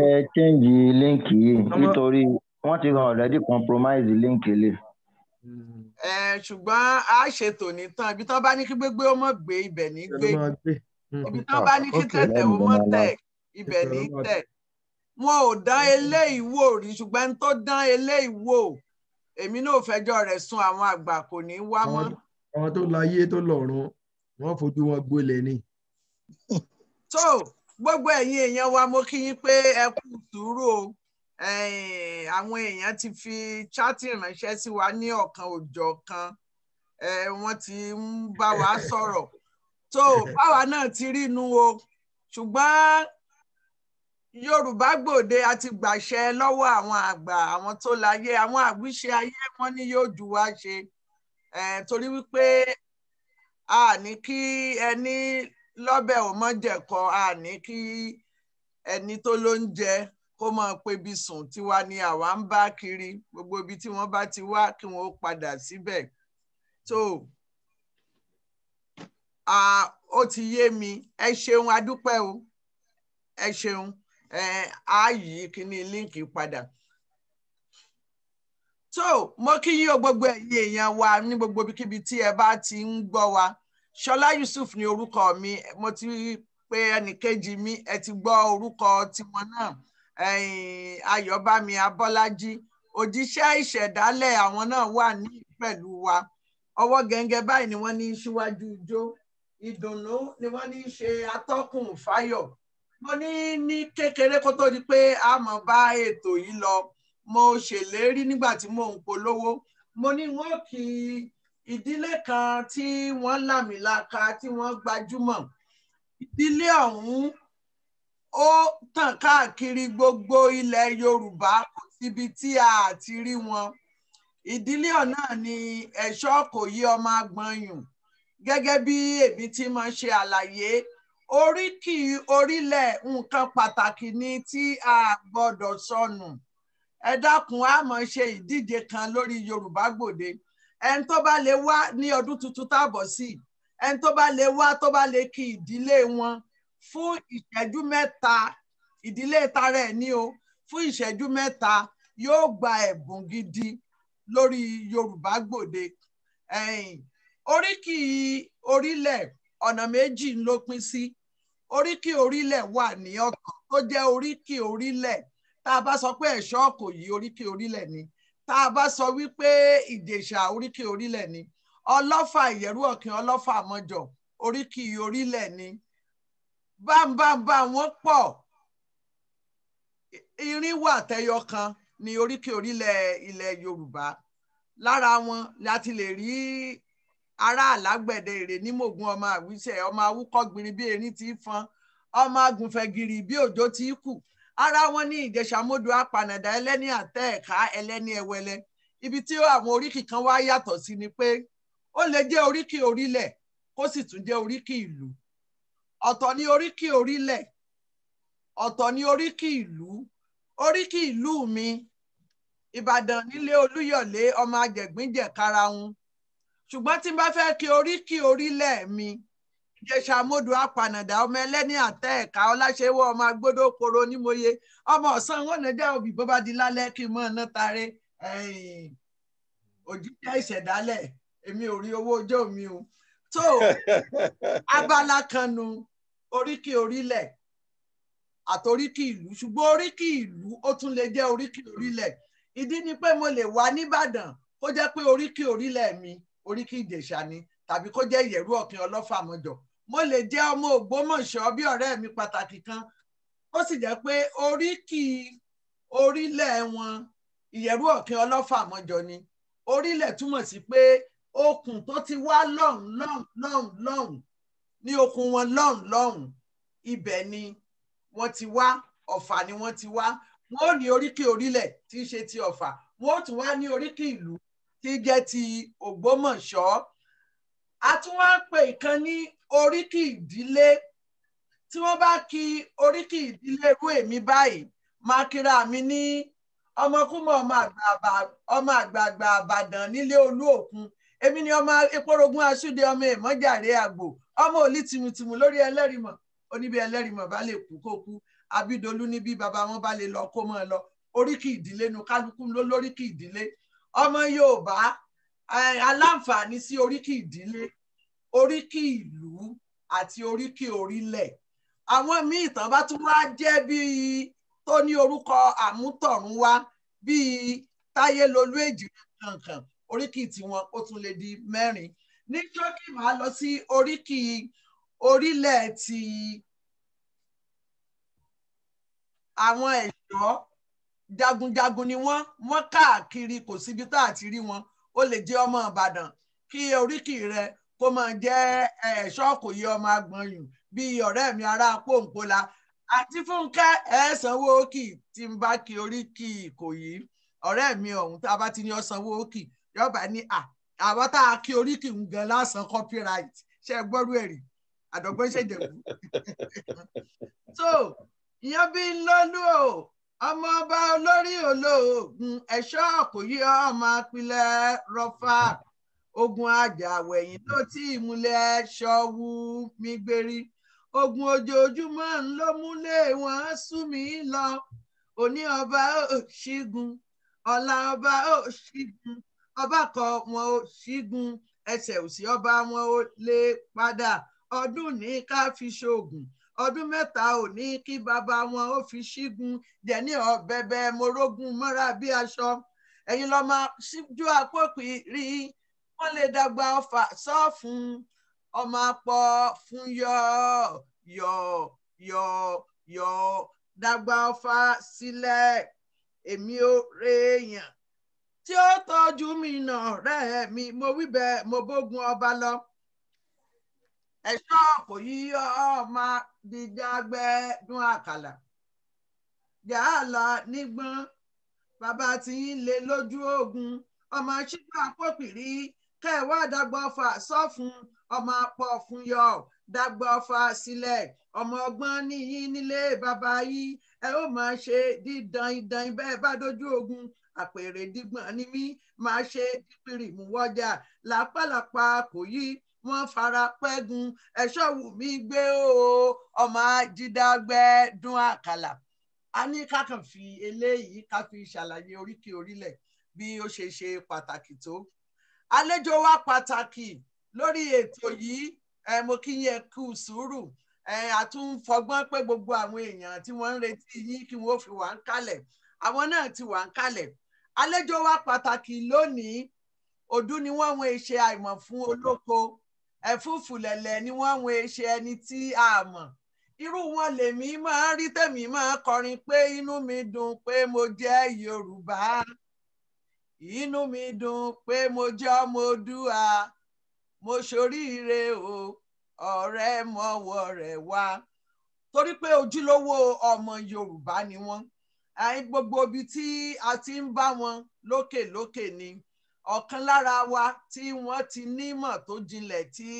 ẹ chẹ́ǹjì líǹkì yìí nítorí wọ́n ti hàn already compromise líǹkì lè. ṣùgbọ́n a ṣètò ní tán ibi tán bá ní kí gbégbé ó mọ̀ gbé ibẹ̀ ní gbé hmm. ibi tán bá ní kí tẹ̀tẹ̀ ó mọ̀ tẹ̀ ibẹ̀ ní tẹ̀ wọn ò dán eléyìí wò rí ṣùgbọ́n tó dán eléyìí wò èmi náà fẹjọ́ rẹ̀ sùn àwọn àgbà kò ní wá mọ́. àwọn tó láyé tó lọ́rùn wọ́n fojú wọn gbolẹ̀ ni. so gbogbo ẹ̀yin èèyàn wa mo kí yín pé ẹ kú sùúrù o àwọn èèyàn ti fi chati ránṣẹ́ sí wa ní ọ̀kan òjọ̀ kan wọ́n ti ń bá wa sọ̀rọ̀ tó báwa náà ti rí inú o ṣùgbọ́n Yorùbá Gbòde a ti gbàṣẹ lọ́wọ́ àwọn àgbà àwọn tó láyé àwọn àwíṣe ayé wọn ní yóò jù wá ṣe torí wípé a ní kí ẹni lọ́bẹ̀ ò mọ̀ jẹ̀kọ àní kí ẹni tó ló ń jẹ kó máa pebi sùn tiwa ni àwa ń bá kiri gbogbo ibi tí wọ́n bá ti wá kí wọ́n ó padà síbẹ̀ tó ó ti yé mi ẹ ṣeun adúpẹ́ o ẹ ṣeun á yí kíní líǹkì padà. tó mo kí yín o gbogbo ẹ̀yin èèyàn wa ní gbogbo ibikíbi tí ẹ bá ti ń gbọ́ wa ṣọlá yusuf ni orúkọ mi mo ti pè ẹnìkejì mi ẹ ti gbọ́ orúkọ tiwọn náà ayọ̀bámi abọ́lájí òjíṣẹ́ ìṣẹ̀dálẹ̀ àwọn náà wà ní pẹ̀lú wa ọwọ́ gẹ́gẹ́ báyìí ni wọ́n ní síwájú ijó ìdùnnú ni wọ́n ní ṣe atọ́kùn fáyọ̀ mo ní ní kékeré kó tó di pé a mọ̀ bá ètò yìí lọ mo ṣèlérí nígbà tí mò ń polówó mo ní wọn kì í ìdílé kan tí wọ́n lámìlaka tí wọ́n gbajúmọ̀ ìdílé ọ̀hún ó tàn káàkiri gbogbo ilẹ̀ Yorùbá kò síbi tí a ti rí wọn ìdílé ọ̀nà ni ẹ̀ṣọ́ kò yí ọmọ agbọ̀nyùn gẹ́gẹ́ bí èmi ti máa ṣe àlàyé oríkì orílẹ̀ nǹkan pàtàkì ni tí a gbọ́dọ̀ sọnù ẹ dákun a máa ṣe ìdíje kan lórí Yorùbá Gbòde ẹni tó bá lè wá ní ọdún tuntun táàbọ̀ sí ẹni tó bá lè wá tó bá lè kí ìdílé wọn fún ìṣẹ́jú mẹ́ta ìdílé tara ẹ̀ ní o fún ìṣẹ́jú mẹ́ta yóò gba ẹ̀bùn gidi lórí Yorùbá Gbòde oríkì orílẹ̀ ọ̀nà méjì ló pín sí oríkì orílẹ̀ wà ní ọ̀kan tó jẹ́ oríkì orílẹ̀ tá a bá sọ pé ẹ̀ṣọ́ kò yí oríkì orílẹ̀ ni tá a bá sọ wípé ìjèṣà oríkì orílẹ̀ ni ọlọ́fà ìyẹ̀rú ọ̀kìn ọlọ́fà mọ́jọ oríkì orílẹ̀ ni bámbámbá wọ́n pọ̀ irínwó àtẹyọ kan ní oríkì orílẹ̀ ilẹ̀ Yorùbá lára wọn láti lè rí ará àlágbẹ̀dẹ èrè nímògùn ọmọ àwíṣẹ ọmọ awúkọ́ gbìnrín bí erin ti fọn ọmọ agùnfẹ̀gìrì bí òjò ti kù ara wọn ní ìjẹ̀ṣàmódù apànàdà ẹlẹ́ni àtẹ ẹ̀ka ẹlẹ́ni ẹ̀wẹ̀lẹ̀ ibi tí àwọn oríkì kan wá yàtọ̀ sí ni pé ó lè jẹ́ oríkì orílẹ̀ kó sì tún jẹ́ oríkì ìlú ọ̀tọ̀ ni oríkì orílẹ̀ ọ̀tọ̀ ni oríkì ìlú oríkì ìlú mi Ìbàdàn nílé Olúyọ̀lé ọmọ Ajẹ̀gbínjẹ̀ karahun ṣùgbọ́n tí n bá fẹ́ kí oríkì orílẹ̀ mi. Orí ìjẹsà amódù apànàdà ọmọ ẹlẹ́ni àtẹ ẹ̀ka ọláṣẹ́wọ́ ọmọ agbódò koro onímọ̀ye ọmọ ọ̀sán wọn jẹ́ òbí bó bá di lálẹ́ kí n mọ̀ ọ́nà tare òjíṣẹ́ ìṣẹ̀dálẹ̀ èmi ò rí owó ọjọ́ mi o tó abala kan nu oríkì orílẹ̀ àtoríkì ìlú ṣùgbọ́n oríkì ìlú ó tún lè jẹ́ oríkì orílẹ̀ ìdí ni pé mo lè wà nìbàdàn kó jẹ́ pé oríkì orílẹ̀ mi oríkì ìjẹ̀ṣà ni tàbí kó jẹ́ ìyẹ̀rú ọ̀kìn ọlọ́fà mo lè jẹ́ ọmọ Ògbómọ̀ṣọ́ bí ọ̀rẹ́ mi pàtàkì kan ó sì jẹ́ pé oríkì orílẹ̀ wọn ìyẹ̀rú ọ̀kẹ́ ọlọ́fà mọ́jọ ni orílẹ̀ túmọ̀ sí pé okùn tó ti wá lọ́hùn lọ́hùn lọ́hùn lọ́hùn ní okùn wọn lọ́hùn lọ́hùn ibẹ̀ ni wọ́n ti wá ọ̀fà ni wọ́n ti wá wọ́n ò ní oríkì orílẹ̀ tí í ṣe ti ọ̀fà wọ́n ò tún wá ní oríkì ìlú tí í jẹ́ ti Ògbómọ̀ṣọ́ a tún wá ń pè ìkan ní oríkì ìdílé tí wọ́n bá ki oríkì ìdílé irú èmi báyìí máa kíra mi ní ọmọkúmọ̀ ọmọ àgbààgbà àbàdàn nílé olú òkun èmi ni ọmọ eporogún aṣúde ọmọ ìmọ̀jàre àgbò ọmọ òlí tìmùtìmù lórí ẹlẹ́rìmọ̀ oníbi ẹlẹ́rìmọ̀ bá lè kú kó kú abídolú níbi bàbá wọn bá lè lọ kó mọ́ ẹ lọ oríkì ìdílé nu kálukú ló lóríkì ìdílé ọmọ Yorùbá aláǹfààní sí oríkì ìdílé oríkì ìlú àti oríkì orílẹ̀ àwọn míì tán bá tún wá jẹ́ bíi tó ní orúkọ àmútọ̀runwá bíi táyélolú èjìrè kankan oríkì tiwọn ó tún lè di mẹ́rin ní ṣókí màá lọ sí oríkì orílẹ̀ ti àwọn ẹ̀ṣọ́ jagunjagun ni wọ́n wọ́n káàkiri kò síbi tá àti rí wọn ó lè jẹ́ ọmọ Ìbàdàn kí oríkì rẹ̀ kó máa jẹ́ ṣọ́ọ̀kòyí ọmọ agbọ̀nyùn bíi ọ̀rẹ́ mi ará pòǹpọ̀la àti fúnkẹ́ ẹ̀ sanwó òkì tí ń bá kí orí kí ìkòyí ọ̀rẹ́ mi ọ̀hún tá a bá ti ní ọ sanwó òkì yọba ní à àwọn tá a kí orí kì ń gan lásán copyright ṣe gbọ́rú ẹ̀rí àdọ́gbọ́n ṣèjẹ̀bù. so ìyẹn bí ń lọ́lú o ọmọ ọba olórí olóògùn ẹ̀ṣọ́ kò yí ọmọ apilẹ̀ rọ́fà ogun àjàwẹ̀yìn ló ti ìmúlẹ̀ ṣọ́wú mi gbérí ogun ojoojúmọ́ ń ló múlẹ̀ wọ́n sú mi lọ òní ọba ò ṣígun ọ̀la ọba ò ṣígun ọba kan wọn ò ṣígun ẹsẹ̀ òsì ọba wọn ò lè padà ọdún ní ká fi ṣoògùn ọdún mẹ́ta ò ní kí bàbá wọn ó fi ṣígun jẹ̀ní ọ̀bẹ̀bẹ̀ morogun mọ́ra bí aṣọ ẹ̀yin lọ́ọ́ máa ṣíjú àpòkì rí i wọ́n lè dàgbà ọfà sọ fún ọmọ apọ fún yọ yọ yọ yọ dàgbà ọfà sílẹ̀ èmi ò rèèyàn tí ó tọ́jú mi nà rẹ̀ mi mo wí bẹ́ẹ̀ mo bógun ọba lọ ẹ̀ṣọ́ kò yí ọmọ dídágbẹ́ dún àkàlà yàrá nígbọ́n bàbá tí ń lé lójú ogun ọmọ ṣígbà pòpìrí kẹ́ ẹ̀ wá dàgbà ọfà sọ́fun ọmọ apọ̀ fún yọ dàgbà ọfà sílẹ̀ ọmọ ọgbọ́n níyí nílé bàbá yìí ẹ ó máa ṣe dídán idán bẹ́ẹ̀ bá dojú ogun àpèrè dígbọ̀n ni mí máa ṣe dípìrì mú wọ́jà làpálàpá kò yí wọ́n fara pẹ́gun ẹ̀ṣọ́ wù mí gbé o ọmọ ajídágbẹ́ dún àkàlà a ní ká kàn fi eléyìí ká fi ṣàlàyé oríkì orílẹ̀ bí ó ṣe ṣe pàtàkì tó àlejò wa pàtàkì lórí ètò yìí mo kí yín ẹ kú sùúrù àtúnfọgbọ́n pé gbogbo àwọn èèyàn tí wọ́n ń retí yín kí wọ́n fi wà ń kalẹ̀ àwọn náà ti wà ń kalẹ̀ àlejò wa pàtàkì lónìí ọdún ni wọ́n wọn ṣe àìmọ̀ fún olóko ẹ̀fúfùlẹ̀lẹ̀ ni wọ́n wọn ṣe ẹni tí a mọ̀ irú wọn lèmi máa rí tèmi máa kọrin pé inú mi dùn pé mo jẹ́ Yorùbá inú mi dùn pé mo jẹ́ ọmọ Oòduà mo ṣoríire o ọ̀rẹ́ mọ̀wọ́ rẹ̀ wá torí pé ojúlówó ọmọ Yorùbá ni wọ́n gbogbo ibi tí a ti ń bá wọn lókè lókè ni ọ̀kan lára wa tí wọ́n ti nímọ̀ tó jinlẹ̀ tí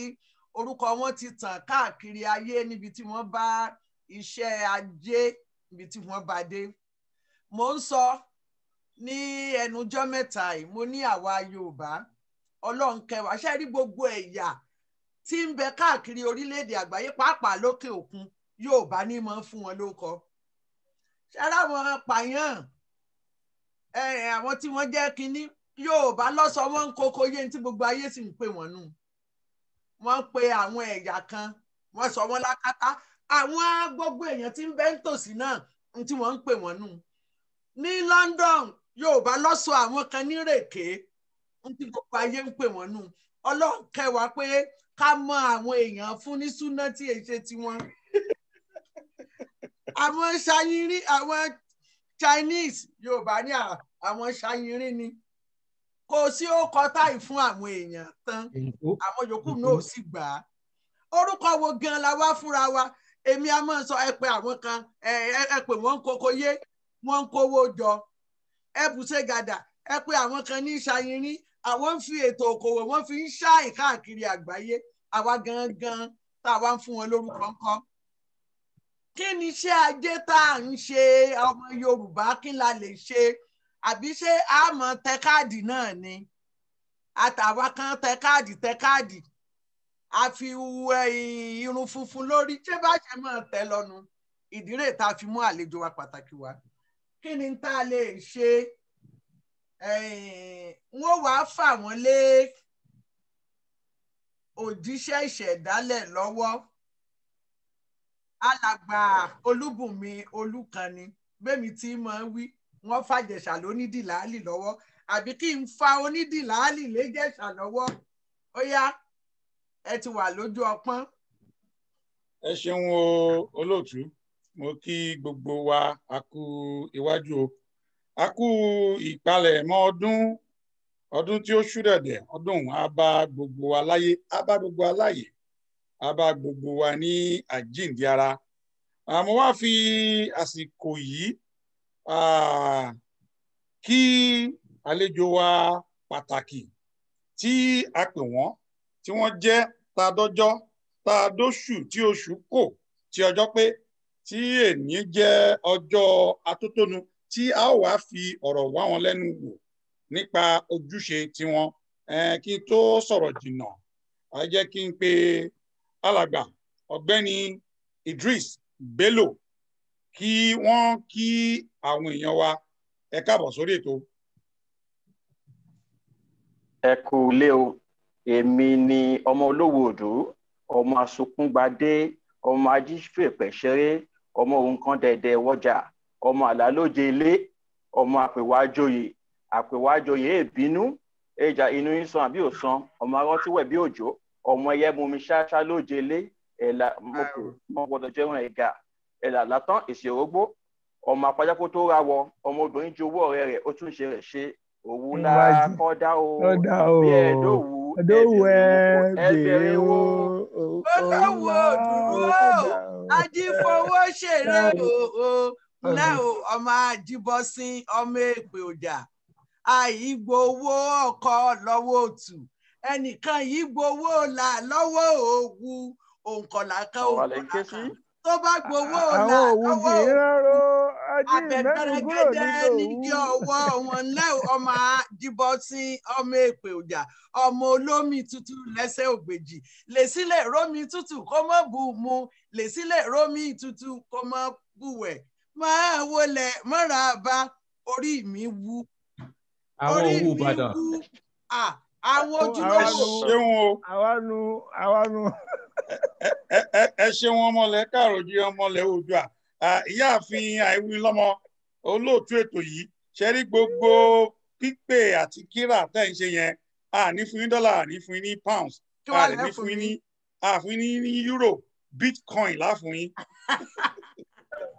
orúkọ wọn ti tàn káàkiri ayé níbi tí wọ́n bá iṣẹ́ ajé níbi tí wọ́n bá dé mo ń sọ ní ẹnujọ́ mẹ́ta yìí mo ní àwa Yorùbá Ọlọ́run kẹwàá ṣe rí gbogbo ẹ̀yà tí ń bẹ káàkiri orílẹ̀-èdè àgbáyé pàápàá lókè òkun Yorùbá ní mọ́ fún wọn lóko ṣáárá wọn pààyàn àwọn tí wọ́n jẹ́ kínní Yorùbá lọ́sọ̀ wọn ń kókó yé tí gbogbo ayé sì ń pè wọ́n nù wọ́n pe àwọn ẹ̀yà kan wọ́n sọ wọ́n lákàtà àwọn gbogbo èèyàn tí ń bẹ ń tòsí náà tí wọ́n ń pè wọ́n nù ní London yorùbá lọ́sọ àwọn kan nírèké ń tí gbogbo ayé ń pè wọ́n nù ọlọ́run kẹwàá pé ká mọ àwọn èèyàn fún ní súná tí èyí ṣe tiwọn. àwọn ṣayinrí àwọn chinese yorùbá ní àwọn ṣayinrí ni kò sí ọkọ táì fún àwọn èèyàn tán àwọn yòókù náà sì gbà á orúkọ wo gan la wá fúnra wa èmi a máa sọ ẹ pé àwọn kan ẹ pè wọ́n ń koko yé wọ́n ń kówó jọ ẹ bùṣe gàdà ẹ pé àwọn kan ní ṣayinrín àwọn ń fi ètò òkòwò wọn fi ń ṣáì káàkiri àgbáyé àwa gangan tá a wá ń fún wọn lórúkọ ńkọ́ kí ni iṣẹ́ ajé tá à ń ṣe ọmọ Yorùbá kí la lè ṣe àbí ṣé a mọ̀ tẹ káàdì náà ni àtàwa kan tẹ káàdì tẹ káàdì a fi wẹ irun funfun lórí ṣé bá ṣe mọ̀ tẹ lọ́nu ìdírè tá a fi mú àlejò wa pàtàkì wa kí ni tá a lè ṣe wọ́n wàá fà wọ́n lé òjíṣẹ́ ìṣẹ̀dálẹ̀ lọ́wọ́ alàgbà olúbùnmi olùkànnì bẹ́mi tí mọ̀ ń wí wọ́n fàjẹ̀ṣà lónídìláàlì lọ́wọ́ àbí kí n fa onídìláàlì lẹ́jẹ̀ṣà lọ́wọ́ ó yá ẹ ti wà lójú ọpọ́n. ẹ ṣeun o olóòtú mo kí gbogbo wa a kú iwájú o a kú ìpalẹ̀mọ́ ọdún ọdún tí ó ṣú dẹ̀dẹ̀ ọdún a bá gbogbo wa láyé a bá gbogbo wa láyé a bá gbogbo wa ní àjíǹde ara mo wá fi àsìkò yìí kí àlejò wa pàtàkì tí a pè wọ́n tí wọ́n jẹ́ ta dọ́jọ́ ta dóṣù tí oṣù kò tí ọjọ́ pé tí èní jẹ́ ọjọ́ atótónu tí a ó wá fi ọ̀rọ̀ wá wọn lẹ́nu wò nípa ojúṣe tiwọn kí n tó sọ̀rọ̀ jìnnà a jẹ́ kí n pe alàgbà ọ̀gbẹ́ni Idris Bello kí wọ́n kí àwọn èèyàn wa ẹ káàbọ̀ sórí ètò. ẹ kú ilé o èmi ni ọmọ olówó odò ọmọ asukungbadé ọmọ ajífèpẹ̀ṣeré ọmọ òun kan dẹ̀dẹ̀ wọ́jà ọmọ àlálòjẹ ilé ọmọ àpèwájòyè àpèwájòyè èbínú èjà inú ìsàn àbí òsàn ọmọ arọ́tíwẹ̀ bí òjò ọmọ ẹyẹ mumi ṣáṣá lóje ilé ẹ̀là mọ̀gbọ́dọ̀ jẹun ẹ̀gà ẹ̀là látàn èsì òrógbó ọmọ àpajákó tó ráwọ ọmọ obìnrin ju owó ọ̀rẹ́ rẹ̀ ó tún ṣe rẹ̀ ṣe òwú lára kọ́ dá o bí ẹ̀ẹ́dọ́wù ẹbẹ̀rẹ̀ wo olówó dúró ajífowó ṣeré o lẹ́ o ọmọ ajíbọ́sìn ọmọ èpè ọjà àìgbowó ọkọ lọ́wọ́ òtù ẹnìkan yìí gbowó là lọ́wọ́ òògùn òǹkọ̀là kan òǹkọ̀là kan tó bá gbowó là lọ́wọ́ òògùn abẹ́bẹ́rẹ́ gẹ́gẹ́ níbi ọwọ́ wọn lẹ́ ọmọ àdìbọ́sí ọmọ èpè ọjà ọmọ olómi tútù lẹ́sẹ̀ ògbèjì lèsílẹ̀ rómi tútù kó mọ́ bù mu lèsílẹ̀ rómi tútù kó mọ́ bù wẹ̀ máa wọlé mọ́ra bá orí mi wú. àwọn òwú ìbàdàn. àwọn ojúlówó. àwanu àwanu. ẹ ṣe wọn mọlẹ káàròjì ọmọlẹ ojú à ìyáàfin àìwílọ́mọ olóòtú ètò yìí ṣe rí gbogbo pípé àti kíra tẹ́ ń ṣe yẹn a ní fún yín dọ́là a ní fún yín ní pounds a ní fún yín ní a fún yín ní euro bitcoin láfún yín.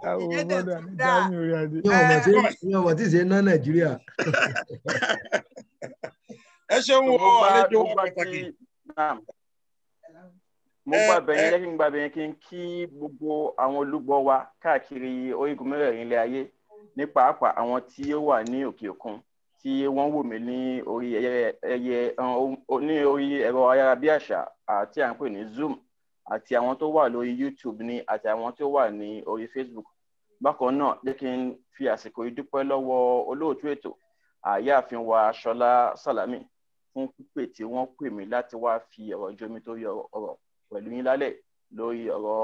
àwọn ọmọ náà ní dáhùn orí adé. ní ọmọ tí ì ṣe ná nàìjíríà. ẹ ṣeun o àlejò pàtàkì mo gba bẹ̀yìn lẹ́yìn gba bẹ̀yìn kí n kí gbogbo àwọn olùgbọ́ wa káàkiri orígun mẹ́rẹ̀ẹ̀rin ilẹ̀ ayé ní pàápàá àwọn tí ó wà ní òkè òkun tí wọ́n wò mí ní orí ẹyẹ ní orí ẹ̀rọ ayárabíàṣá àti à ń pè ní zoom àti àwọn tó wà lórí youtube ni àti àwọn tó wà ní orí facebook bákan náà jẹ́ kí n fi àsìkò ìdúpẹ́ lọ́wọ́ olóòtú ètò àyáàfin wa ṣọlá sàlámì fún pípè tí wọ́n pè mí láti wá fi ọ̀rọ̀ jomi tó yọ ọ̀rọ̀ pẹ̀lú yín lálẹ́ lórí ọ̀rọ̀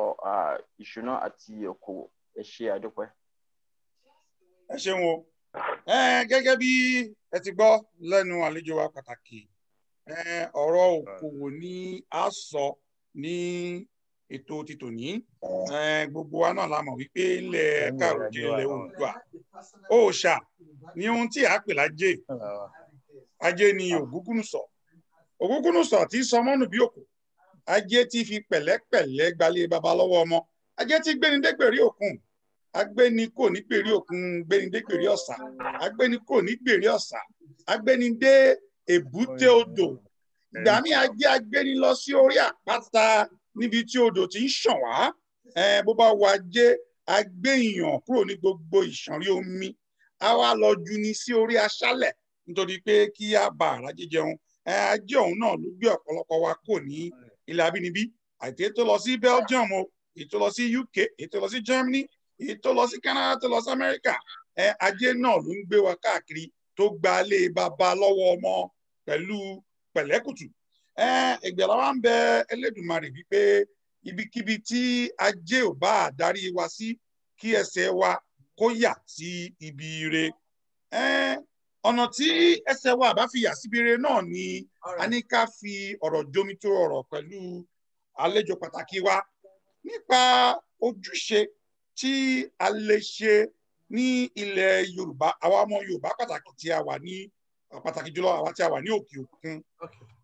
ìṣúná àti okòwò ẹ ṣe àdúpẹ́. ẹ ṣeun o gẹ́gẹ́ bí ẹ ti gbọ́ lẹ́nu àlejò wa pàtàkì ọ̀rọ̀ okòwò ni a sọ ní ètò títòní gbogbo wa náà la mọ̀ wípé ilẹ̀ kàròjẹ ilẹ̀ Oòduà òòṣà ni ohun tí a pè lájẹ́ ajé ni ògúngúnùsọ̀ ògúngúnùsọ̀ tí sọmọ́nù bí òkú ajé tí fi pẹ̀lẹ́pẹ̀lẹ́ gbalé baba lọ́wọ́ ọmọ ajé tí gbénidégbèrè òkun agbéni kò ní gbèrè òkun gbénidégbèrè ọ̀sà agbéni kò ní gbèrè ọ̀sà agbéni dé èbúté odò ìgbà míì ajé agbéni lọ sí orí àpáta níbi tí odò ti ń ṣàn wá bó bá wọ ajé agbéyàn kúrò ní gbogbo ìṣànrí omi a wá lọ ju ni sí orí aṣálẹ̀ nítorí pé kí a bá àrà jíjẹun ajé ọ̀hún náà ló gbé ọ̀pọ̀lọpọ̀ wa kò ní ilẹ̀ abínibí àti ètò lọ sí Belgium ètò lọ sí UK ètò lọ sí Germany ètò lọ sí Canada ètò lọ sí America ẹ ajé náà ló ń gbé wa káàkiri tó gba lé bàbá lọ́wọ́ ọmọ pẹ̀lú pẹ̀lẹ́kùtù ẹ ìgbàlá wa ń bẹ Ẹlẹ́dùmarè wípé ibikíbi tí ajé ò bá darí wa sí kí ẹsẹ̀ wa kó yà sí ibi ire ọ̀nà tí ẹsẹ̀ wa bá fi yà síbire náà ni a ní ká fi ọ̀rọ̀ jomi tó ọ̀rọ̀ pẹ̀lú àlejò pàtàkì wa nípa ojúṣe tí a lè ṣe ní ilẹ̀ Yorùbá àwa ọmọ Yorùbá pàtàkì tí a wà ní pàtàkì jùlọ àwa tí a wà ní òkè òkun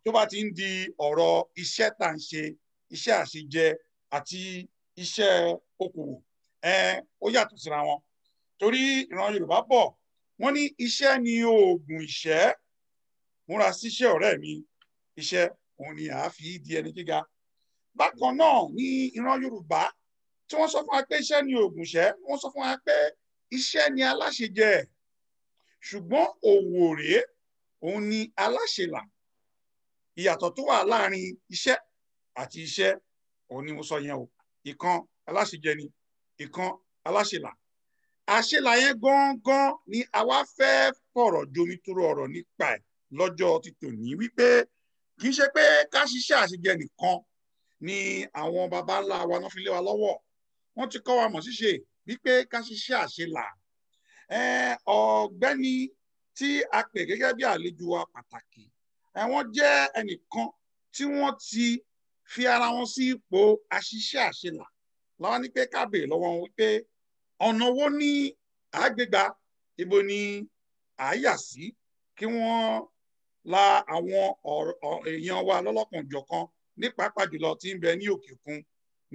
tó bá ti ń di ọ̀rọ̀ iṣẹ́ tá ń ṣe iṣẹ́ àṣejẹ àti iṣẹ́ okòwò ó yàtọ̀ síra wọn torí ìran Yorùbá bọ̀ wọ́n ní iṣẹ́ ni oògùn ìṣẹ́ múra síṣẹ́ ọ̀rẹ́ mi iṣẹ́ òun ni à á fi di ẹni gíga bákan náà ní ìran yorùbá tí wọ́n sọ fún wa pé iṣẹ́ ni oògùn ìṣẹ́ wọ́n sọ fún wa pé iṣẹ́ ni aláṣejẹ ṣùgbọ́n òwò rèé òun ni aláṣelà ìyàtọ̀ tó wà láàrin iṣẹ́ àti iṣẹ́ òun ni mo sọ yẹn o ìkan aláṣejẹ ni ìkan aláṣelà àṣelàyẹn gangan ni àwa fẹ́ fọ̀rọ̀ jomitoro ọ̀rọ̀ nípa ẹ̀ lọ́jọ́ títò ní wípé kì í ṣe pé ká ṣiṣẹ́ àṣejẹ nìkan ni àwọn baba ńlá wa náà fi lé wa lọ́wọ́ wọ́n ti kọ́ wa mọ̀ ṣíṣe wípé ká ṣiṣẹ́ àṣelà ọ̀gbẹ́ni tí a pè gẹ́gẹ́ bí àlejò wa pàtàkì wọ́n jẹ́ ẹnìkan tí wọ́n ti fi ara wọn sí ipò aṣiṣẹ́ àṣelà làwọn ní pé ká béèrè lọ́wọ́ wọn wípé ọ̀nà wo ni àgbègbà ibo ni àyà sí kí wọ́n la àwọn èèyàn wa lọ́lọ́kanjọ̀kan ní pàápàá jùlọ tí ń bẹ ní òkè òkun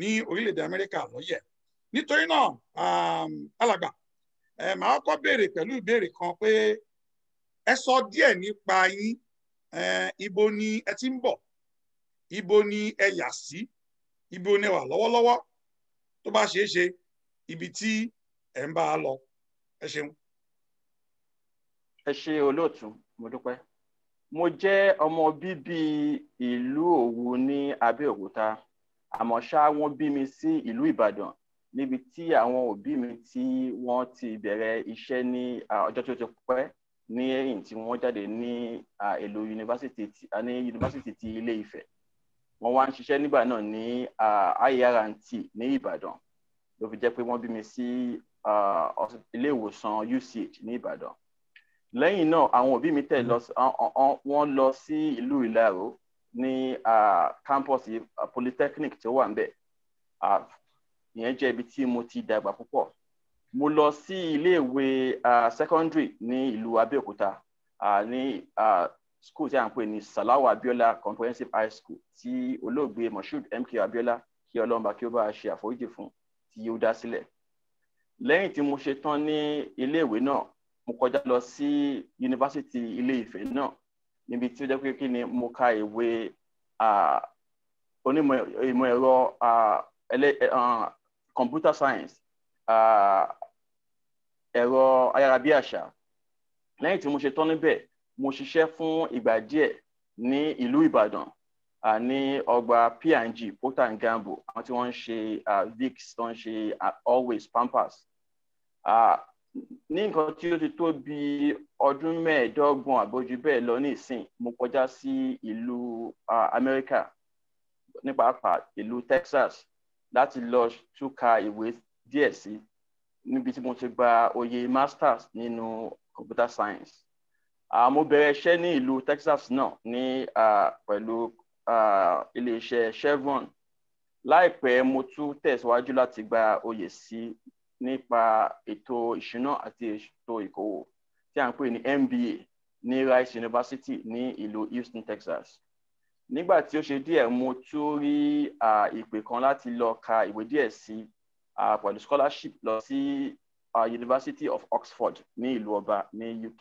ní orílẹ̀-èdè Amẹ́ríkà lọ́yẹ̀ nítorí náà alàgbà màá kọ́ béèrè pẹ̀lú ìbéèrè kan pé ẹ sọ díẹ̀ nípa yín ibo ni ẹ ti ń bọ̀ ibo ni ẹ yà sí ibo ni ẹ wà lọ́wọ́lọ́wọ́ tó bá ṣeé ṣe ibi tí ẹ̀ ń bá a lọ ẹ ṣeun. ẹ ṣe olóòtú mo dúpẹ́ mo jẹ́ ọmọ bíbí ìlú Òwu ní Abẹ́òkúta àmọ́ ṣá wọ́n bí mi sí ìlú Ìbàdàn níbi tí àwọn òbí mi tí wọ́n ti bẹ̀rẹ̀ iṣẹ́ ní ọjọ́ tó ti pẹ́ ní ẹ̀yìn tí wọ́n jáde ní èlò yunifásitì ti Ilé Ifẹ̀ wọ́n wá ń ṣiṣẹ́ nígbà náà ní IRNT ní Ìbàdàn ló fi jẹ́ pé wọ́n bí mi sí ilé ìwòsàn UCH ní Ìbàdàn lẹ́yìn náà àwọn òbí mi tẹ̀ lọ mm-hmm. wọ́n lọ sí ìlú Ìlaro ní campus polytechnic tí ó wà níbẹ̀ ìyẹn jẹ́ ibi tí mo ti dàgbà púpọ̀ mo lọ sí iléèwé secondary ní ìlú Abẹ́òkúta ní school tí a ń pè ní Salawa Abiola Comprehensive High School tí olóògbé Moshood MK Abiola kí Ọlọ́run bá kí ó bá ṣe àforíjì fún un tí ó dá sílẹ̀ lẹ́yìn tí mo ṣe tán ní iléèwé náà mo kọjá lọ sí yunifásitì ilé Ifẹ̀ náà níbi tí ó jẹ́ pé kí ni mo ka ìwé onímọ̀ ìmọ̀ ẹ̀rọ computer science ẹ̀rọ ayárabíàṣá lẹ́yìn tí mo ṣe tán níbẹ̀ mo ṣiṣẹ́ fún ìgbà díẹ̀ ní ìlú Ìbàdàn ní ọgbà P&G Procter and Gamble àwọn tí wọ́n ń ṣe Vicks tó ń ṣe Always Pampers ní nǹkan tí ó ti tó bí ọdún mẹ́ẹ̀ẹ́dọ́gbọ̀n àbójú bẹ́ẹ̀ lọ nísìn mo kọjá sí ìlú Amẹ́ríkà ní pàápàá ìlú Texas láti lọ túka ìwé díẹ̀ sí níbi tí mo ti gba oyè masters nínú computer science. Uh, mo bẹ̀rẹ̀ iṣẹ́ ní ìlú Texas náà ní pẹ̀lú iléeṣẹ́ chevron láìpẹ́ mo tún tẹ̀síwájú láti gba oyè sí nípa ètò ìṣúná àti ètò ìkòwò tí à ń pè ní MBA ní Rice University ní ìlú Houston Texas nígbà tí ó ṣe díẹ̀ mo tún rí ìpè kan láti lọ ka ìwé díẹ̀ sí pẹ̀lú scholarship lọ sí University of Oxford ní ìlú ọba ní UK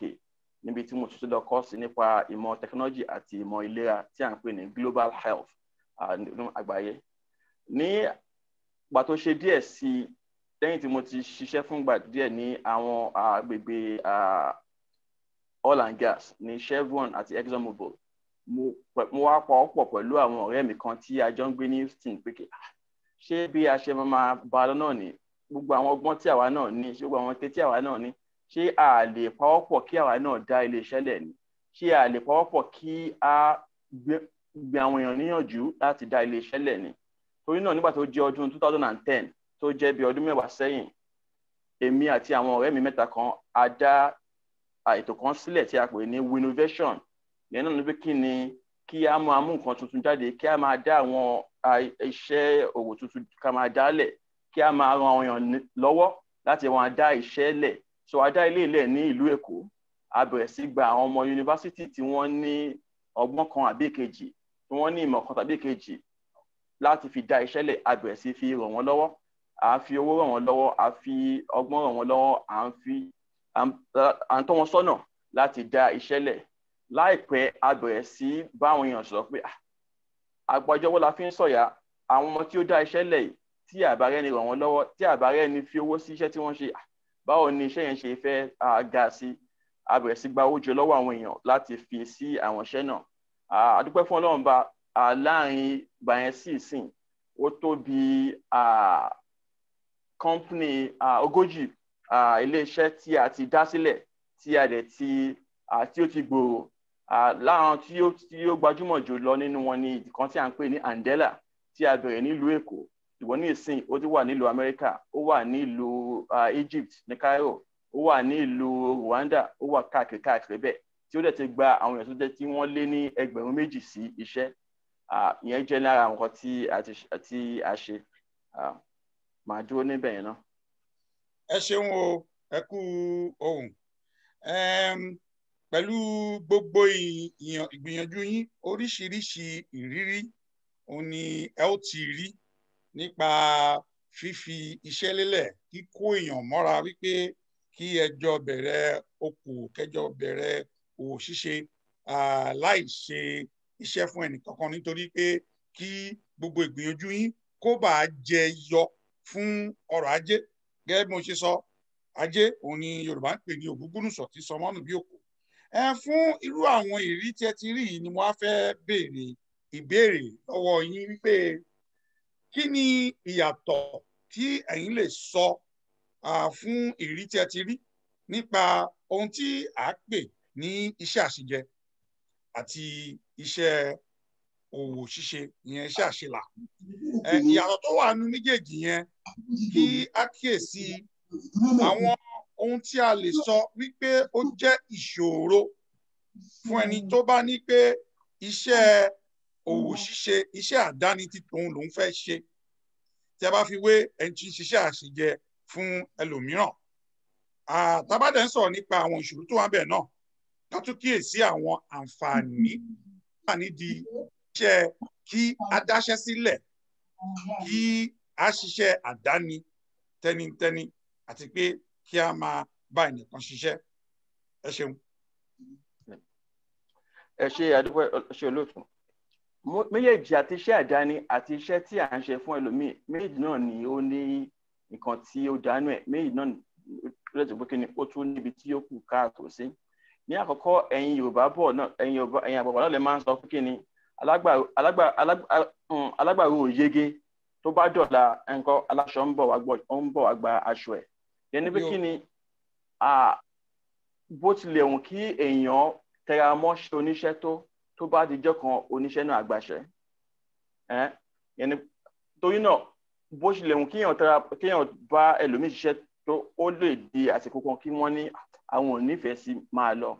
níbi tí mo ti lọ kọ́ọ̀sì nípa ìmọ̀ technology àti ìmọ̀ ìlera tí à ń pè ní global health nínú àgbáyé ní ìgbà tó ṣe díẹ̀ sí i lẹ́yìn tí mo ti ṣiṣẹ́ fúngbà díẹ̀ ní àwọn agbègbè oil and gas ní Chevron àti ExxonMobil mo wá pa ọ́pọ̀ pẹ̀lú àwọn ọ̀rẹ́ mi kan tí a jọ ń gbé ní Houston pé ah, ṣé bí a ṣe máa ba lọ ni gbogbo àwọn ọgbọ́n tí àwa náà ní gbogbo àwọn ète tí àwa náà ní ṣé a lè pawọ́pọ̀ kí àwa náà dá iléeṣẹ́ lẹ̀ ni ṣé a lè pawọ́pọ̀ kí a gbé àwọn èèyàn níyànjú láti dá iléeṣẹ́ lẹ̀ ni torí náà nígbà tó jẹ́ ọdún two tó jẹ́ bí ọdún mẹ́wàá sẹ́yìn èmi àti àwọn ọ̀rẹ́ mi mẹ́ta kan a dá ètò kan sílẹ̀ tí a pè ní winnovation ìyẹn náà ni pé kí ni kí a máa mú nǹkan tuntun jáde kí a máa dá àwọn iṣẹ́ òwò tuntun ká máa dálẹ̀ kí a máa ran àwọn èèyàn lọ́wọ́ láti wọn dá iṣẹ́ lẹ̀ so a dá ilé ilẹ̀ ní ìlú èkó a bẹ̀rẹ̀ sí gba àwọn ọmọ yunifásitì tí wọ́n ní ọgbọ́n kan àbí èkejì tí wọ́n ní ìmọ̀ kan tàbí èkejì láti fi dá iṣẹ́ lẹ̀ a bẹ̀rẹ̀ sí fi ràn wọ́n lọ́wọ́ à ń fi owó ràn wọ́n lọ́wọ́ à ń fi ọgbọ́n ràn wọ́n lọ́wọ́ à ń fi à ń tọ́ wọn sọ́nà láti dá iṣẹ́ lẹ̀ láìpẹ́ a bẹ̀rẹ̀ sí bá àwọn èèyàn sọ pé àgbàjọwọ́ ah, la fi ń sọ̀yà àwọn ọmọ tí ó dá iṣẹ́ lẹ̀ tí àbárẹ́ni ràn wọ́n lọ́wọ́ tí àbárẹ́ni fi owó sí iṣẹ́ tí wọ́n ṣe ah, báwo ni iṣẹ́ yẹn ṣe fẹ́ ga sí a bẹ̀rẹ̀ sí gba owó jọ lọ́wọ́ àwọn èèyàn láti fi sí àwọn iṣẹ́ náà a dúpẹ́ fún Ọlọ́run bá láàrin ìgbà yẹn sí ìsìn ó tó bí kọ́ńpìnì ogójì iléeṣẹ́ tí a ti dá sílẹ̀ tí a dẹ̀ ti tí ó ti gbòòrò láwọn tí ó gbajúmọ̀ jù lọ nínú wọn ni ìdìkan tí a ń pè ní Andela tí a bẹ̀rẹ̀ nílùú Èkó ìwọ ní ìsìn ó ti wà nílùú amẹ́ríkà ó wà nílùú egypt ní cairo ó wà nílùú rwanda ó wà káàkiri káàkiri bẹ́ẹ̀ tí ó dẹ̀ ti gba àwọn èèyàn tó jẹ́ tí wọ́n lé ní ẹgbẹ̀rún méjì sí iṣẹ́ ìyẹn jẹ́ lára nǹkan tí a ṣe màá dúró níbẹ̀ yẹn náà. ẹ ṣeun o ẹ kú ohun pẹ̀lú gbogbo ìgbìyànjú yín oríṣiríṣi ìrírí òun ni ẹ ó ti rí nípa fífi iṣẹ́ lélẹ̀ kíkó èèyàn mọ́ra wípé kí ẹjọ́ bẹ̀rẹ̀ okòwò kẹjọ bẹ̀rẹ̀ òwò ṣíṣe láì ṣe iṣẹ́ fún ẹnìkankan nítorí pé kí gbogbo ìgbìyànjú yín kó bàa jẹ yọ fún ọrọ̀ ajé gẹ́gẹ́ bí mo ṣe sọ ajé òun ni Yorùbá ń pè ní ògúngúnùsọ̀ tí sọmọ́nù bí òkú ẹ fún irú àwọn ìrí tí ẹ ti rí yìí ni wọ́n á fẹ́ béèrè ìbéèrè lọ́wọ́ yín wípé kí ni ìyàtọ̀ tí ẹ̀yin lè sọ fún ìrírí tí ẹ ti rí nípa ohun tí à á pè ní iṣẹ́ àṣejẹ àti iṣẹ́ òwò ṣíṣe ìyẹn iṣẹ́ àṣelà ìyàtọ̀ tó wà nínú méjèèjì yẹn kí a kíyèsí àwọn ohun tí a lè sọ wípé ó jẹ́ ìṣòro fún ẹni tó bá ní pé iṣẹ́ òwò ṣíṣe iṣẹ́ àdáni tí tòun lòun fẹ́ ṣe tí a bá fi wé ẹni tí ń ṣiṣẹ́ àṣejẹ fún ẹlòmíràn àtàbádẹ́ sọ̀rọ̀ nípa àwọn ìṣòro tó wà bẹ́ẹ̀ náà ká tún kíyèsí àwọn àǹfààní wà nídìí iṣẹ́ kí a dáṣẹ́ sílẹ̀ kí a ṣiṣẹ́ àdáni tẹ́nitẹ́ni àti pé kí a máa bá ẹnìkan ṣiṣẹ́ ẹ ṣeun. ẹ ṣe àdúgbò ṣe olóòtú méjèèjì àti iṣẹ́ àdáni àti iṣẹ́ tí à ń ṣe fún ẹlòmíì méjèèjì náà ni ó ní nǹkan tí ó dánú ẹ̀ méjèèjì náà ló pé kí ni ó tún níbi tí ó kù káàtó sí. ní àkọ́kọ́ ẹ̀yin Yorùbá bọ̀ náà ẹ̀yin Yorùbá ẹ̀yin àbọ̀bọ̀ náà lè máa ń sọ kí ni hmm, alágbàrú ò yege tó bá dọ̀la ẹ̀ńkọ́ aláṣọ ń bọ̀ wá gba aṣọ ẹ̀. yẹn pé kí bó tilẹ̀ hùn kí èèyàn tẹra mọ́ oníṣẹ́ tó tó bá dijọ́ kan oníṣẹ́ náà àgbàṣe torí náà bó ṣe lè hùn kéèyàn tara kéèyàn bá ẹlòmíì ṣiṣẹ́ tó ó lè di àsìkò kan kí wọ́n ní àwọn ò nífẹ̀ẹ́ sí máa lọ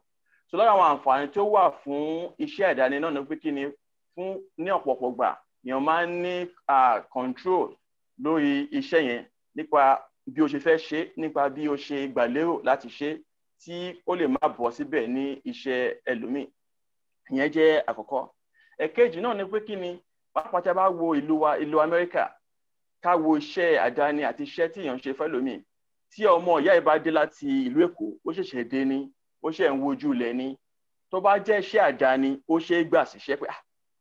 so lára àwọn àǹfààní tó wà fún iṣẹ́ ìdáni náà ni pé kí ni fún ní ọ̀pọ̀pọ̀ gbà èèyàn máa ń ní control lórí iṣẹ́ yẹn nípa bí o ṣe fẹ́ ṣe nípa bí o ṣe gbàlérò láti ṣe tí ó lè má bọ́ síbẹ̀ ní iṣẹ́ ẹlòmíì ìyẹn jẹ́ àkọ́kọ́ ẹ̀kejì náà ni pé kí ni pàápàá tí a bá wo ìlú wa ìlú Amẹ́ríkà ká wo iṣẹ́ àdáni àti iṣẹ́ tí èèyàn ń ṣe fẹ́lòmíì tí ọmọ ìyá ìbá dé láti ìlú Èkó ó ṣẹ̀ṣẹ̀ dé ní ó ṣẹ̀ ń wojú ilẹ̀ ní tó bá jẹ́ iṣẹ́ àdáni ó ṣe é gbà síṣẹ́ pé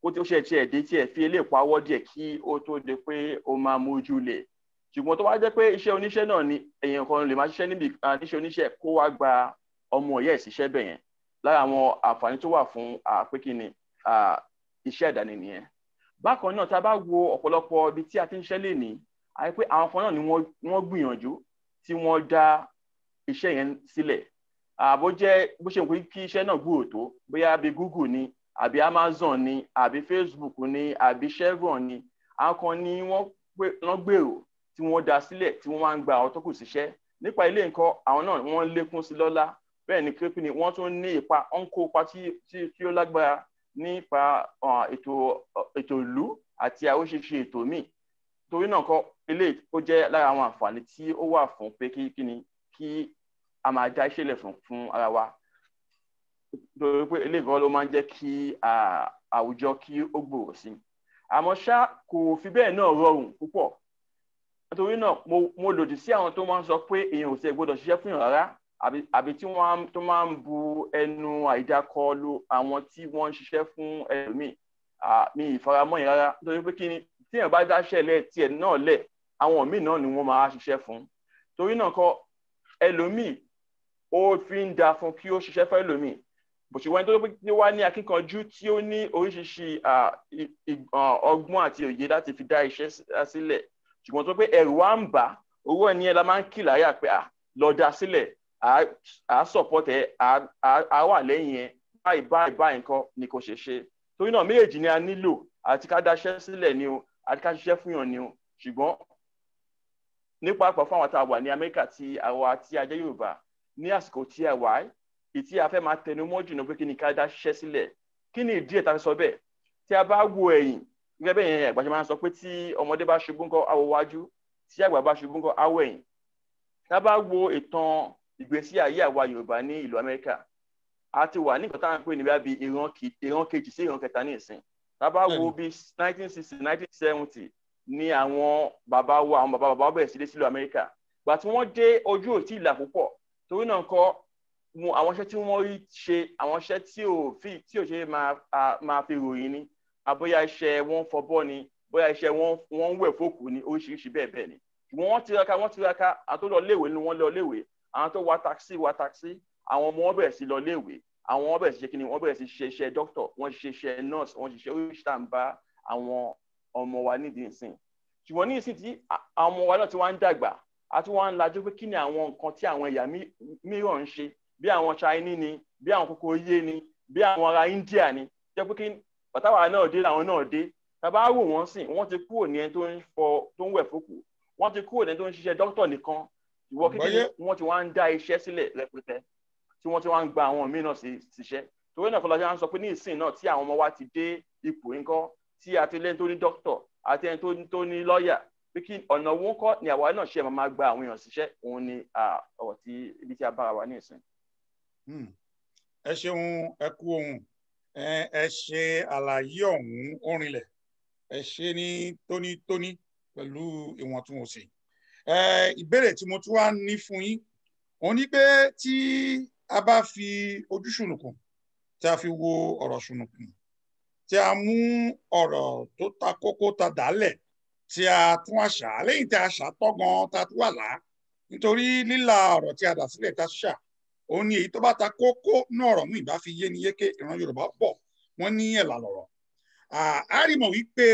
ó ti ó ṣe tiẹ̀ dé tiẹ̀ fi eléyìí pawọ́ díẹ̀ kí ó tó di pé ó máa mójú ilẹ̀ ṣùgbọ́n tó bá jẹ́ pé iṣẹ́ oníṣẹ́ náà ni èèyàn kan lè máa ṣiṣẹ́ níbi níṣẹ́ oníṣẹ́ kó wá gba ọmọ ìyá ìṣiṣẹ́ bẹ̀yẹn lára àwọn àǹfààní tó wà fún àpékinni iṣẹ́ ìdáni nìyẹn bákan náà tá a bá wo ọ̀pọ̀lọpọ̀ ibi tí a ti ń ṣẹ́ lè ní àyè pé àwọn kan náà ni wọ́n gbìyànjú tí wọ́n dá iṣẹ́ yẹn sílẹ̀ àbó jẹ́ bó ṣe ń pè kí iṣẹ́ náà gbòòrò tó bóyá bí Google ni àbí Amazon ni àbí Facebook ni àbí Chevron ni àwọn kan ni wọ́n gbèrò tí wọ́n dá sílẹ̀ tí wọ́n máa ń gba àwọn tó kù síṣẹ́ nípa ilé nǹkan àwọn náà wọ́n lékún sí lọ́lá bẹ́ẹ̀ ni pé ni wọ́n tún ní ipa ó ń kó ipa tí ó lágbára nípa ètò ìlú àti àwòṣeṣe ètò míì torí náà kọ́ eléyìí ó jẹ́ lára àwọn àǹfààní tí ó wà fún pé kí ni kí a máa dá iṣẹ́ ìlẹ̀fún fún ara wa torí pé eléyìí kan ló máa ń jẹ́ kí àwùjọ kí ó gbòòrò sí àmọ́ ṣá kò fi bẹ́ẹ̀ náà rọrùn púpọ̀ nítorí náà mo lòdì sí àwọn tó máa ń sọ pé èèyàn ò tiẹ̀ gbọ́dọ̀ ṣiṣẹ́ fún yàn àbí tí wọ́n tó máa ń bu ẹnu àìdákọ lu àwọn tí wọ́n ń ṣiṣẹ́ fún ẹlòmíì mi ìfaramọ́ yẹn rárá nítorí pé kí ni tí èèyàn bá dáṣẹ́ lẹ̀ tiẹ̀ náà lẹ̀ àwọn míì náà ni wọ́n máa ṣiṣẹ́ fún torí náà kọ́ ẹlòmíì ó fi ń da fún kí ó ṣiṣẹ́ fún ẹlòmíì bó ṣe wọ́n tó tí wá ní akíkanjú tí ó ní oríṣiríṣi ọgbọ́n àti òye láti fi dá iṣẹ́ sílẹ̀ ṣùgbọ́n tó pé ẹ̀rù wa ń bà owó ẹni ẹ̀ la máa ń kìláyà pé à lọ́ọ́ dá sílẹ̀ a á support ẹ a á wà lẹ́yìn ẹ báyìí báyìí báyìí nǹkan ni kò ṣe ṣe torí náà méjèèjì ni a nílò àti ká daṣẹ́ sílẹ̀ ni o àti ká ṣiṣẹ́ fún yàn ni o ṣùgbọ́n nípa àpò fún àwọn tá a wà ní Amẹ́ríkà tí àwa tí a jẹ́ Yorùbá ní àsìkò tí a wà ìtí a fẹ́ máa tẹnu mọ́ jùlọ pé kí ni ká daṣẹ́ sílẹ̀ kí ni ìdí ẹ̀ tá a fi sọ bẹ́ẹ̀ tí a bá wo ẹ̀yìn gẹ́gẹ́ bẹ́ẹ̀ yẹn àgbàṣe máa ń sọ pé tí ọmọdé bá ṣubú ńkọ́ awọ wájú tí àgbà bá ṣubú ńkọ́ awọ ẹ̀yìn tá a bá wo ìtàn ìgbésí ayé àwa yorùbá ní ìlú amẹ́ríkà a ti wà ní nǹkan táwọn pè ní bí ìran kejì sí ìran kẹta ní ìsìn tábà wo bí nineteen sixty nineteen seventy ni àwọn bàbá wa àwọn bàbá bàbá bẹ̀rẹ̀ sí dé sílùú amẹ́ríkà gbà tí wọ́n dé ojú òtí ìlà púpọ̀ torí náà kọ́ mu àwọn iṣẹ́ tí wọ́n rí ṣe àwọn iṣẹ́ tí ò fi tí ò ṣe máa fi ròyìn ni àbóyá iṣẹ́ wọn fọbọ́ ni bóyá iṣẹ́ wọn wẹ̀ fókù ni oríṣiríṣi bẹ́ẹ̀ bẹ́ẹ̀ ni ṣùgbọ́n wọ́n tiraka wọ́n tiraka àtọ́lọ́léèwé ni wọ́n lọ́ọ́ léèwé àwọn tó wa taxi wa taxi àwọn ọmọ wọn bẹ̀rẹ̀ sí lọ léèwé àwọn wọn bẹ̀rẹ̀ sí ṣe kí ni bẹ̀rẹ̀ sí ṣe iṣẹ́ doctor wọ́n ṣe iṣẹ́ nurse wọ́n ṣe iṣẹ́ oríṣi tá à ń bá àwọn ọmọ wa nídìí ìsìn ṣùgbọ́n ní ìsìn tí àwọn ọmọ wa náà ti wá ń dàgbà a tún wá ń lajú pé kí àwọn nǹkan tí àwọn ẹ̀yà mìíràn ń ṣe bí àwọn Chinese ni bí àwọn kókó yé ni bí àwọn ará India ni jẹ́ pé kí bàtàwà náà dé làwọn náà dé tàbá wò wọ́n sìn wọ́n ti kúrò ní ẹni tó ń wẹ̀ fòkù wọ́n ti kúrò ní ẹni tó ń ṣiṣẹ́ dókítà nìkan ìwọ kékeré wọn ti wá ń dá iṣẹ́ sílẹ̀ rẹpẹtẹ tí wọ́n ti wá ń gba àwọn míì náà síṣẹ́ torí náà fọláṣẹ́ à ń sọ pé ní ìsìn náà tí àwọn ọmọ wa ti dé ipò nǹkan tí àti lẹ́ni tó ní dókítọ̀ àti ẹni tó ní lọ́ọ̀yà pé kí ọ̀nà owó kọ́ ni àwa náà ṣe máa gba àwọn èèyàn síṣẹ́ òun ni ọ̀rọ̀ tí ibi tí a bára wa ní ìsìn. Hmm. ẹ ṣeun ẹ kú ohun ẹ ṣe àlàyé ọ̀hún orinlẹ̀ ẹ ṣe ní tónítóní pẹ̀lú ìwọ̀ntúnwọ̀nsì ìbéèrè tí mo tún wá ní fún yín òun ni pé tí a bá fi ojú ṣùnùkùn tí a fi wo ọ̀rọ̀ ṣùnùkùn tí a mú ọ̀rọ̀ tó ta kókó ta dálẹ̀ tí a tún àṣà lẹ́yìn tí a ṣà tọ́gan ta tún wà lá nítorí líla ọ̀rọ̀ tí a dà sílẹ̀ ta ṣà òun ni èyí tó bá ta kókó náà ọ̀rọ̀ mú ìbá fi yé ni yéké ìran Yorùbá pọ̀ wọ́n ní ẹ̀là lọ̀rọ̀ àárímọ̀ wípé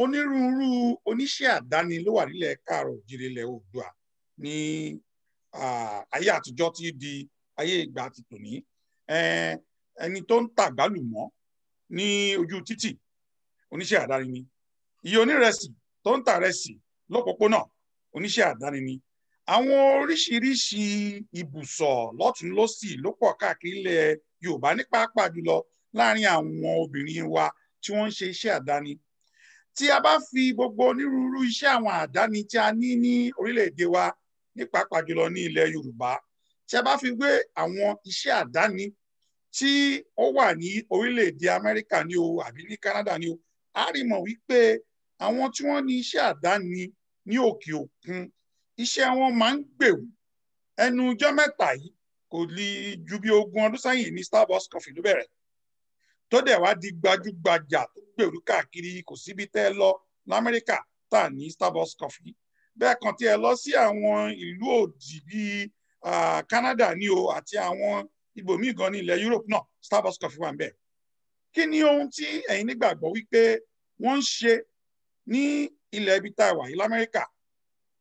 onírúurú oníṣẹ́ àdáni ló wà nílẹ̀ káàrọ̀ òjìrè ilẹ̀ oòdùà ní ayé àtijọ́ tí di ayé ìgbà ti tòní ẹni tó ń tàgbálùmọ́ ní ojú títì oníṣẹ́ àdáni ni iye onírẹsì tó ń tà rẹsì lọ́pọ̀pọ̀nà oníṣẹ́ àdáni ni àwọn oríṣiríṣi ibùsọ̀ lọ́tún lọ́sì ló pọ̀ káàkiri ilẹ̀ Yorùbá ní pàápàá jùlọ láàárín àwọn obìnrin wa tí wọ́n ń ṣe iṣẹ́ àdáni tí a bá fi gbogbo onírúurú iṣẹ́ àwọn àdáni tí a ní ní orílẹ̀-èdè wa ní pàápàá jùlọ ní ilẹ̀ Yorùbá tí a bá fi gbé àwọn iṣẹ́ àdáni tí ó wà ní orílẹ̀-èdè Amẹ́ríkà ní o àbí ní Canada ní o a rí mọ̀ wípé àwọn tí wọ́n ní iṣẹ́ àdáni ní òkè òkun iṣẹ́ wọn máa ń gbèrú ẹnu ọjọ́ mẹ́ta yìí kò lè ju bí ogún ọdún sẹ́yìn ní Starbucks coffee ló bẹ̀rẹ̀ tó dẹ̀ wá di gbajúgbajà tó gbèrú káàkiri kò síbi tẹ́ ẹ lọ lamẹ́ríkà tà ní starbucks coffee bẹ́ẹ̀ kan tí ẹ lọ sí àwọn ìlú òdì bíi Canada ni o àti àwọn ibòmíì gan ní ilẹ̀ Europe náà starbucks coffee wà ń bẹ̀. kí ni ohun tí ẹ̀yin nígbàgbọ́ wípé wọ́n ń ṣe ní ilẹ̀ ibi tá a wà yìí lamẹ́ríkà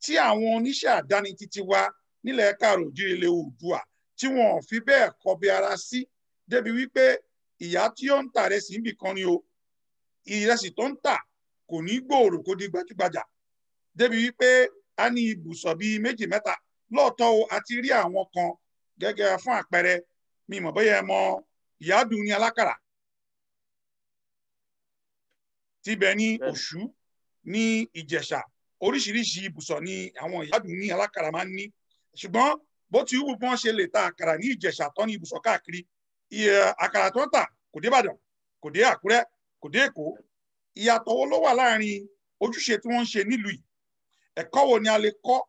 tí àwọn oníṣẹ́ àdáni títí wa nílẹ̀ káàrò òjìrìlẹ̀ oòdùà tí wọn ò fi bẹ́ẹ̀ kọbi ara sí débi wípé ìyá tí ó ń tà rẹ̀ sì ń bì kan ni o ìrẹsì tó ń tà kò ní gbòòrò kó di gbajúgbajà débi wípé a ní ibùsọ̀ bíi méjì mẹ́ta lóòótọ́ o a rí àwọn kan gẹ́gẹ́ fún àpẹẹrẹ mi mọ̀ bóyá ẹ mọ ìyáàdùn ní alákàrà tibẹ̀ ní Ọ̀ṣù ní Ìjẹ̀ṣà oríṣiríṣi ibùsọ̀ ni àwọn ìyáàdùn ní alákàrà máa ń ní ṣùgbọ́n bó ti wù bí wọ́n ṣe lè ta àkàrà ní Ìjẹ̀ṣà tán ní ibùsọ̀ káàkiri àkàrà tó ń tà kò dé Ìbàdàn kò dé Àkúrẹ́ kò dé Èkó ìyàtọ̀ wo ló wà láàrin ojúṣe tí wọ́n ń ṣe nílùú yìí ẹ̀kọ́ wo ni a lè kọ́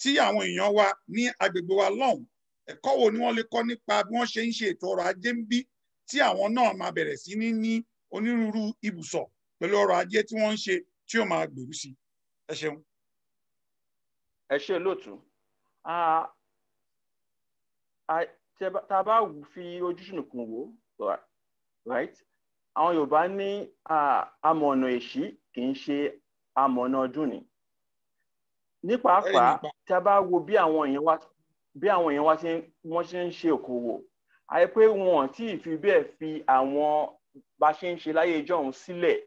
tí àwọn èèyàn wa ní agbègbè wa lọ́hùn ẹ̀kọ́ wo ni wọ́n lè kọ́ nípa bí wọ́n ṣe ń ṣe ètò ọrọ̀ ajé ń bí tí àwọn náà máa bẹ̀rẹ̀ sí ní ní onírúurú ibùsọ̀ pẹ̀lú ọrọ̀ ajé tí wọ́n ń ṣe tí ó máa gbèrú sí ẹ ṣeun. ẹ ṣe lóòtú ah, tá a bá fi ojú ṣùnùkùn wò right àwọn Yorùbá ní amọ̀nà èṣí kì í ṣe amọ̀nà ọdún ni ní pàápàá tí a bá wo bí àwọn èèyàn wa bí àwọn èèyàn wa ṣe wọ́n ṣe ń ṣe òkòwò àyè pé wọn ò tí ì fi bẹ́ẹ̀ fi àwọn bá ṣe ń ṣe láyé ìjọ ọ̀hún sílẹ̀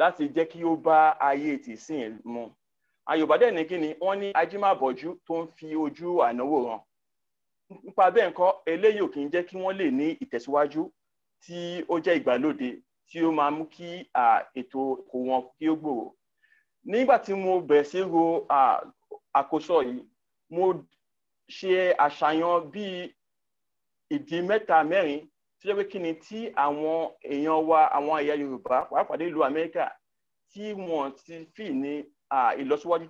láti jẹ́ kí ó bá ayé tìsín mu àyòbá dẹ̀ ní kí ni wọ́n ní ajímàbọ̀jú tó ń fi ojú ànáwó hàn nípa bẹ́ẹ̀ nǹkan eléyìí ò kì í jẹ́ kí wọ́n lè ní ìtẹ̀síwájú tí ó jẹ́ ìgbàlódé tí ó máa mú kí ètò ẹ̀kọ́ wọn kí ó gbòòrò. nígbà tí mo bẹ̀rẹ̀ sí ro àkósọ yìí mo ṣe àṣàyàn bíi ìdí mẹ́ta mẹ́rin tó jẹ́ pé kí ni tí àwọn èèyàn wa àwọn ẹ̀yà Yorùbá pàápàá ìlú Amẹ́ríkà tí wọ́n ti fi ní ìlọsíwájú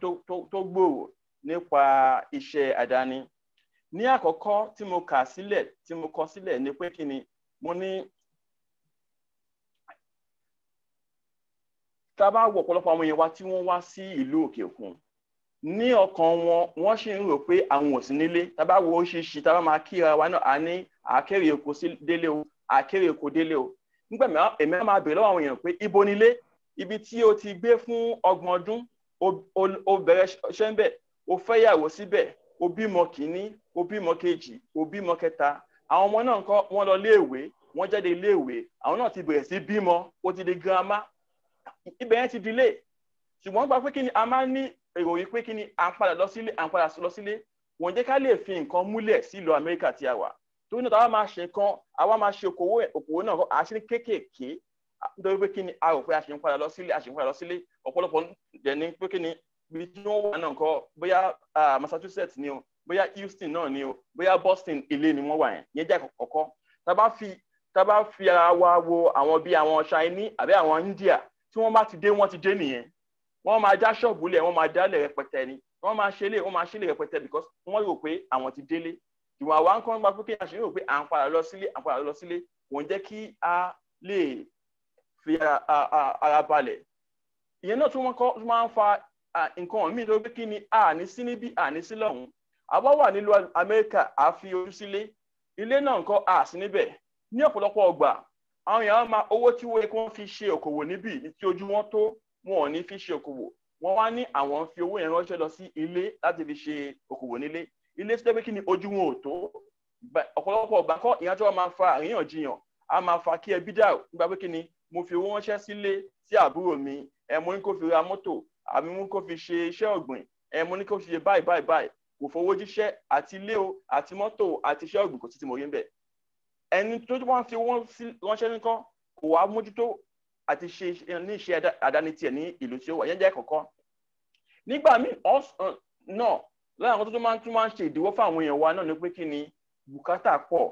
tó gbòòrò nípa iṣẹ́ àdáni ní àkọ́kọ́ tí mo kà sílẹ̀ tí mo kọ sílẹ̀ ni pé kí ni mo ní tá a bá wọ ọ̀pọ̀lọpọ̀ àwọn èèyàn wa tí wọ́n wá sí ìlú òkè òkun ní ọkàn wọn wọ́n ṣì ń rò pé àwọn ò sí nílé tá a bá wo oṣiṣi tá a bá máa kíra wa náà a ní àkérè oko délé o àkérè oko délé o nígbà èmi á máa bèèrè lọ́wọ́ àwọn èèyàn pé ibo nílé ibi tí o ti gbé fún ọgbọ̀n ọdún o bẹ̀rẹ̀ ṣẹ́ńbẹ̀ o fẹ́yàwó síbẹ̀ o bímọ kìíní ó bímọ kejì ó bímọ kẹta àwọn ọmọ náà kọ́ wọ́n lọ léèwé wọ́n jáde léèwé àwọn náà ti bẹ̀rẹ̀ sí bímọ ó ti di girama ibẹ̀ yẹn ti di lé ṣùgbọ́n gba pé kí ni a máa ń ní ìròyìn pé kí ni à ń padà lọ sílé à ń padà lọ sílé wọ́n jẹ́ ká lè fi nǹkan múlẹ̀ sílùú Amẹ́ríkà tí a wà torí náà táwa máa ṣe nǹkan àwa máa ṣe okòwò okòwò náà à ṣe kéékèèké nítorí pé kí ni a rò pé a ṣe ń padà lọ sílé a ṣe ń padà lọ sílé ọ̀pọ̀lọpọ̀ jẹ̀ ní pé kí ni ibi tí wọ́n wà náà kọ́ bóyá Massachusetts ni o bóyá Houston náà ni o bóyá Boston ilé ni wọ́n wà yẹn yẹn jẹ́ kọ̀kọ́ tá fi tá fi ara wa wo àwọn bíi àwọn Ṣáínì àbí àwọn India tí wọ́n bá ti dé wọ́n ti dé nìyẹn wọ́n máa já ṣọ́ọ̀bù lẹ̀ wọ́n máa dálẹ̀ rẹpẹtẹ ni wọ́n máa ṣe lè wọ́n máa ṣe lè rẹpẹtẹ because wọ́n rò pé àwọn ti délé ìwà wa ń kọ́ nípa pé kí àṣírí rò pé à ń padà lọ sílé à ń padà lọ sílé kò ń jẹ́ kí a lè fi ara balẹ̀ ìyẹn náà tún máa ń fa nǹkan míì tó pé kí ni a ní sí níbí a ní sí lọ́hùn àwa wà nílùú amẹ́ríkà a fi ojú sílé ilé náà nǹkan a sí níbẹ̀ ní ọ̀pọ̀lọpọ̀ ọgbà àwọn èèyàn máa owó tí wọ́n yẹ kí wọ́n fi ṣe òkòwò níbí tí ojú wọn tó wọn ò ní fi ṣe òkòwò wọn wá ní àwọn fi owó yẹn ránṣẹ́ lọ sí ilé láti fi ṣe òkòwò nílé ilé tó dẹ́gbẹ́ kí ni ojú wọn ò tó ọ̀pọ̀lọpọ̀ ọgbà kọ́ ìyájọ́ máa fa àríyànjiyàn a máa fa kí ẹbí dà nígbà pé kí ni mo fi owó ránṣẹ́ sílé sí àbúrò mi ẹ mo ní kó fi ra mọ́tò àbí mo ní kó fi ṣe iṣẹ́ ọ̀gbìn ẹ mo ní kó fi ṣe báyìí báyìí báyìí kò fowó jíṣẹ́ àti ilé o àti mọ́tò àti iṣẹ́ ọ̀gbìn kò sí ti mo rí ń bẹ̀ ẹni tó wọ́n fi wọ́n ránṣẹ́ nìkan kò wá mójútó àti ṣe ní iṣẹ́ àdáni tiẹ̀ ní ìlú tí ó wà yẹn jẹ́ kọ̀ọ̀kan nígbà míì ọ̀sán uh, náà láwọn tó máa ń tún máa ń ṣe ìdíwọ́ fún èèyàn wa náà ni pé kí ni bùkátà pọ̀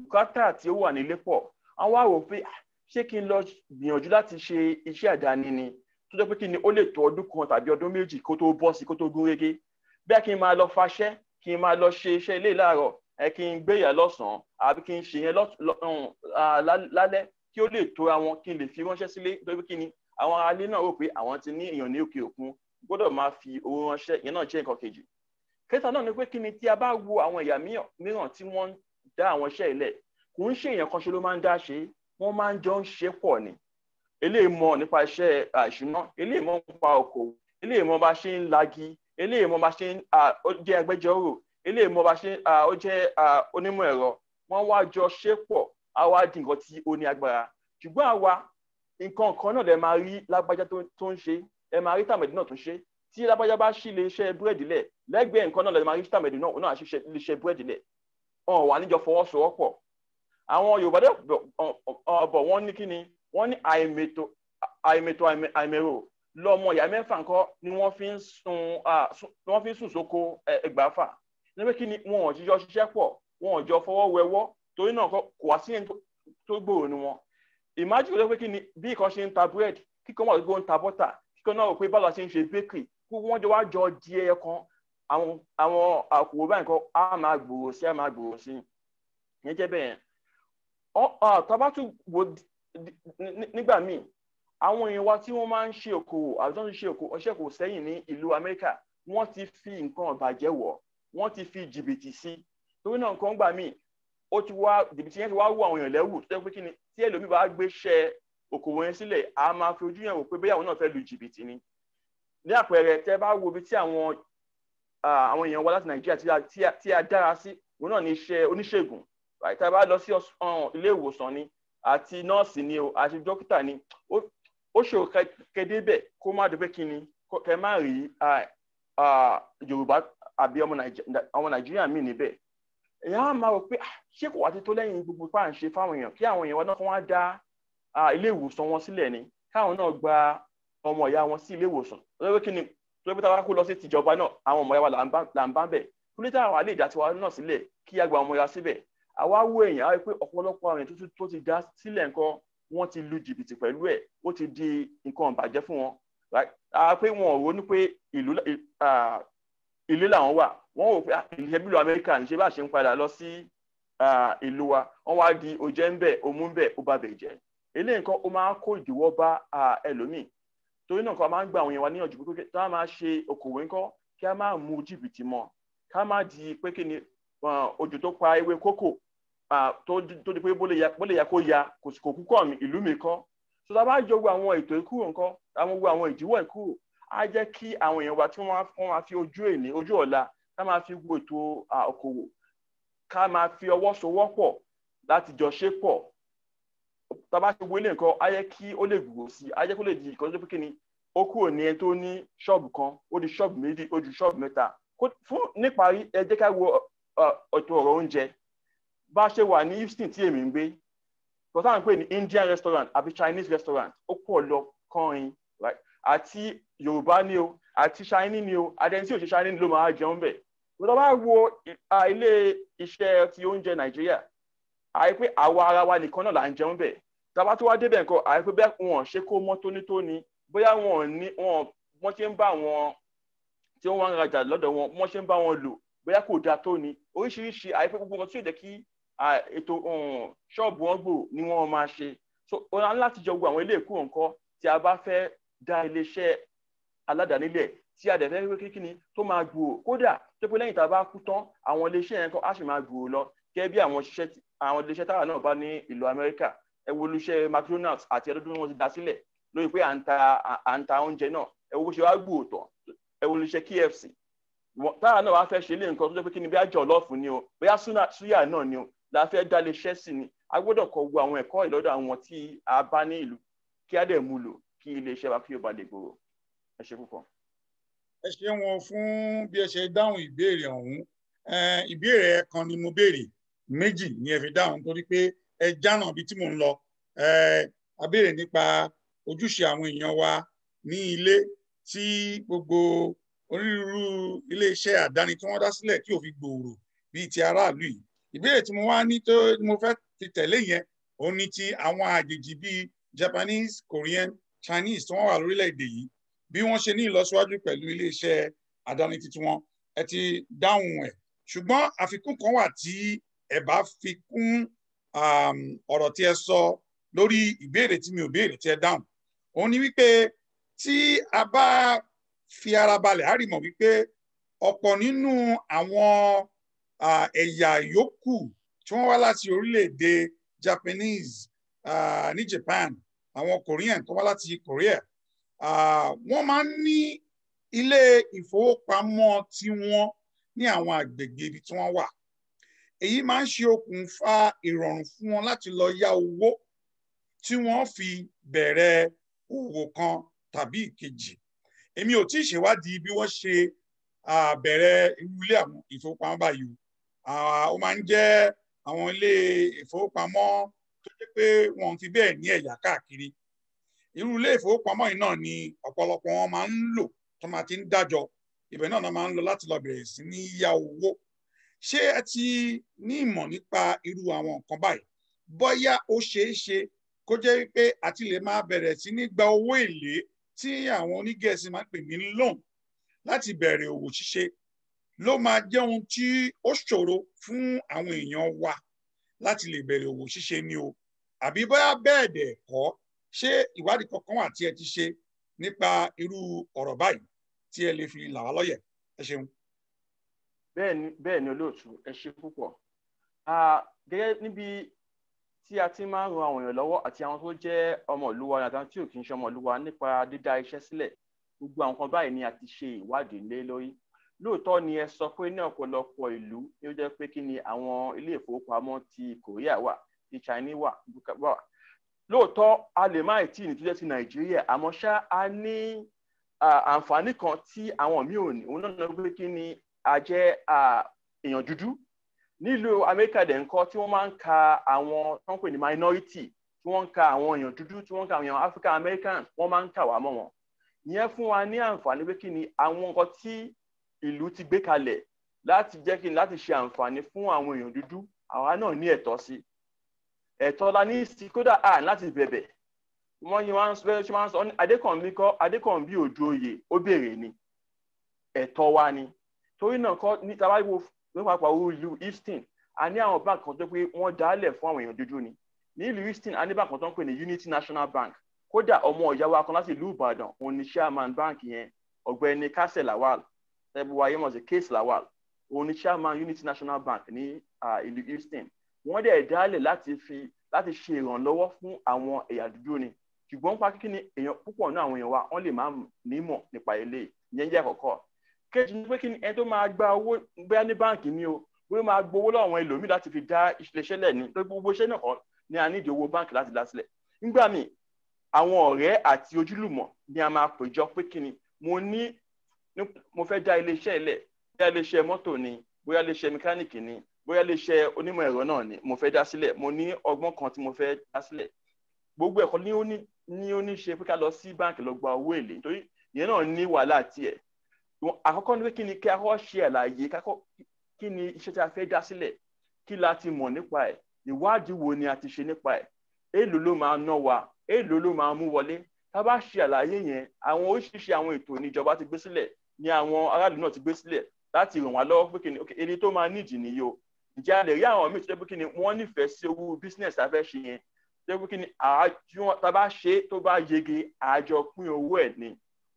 bùkátà tí ó wà nílé pọ̀ àwọn àrò pé ah, ṣé kí n lọ gbìyànjú láti ṣe iṣẹ́ àdáni ni tó jẹ́ pé kí ni ó lè tó ọdún kan tàbí ọdún méjì kó tó bọ́ sí kó tó gún régé bẹ́ẹ̀ kí n máa lọ faṣẹ́ kí n máa lọ ṣe iṣẹ́ ilé láàárọ̀ ẹ kí n gbéyà lọ́sàn-án àbí kí n ṣe yẹn um, lálẹ́ kí ó lè tóra wọn kí n lè fi ránṣẹ́ sílé torí kí ni àwọn alẹ́ náà rò pé àwọn ti ní èèyàn ní òkè òkun gbọ́dọ̀ máa fi owó ránṣẹ́ ìyẹn náà jẹ́ nǹkan kejì kẹta náà ni pé kí ni tí a bá wo àwọn ẹ̀yà mìíràn tí wọ́n ń dá àwọn iṣẹ́ ilẹ̀ kò ń ṣe èèyàn kan ṣe ló máa ń dá ṣe wọ́n máa ń jọ ń ṣe pọ̀ ni eléyìí mọ̀ nípa iṣẹ́ àìṣúná eléyìí mọ̀ nípa okòwò eléyìí lagi eléyìí mo bá ṣe ó jẹ́ agbẹjọ́rò eléyìí mo bá ṣe ó jẹ́ onímọ̀ ẹ̀rọ wọ́n wá jọ ṣe pọ̀ á wá di nǹkan tí ó ní agbára ṣùgbọ́n àwa nǹkan kan náà lè máa rí lágbájá tó ń ṣe ẹ máa rí tàmẹ̀dì náà tó ń ṣe tí lágbájá bá ṣí lè ṣe búrẹ́dì lẹ̀ lẹ́gbẹ̀ẹ́ nǹkan náà lè máa rí tàmẹ̀dì náà náà lè ṣe búrẹ́dì lẹ̀ ọ̀n wà níjọ fọwọ́sowọ́pọ̀ àwọn Yorùbá dẹ̀ bọ̀ wọ́n ní kíni wọ́n ní àìmètò àìmètò lọ́mọ ìyá mẹ́fà ńkọ́ ni wọ́n fi ń sun ni wọ́n fi ń sùn sóko ẹgbàáfà níbi kí ni wọn ò jíjọ ṣiṣẹ́ pọ̀ wọn ò jọ fọwọ́ wẹwọ́ torí náà kò wá sí ẹni tó gbòòrò ni wọn ìmájú ló pé kí ni bí ìkan ṣe ń ta búrẹ́dì kíkan wà gbogbo ń ta bọ́tà kíkan náà rò pé báwo la ṣe ń ṣe bakery kí wọ́n jọ wá jọ di ẹyẹ kan àwọn àwọn àkùrọ̀ báyìí kan á máa gbòòrò sí á máa gbòòrò sí ìyẹn jẹ́ bẹ́ẹ̀ tọ́bátù wo nígbà míì àwọn èèyàn wa tí wọ́n máa ń ṣe okòwò àbí tó ń ṣe ọṣẹ́ kò sẹ́yìn ní ìlú Amẹ́ríkà wọ́n ti fi nǹkan ọ̀bàjẹ́ wọ̀ wọ́n ti fi jìbìtì sí torí náà nǹkan gbà míì ó ti wá jìbìtì yẹn ti wá wọ àwọn èèyàn lẹ́wù tó jẹ́ pé kí ni tí ẹlòmíì bá gbéṣẹ́ okòwò yẹn sílẹ̀ a máa fi ojú yẹn wò pé bóyá àwọn náà fẹ́ lu jìbìtì ni ní àpẹẹrẹ tẹ́ bá wo ibi tí àwọn àwọn o ó ṣòro kẹdébẹ̀ kó má dúpẹ́ kí ni kẹ má rí yorùbá àbí ọmọ nàìjíríà míì níbẹ̀ èèyàn á máa rò pé ah, ṣé kò wá ti tó lẹ́yìn gbogbo pa à ń ṣe fáwọn èèyàn kí àwọn èèyàn wọn náà kó wá dá ilé ìwòsàn wọn sílẹ̀ ni káwọn náà gba ọmọ ìyá wọn sí ilé ìwòsàn lọ́wọ́ kí ni tó bí kó lọ sí tìjọba náà àwọn ọmọ ìyá wa là ń bá bẹ̀ kúlẹ̀ táwa lè dá tiwa náà sílẹ̀ kí á ọmọ ìyá síbẹ̀ àwa wo èèyàn á rí pé ọ̀pọ̀lọpọ̀ àwọn èèyàn tó ti dá sílẹ̀ nǹkan wọ́n ti lu jìbìtì pẹ̀lú ẹ̀ ó ti di nǹkan ìbàjẹ́ fún wọn pé wọn ò ronú pé ìlú ìlú làwọn wà wọn ò pé ìlú ẹbí lu Amẹ́ríkà ní ṣe bá ṣe ń padà lọ sí ìlú wa wọn wá di ojẹ ń bẹ omú ń bẹ ó bá bẹ jẹ eléyìí nǹkan ó máa ń kó ìdíwọ́ bá ẹlòmíì torí náà nǹkan máa ń gba àwọn èèyàn wa níyànjú pé tá a máa ṣe okòwò nǹkan kí a máa mú jìbìtì mọ́ ká má di pé kí ni òjò tó pa ewé kókò tó di pé bó lè yà kó ya kò sì kò kú kọ́ mi ìlú mi kọ́ tó tá a bá yọ gbogbo àwọn ètò ikú nǹkan àwọn gbogbo àwọn ìdíwọ́ ikú á jẹ́ kí àwọn èèyàn wa tí wọ́n máa fi ojú èní ojú ọ̀la ká máa fi gbogbo ètò okòwò ká máa fi ọwọ́ sowọ́ pọ̀ láti jọ ṣe pọ̀ tá a bá ṣe gbogbo ilé nǹkan á yẹ kí ó lè gbòòrò sí i á yẹ kó lè di ìkọ́jú pé kí ni ó kúrò ní ẹni tó ní ṣọ́ọ̀bù kan ó di ṣọ́ọ̀bù méjì ó di ṣọ́ọ̀bù mẹ́ta fún níparí ẹ jẹ́ ká wo ọ̀tọ̀ ọ̀rọ̀ oúnjẹ bá ṣe wà ní houston tí èmi ń gbé kò ń pè ní indian restaurant àbí chinese restaurant ó pọ̀ lọ kọrin àti yorùbá ni o àti chinese ni o àdéhùn tí ò ṣe chinese ló máa jẹun bẹ̀ kò tó bá wo ilé iṣẹ́ ti oúnjẹ nàìjíríà àìpé àwa ara wa nìkan náà là ń jẹun bẹ̀ tàbá tó wá débẹ̀ nǹkan àìpé bẹ́ẹ̀ wọn ṣe kó mọ́ tónítóní bóyá wọn ní wọn wọ́n ṣe ń bá wọn tí wọ́n ń rajà lọ́dọ̀ wọn wọ́n ṣe ń bá wọn lò bóyá kò dáa tó ni oríṣiríṣi àìpé gbogbo nǹkan tí ò jẹ́ kí ètò um, ṣọ́ọ̀bù wọn gbò ni wọ́n máa ṣe so wọn á láti jọ gbọ́ àwọn ilé ìkó nǹkan tí a bá fẹ́ dá iléeṣẹ́ aládàánilẹ̀ tí a dẹ̀ fẹ́ wé kíkíni tó máa gbòò kódà tó pé lẹ́yìn tá a bá kú tán àwọn iléeṣẹ́ yẹn kan á sì máa gbòò lọ gẹ́gẹ́ bí àwọn iṣẹ́ àwọn iléeṣẹ́ táwa náà bá ní ìlú Amẹ́ríkà ẹ wo McDonald's àti ẹlọ́dún wọn ti dá sílẹ̀ lórí pé à ń ta à ta oúnjẹ náà ẹ wo bó ṣe wá gbòò tán ẹ KFC táwa náà wá fẹ́ ṣe ilé nǹkan tó jẹ́ pé kíni bí àjọ ọlọ́ọ̀fù ni o bóyá súyà náà ni o la fẹ́ dálé iṣẹ́ sí ni a gbọ́dọ̀ kọ wo àwọn ẹ̀kọ́ ìlọ́dọ̀ àwọn tí a bá ní ìlú kí á dẹ̀ mú lò kí iléeṣẹ́ wa kí ó ba lè gbòòrò ẹ ṣe púpọ̀. ẹ ṣe wọn fún bí ẹ ṣe dáhùn ìbéèrè ọ̀hún ìbéèrè ẹ kan ni mo béèrè méjì ni ẹ fi dáhùn torí pé ẹ jánà bíi tí mò ń lọ a béèrè nípa ojúṣe àwọn èèyàn wa ní ilé tí gbogbo onírúurú iléeṣẹ́ àdáni tí wọ́n dá sílẹ̀ tí ò gbòòrò bíi ti aráàlú yìí ìbéèrè tí mo wá ní tó mo fẹ́ ti tẹ̀lé yẹn òun ni ti àwọn àjèjì bíi Japanese Korean Chinese tí wọ́n wà lórílẹ̀‐èdè yìí bí wọ́n ṣe ní ìlọsíwájú pẹ̀lú iléeṣẹ́ àdáni títí wọn ẹ ti dáhùn ẹ̀ ṣùgbọ́n àfikún kan wà tí ẹ bá fi kún ọ̀rọ̀ tí ẹ sọ lórí ìbéèrè tí mi ò béèrè tí ẹ dáhùn òun ni wípé tí a bá fi ara balẹ̀ á rí mọ̀ wípé ọ̀pọ̀ nínú àwọn ẹ̀yà yòókù tí wọ́n wá láti orílẹ̀-èdè Japanese uh, ní Japan àwọn Korean tó wá láti Korea wọ́n máa ń ní ilé ìfowópamọ́ tiwọn ní àwọn àgbègbè ibi tí wọ́n wà èyí máa ń ṣe okùnfà ìrọ̀rùn fún wọn láti lọ yá owó tí wọ́n fi bẹ̀rẹ̀ òwò kan tàbí ìkejì èmi ò tí ì ṣèwádìí bí wọ́n ṣe bẹ̀rẹ̀ irú ilé àwọn ìfowópamọ́ báyìí Ah, ó máa ń jẹ́ àwọn ilé ìfowópamọ́ tó jẹ́ pé wọn fi bẹ́ẹ̀ ní ẹ̀yà káàkiri irú ilé ìfowópamọ́ yìí náà ni ọ̀pọ̀lọpọ̀ wọn máa ń lò tó máa ti ń dájọ ibẹ̀ náà máa ń lọ láti lọ bẹ̀rẹ̀ sí ní yá owó ṣé ẹ ti ní ìmọ̀ nípa irú àwọn nǹkan báyìí bóyá ó ṣeé ṣe kó jẹ́ pé àti lè máa bẹ̀rẹ̀ sí ní gba owó èlé tí àwọn onígẹ̀ẹ́sì máa ń pè ní loan láti bẹ̀rẹ̀ òwò ṣíṣe ló máa jẹ́ ohun tí ó ṣòro fún àwọn èèyàn wa láti lè bẹ̀rẹ̀ òwò ṣíṣe ni o àbí bóyá bẹ́ẹ̀ dẹ̀ kọ́ ṣé ìwádìí kankan wà tí ẹ ti ṣe nípa irú ọ̀rọ̀ báyìí tí ẹ lè fi là wá lọ́yẹ̀ ẹ ṣeun. bẹ́ẹ̀ni bẹ́ẹ̀ni olóòtú ẹ ṣe púpọ̀ gẹ́gẹ́ níbi tí a ti máa ń ran àwọn èèyàn lọ́wọ́ àti àwọn tó jẹ́ ọmọ ìlú wa àtàwọn tí ò kì í ṣe ọmọ ìlú wa nípa dídá iṣẹ́ sílẹ̀ gbogbo àwọn kan báyìí ni a ti ṣe ìwádìí lé lórí lóòótọ́ ni ẹ sọ pé ní ọ̀pọ̀lọpọ̀ ìlú ni ó jẹ́ pé kí ni àwọn ilé ìfowópamọ́ ti Korea wà ti China wà wà lóòótọ́ a lè má tí ì ní tó jẹ́ ti Nàìjíríà àmọ́ ṣá a ní àǹfààní kan tí àwọn míì ò ní òun náà ní pé kí ni a jẹ́ èèyàn dúdú nílùú Amẹ́ríkà dẹ̀ ń kọ́ tí wọ́n máa ń ka àwọn tó ń pè ní minority tí wọ́n ń ka àwọn èèyàn dúdú tí wọ́n ń ka àwọn African American wọ́n máa ń kà wá mọ́ wọn ìyẹn fún wa ní àǹfààní pé kí ni àwọn nǹkan tí ìlú ti gbé kalẹ̀ láti jẹ́ kí n láti ṣe àǹfààní fún àwọn èèyàn dúdú àwa náà ní ẹ̀tọ́ sí ẹ̀tọ́ la ní sí kódà à láti bẹ̀bẹ̀ wọ́n yí wọ́n ṣe máa ń sọ adékànbí kọ́ adékànbí òjò oyè ó béèrè ni ẹ̀tọ́ wa ni torí náà kọ́ ní tabaríwo nípapà ìlú easton a ní àwọn bank kan tó pé wọ́n dálẹ̀ fún àwọn èèyàn dúdú ni ní ìlú easton a ní bank kan tó ń pè ní unity national bank kódà ọmọ ìyá wa kan láti ìlú ìbàdàn òun ni chairman bank yẹn ọ̀gbẹ́ni kásẹ̀ lawal ẹbùwà yemọ̀sẹ̀ case lawal òun ni chairman unity national bank ní ìlú houston wọ́n dẹ̀ dálẹ̀ láti fi láti ṣe ìrànlọ́wọ́ fún àwọn ẹ̀yà dúdú ni ṣùgbọ́n pa kíkí ni èèyàn púpọ̀ náà àwọn èèyàn wa wọ́n lè má nímọ̀ nípa ilé ìyẹn jẹ́ àkọ́kọ́ kejì ni pé kí ni ẹni tó máa gba owó bóyá ní báǹkì ni o bóyá máa gbowó lọ́wọ́ àwọn ẹlòmíì láti fi dá iléeṣẹ́ lẹ̀ ní tó gbogbo iṣẹ́ náà ni a ní ìdí owó báǹkì láti dá sílẹ̀ nígbà míì àwọn ọ̀rẹ́ àti ojúlùmọ̀ ni a máa péjọ pé kí ni mo ní mo fẹ́ dá iléeṣẹ́ ilẹ̀ bóyá iléeṣẹ́ mọ́tò ni bóyá iléeṣẹ́ mẹkáníìkì ni bóyá iléeṣẹ́ onímọ̀ ẹ̀rọ náà ni mo fẹ́ dá sílẹ̀ mo ní ọgbọ́n kan tí mo fẹ́ dá sílẹ̀ gbogbo ẹ̀kọ́ ni ó ní ní ó ní ṣe pé ká lọ sí báǹkì lọ gba owó èlé nítorí ìyẹn náà ní wàhálà tiẹ̀ àkọ́kọ́ ni pé kí ni kí akọ́ ṣe àlàyé kí ni iṣẹ́ tí a fẹ́ dá sílẹ̀ kí la ti mọ̀ nípa ẹ̀ ìwádìí wo ni a ti ṣe nípa ẹ̀ èèlò ló máa ná wa èèlò ló máa mú wọlé tá a bá ṣe àlàyé yẹn àwọn oríṣiríṣi àwọn ètò níjọba ti gbé sílẹ̀ ni àwọn aráàlú náà ti gbé sílẹ̀ láti ràn wá lọ́wọ́ pé kí ni èyí tó máa níjì nìyí o ǹjẹ́ a rí àwọn míì tó jẹ́ pé kí ni wọ́n nífẹ̀ẹ́ sí owó business tá a fẹ́ ṣe yẹn tó jẹ́ pé kí ni àjọ tá a bá ṣe tó bá yege àjọ pín owó ẹ̀ ni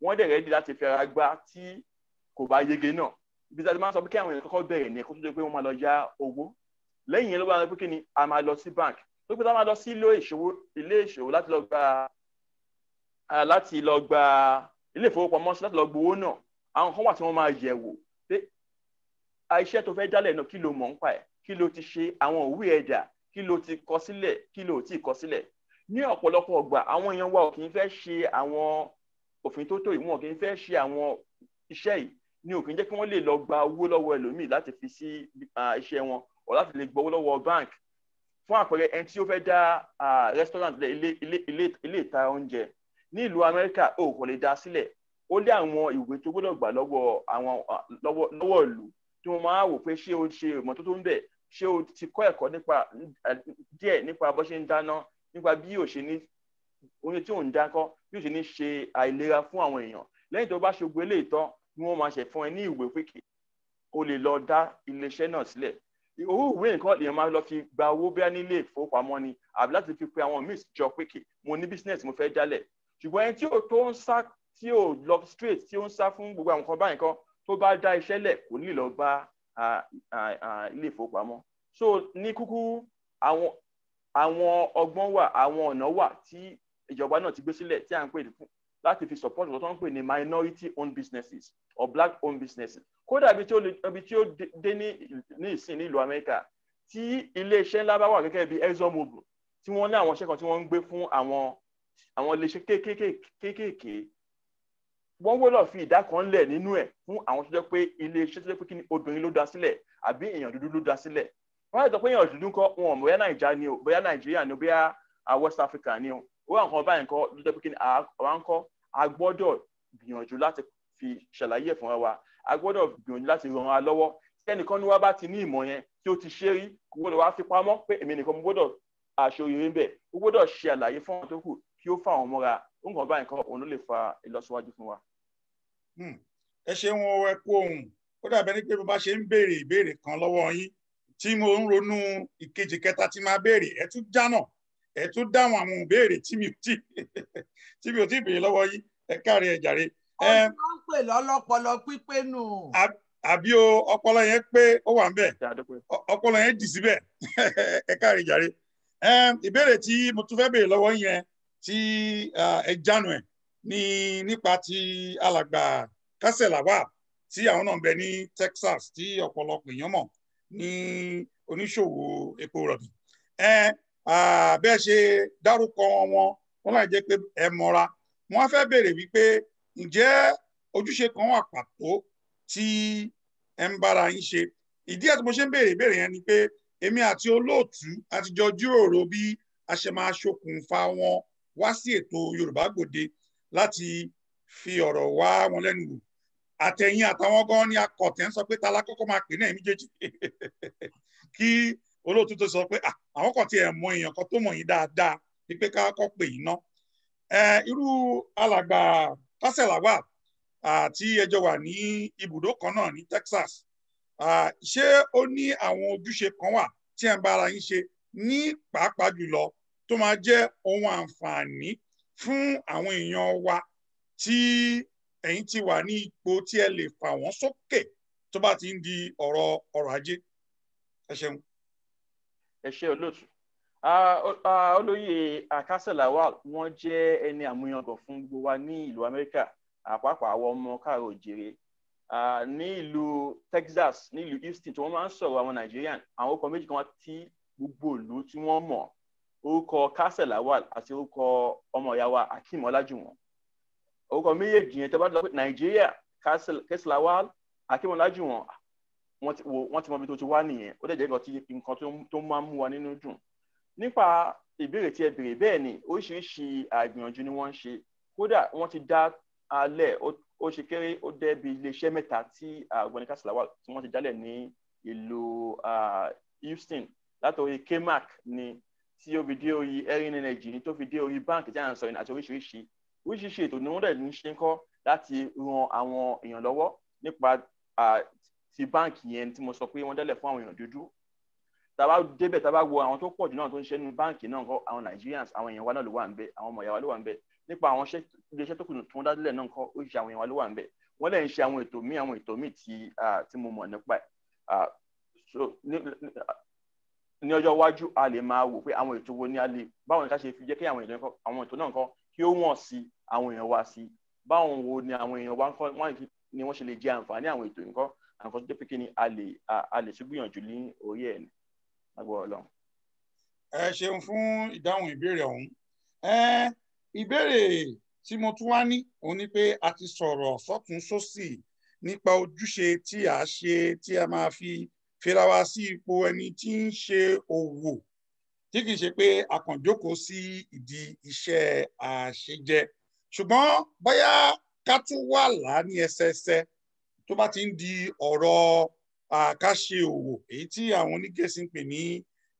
wọ́n dẹ̀ rẹ́dí láti fẹ́ra gbá tí kò bá yege náà ibi tí a ti máa sọ pé kí àwọn èèyàn kọ́kọ́ bẹ̀rẹ̀ ní ẹ̀kọ́ tó jẹ́ pé wọ́n máa lọ yá owó lẹ́yìn ló bá rẹ pé kí ni a máa lọ sí bank tó pé tá a máa lọ sí ilé ìṣòwò ilé ìṣòwò láti lọ gba láti lọ gba ilé ìfowópamọ́sí láti lọ gbowó náà àwọn kan wà tí wọ́n máa yẹ̀ wò pé iṣẹ́ tó fẹ́ dálẹ̀ náà kí ló mọ̀ ń pa ẹ̀ kí ló ti ṣe àwọn òwe ẹ̀dà kí ló ti kọ sílẹ̀ kí ló ti kọ sílẹ̀ ní ọ̀pọ̀lọpọ̀ ọgbà àwọn èèyàn wa ò kì í fẹ́ ṣe àwọn òfin tó tó yìí wọn ò kì í fẹ́ ṣe àwọn iṣẹ́ yìí ni ò kì í jẹ́ kí wọ́n lè lọ gba owó lọ́wọ́ ẹlòmíì láti fi sí iṣẹ́ wọn ọ̀ láti lè gbowó lọ́wọ́ bank fún àpẹẹrẹ ẹni tí ó fẹ́ dá restaurant ilé ìta oúnjẹ ní ìlú Amẹ́ríkà ò kò lè dá sílẹ̀ ó lé àwọn ìwé tó gbọ́dọ̀ gbà lọ́wọ́ àwọn lọ́wọ́ lọ́wọ́ ìlú tí wọ́n máa wò pé ṣé o ṣe ìmọ́tótó ń bẹ̀ ṣé o ti kọ́ ẹ̀kọ́ nípa díẹ̀ nípa bó ṣe ń dáná nípa bí yóò ṣe ní oúnjẹ tí ò ń dákọ́ bí yóò ṣe ní ṣe àìlera fún àwọn èèyàn lẹ́yìn tó bá ṣe gbé lè tán ni wọ́n máa ṣe fún ẹ ní ìwé pé kí o lè lọ dá iléeṣẹ́ náà sílẹ̀ owó ìwé nǹkan lèèyàn máa lọ fi gba owó bí a nílé ìfowópamọ́ ni àbí láti fi pe àwọn míì jọ pé kí mo ní bísínẹ́sì mo fẹ́ dálẹ̀ ṣùgbọ́n ẹni tí ó tó ń sá tí ò lọ straight tí ó ń sá fún gbogbo àwọn kan báyìí kan tó bá dá iṣẹ́ lẹ̀ kò ní lọ bá ilé ìfowópamọ́ so ní kúkú àwọn àwọn ọgbọ́n wà àwọn ọ̀nà wà tí ìjọba náà ti gbé sílẹ̀ tí à ń pè fún láti fi support ọ̀tọ̀ tó ń pè ní minority owned businesses or black owned businesses kódà ibi tí ó dé ní ìsìn ní ìlú Amẹ́ríkà tí iléeṣẹ́ ńlá bá wà gẹ́gẹ́ bí ExxonMobil tí wọ́n ní àwọn iṣẹ́ kan tí wọ́n ń gbé fún àwọn àwọn iléeṣẹ́ kéékèèké wọ́n wọ́lọ̀ fi ìdá kan lẹ̀ nínú ẹ̀ fún àwọn tó jẹ́ pé iléeṣẹ́ tó jẹ́ pé kí ni obìnrin ló dá sílẹ̀ àbí èèyàn dúdú ló dá sílẹ̀ wọ́n yàtọ̀ pé èèyàn dúdú kọ́ wọn bóyá nàìjíríà ni o bóyá nàìjíríà ni o bóyá west africa ni o ó wà nǹkan báyìí nǹkan ló jẹ́ pé kí ni àwa ń kọ́ a gbọ́dọ̀ gbìyànjú láti fi ṣàlàyé ẹ̀ fúnra wa a gbọ́dọ̀ gbìyànjú láti ràn wá lọ́wọ́ tẹ́nìkan ni wá bá ti ní ìmọ̀ yẹn tí ó ti ṣe rí kó gbọ́dọ̀ wá fi pamọ́ pé èmi nìkan mo gbọ́dọ̀ àṣeyọrí ń bẹ̀ ó gbọ́dọ̀ ṣe àlàyé fún àwọn tó kù kí ó fà wọn mọ́ra nǹkan báyìí nǹkan òun ló lè fa ìlọsíwájú fún Hmm. ẹ ṣeun o ẹ kú ohun ó dàbẹ ni pé bó bá ṣe ń béèrè ìbéèrè kan lọ́wọ́ yín tí mo ń ronú ìkejì kẹta tí máa béèrè ẹ tún jánà ẹ tún dáhùn àwọn ìbéèrè tí mi ò tí tí mi ò tí béèrè lọ́wọ́ yín ẹ káre ẹ jàre. ọ̀rọ̀ ń pè lọ́lọ́pọlọ pípé nù. àbí o ọpọlọ yẹn pé ó wà ń bẹ ọpọlọ yẹn dì síbẹ̀ ẹ káre jàre. ìbéèrè tí mo tún fẹ́ béèrè lọ́wọ́ yẹn tí ẹ jánu ẹ̀ Ni nípa ti alàgbà kásẹ̀láwà tí àwọn náà ń bẹ ní Texas tí ọ̀pọ̀lọpọ̀ èèyàn mọ̀ ní oníṣòwò epo rọ̀bì bẹ́ẹ̀ ṣe dárúkọ wọn wọn láì jẹ́ pé ẹ mọ́ra wọ́n fẹ́ béèrè wípé ǹjẹ́ ojúṣe kan wà pàtó tí ẹ ń bára yín ṣe ìdí àti mo ṣe ń béèrè ìbéèrè yẹn ni pé èmi àti olóòtú àtijọ́ jíròrò bí a ṣe máa ṣokùnfà wọn wá sí ètò Yorùbá Gbòde láti fi ọ̀rọ̀ wá wọn lẹ́nu wò àtẹ̀yìn àtàwọn gan ni akọ̀tẹ̀ ń sọ pé tala kọ́kọ́ máa pè náà méjèèjì kí olóòtú tó sọ pé àwọn kan ti ẹ̀ mọ èèyàn kan tó mọ̀ yín dáadáa ni pé ká kọ́ pè yín ná irú alàgbà Kásẹ̀làwà àti ẹjọ́ wà ní ibùdó kan náà ní Texas ṣé ó ní àwọn ojúṣe kan wà tí ẹ̀ ń bá ara yín ṣe ní pàápàá jùlọ tó máa jẹ́ ohun àǹfààní fún àwọn èèyàn wa tí ẹ̀yin ti wà ní ipò tí ẹ lè fà wọ́n sókè tó bá ti ń di ọ̀rọ̀ ọrọ̀ ajé ẹ ṣeun. ẹ ṣe olóòtú olóyè akásẹ̀láwà wọ́n jẹ́ ẹni àmúyangàn fún gbogbo wa ní ìlú amẹ́ríkà àpapọ̀ àwọn ọmọ káàrọ̀ òjèrè ní ìlú texas ní ìlú houston tí wọ́n máa ń sọ̀rọ̀ àwọn nigerian àwọn ọkọ̀ méjì kan wá tí gbogbo ìlú tí wọ́n mọ̀ orúkọ Castle lawal àti orúkọ ọmọ ìyá wa akeem ọlájùwọ̀n orúkọ méjèèjì yẹn tẹ́bá dọ́pẹ́ nàìjíríà kásẹ̀ lawal akeem ọlájùwọ̀n wọ́n ti mọ ibi tó ti wá nìyẹn ó dẹ̀ jẹ́ nǹkan tó máa ń mú wa nínú dùn nípa ìbéèrè tí ẹ béèrè bẹ́ẹ̀ ni oríṣiríṣi àgbìyànjú ni wọ́n ń ṣe kódà wọ́n ti dá alẹ́ ó ṣe kéré ó dẹ́bi iléeṣẹ́ mẹ́ta tí ọ̀gbẹ́ni kásìláwà tí wọ́n ti dálẹ̀ ní ìlú Houston látọ̀rí kmac ní tí ó fi dé orí erin energy ní tó fi dé orí báǹkì tí à ń sọ yìí àti oríṣiríṣi oríṣiríṣi ètò níwọ̀n dẹ̀ ní ṣe ń kọ́ láti ran àwọn èèyàn lọ́wọ́ nípa ti báǹkì yẹn tí mo sọ pé wọ́n dẹ́lẹ̀ fún àwọn èèyàn dúdú tàbá débẹ̀ tàbá wo àwọn tó pọ̀ jù náà tó ń ṣe nínú báǹkì náà kọ́ àwọn Nigerians àwọn èèyàn wa náà ló wà ń bẹ àwọn ọmọ ìyá wa ló wà ń bẹ nípa àwọn iléeṣẹ́ tó kù tó ń dádílẹ̀ náà kọ́ oríṣi àwọn èèyàn wa ló wà ń bẹ wọ́n lè ṣe àwọn ètò míì àwọn ètò míì tí mo mọ̀ nípa ní ọjọ́ iwájú a lè máa wò pé àwọn ètò wo ni a lè báwọn ìka ṣe fi jẹ́ kí àwọn ètò àwọn ètò náà nǹkan kí ó wọ̀n sí àwọn èèyàn wa sí báwọn wo ni àwọn èèyàn wa nǹkan wọ́n ni wọ́n ṣe lè jẹ àǹfààní àwọn ètò nǹkan àǹkan tó jẹ́ pé kí ni a lè a lè tún gbìyànjú ní orí ẹ̀ lágbára Ọlọ́run. ẹ ṣeun fún ìdáhùn ìbéèrè ọ̀hún ìbéèrè tí mo tún wá ní òun ni pé a ti sọ̀rọ̀ sọ́tún sósì nípa ojúṣe tí a ṣe tí a máa fi fira wa sí ipò ẹni tí ń ṣe òwò tí kìí ṣe pé a kàn jókòó sí ìdí iṣẹ́ àṣejẹ ṣùgbọ́n bóyá ká tún wà lá ẹsẹẹsẹ tó bá ti ń di ọ̀rọ̀ àkáṣe òwò èyí tí àwọn onígẹ̀ẹ́sì ń pè ní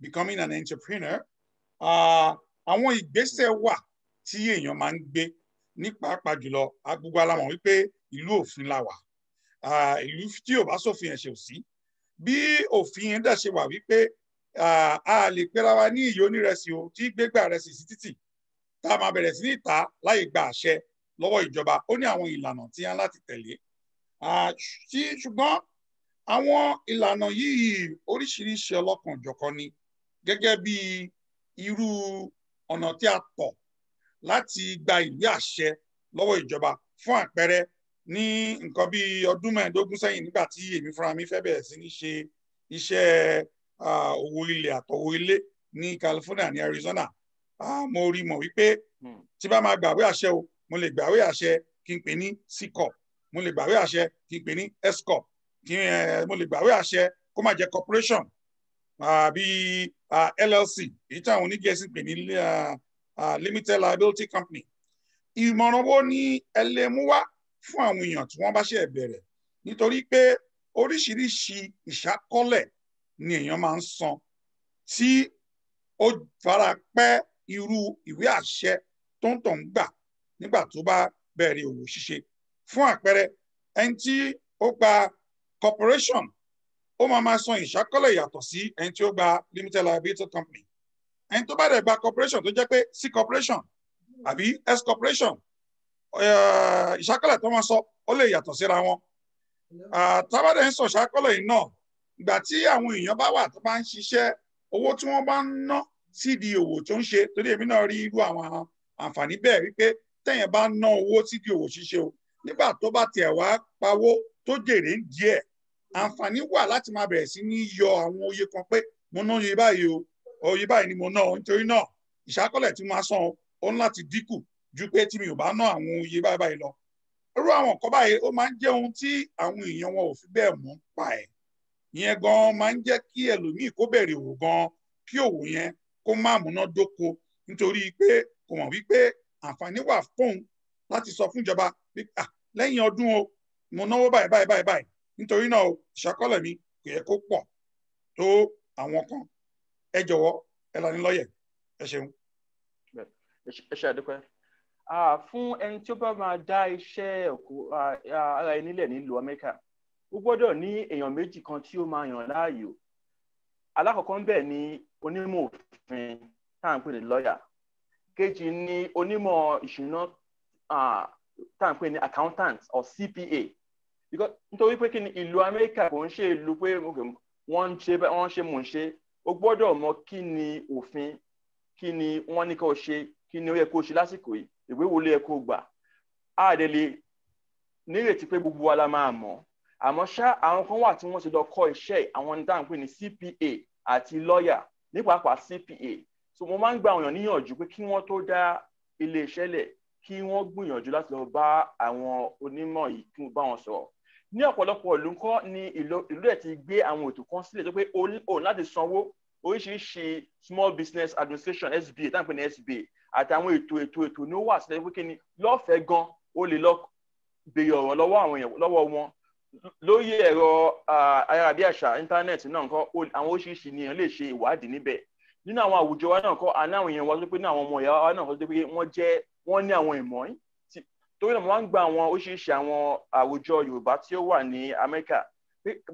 becoming an entrepreneur àwọn ìgbésẹ̀ wà tí èèyàn máa ń gbé ní pàápàá jùlọ agbègbè alamọ̀ wípé ìlú òfin la wà ìlú tí ò bá sófin ẹ̀ṣẹ̀ ò sí bí òfin dẹ̀ ṣe wà wípé a lè pera wa ní ìyó onírẹsì o tí gbégbá rẹ̀ sì sí títì tá a máa bẹ̀rẹ̀ sí ní ìta láì gba àṣẹ lọ́wọ́ ìjọba ó ní àwọn ìlànà tí a láti tẹ̀lé ṣùgbọ́n àwọn ìlànà yìí oríṣiríṣi ọlọ́kanòjọ̀kan ni gẹ́gẹ́ bí irú ọ̀nà tí a tọ̀ láti gba ìwé àṣẹ lọ́wọ́ ìjọba fún àpẹẹrẹ ní nǹkan bí ọdún mẹ́ẹ̀ẹ́dógún sẹ́yìn nígbà tí èmi fúnra mi fẹ́ bẹ̀rẹ̀ sí ní ṣe iṣẹ́ owó ilẹ̀ àtọwó ilé ní California ní Arizona mo rí mọ̀ wípé hmm. tí bá máa gbàwé àṣẹ o mo lè gbàwé àṣẹ kí n pè ní C corp mo lè gbàwé àṣẹ kí n pè ní S corp kí mo lè gbàwé àṣẹ kó má jẹ́ corporation àbí LLC èyí táwọn onígẹ̀ẹ́sì pè ní limited liability company ìmọ̀ràn wo ni ẹ lè mú wá fún àwọn èèyàn tí wọ́n bá ṣe bẹ̀rẹ̀ nítorí pé oríṣiríṣi ìṣákọ́lẹ̀ ni èèyàn máa ń san tí ó fara pẹ́ irú ìwé àṣẹ tó ń tọ̀ ń gbà nígbà tó bá bẹ̀rẹ̀ òwò ṣíṣe fún àpẹẹrẹ ẹni tí ó gba corporation ó máa máa san ìṣákọ́lẹ̀ yàtọ̀ sí ẹni tí ó gba limited liability company ẹni tó bá dẹ̀ gba corporation tó jẹ́ pé c corporation àbí s corporation ìṣákọ́lẹ̀ tó wọ́n sọ ó lè yàtọ̀ síra wọn tábàdé ń sọ ìṣákọ́lẹ̀ yìí náà ìgbà tí àwọn èèyàn bá wà tó bá ń ṣiṣẹ́ owó tí wọ́n bá ń ná sídìí òwò tó ń ṣe torí èmi náà rí irú àwọn àǹfààní bẹ́ẹ̀ wípé tẹ̀yìn bá ná owó sídìí òwò ṣíṣe o nígbà tó bá tiẹ̀ wá pawó tó jèrè ń àǹfààní wà láti máa bẹ̀rẹ̀ sí ní yọ àwọn oyè kan pé mo ná oyè báyìí o oyè báyìí ni mo ná o nítorí náà ìṣákọ́lẹ̀ tí mo máa san o ó ń láti dínkù ju pé tí mi ò bá ná àwọn iye báyìí báyìí lọ irú àwọn nǹkan báyìí ó máa ń jẹ́ ohun tí àwọn èèyàn wọn ò fi bẹ́ẹ̀ mọ̀ pa ẹ̀ ìyẹn gan-an máa ń jẹ́ kí ẹlòmíì kó bẹ̀rẹ̀ òwò gan-an kí òwò yẹn kó má múná dóko nítorí pé kò mọ̀ wípé àǹfààní wà fóun láti sọ fún ìjọba pé lẹ́yìn ọdún o mo náwó báyìí báyìí báyìí báyìí nítorí náà ìṣàkọọ́lẹ̀ mi kò yẹ kó pọ̀ tó àwọn kan ẹ jọ̀wọ́ ẹ lanilọ́yẹ̀ ẹ ṣeun. ẹ ṣe àdúpẹ́ fún ẹni tí ó bá máa dá iṣẹ́ ara ẹni lẹ̀ nílùú amẹ́ríkà ó gbọ́dọ̀ ní èèyàn méjì kan tí ó máa yàn láàyò alákọ̀ọ́kọ́ ń bẹ̀ ni onímọ̀ òfin tá à ń pè ní lọ́ọ̀yà kejì ni onímọ̀ ìṣúná tá à ń pè ní accountant or CPA nítorí pé kí ni ìlú amẹ́ríkà kò ń ṣe ìlú pé wọ́n ń ṣe wọ́n ń ṣe mò ń ṣe o gbọ́dọ̀ mọ kí ni òfin kí ni wọ́n ní kó ṣe kí ni ó yẹ kó ṣe lásìkò yìí ìwé wo ló yẹ kó gbà á dẹ̀ lè nírètí pé gbogbo wa la máa mọ̀ àmọ́ ṣá àwọn kan wà tí wọ́n ti lọ kọ́ iṣẹ́ àwọn ní táwọn pè ní CPA àti lọ́ọ̀yà nípapà CPA so mo máa ń gba àwọn èèyàn níyànjú pé kí wọ́n tó dá iléeṣẹ́ lẹ̀ kí wọ́n gbìyànjú láti lọ bá àwọn onímọ̀ yìí kí wọ́n bá wọn sọ̀rọ̀ ní ọ̀pọ̀lọpọ̀ ìlú ńkọ́ ni ìlú rẹ̀ ti gbé àwọn ètò kan sílẹ̀ tó pé òun láti sanwó oríṣiríṣi small business administration SBA táwọn pè ní SBA àtàwọn ètò ètò ètò ni ó wà sílẹ̀ wípé ni lọ́fẹ̀ẹ́ gan ó lè lọ béèrè ọ̀rọ̀ lọ́wọ́ àwọn èèyàn lọ́wọ́ wọn lórí ẹ̀rọ ayárabíàṣá íńtánẹ́ẹ̀tì náà nǹkan àwọn oríṣiríṣi nìyẹn lè ṣe ìwádìí níbẹ̀ nínú àwọn àwùjọ wa náà kọ́ àná àwọn èèyàn wa tó pé ní àwọn ọmọ ìyá wa náà tó pé wọ́n jẹ́ wọ́n ní àwọn ìmọ̀ yìí torí náà mo máa ń gba àwọn oríṣiríṣi àwọn àwùjọ Yorùbá tí ó wà ní Amẹ́ríkà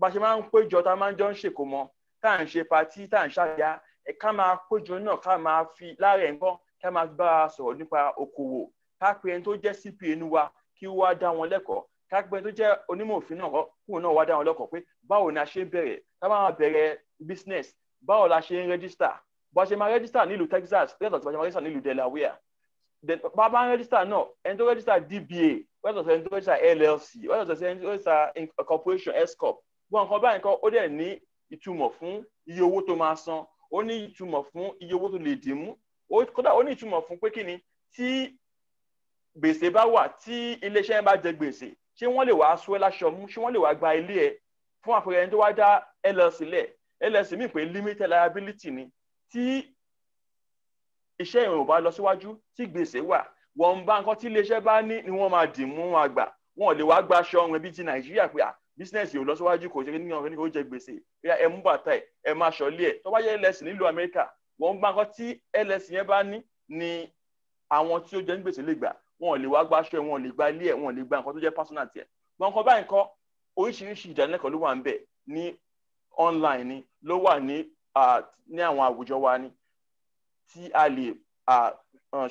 bá ṣe máa ń péjọ tá a máa ń jọ ń ṣèkómọ tá à ń ṣe patí tá à ń ṣàyà ẹ̀ka máa péjọ náà ká máa fi láàrẹ̀ nǹkan ká máa bára sọ̀rọ̀ nípa okòwò ká pe ẹni tó jẹ́ cp inú wa kí wá dá wọn lẹ́kọ̀ọ́ ká pe ẹni tó jẹ́ onímọ̀ òfin náà kúrò náà wá dá wọn lẹ́kọ̀ọ́ pé báwo ni a ṣe ń bẹ̀rẹ̀ ká máa bẹ̀rẹ̀ business báwo la ṣe ń rẹ́gísítà bá a ṣe máa rẹ́gísítà nílùú Texas rẹ́tọ̀ tí bá a ṣe máa rẹ́gísítà nílùú Delaware bá a bá ń rẹ́gísítà náà ẹni tó rẹ́gísítà DBA rẹ́tọ̀ tí ẹni tó rẹ́gísítà LLC rẹ́tọ̀ tí ẹni tó rẹ́gísítà corporation S corp gbọ́n nǹkan báyìí kan ó dẹ̀ ní ìtumọ̀ fún iye owó tó máa san ó ní ìtumọ̀ fún iye owó tó lè dì mú kódà ó ní ìtumọ̀ fún pé kí ni tí gbèsè bá wà tí iléeṣẹ́ yẹn bá jẹ gbèsè ṣé wọ́n lè wàá sọ ẹ́ láṣọ mú ṣé wọ́n lè wàá gba ilé ẹ̀ fún àpẹẹrẹ ẹni tó wá dá llc lẹ̀ llc mi pé limited liability ni tí iṣẹ́ ìrìn ò bá lọ síwájú tí gbèsè wà wọ́n bá nǹkan tí iléeṣẹ́ bá ní ni wọ́n máa dì mú wọn gbà wọn ò lè wàá gba aṣọ ọ̀rìn bíi ti nàìjíríà pé à bísínẹ́sì ò lọ síwájú kò ṣe ní ọ̀rìn kò jẹ gbèsè ẹ mú bàtà ẹ máa ṣọlé ẹ tó llc nílùú amẹ́ríkà wọ́n gbà nǹkan tí ls yẹn bá ní ni àwọn tí ó jẹ ní gbèsè lè gbà wọn ò lè wá gba aṣọ ẹ̀ wọn ò lè gba ilé ẹ̀ wọn ò lè gba nǹkan tó jẹ́ personal tiẹ̀ gbọ́n nǹkan báyìí kọ́ oríṣiríṣi ìdánilẹ́kọ̀ọ́ ló wà ń bẹ̀ ní online ni ló wà ní ní àwọn àwùjọ wa ni tí a lè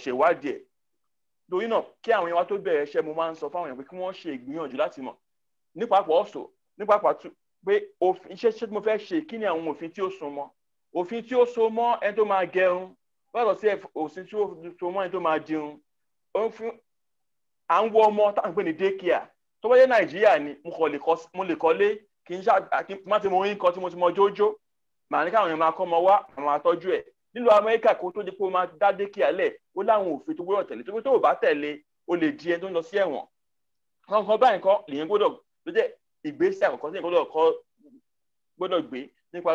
ṣèwádìí ẹ̀ lórí náà kí àwọn èèyàn wa tó bẹ̀rẹ̀ iṣẹ́ mo máa ń sọ fáwọn èèyàn pé kí wọ́n ṣe ìgbìyànjú láti mọ̀ nípa pọ̀ ọ̀sọ̀ nípa pàtó pé iṣẹ́ tí mo fẹ́ ṣe kí ni àwọn òfin tí ó sún òfin tí ó so mọ́ ẹni tó máa gẹrun báyọ̀ sí òfin tí ó so mọ́ ẹni tó máa jẹun òfin à ń wọ ọmọ tá à ń pè ní dékìá tó bá yẹ nàìjíríà ni mo lè kọ́lé kì í ṣá má ti mo rí nǹkan tí mo ti mọ jójó màá ní káwọn èèyàn máa kọ́ ọmọ wá àwọn àtọ́jú ẹ̀ nílùú amẹ́ríkà kó tó di pé ó máa dá dékìá lẹ̀ ó láwọn òfin tó gbọ́dọ̀ tẹ̀lé tó gbé tó ò bá tẹ̀lé ó lè di ẹni tó ń lọ sí ẹ̀wọ̀n kankan báyìí kan lèyìn gbọ́dọ̀ ló ìgbésẹ̀ àkọ́kọ́ sí ìgbọ́dọ̀ gbọ́dọ̀ gbé nípa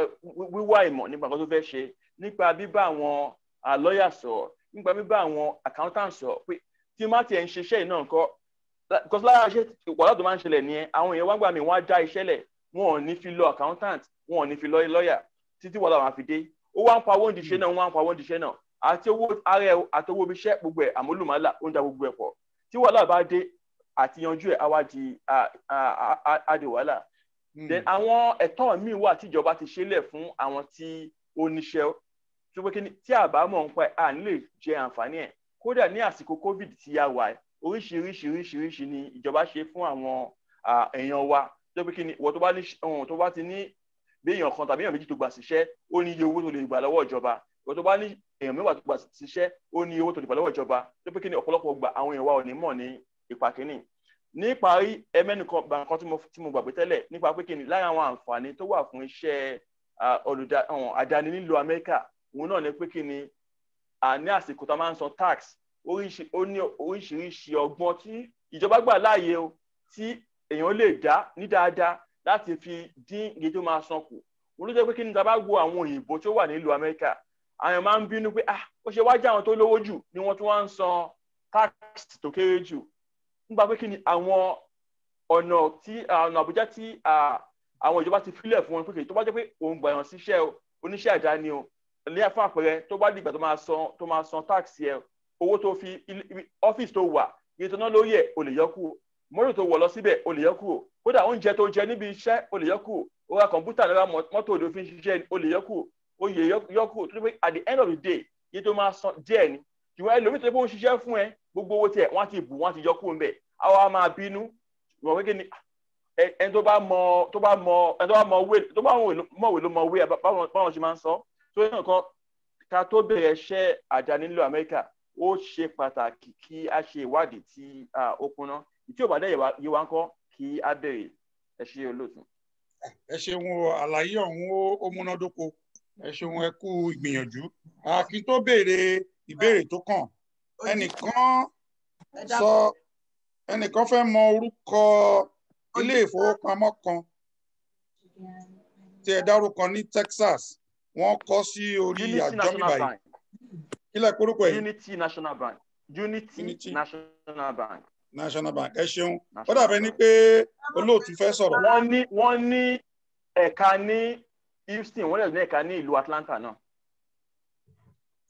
wíwá ìmọ̀ nípa nǹkan tó fẹ́ ṣe nípa bíbá àwọn ah, lọ́yà sọ̀rọ̀ nípa bíbá àwọn accountant sọ̀rọ̀ pé tí má tiẹ̀ ń ṣiṣẹ́ yìí náà kọ́ because lára iṣẹ́ wàhálà tó máa ń ṣẹlẹ̀ nìyẹn àwọn èèyàn wá gbà mí wọ́n á já iṣẹ́ lẹ̀ wọn ò ní fi lọ accountant wọn ò ní fi lọ lọ́yà títí wàhálà wọn àfi dé ó wá ń pa owó ìdíṣẹ́ náà wọ́n á ń pa owó ìdíṣẹ́ náà àti owó ara ẹ̀ àti owó ibiṣẹ́ gbogbo ẹ̀ àmúlùmálà ó ń da gbogbo ẹ̀ pọ̀ tí wàhálà bá dé àti yanjú ẹ̀ á wá di àdè wàhálà then hmm. àwọn ẹ̀tọ́ míì wà tíjọba ti ṣẹlẹ̀ fún àwọn tí ó níṣẹ́ tó pé tí a bá mọ̀ nípa ẹ̀ à ní jẹ àǹfààní ẹ̀ kódà ní àsìkò covid tí a wà oríṣiríṣiríṣiríṣi ni ìjọba ṣe fún àwọn èèyàn wa tó pé kí ni wọ́n tó bá ti ní bí èèyàn kan tàbí èèyàn méjì tó gbà síṣẹ́ ó ní iye owó tó lè gbà lọ́wọ́ ìjọba ìwọ tó bá ní èèyàn mẹ́wàá tó gbà síṣẹ́ ó ní owó tó lè gbà lọ́wọ́ ìjọba tó pé kí ni ọ̀pọ̀lọpọ̀ gbà àwọn èèyàn wa ò ní mọ̀ ní ìpàkínì ní ìparí ẹmẹ́nìkan bàkan tí mo gbàgbé tẹ́lẹ̀ nípa pé kí ni lára àwọn àǹfààní tó wà fún iṣẹ́ àdáni nílùú Amẹ́ríkà òun náà ni pé kí ni ní àsìkò tá a máa ń san tax ó ní oríṣiríṣi ọgbọ́n tí ìjọba gbà láàyè o tí èèyàn lè dá ní dáadáa láti fi dín iye tó máa san kù òun ló jẹ́ pé kí ni tá a bá wo àwọn òyìnbó tó wà nílùú Amẹ́ríkà àwọn máa ń bínú pé ah ó ṣe wájú àwọn tó lówó jù ni wọ́n tún wá ń san tax tó kéré jù nípa pé kí ni àwọn ọ̀nà tí ọ̀nà àbújá tí àwọn ìjọba ti filẹ̀ fún wọn pé kì í tó bá jẹ́ pé òun gbà yàn síṣẹ́ oníṣẹ́ àdáni o ní fún àpẹẹrẹ tó bá dìgbà tó máa san tó máa san táàkì ẹ owó tó fi ọ́fíìsì tó wà iye tó ná lórí ẹ̀ o lè yọ kúrò mọ́tò tó wọ̀ lọ síbẹ̀ o lè yọ kódà oúnjẹ tó jẹ níbi iṣẹ́ o lè yọ kúrò o lọ́ra mọ́tò ló fi ṣiṣẹ́ o lè yọ kúrò o tó dé pé at the end of the day iye tó máa san díẹ̀ ni ṣùgbọ́n ẹlòmíì tó ṣe pé ó ń ṣiṣẹ́ fún ẹ gbogbo owó tiẹ̀ wọ́n ti bù wọ́n ti yọ kúrò níbẹ̀ àwa máa bínú wọ́n kékeré ni ẹni tó bá mọ tó bá mọ ẹni tó bá mọ wé tó bá mọ wé ló mọ wé báwọn ṣe máa ń sọ tó yẹ nǹkan ká tó bẹ̀rẹ̀ iṣẹ́ àdáni nílùú Amẹ́ríkà ó ṣe pàtàkì kí a ṣe ìwádìí tí ó kúnná tí ò bá dẹ̀ yẹ wá ń kọ́ kí a bẹ̀rẹ̀ ẹ ṣe olóòtú. ẹ ṣeun àlàyé ọ̀hún ó múnádóko ẹ ṣeun ẹ kú ìgbìyànjú kí béèrè ìbéèrè tó kàn ẹnìkan sọ ẹnìkan fẹ́ mọ orúkọ ilé ìfowópamọ́ kan tí ẹ dárúkọ ní Texas wọ́n kọ sí orí àjọ mi báyìí kílẹ̀ korúkọ yìí. Unity National Bank Unity, National Bank. National Bank ẹ ṣeun ó dàbẹ ni pé olóòtú fẹ́ sọ̀rọ̀. wọ́n ní wọ́n ní ẹ̀ka ní Houston wọ́n lè ní ẹ̀ka ní ìlú Atlanta náà.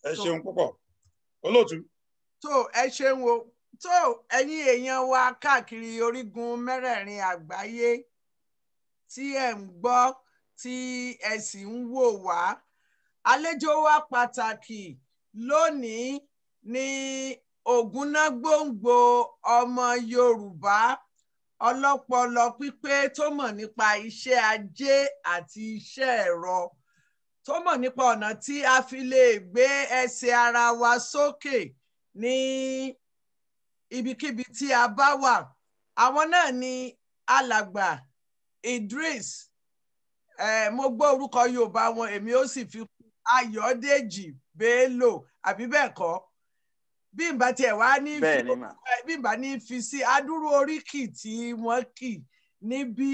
ẹ ṣeun púpọ̀ olóòtú. tó ẹ ṣeun o tó ẹ̀yin èèyàn wa káàkiri orígun mẹ́rẹ̀ẹ̀rin àgbáyé tí ẹ ń gbọ́ tí ẹ sì ń wò wá àlejò wa pàtàkì lónìí ní ògúnná gbòǹgbò ọmọ Yorùbá ọlọ́pọlọ pípé tó mọ̀ nípa iṣẹ́ ajé àti iṣẹ́ ẹ̀rọ tó mọ̀ nípa ọ̀nà tí a fi lè gbé ẹsẹ̀ ara wa sókè ní ibikíbi tí a bá wà àwọn náà ni alàgbà Idris eh, mo gbọ́ orúkọ Yorùbá wọn èmi ó sì fi Ayọ̀dèjì Bello àbí bẹ́ẹ̀ kọ́ bí n bá tiẹ̀ wá ní bí n bá ní fi sí adúrú oríkì tí wọ́n kì níbí.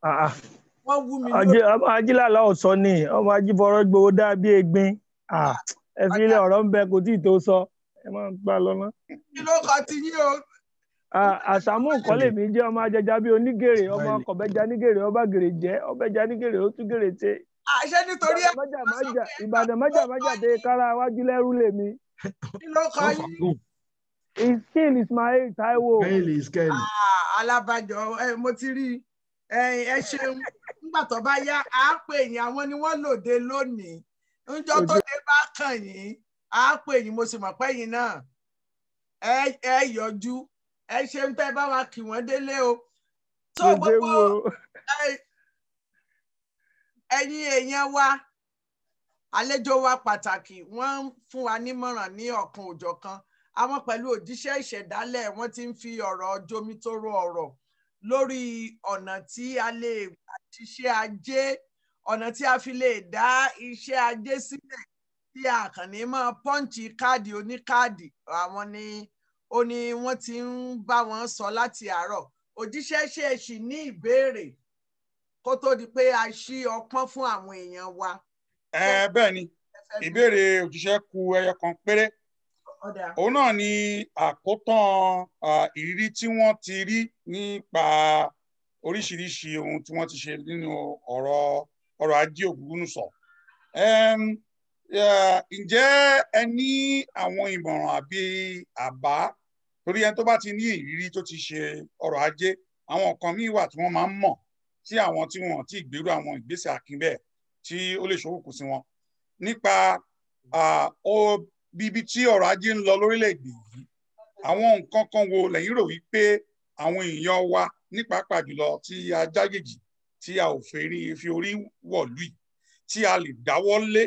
Ah, ah wọ́n wú mi lórí. ọmọ ajílàlá ọ̀sọ́ ni ọmọ ajíbọ̀rọ̀ gbowó dá bí egbin ẹ fi ilé ọ̀rọ̀ ń bẹ kò tí ì tó sọ ẹ máa ń gbà lọ́nà. kí ló kọ ti yín o. àṣàmú ìkọ́lé mi jẹ́ ọmọ ajẹja bíi onígèrè ọmọ ọkọ̀bẹ́ja nígèrè ọba gèrè jẹ́ ọbẹ̀ja nígèrè ó tún gèrè tẹ. àṣẹ nítorí ẹ ìbàdàn májàmájà dé kára wájú lẹ́rú mi. kí ló kọ yín. Ismail Taiwo. Ismail Ismail. Ah, alábàjọ mo ti rí i. ẹ ṣeun nígbà tó bá yá à pè yín àwọn ni wọ́n lónìí njọ tó dé bá kàn yín à pè yín mo sì pé yín náà ẹ yọjú ẹ ń tẹ́ bá wa kì o tó gbogbo èèyàn wa àlejò wa pàtàkì ń fún wa ní àwọn ti ń fi ọrọ. lórí ọ̀nà tí a lè ṣiṣẹ́ ajé ọ̀nà tí a fi lè dá iṣẹ́ ajé sílẹ̀ tí a kàn ní máa pọ́ǹchì káàdì oníkáàdì àwọn ni ó ní wọ́n ti ń bá wọn sọ láti àárọ̀ òjíṣẹ́ ṣèèṣì ní ìbéèrè kó tó di pé a ṣí ọpọ́n fún àwọn èèyàn wa. ẹ bẹ́ẹ̀ ni ìbéèrè òjíṣẹ́ kù ẹyọ kan péré òun náà ni àkótán ìrírí tí wọ́n ti rí nípa oríṣiríṣi ohun tí wọ́n ti ṣe nínú ọ̀rọ̀ ọ̀rọ̀ ajé Ògúngúnùsọ. ǹjẹ́ ẹ ní àwọn ìmọ̀ràn àbí àbá torí ẹni tó bá ti ní ìrírí tó ti ṣe ọ̀rọ̀ ajé àwọn nǹkan míì wà tí wọ́n máa ń mọ̀ tí àwọn tí wọ́n ti gbèrú àwọn ìgbésẹ̀ àkínbẹ̀ tí ó lè ṣòwò kù sí wọn nípa bíbi tí ọrọ̀ ajé ń lọ lórílẹ̀‐èdè yìí àwọn nǹkan kan wo lẹ́yìn rò wípé àwọn èèyàn wa ní pàápàá jùlọ tí a jágèjì tí a ò fèrè fi orí wọ̀lú yìí tí a lè dáwọ́ lé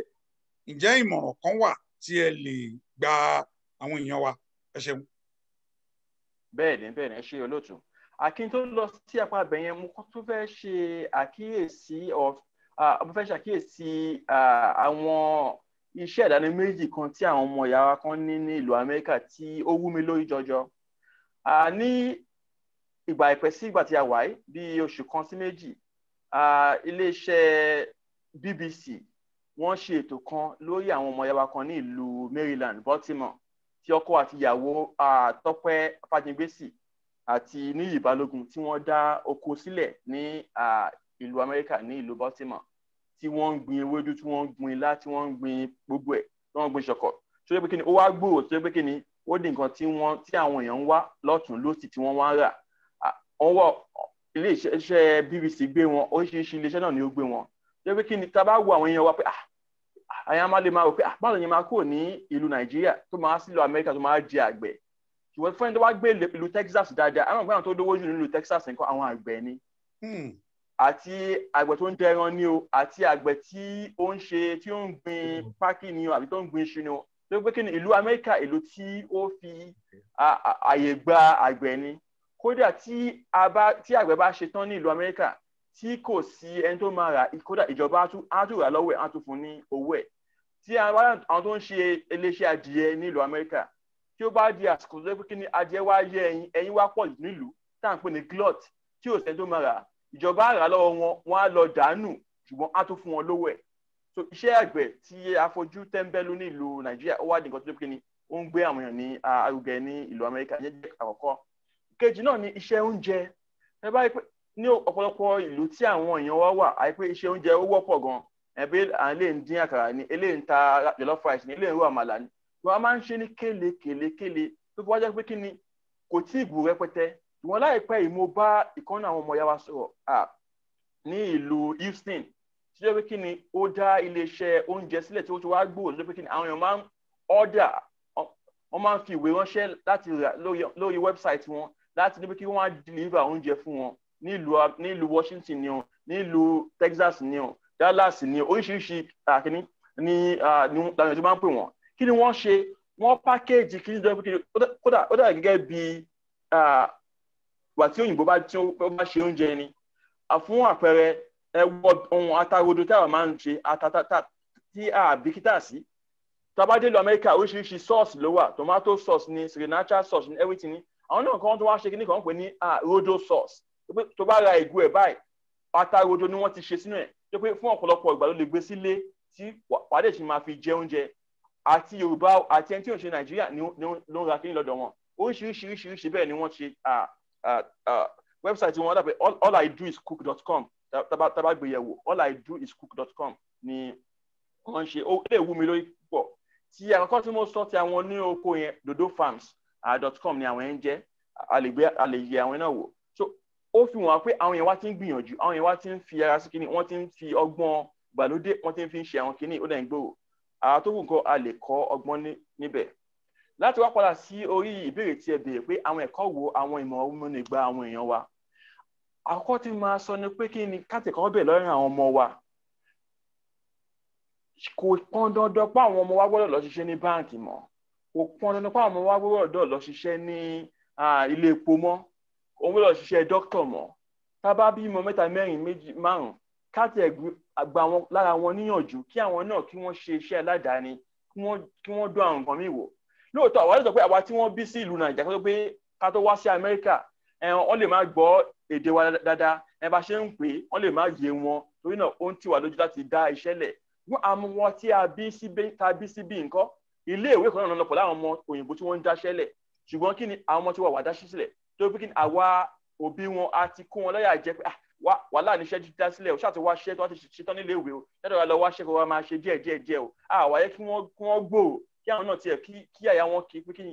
ǹjẹ́ ìmọ̀ràn kan wà tí ẹ lè gba àwọn èèyàn wa ẹ ṣeun. bẹ́ẹ̀ni bẹ́ẹ̀ni ẹ ṣe olóòtú akin tó lọ sí apá abẹyẹn mo kọ́ tó fẹ́ ṣe àkíyèsí mo fẹ́ ṣàkíyèsí àwọn iṣẹ́ ìdáni méjì kan tí àwọn ọmọ ìyá wa kan ní ní ìlú Amẹ́ríkà tí ó wú mi lórí jọjọ a ní ìgbà ìpẹ́ sí ìgbà tí a wáyé bí oṣù kan sí méjì iléeṣẹ́ BBC wọ́n ṣe ètò kan lórí àwọn ọmọ ìyá wa kan ní ìlú Maryland Baltimore tí ọkọ àti ìyàwó Tọ́pẹ́ Fájìngbèsì àti Níyì Balógun tí wọ́n dá oko sílẹ̀ ní ìlú Amẹ́ríkà ní ìlú Baltimore tí wọ́n ń gbin ewédú tí wọ́n ń gbin ilá tí wọ́n ń gbin gbogbo ẹ̀ tí wọ́n ń gbin ṣọ̀kọ̀ tó yẹ pé kí ni ó wá gbòòrò tó yẹ pé kí ni ó di nǹkan tí wọ́n tí àwọn èèyàn ń wá lọ́tún lósì tí wọ́n wá ń rà wọ́n wọ ilé iṣẹ́ BBC gbé wọn oríṣiríṣi ilé iṣẹ́ náà ni ó gbé wọn tó yẹ pé kí ni tá a bá wo àwọn èèyàn wa pé ah àyàn máa lè máa rò pé ah báwo ni máa kúrò ní ìlú Nàìjíríà tó máa sí lọ Amẹ́ríkà tó máa jẹ àgbẹ̀ ṣùgbọ́n fún ẹni tó wá gbé ìlú Texas dáadáa àwọn àgbẹ̀ náà tó dówó jù nílùú Texas nǹkan àwọn àgbẹ̀ ni hmm àti àgbẹ̀ tó ń dẹran ni o àti àgbẹ̀ tí ó ń ṣe tí ó ń gbin pákí ni o àbí tó ń gbin iṣu ni o tó pé kí ni ìlú Amẹ́ríkà ìlú tí ó fi àyè gba àgbẹ̀ ni kódà tí àgbẹ̀ bá ṣe tán ní ìlú Amẹ́ríkà tí kò sí ẹni tó máa rà kódà ìjọba á tún rà lọ́wọ́ ẹ̀ á tún fún ní owó ẹ̀ tí àwọn tó ń ṣe iléeṣẹ́ adìẹ ní ìlú Amẹ́ríkà tí ó bá di àsìkò tó pé kí ni adìẹ wá yé ẹyin wá pọ̀ nílùú tá à ń pè ní glut tí ò sẹ́ni tó máa rà ìjọba àrà lọ́wọ́ wọn wọn á lọ dànù ṣùgbọ́n á tún fún wọn lówó ẹ̀ so iṣẹ́ àgbẹ̀ tí afojú tẹ́ńbẹ́lú ní ìlú nàìjíríà ó wà ní nǹkan tó dé ni ó ń gbé àwọn èèyàn ní arugẹ ní ìlú amẹ́ríkà yẹn jẹ́ àkọ́kọ́ kejì náà ni iṣẹ́ oúnjẹ ẹ bá rí pé ní ọ̀pọ̀lọpọ̀ ìlú tí àwọn èèyàn wá wà àyè pé iṣẹ́ oúnjẹ ó wọ́pọ̀ gan ẹ̀bí à ń lè dín àkàrà ni eléyìí ń ta jollof rice ni eléyìí ń rú àmàlà ni wọ́n máa ń ṣe ní kéle kéle kéle tó fi wá pé kí ni kò tí ì bù rẹpẹtẹ ṣùgbọ́n láìpẹ́ yìí mo bá ìkànnì àwọn ọmọ yàrá sọ̀rọ̀ ní ìlú Houston tí ó pé kí ni ó dá iléeṣẹ́ oúnjẹ sílẹ̀ tí ó ti wá gbòòrò ló pé kí ni àwọn èèyàn máa ń ọ́dà wọ́n máa ń fi ìwé ránṣẹ́ láti rà lórí wẹ́bsáìtì wọn láti ní pé kí wọ́n á deliver oúnjẹ fún wọn nílùú Washington ni o nílùú Texas ni o Dallas ni o oríṣiríṣi àkíní ni làwọn èèyàn máa ń pè wọ́n kí ni wọ́n ṣe wọ́n pákéèjì kí ni kódà ó dà gẹ́gẹ́ bíi wà tí òyìnbó bá tí ó bá ṣe oúnjẹ ni fún àpẹẹrẹ ẹ wọ ohun atarodo tí àwa máa ń ṣe atatata tí a bìkítà sí tá bá dé lọ amẹ́ríkà oríṣiríṣi sauce ló wà tomato sauce ni sriracha sauce ni everything ni àwọn náà kan tó wá ṣe kí nìkan pè ní rodo sauce tó bá ra ìgò ẹ̀ báyìí atarodo ni wọ́n ti ṣe sínú ẹ̀ tó pé fún ọ̀pọ̀lọpọ̀ ìgbà ló lè gbé sílé tí wàdé ṣì máa fi jẹ oúnjẹ àti yorùbá àti ẹni tí ò ń ṣe nàìjíríà ni ló ń ra kí ní lọ́dọ̀ wọn oríṣiríṣiríṣiríṣi bẹ́ẹ̀ ni wọ́n ṣe Uh, uh, website wẹ́bsáìtì wọn dàbí all i do is cook.com tábà gbéyẹ̀wò all i do is cook.com ni wọ́n ń ṣe ó lè wú mi lórí púpọ̀ tí àkọ́kọ́ tí mo sọ ti àwọn ní oko yẹn dodo farms uh, dot com ni àwọn yẹn jẹ́ àlègbè àlèyé àwọn náà wò so ó fi wọn pé àwọn yẹn wá ti ń gbìyànjú àwọn yẹn wá ti ń fi ara sí kínní wọ́n ti ń fi ọgbọ́n gbàlódé wọ́n ti ń fi ń ṣe àwọn kínní ó dẹ̀ ń gbòòrò àtòkùnkọ́ a lè kọ́ níbẹ̀ láti wá padà sí orí ìbéèrè tí ẹ béèrè pé àwọn ẹ̀kọ́ wo àwọn ìmọ̀ ọmọnì gba àwọn èèyàn wa àkọ́kọ́ tí máa sọ ni pé kí ni kátìkọ́ bẹ̀ lọ́rùn àwọn ọmọ wa kò pọn dandan pé àwọn ọmọ wa gbọ́dọ̀ lọ ṣiṣẹ́ ní báǹkì mọ́ kò pọn dandan pé àwọn ọmọ wa gbọ́dọ̀ lọ ṣiṣẹ́ ní ilé epo mọ́ òun gbọ́dọ̀ ṣiṣẹ́ dókítà mọ́ tá a bá bímọ mẹ́ta mẹ́rin méjì márùn-ún káàtì àgbà wọn lára wọn níyànjú kí àwọn náà kí wọ́n ṣe iṣẹ́ aládàáni kí wọ́n dún àwọn nǹkan míì wò lóòótọ́ àwa lè sọ pé àwa tí wọ́n bí sí ìlú nàìjíríà kó tó pé ká tó wá sí amẹ́ríkà wọ́n lè má gbọ́ èdè wa dáadáa ẹ̀ bá ṣe ń pè wọ́n lè má yé wọn torí náà ó ń tì wá lójú láti dá iṣẹ́ lẹ̀ wọ́n àwọn ọmọ tí a bí síbi tá a bí síbi nǹkan ilé ìwé kan náà lọ́pọ̀ láwọn ọmọ òyìnbó tí wọ́n ń dáṣẹ́ lẹ̀ ṣùgbọ́n kí ni àwọn ọmọ tí wọ́n wà dáṣẹ́ sílẹ̀ tó pé kí ni àwa òbí wọn a ti kó wọn lọ́yà jẹ pé ah, wà láàánú iṣẹ́ dídá sílẹ̀ o ṣáà ti wá ṣe tó wá ti ṣetán nílé ìwé o ṣáà ti wá lọ wá ṣe kó wa máa ṣe díẹ̀ díẹ̀ o ah, àwa kí wọ́n gbòòrò kí àwọn náà tiẹ̀ kí àyà wọn kí pé kí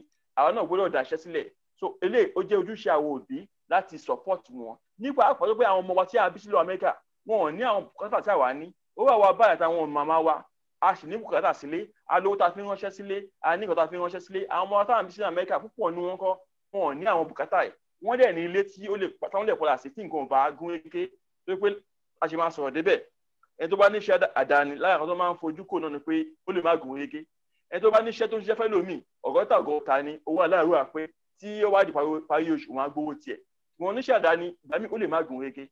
àwọn náà gbọ́dọ̀ dáṣẹ́ sílẹ̀ so eléyìí ó jẹ́ ojúṣe àwọn òbí láti support wọn nípa àpàtó pé àwọn ọmọ wa tí a bí sílẹ̀ Amẹ́ríkà wọn ò ní àwọn bùkátà tí àwa ní ó wà wá báyìí àtàwọn màmá wa a sì ní bùkátà sílé a tá a fi ránṣẹ́ sílé a ní nǹkan fi ránṣẹ́ sílé àwọn ọmọ táwọn bí sílẹ̀ Amẹ́ríkà púpọ̀ ní wọn kọ́ wọn ò ní àwọn bùkátà yìí wọ́n dẹ̀ ní ilé tí ó lè táwọn lè padà sí tí nǹkan bá gún eke tó pé a ṣe máa sọ̀rọ̀ débẹ̀ ẹni tó bá níṣẹ́ àdáni lára tó máa ń fojú kò náà ni pé ó lè má gún eke ẹ tó bá níṣẹ́ tó ń ṣiṣẹ́ fẹ́ lómi ọ̀gọ́ta ọ̀gọ́ta ni owó aláàrú àpé tí ó wá di parí oṣù wọn á gbowó tiẹ̀ wọn oníṣẹ́ àdáni ìgbà míì ó lè má gùn rege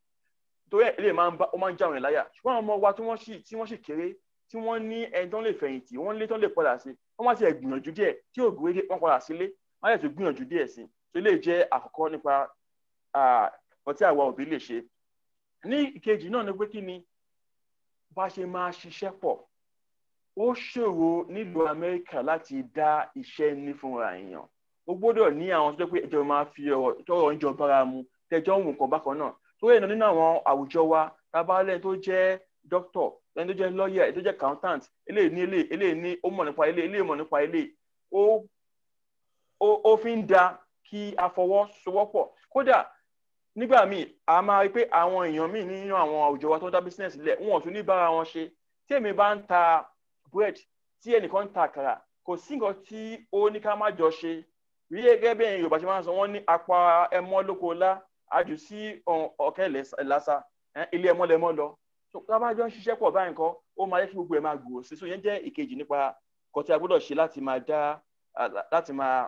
torí ẹ̀ lè máa ń bá ó máa ń jáwọn láyà ṣùgbọ́n àwọn ọmọ wa tí wọ́n sì tí wọ́n sì kéré tí wọ́n ní ẹni tó ń lè fẹ̀yìntì wọ́n lé tó ń lè padà sí wọ́n má ti ẹ̀ gbìyànjú díẹ̀ tí ò gùn rege wọ́n padà sílé wọ́n yẹ̀ tó gbìyànjú díẹ̀ sí tó lè jẹ́ àkọ́kọ́ nípa ọtí àwa òbí lè ṣe ní ìkejì náà ni pé kí ni bá ṣe máa ṣiṣẹ́ pọ̀ ó ṣòro nílùú amẹ́ríkà láti dá iṣẹ́ ní fúnra èèyàn ó gbọ́dọ̀ ní àwọn tó jẹ́ pé ìjọba máa fi ọ̀rọ̀ tọrọ ń jọ bára mu tẹjọ́ ń wù nǹkan bákan náà tó yẹ nínú àwọn àwùjọ wa tábàlẹ̀ tó jẹ́ dókítọ̀ ẹni tó jẹ́ lọ́ọ̀yà tó jẹ́ accountant eléyìí ní eléyìí eléyìí ní ó mọ̀ nípa eléyìí eléyìí mọ̀ nípa eléyìí ó ó ó fi ń da kí a fọwọ́sowọ́pọ̀ kódà nígbà míì a máa rí pé àwọn èèyàn míì nínú àwọn àwùjọ wa tó ń dá business lẹ̀ wọn ò tún ní bára wọn ṣe tí èmi bá ń ta bread tí ẹnìkan ń ta àkàrà kò sí nǹkan tí ó ní ká má jọ ṣe rí gẹ́gẹ́ bí ẹ̀yin Yorùbá ṣe máa ń sọ wọ́n ní apá ẹmọ́ lóko ọlá àjù sí ọ̀kẹ́ lásà ilé ẹmọ́ lẹ́mọ́ lọ ká bá jọ ń ṣiṣẹ́ pọ̀ báyìí nǹkan ó máa yẹ kí gbogbo ẹ̀ máa gbòòrò sí so yẹn jẹ́ ìkejì nípa kọ́ tí a gbọ́dọ̀ ṣe láti máa dá láti máa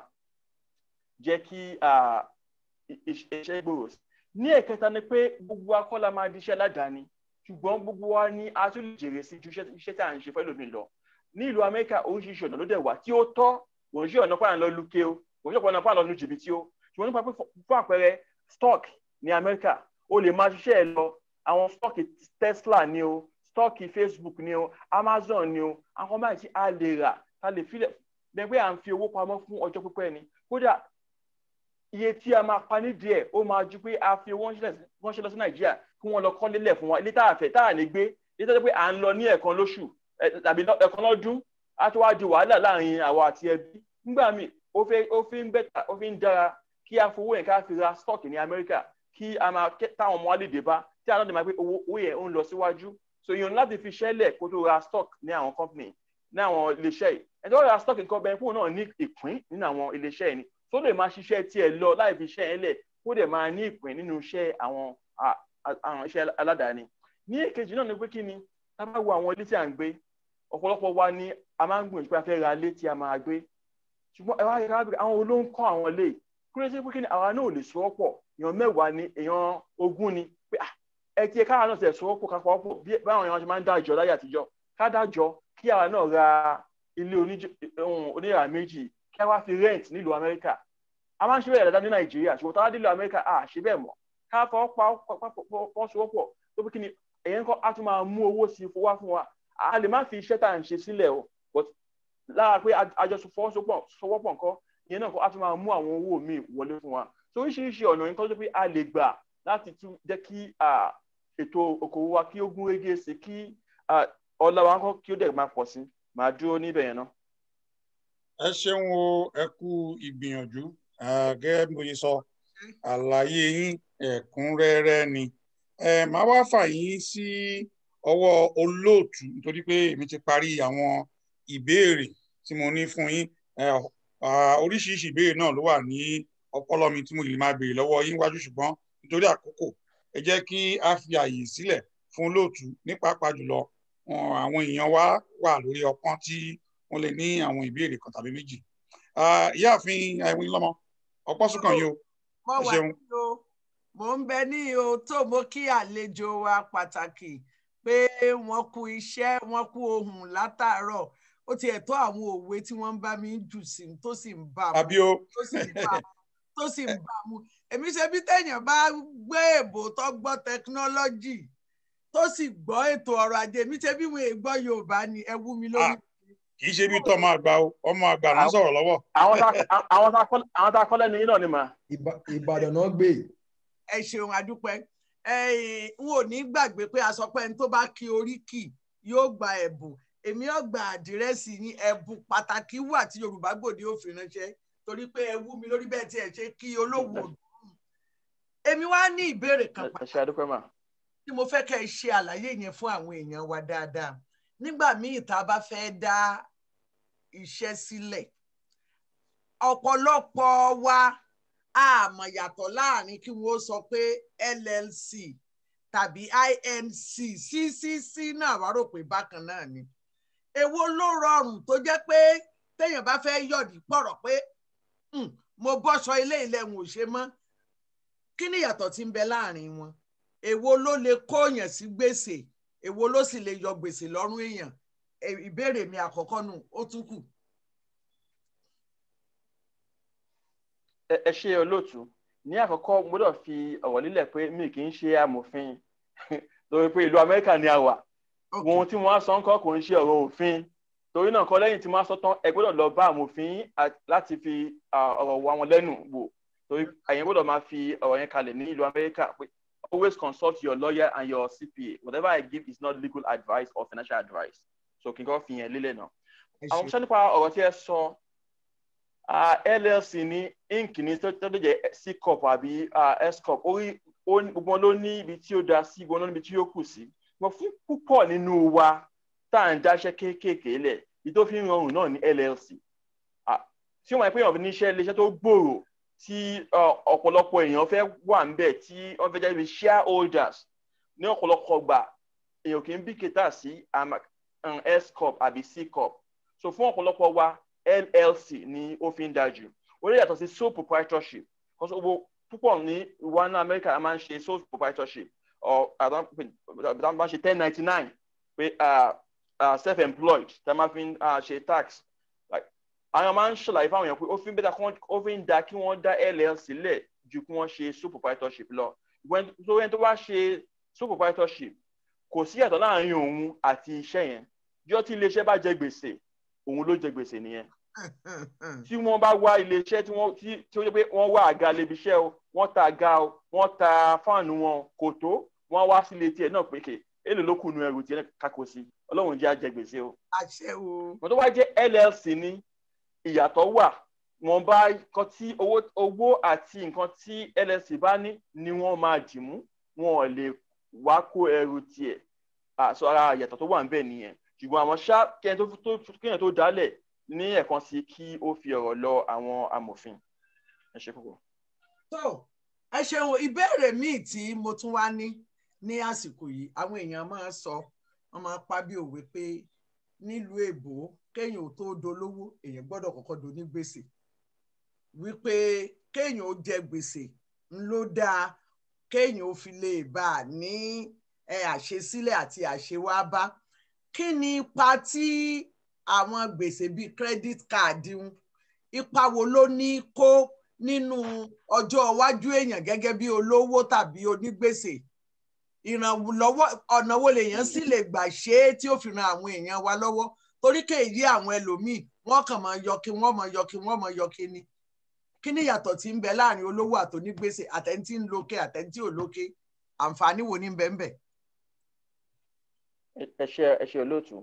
jẹ́ kí iṣẹ́ gbòòrò sí ní ẹ̀kẹta ni pé gbogbo akọ́lá máa di iṣẹ́ ládàáni ṣùgbọ́n gbogbo wa ni a tún lè jèrè sí ju iṣẹ́ tí à ń ṣe fẹ́ lómi lọ ní ìlú amẹ́ríkà oríṣiríṣi ọ̀nà ló dẹ̀ wà tí ó tọ́ wọ́n ṣe ọ̀nà pààlọ́ lọ luke o wọ́n ṣe ọ̀nà pààlọ́ nu jìbìtì o ṣùgbọ́n nípa fún àpẹẹrẹ stock ní amẹ́ríkà o lè máa ṣiṣẹ́ ẹ lọ àwọn stock tesla ni o stock facebook ni o amazon ni o àwọn báyìí tí a lè rà ta lè filẹ̀ gbẹgbẹ́ à ń fi owó pamọ́ fún ọjọ́ pípẹ́ ni kódà iye tí a máa pa ní díẹ̀ ó máa ju pé a fi owó ránṣẹ́ lọ sí nàìjíríà kí wọ́n lọ kọ́ lélẹ̀ fún wa ilé tá a fẹ́ tá a lè gbé ilé tó jẹ́ pé à ń lọ ní ẹ̀ẹ̀kan lóṣù tàbí ẹ̀kọ́ náà dún á tún wá di wàhálà láàrin àwa àti ẹbí nígbà míì ó fi ń bẹ́tà ó fi ń dára kí a fowó yẹn ká fi ra stock ní Amẹ́ríkà kí a máa táwọn ọmọ wa lè dé bá tí a náà lè máa pé owó yẹn ń lọ síwájú so yẹn láti fi ṣẹlẹ̀ kó tó ra stock ní àwọn company ní àwọn iléeṣẹ́ yìí ẹni tó ra stock nǹkan bẹ́ẹ̀ fóun náà ní ìpín nínú àwọn iléeṣẹ́ yìí ni tó lè máa ṣiṣẹ́ tiẹ̀ lọ láì fi iṣẹ́ yẹn lẹ̀ kó dẹ̀ máa ní ìpín nínú iṣẹ́ àwọn àwọn iṣẹ́ aládàáni ní èkejì náà ni pé kí ni tá bá wo àwọn ilé tí à ń gbé ọ̀pọ̀lọpọ̀ wa ni a máa ń gbìyànjú pé a fẹ́ ra ilé tí a máa gbé ṣùgbọ́n ẹ wá rí rábìrì àwọn olóńkọ́ àwọn ilé kí ló ṣe pé kí ni àwa náà ò lè sọ́pọ̀ èèyàn mẹ́wàá ni èèyàn ogún ni pé ah, ẹ ti káwa náà ṣe sọ́pọ̀ kápọ̀ ọ̀pọ̀ bí báwọn èèyàn ṣe máa ń dájọ́ láyé àtijọ́ ká dájọ́ kí àwa náà ra ilé oníyàrá méjì kí a wá fi rent nílùú Amẹ́ríkà a máa ń ṣe bẹ́ẹ̀ dáadáa ní Nàìjíríà ṣùgbọ́n tá a nílùú Amẹ́ríkà à ṣe bẹ́ẹ̀ mọ́ ká fọwọ́ pa fọ́sowọ́pọ̀ tó bí kí ni èèyàn kọ́ á tún máa mú owó sí i fowó wá fún wa a lè má fi iṣẹ́ tá à ń ṣe sílẹ̀ o but lára pé àjọṣepọ̀ sọwọ́pọ̀ nǹkan ìyẹn náà kó a tún máa mú àwọn owó míì wọlé fún wa so oríṣiríṣi ọ̀nà nǹkan tó pé a lè gbà láti tún jẹ́ kí ètò okòwò wa kí ó gún régé sí kí ọlá wa kọ́ kí ó dẹ̀ máa pọ̀ sí máa dúró níbẹ̀ yẹn náà. ẹ ṣeun o ẹ kú ìgbìyànjú gẹ́gẹ́ bí ṣe sọ àlàyé yín ẹ̀kúnrẹ́rẹ́ ni màá wá fà yín sí. Si ọwọ́ olóòtú nítorí pé èmi ti parí àwọn ìbéèrè tí mo ní fún yín oríṣiríṣi ìbéèrè náà ló wà ní ọpọlọ mi tí mo lè máa béèrè lọ́wọ́ yín wájú ṣùgbọ́n nítorí àkókò ẹ jẹ́ kí a fi àyè sílẹ̀ fún olóòtú ní pàápàá jùlọ àwọn èèyàn wa wà lórí ọpọ́n tí wọ́n lè ní àwọn ìbéèrè kan tàbí méjì ìyáàfin àìwín lọ́mọ ọpọ́ sùkàn yìí o ẹ ṣeun. mo ń bẹ ní ihò tó mo kí àlejò wa pàtàkì pé wọ́n kú iṣẹ́ wọ́n kú ohun látàárọ̀ ó ti ẹ̀ tó àwọn òwe tí wọ́n ń bá mi jù sí tó sì ń bá mu tó sì ń bá mu tó sì ń bá mu èmi ṣe bí téèyàn bá gbé èbò tó gbọ́ tẹkinọ́lọ́jì tó sì gbọ́ ètò ọrọ̀ ajé mi ṣe bí wọn è gbọ́ Yorùbá ni ẹ wú mi lórí. Ah, kì í ṣe bí tọ́mọ àgbà o ọmọ àgbà ló ń sọ̀rọ̀ lọ́wọ́. àwọn tá a kọ́ lẹ́nu yín náà ni mà. Ìbàdàn náà gbé. ẹ ṣeun adúpẹ́. n ò ní gbàgbé pé a sọ pé ẹni tó bá kí oríkì yóò gba ẹ̀bùn èmi yóò àdírẹ́sì yín ẹ̀bùn pàtàkì wà tí Yorùbá gbòde ó fi ránṣẹ́ torí pé ẹ wú mi lórí bẹ́ẹ̀ tí ẹ ṣe kí olówó òdùnnú èmi wá ní ìbéèrè kan pàtàkì tí mo fẹ́ kẹ́ ẹ ṣe àlàyé yẹn fún àwọn èèyàn wa dáadáa nígbà míì tá bá fẹ́ dá iṣẹ́ sílẹ̀ ọ̀pọ̀lọpọ̀ wa. àmọ̀ yàtọ̀ láàrin kí wọ́n sọ pé LLC tàbí INC CCC náà wá rò pé bákan náà ni èwo ló rọrùn tó jẹ́ pé téèyàn bá fẹ́ yọ̀dí pọ̀rọ̀ pé hmm, mo bọ́ṣọ ilé ilẹ̀ wọn ò ṣe mọ́ kí ni ìyàtọ̀ tí ń bẹ láàrin wọn èwo ló lè kóyàn sí gbèsè èwo ló sì lè yọ gbèsè lọ́rùn èèyàn ìbéèrè mi àkọ́kọ́ nù ó tún kù ẹ ṣe olóòtú ní àkọ́kọ́ mo dọ̀ fi ọ̀rọ̀ lílẹ̀ pé mi kì í ṣe amòfin lórí pé ìlú amẹ́ríkà ni a wà ohun tí wọ́n á sọ ń kọ́ kò ń ṣe ọ̀rọ̀ òfin torí náà kọ́ lẹ́yìn tí wọ́n á sọ tán ẹ gbọ́dọ̀ lọ bá amòfin láti fi ọ̀rọ̀ wa wọn lẹ́nu wò torí àyẹn gbọ́dọ̀ máa fi ọ̀rọ̀ yẹn kalẹ̀ ní ìlú amẹ́ríkà pé always consult your lawyer and your CPA whatever I give is not legal advice or financial advice so kì í kọ́ fi yẹn lélẹ̀ náà àwọn sọ nípa ọ̀rọ̀ tí ẹ sọ llc ní inc ní tó lè jẹ́ c corp àbí s corp orí gbogbo ló ní ibi tí ó da sí gbogbo ló ní ibi tí ó kù sí wọn fún púpọ̀ nínú wa tá à ń jáṣẹ́ kéékèèké lẹ̀ ibi tó fi ń rọrùn náà ní llc tí wọ́n máa pè yàn níṣẹ́ iléeṣẹ́ tó gbòòrò tí ọ̀pọ̀lọpọ̀ èèyàn fẹ́ wà ń bẹ̀ tí wọ́n fẹ́ jẹ́ ibi shareholders ní ọ̀pọ̀lọpọ̀ gbà èèyàn kì í bí kẹta sí s corp àbí c corp so fún ọ̀pọ̀lọpọ̀ wa llc ni ó fi ń dájú ó lè yàtọ̀ sí sole proprietorship kọ́sọ́ gbogbo púpọ̀ ní ìwà ní amẹ́ríkà a máa ń ṣe sole proprietorship or àdán bá ń ṣe ten ninety nine pé self employed tá a máa fi ń ṣe tax àwọn máa ń ṣàlàyé fáwọn èèyàn pé ó fi ń bẹ́ta ó fi ń da kí wọ́n dá llc lẹ̀ ju kí wọ́n ṣe sole proprietorship lọ ìwẹ́n tó wá ṣe sole proprietorship kò sí ìyàtọ̀ láàrin òun àti iṣẹ́ yẹn jọ́ tí iléeṣẹ́ bá jẹ gbèsè òun ló jẹ gbèsè nìyẹn tí wọ́n bá wá iléeṣẹ́ tí wọ́n tí ó yẹ pé wọ́n wá àga lebiṣẹ́ o wọ́n ta àga o wọ́n ta fáànù wọn kò tó wọ́n wá sílé tiẹ̀ náà pékè èlò ló kùnú ẹrù tiẹ̀ kakò sí ọlọ́run jẹ́ àjẹgbèsè o. àṣẹ o. wọ́n tó wá jẹ́ LLC ní ìyàtọ̀ wà wọ́n bá nǹkan tí owó àti nǹkan tí LLC bá ní ni wọ́n máa dì mú wọn ò lè wá kó ẹrù tiẹ̀ àṣọ ara ìyàtọ̀ tó wà ń bẹ̀ nìyẹn ṣùgbọ́n àwọn ṣá kẹ́yìn tó dálẹ̀ ní ẹ̀kan sí kí ó fi ọ̀rọ̀ lọ àwọn amòfin ẹ ṣe púpọ̀. so ẹ ṣeun ìbéèrè míì tí mo tún wá ní ní àsìkò yìí àwọn èèyàn máa sọ wọn máa pa bí òwe pé nílùú èbó kéèyàn ò tó dolówó èèyàn gbọ́dọ̀ kọ́kọ́ do ní gbèsè wípé kéèyàn ó jẹ gbèsè ńlọ dáa kéèyàn ó fi lè bá a ní àṣesílẹ̀ àti àṣewábá kí ni ipa tí àwọn gbèsè bíi credit card wọn ipa wo ló ní kó nínú ọjọ́ iwájú èèyàn gẹ́gẹ́ bí olówó tàbí onígbèsè ìrànlọ́wọ́ ọ̀nà wo lèèyàn sì lè gbà ṣe é tí ó fi ran àwọn èèyàn wa lọ́wọ́ torí kéèyí àwọn ẹlòmíì wọ́n kàn máa yọ kí wọ́n máa yọ kí wọ́n máa yọ kí ni kí ni ìyàtọ̀ tí ń bẹ láàrin olówó àtònígbèsè àtẹ̀ntì ń lókè àtẹ̀ntì ò lókè àǹfààní wo ni ń bẹ ẹ ṣe olóòtú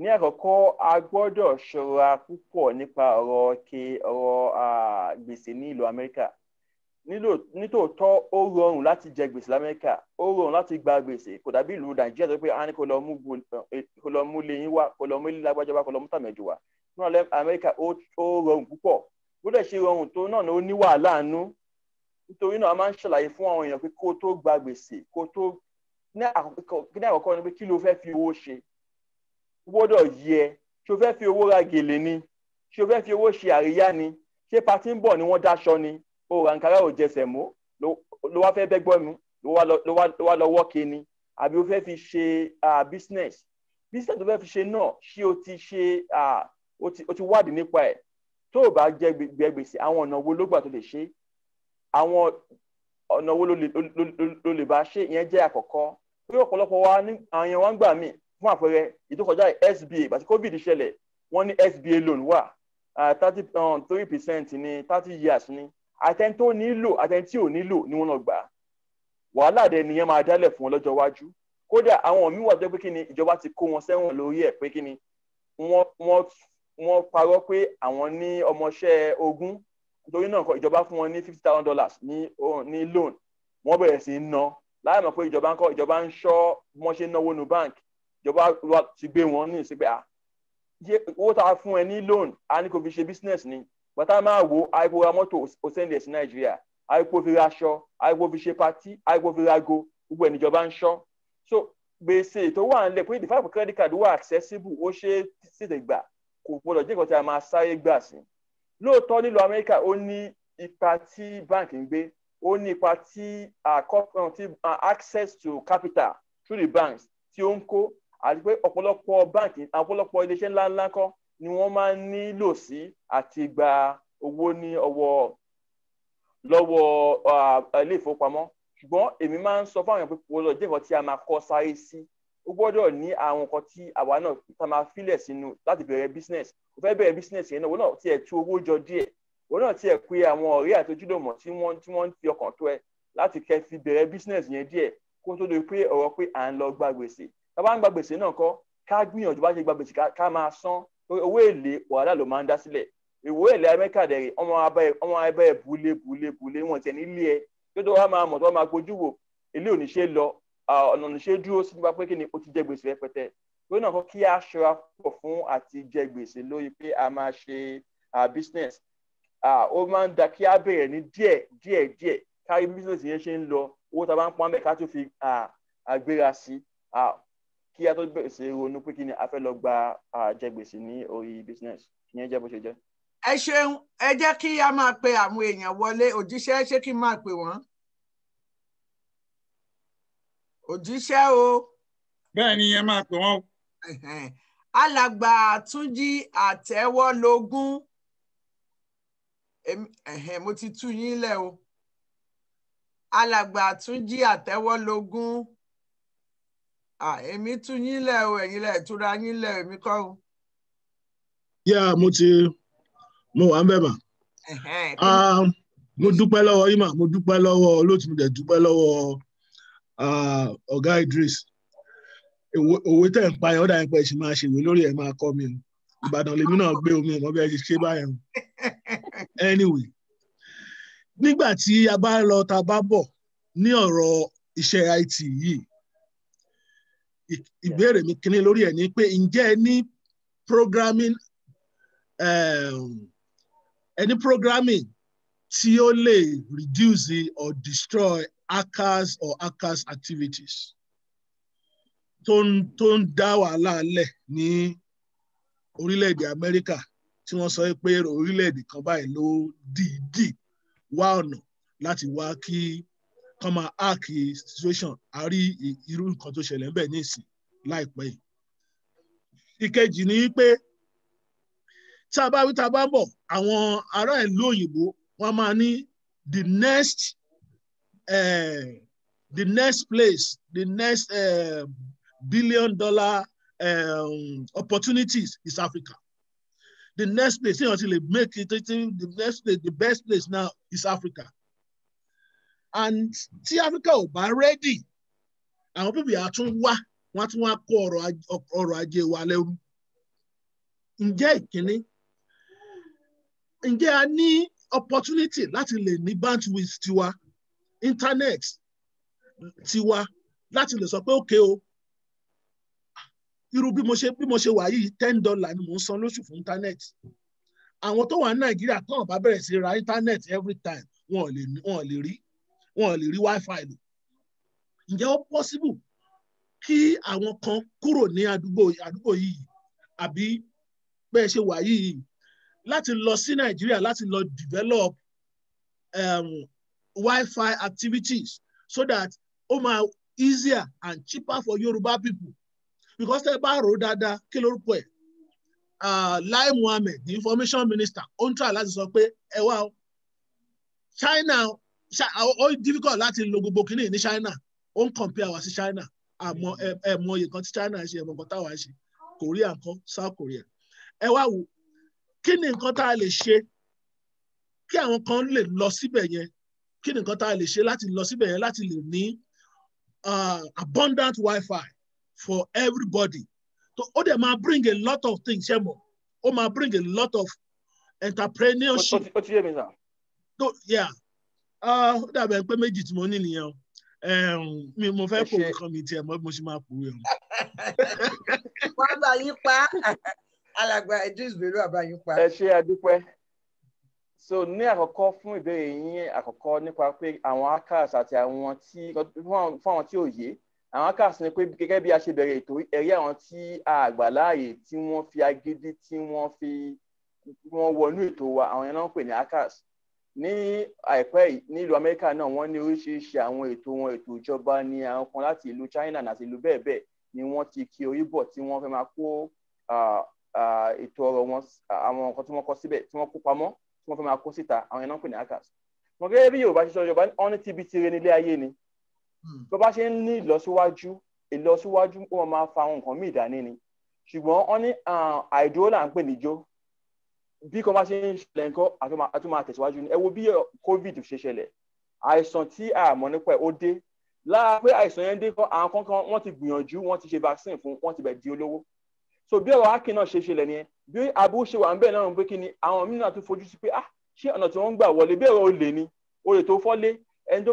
ní àkọ́kọ́ a gbọ́dọ̀ ṣọ́ra púpọ̀ nípa ọ̀rọ̀ ke ọ̀rọ̀ gbèsè ní ìlú amẹ́ríkà nítòótọ́ ó rọrùn láti jẹ gbèsè lamẹ́ríkà ó rọrùn láti gba gbèsè kò dàbí ìlú nàìjíríà tó pé a ní kó lọ mú eh, léyìn wá kó lọ mú ilé lágbájá wá kó lọ mú tàmẹ̀jọ wá nílẹ̀ amẹ́ríkà ó rọrùn púpọ̀ bó dẹ̀ ṣe rọrùn tó náà ó ní wàhálà àánú nítorí náà a máa ń ṣàlàyé fún àwọn èèyàn pé kó tó gba gbèsè kó tó ní àkọ́kọ́ ni pé kí ló fẹ́ fi owó ṣe gbọ́dọ̀ yẹ ṣo fẹ́ fi owó ra gèlè ni ṣo fẹ́ fi owó ṣe àríyá ni ṣé patí ń bọ̀ ni wọ́n dáṣọ ni o rànkárá ò jẹsẹ̀ mọ́ ló wá fẹ́ bẹ́gbọ́ mi ló wá lọ wọ́ọ̀kì e ni àbí o fẹ́ fi ṣe business business tó fẹ́ fi ṣe náà ṣé o ti ṣe o ti wádìí nípa ẹ̀ tó o bá jẹ gbẹgbèsè àwọn ọ̀nà wo ló gbà tó lè ṣe àwọn ọ̀nà wo ló lè bá ṣe ìyẹn jẹ́ àkọ́kọ́ pé ọ̀pọ̀lọpọ̀ wa àyàn wa ń gbà míì fún àpẹẹrẹ ìdókọjá SBA ìgbà tí covid ṣẹlẹ̀ wọ́n ní SBA loan wà thirty um, three percent ní thirty years ní àtẹ̀ntó nílò àtẹ̀ntí ò nílò ni wọ́n náà gbà wàhálà dẹ̀ nìyẹn máa dálẹ̀ fún wọn lọ́jọ́ iwájú kódà àwọn míì wà tó pé kí ni ìjọba ti kó wọn sẹ́wọ̀n lórí ẹ̀ pé kí ni wọ́n wọ́n parọ́ pé àwọn ní ọmọọṣẹ́ ogún nítorí náà ìjọba fún wọn ní fifty thousand dollars ní ní loan wọ́n bẹ̀rẹ̀ sí í ná láì mọ̀ pé ìjọba ń kọ́ ìjọba ń ṣọ́ bí wọ́n ṣe náwó nu bank ìjọba wa ti gbé wọn ní ìsìnkú à ah, owó tá a fún ẹ ní loan a ní kò fi ṣe business ni bàtà máa wo àìpò ra mọ́tò òsèǹdẹ̀ sí nàìjíríà àìpò fi ra aṣọ àìpò fi ṣe patí àìpò fi ra go gbogbo ẹ̀ níjọba ń ṣọ́ so gbèsè tó wà ń lẹ̀ pé the five credit card wà accessible ó ṣe é tètè gbà kò gbọdọ̀ jẹ́ nǹkan tí a máa sáré gbà sí lóòótọ́ nílùú amẹ́ríkà ó ní ipa tí báǹkì ń gbé ó ní ipa tí ah, ah, access to capital through the banks tí ó ń kó àti pé ọ̀pọ̀lọpọ̀ báǹkì ọ̀pọ̀lọpọ̀ iléeṣẹ́ ńláńlá kọ́ ni wọ́n máa ń nílò sí àti gba owó ní ọwọ́ lọ́wọ́ ilé ìfowópamọ́ ṣùgbọ́n èmi máa ń sọ fún àwọn èèyàn pé kò lọ tí a máa kọ́ sáré sí ó gbọ́dọ̀ ní àwọn nǹkan tí àwa náà tá a máa filẹ̀ sínú láti bẹ̀rẹ̀ business ó fẹ́ bẹ̀rẹ̀ business yẹn náà òun náà tiẹ̀ tú owó jọ díẹ̀ òun náà tiẹ̀ pe àwọn ọ̀rẹ́ àti ojúlòmọ̀ tí wọ́n tí wọ́n fi ọkàn tó ẹ láti kẹ́ fi bẹ̀rẹ̀ business yẹn díẹ̀ kó tó lè pé ọ̀rọ̀ pé à ń lọ gba tá a bá ń gba gbèsè náà kọ́ ká gbìyànjú bá ṣe gba gbèsè ká máa san owó èlé wàhálà ló máa ń dá sílẹ̀ ìwé èlé amẹ́ríkà dẹ̀rẹ̀ ọmọ abẹ́ bulé bulé bulé wọn tiẹ̀ nílé ẹ tó tó wá máa mọ̀ tó máa gbójú wò ilé ò ní ṣe lọ ọ̀nà ní ṣe dúró sí nípa pé kí ni ó ti jẹ gbèsè rẹpẹtẹ lórí náà kọ́ kí a ṣọ́ra pọ̀ fún àti jẹ gbèsè lórí pé a máa ṣe business ó máa ń da kí a bẹ̀rẹ̀ ní díẹ̀ díẹ̀ díẹ̀ kárí business yẹn ṣe ń lọ owó tá a bá ń pọn bẹ́ẹ̀ ká tó fi àgbéra sí kí a tó bẹ̀rẹ̀ sí ronú pé kí ni a fẹ́ lọ gba àjẹgbèsè ní orí business ìyẹn jẹ́ bó ṣe jẹ́. ẹ ṣeun ẹ jẹ́ kí a máa pe àwọn èèyàn wọlé òjíṣẹ́ ṣé kí n máa pè wọ́n. òjíṣẹ́ o. bẹ́ẹ̀ ni ẹ máa pè wọ́n. alàgbà túnjí àtẹwọ́lógún mo ti tú yín lẹ̀ o alàgbà túnjí àtẹwọ́lógún èmi tú yín lẹ̀ o ẹ̀yin lẹ̀ túra yín lẹ̀ èmi kọ́ o. yá mo ti mo wà ń bẹ̀ mà mo dúpẹ́ lọ́wọ́ ima mo dúpẹ́ lọ́wọ́ olóòtú mi dẹ̀ dúpẹ́ lọ́wọ́ ọ̀gá Idris òwe tẹ̀ ń pa ẹ̀ ọ̀dà ẹ̀pẹ̀ ṣì máa ṣèwé lórí ẹ̀ máa kọ́ mi o Ìbàdàn lèmi náà gbé omi ọ̀mọ́ bí ẹ ṣe báyẹn anyway nígbà tí a bá lọ ta bá bọ̀ ní ọ̀rọ̀ iṣẹ́ IT yìí ìbéèrè mi kíní lórí ẹ̀ ni pé ǹjẹ́ ẹ programming um, ẹ ní programming tí ó lè reduce or destroy hackers or hackers activities tó ń tó ń dá wàhálà lẹ̀ ní orílẹ̀-èdè Amẹ́ríkà tí wọ́n sọ pé orílẹ̀-èdè kan báyìí ló dìídì wá ọ̀nà láti wá kí kàn máa hack situation a rí irú nǹkan tó ṣẹlẹ̀ ńbẹ̀ ní ìsìn láìpẹ́ yìí. ìkejì ni pé tá a bá wí tá a bá bọ̀ àwọn ará ìlú òyìnbó wọ́n máa ní the next eh, the next place the next eh, billion dollar eh, opportunities is Africa the next place tí wọ́n ti lè make it the next place the best place now is Africa and tí Áfíríkà ò bá rẹ́dì àwọn pípì á tún wá wọ́n á tún wá kó ọrọ̀ ajé wa lẹ́rú ǹjẹ́ ìkíní ǹjẹ́ a ní opportunity láti lè ní bandwidth tiwa internet tiwa láti lè sọ pé ókè o irú bí mo ṣe bí mo ṣe wà yìí ten dollar ni mò ń san lóṣù fún internet àwọn tó wà ní Nàìjíríà tán bá bẹ̀rẹ̀ sí ra internet every time wọn ò lè wọn ò lè rí wọn lè rí wi-fi lò ǹjẹ́ ó possible kí àwọn kan kúrò ní àdúgbò àdúgbò yìí àbí bẹ́ẹ̀ ṣe wà yìí láti lọ sí Nàìjíríà láti lọ develop um, wi-fi activities so that ó máa easier and cheaper for Yorùbá people because tẹ́ bá rò ó dáadáa kí lórúkọ ẹ̀ uh, Lai Muhammed the information minister ó ń try láti sọ pé ẹ wá o China ó difficult láti lo gbogbo kínní ní China ó ń compare wa sí China àmọ́ ẹmọ iye kan tí China ṣe ẹmọ nǹkan táwa ṣe Korea nǹkan South Korea ẹ wá wò kí ni nǹkan tá a lè ṣe kí àwọn kan lè lọ síbẹ̀ yẹn kí ni nǹkan tá a lè ṣe láti lọ síbẹ̀ yẹn láti lè ní abundant Wi-Fi for everybody so ó dẹ̀ máa bring a lot of things ṣe mọ̀ ó máa bring a lot of entrepreneurship. ó ti yé mi sá. Ah, ó dàbẹ̀ pé méjì tí mo ní nìyẹn o mi mo fẹ́ pòwe kan mi tiẹ̀ mo sì máa pòwe o. wọ́n bá yín pa alàgbà Idris Bello àbáyín pa. ẹ ṣe àdúpẹ́ so ní àkọ́kọ́ fún ìbéèrè yín àkọ́kọ́ nípa pé àwọn ACAS àti àwọn tí fún àwọn tí ò yé àwọn ACAS ni pé gẹ́gẹ́ bí a ṣe bẹ̀rẹ̀ ètò ẹ̀rí àwọn tí a gbà láàyè tí wọ́n fi agídí tí wọ́n fi wọ́n wọnú ètò wa àwọn yẹn náà ń pè ní ACAS ní àìpẹ́ nílùú amẹ́ríkà náà wọ́n ní oríṣiríṣi àwọn ètò wọn ètò ìjọba ní àwọn kan láti ìlú china àti ìlú bẹ́ẹ̀ bẹ́ẹ̀ ni wọ́n ti kí orí bọ̀ tí wọ́n fẹ́ máa kó ètò ọ̀rọ̀ wọn àwọn nǹkan tí wọ́n kọ síbẹ̀ tí wọ́n kó pamọ́ tí wọ́n fẹ́ máa kó síta àwọn yẹn náà ń pè ní hackers. mo gẹ́gẹ́ bí yorùbá ṣe sọ yorùbá wọn ní tíbi tire nílé ayé ni tó hmm. bá ṣe ń ní ìlọsíwájú ìlọsíwájú ó máa fa àwọn nǹkan míì dání ni ṣùgbọ́n wọn ní àìdúró là ń pè níjó bí kò bá ṣe ń ṣẹlẹ̀ nǹkan a tún máa tẹ̀síwájú ni ẹ wo bí eh, covid ṣe ṣẹlẹ̀ àìsàn tí a mọ̀ nípa ẹ̀ ó dé lára pé àìsàn yẹn dé kan àwọn kankan wọ́n ti gbìyànjú wọ́n ti ṣe vaccine fún wọ́n ti bẹ̀ di olówó so bí ọ̀rọ̀ akin náà ṣe ṣẹlẹ̀ nìyẹn bí aburú ṣe wà ń bẹ̀ náà pé kí ni àwọn mìíràn tún fojú sí pé ah ṣé ọ̀nà tí wọ́n ń gbà wọlé bí ẹ̀rọ olè ni olè tó fọ́lé ẹni tó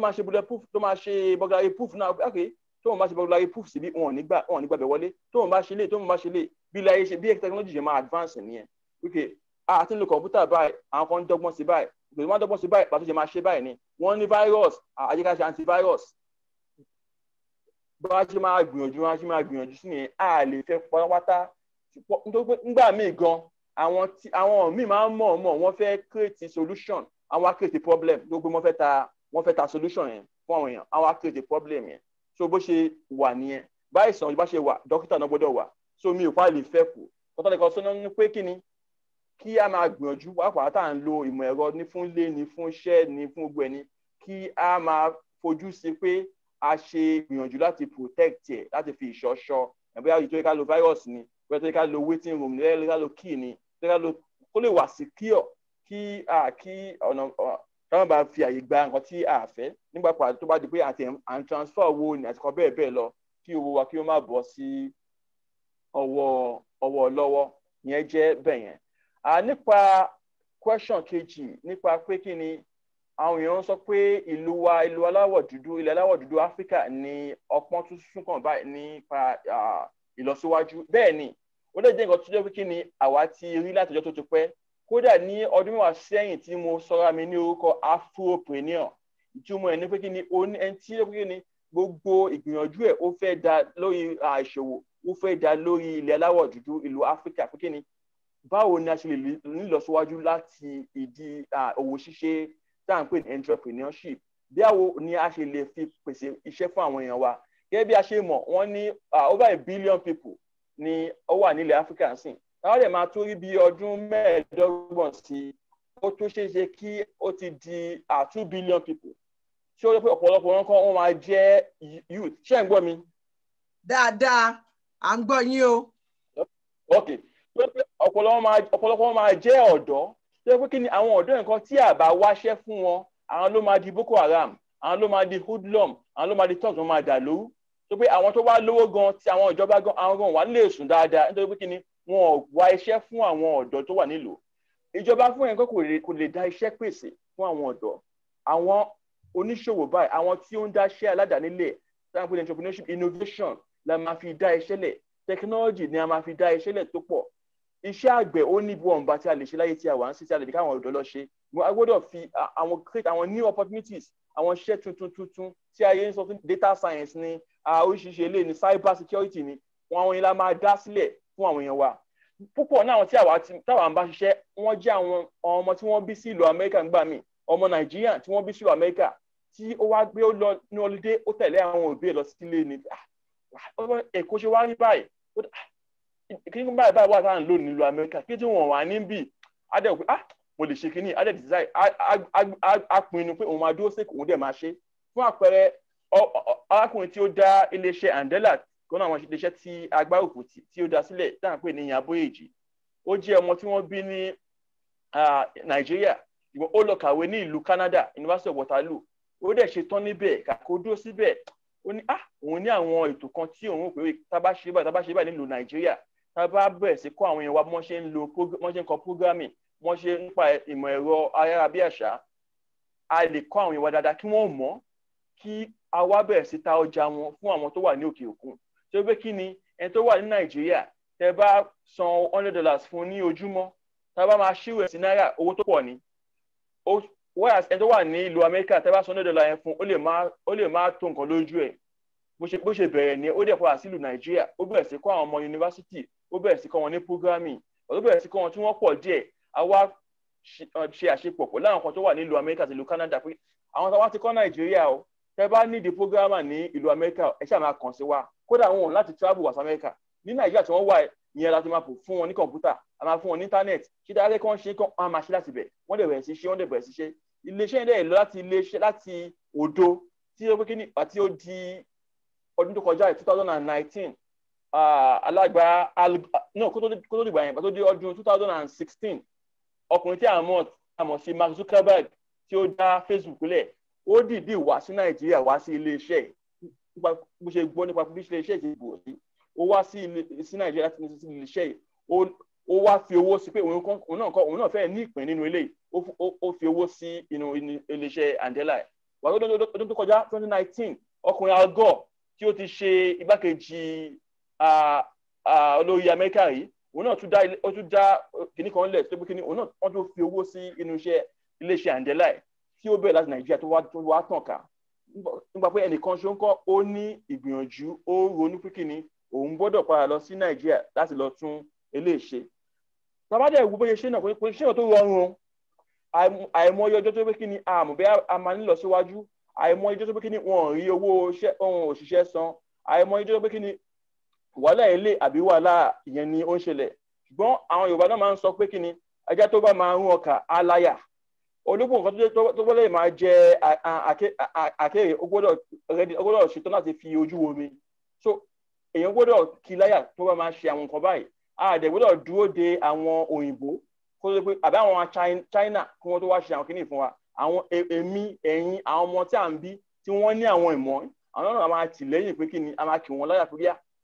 máa ṣe bullet proof tó máa ṣe burglary proof náà ok tó wọn bá ṣe burglary proof síbi wọn ò ní gbà bẹ̀ wọlé tó wọn bá ṣe lé tó wọn bá ṣe lé bí technology ṣe máa advance wípé a ti ń lo kọ̀ǹpútà báyìí àwọn kan ń dọ́gbọ́n sí báyìí ìpèsè wọn dọ́gbọ́n sí báyìí pàtó ṣe máa ṣe báyìí ni wọ́n ní virus àjẹká ṣe antivirus bá a ṣe máa gbìyànjú wọn a ṣe máa gbìyànjú sí nìyẹn a lè fẹ́ pátápátá nítorí pé ńgbà míì gan àwọn tí àwọn míì máa ń mọ̀ mọ̀ wọ́n fẹ́ create solution àwọn á create problem gbogbo wọ́n fẹ́ ta wọ́n fẹ́ ta solution yẹn fún àwọn èèyàn àwọn á create problem yẹn so bó ṣe wà nìyẹn báyìí sàn bá ṣe wà dókítà náà gbọ́dọ̀ wà so mi ò fà lè fẹ́ kù kọ́tà lè kọ́ sọ́nà ní pé kí kí a máa gbìyànjú pàápàá tá à ń lo ìmọ̀ ẹ̀rọ ní fún lé ní fún iṣẹ́ ní fún gbogbo ẹni kí a máa fojú sí pé a ṣe gbìyànjú láti protect ẹ̀ láti fi ìṣọ́ṣọ́ ẹ̀bí àyè tó yẹ ká lo virus ni bóyá tó yẹ ká lo waiting room ní ẹ̀ ká lo key ni tó yẹ ká lo kó lè wà secure kí a kí ọ̀nà káwọn bá fi àyè gba nǹkan tí a fẹ́ nígbà pàdé tó bá di pé àti à ń transfer owó ni àti kan bẹ́ẹ̀ bẹ́ẹ̀ lọ kí owó wa kí ó má bọ́ sí ọwọ́ ọwọ́ lọ́wọ́ ìyẹn jẹ́ bẹ́ẹ̀ à nípa question kejì nípa pé kí ni àwọn èèyàn sọ pé ìlú wa ìlú aláwọ̀ dúdú ilẹ̀ aláwọ̀ dúdú áfíríkà ni ọpọ́n tún sún kàn báyìí nípa ìlọsíwájú bẹ́ẹ̀ ni ó lè jẹ́ nǹkan tó jẹ́ pé kí ni àwa ti rí látọjọ́ tó ti pẹ́ kódà ní ọdún mẹ́wàá sẹ́yìn tí mo sọra mi ní orúkọ afropreneur ìtumọ̀ ẹ̀ ní pé kí ni ó ní ẹni tí ó pé kí ni gbogbo ìgbìyànjú ẹ̀ ó fẹ́ dá lórí ìṣòwò ó fẹ́ dá lórí ilẹ̀ aláwọ̀ dúdú ìlú áfíríkà pé kí ni báwo ni a ṣe lè nílọsíwájú láti ìdí òwò ṣíṣe tá à ń pè ní entrepreneurship bí àwo ni a ṣe lè fi pèsè iṣẹ́ fún àwọn èèyàn wa gẹ́gẹ́ bí a ṣe mọ̀ wọ́n ní over a billion people ni ó wà nílẹ̀ Africa sìn táwọn dẹ̀ máa tó rí bí ọdún mẹ́ẹ̀ẹ́dọ́gbọ̀n sí ó tó ṣeé ṣe kí ó ti di two billion people ṣé ó yẹ pé ọ̀pọ̀lọpọ̀ wọn kọ́ wọn máa jẹ́ youth ṣé ẹ̀ ń gbọ́ mi. dáadáa à ń gbọ́ yín o. Okay ọ̀pọ̀lọpọ̀ wọn máa jẹ́ ọ̀dọ́ tó yẹ pé kí ni àwọn ọ̀dọ́ nǹkan tí àbá wáṣẹ́ fún wọn àwọn ló máa di boko haram àwọn ló máa di hoodlum àwọn ló máa di thugs wọn máa dà lóru tó pé àwọn tó wá lówó gan ti àwọn ìjọba gan àwọn gan wà lè sùn dáadáa nítorí pé kí ni wọn ò wá iṣẹ́ fún àwọn ọ̀dọ́ tó wà nílùú ìjọba fún ẹ̀kọ́ kò lè dá iṣẹ́ pèsè fún àwọn ọ̀dọ́ àwọn oníṣòwò báyìí àwọn tí ó ń dá iṣẹ́ aládàáni lẹ̀ entrepreneurship innovation la máa fi dá iṣẹ́ lẹ̀ technology ni a máa fi dá iṣẹ́ lẹ̀ tó pọ̀ iṣẹ́ àgbẹ̀ ó ní bu ọ̀nba tí a lè ṣe láyé tí a wà ń sí tí a lè fi káwọn ọ̀dọ́ lọ ṣe mo a gbọ́dọ̀ fi àwọn create àwọn new opportunities àwọn iṣẹ́ tuntun tuntun tí ayé ń sọ fún data science ni oríṣiríṣi eléyìí ni cyber security ni wọn àwọn yẹn la máa dá sílẹ̀ fún àwọn yẹn wa púpọ̀ náà tí àwa táwa ń bá ṣiṣẹ́ wọ́n jẹ́ àwọn ọmọ tí wọ́n bí sí ìlú Amẹ́ríkà nígbà míì ọmọ Nàìjíríà tí wọ́n bí sí ìlú Amẹ́ríkà tí ó wá gbé ó lọ ní ọlídé ó tẹ̀lé àwọn òbí ẹ̀ lọ sílé ni ah, Èkó ṣe wá rí báyìí kíkún báyìí báyìí wà táwọn lò nílùú amẹ́ríkà kí tí wọ́n wà níbí adé òpin ah mo lè ṣe kínní adé design a pinnu pé òun máa dúró sí òun dẹ̀ máa ṣe fún àpẹẹrẹ arákùnrin tí ó dá iléeṣẹ́ andela kọ́nà àwọn iléeṣẹ́ tí agbárùkù tí ó dá sílẹ̀ tá à ń pè ní Aboyeji ó jẹ́ ọmọ tí wọ́n bí ní nàìjíríà ìwọ̀n ó lọ kàwé ní ìlú Canada University of Waterloo ó dẹ̀ ṣe tán níbẹ̀ kàkó dúró síbẹ̀ ó ní ah òun ní àwọn ètò kan tí òun rò pé tábà ṣe báyìí tábà báyìí nílùú nàìjíríà tá a bá bẹ̀rẹ̀ sí kọ́ àwọn èèyàn wa bí wọ́n ṣe ń lo wọ́n ṣe ń kọ programming wọ́n ṣe ń pa ìmọ̀ ẹ̀rọ ayárabíàṣá a lè kọ́ àwọn èèyàn wa dáadáa kí wọ́n mọ̀ kí a wá bẹ̀rẹ̀ sí ta ọjà wọn fún àwọn tó wà ní òkè òkun ṣé pé kí ni ẹni tó wà ní nàìjíríà tẹ bá san hundred dollars fún ní ojúmọ́ tá a bá máa ṣírò sí náírà owó tó pọ̀ ni whereas ẹni tó wà ní ìlú amẹ́ríkà tẹ bá san hundred dollars yẹn fún ó lè má tó nǹkan lójú ẹ̀ bó ṣe bẹ̀rẹ̀ ni ó dẹ̀ fọwọ́ sílùú nàìjíríà ó bẹ̀rẹ̀ sí kọ́ àwọn ọmọ yunifásitì ó bẹ̀rẹ̀ sí kọ́ wọn ní programming ọ̀dọ́ bẹ̀rẹ̀ sí kọ́ wọn tí wọ́n pọ̀ díẹ̀ àwa ṣe àṣepọ̀ pẹ̀lú àwọn kan tó wà nílùú Amẹ́ríkà àti ìlú Canada pé àwọn táwa ti kọ́ Nàìjíríà o tẹ́ bá nídìí programmer ní ìlú Amẹ́ríkà ẹ ṣáà máa kàn sí wa kódà wọn ò láti travel wá sí Amẹ́ríkà ní Nàìjíríà tí wọ́n wà ìyẹn la máa fún wọn ní kọ̀ǹpútà a máa fún wọn ní internet ṣé dáadé kan ṣe kan a máa ṣe láti bẹ̀ wọ́n dẹ̀ bẹ̀rẹ̀ sí ṣe wọ́n dẹ̀ bẹ̀rẹ̀ sí ṣe iléeṣẹ́ ilé ìlú láti iléeṣẹ́ láti òdo tí ó pé kí ni àti ó di ọdún tó kọjá two alágbá no kó tó dìgbà yẹn tó di ọdún two thousand and sixteen ọkùnrin tí a mọ̀ a mọ̀ sí Mark Zuckerberg tí ó dá Facebook lẹ̀ ó dìídì wá sí Nàìjíríà wá sí iléeṣẹ́ nípa bó ṣe gbọ́ nípa bí iléeṣẹ́ ìdìbò sí ó wá sí Nàìjíríà láti ní sí iléeṣẹ́ ó wá fi owó sí pé òun náà kọ́ òun náà fẹ́ ní ìpín nínú ilé ó fi owó sí inú iléeṣẹ́ Andela wà lọ́dún tó kọjá twenty nineteen ọkùnrin Al Gore tí ó ti ṣe igbákejì olórí amẹ́ríkà rí òun náà tún dá ó tún dá kìnnì kan lẹ̀ tó pé kìnnì òun náà wọ́n tún fi owó sí inú iṣẹ́ iléeṣẹ́ àǹdẹ́là ẹ̀ tí ó bẹ̀rẹ̀ láti nàìjíríà tó wá tàn ká nígbà pé ẹnìkan ṣó ń kọ́ ó ní ìgbìyànjú ó ronú pé kìnnì òun gbọ́dọ̀ padà lọ sí nàìjíríà láti lọ tún eléeṣẹ́ tàbádẹ́ ìwú bóyá ṣé náà kò ṣe náà tó rọrùn àìmọye ọjọ́ tó pé kí ni àmọ̀ bẹ́ẹ̀ a máa ń lọ síwájú àìmọye ọjọ́ tó pé kí ni wọ́n rí owó òṣìṣẹ́ san àìmọye ọjọ́ tó pé kí wàhálà ilé àbí wàhálà ìyẹn ni ó ń ṣẹlẹ̀ ṣùgbọ́n àwọn yorùbá náà máa ń sọ pé kí ni ajá tó bá máa ń rún ọkà aláyà olóko nǹkan tó gbọ́dọ̀ máa jẹ àkèrè ó gbọ́dọ̀ ṣetán láti fi ojú wo so èèyàn gbọ́dọ̀ kí láyà tó bá máa ṣe àwọn nǹkan báyìí àdè gbọ́dọ̀ dúró de àwọn òyìnbó kó tó pé àbí àwọn China kí wọ́n tó wá ṣe àwọn kìnìún fún wa àwọn e, èmi ẹ̀yin àwọn ọmọ tí à ń bí tí wọ́n ní àwọn ìmọ̀ àwọn náà máa tì lẹ́yìn pé kí ni a máa kì wọ́n láyà pé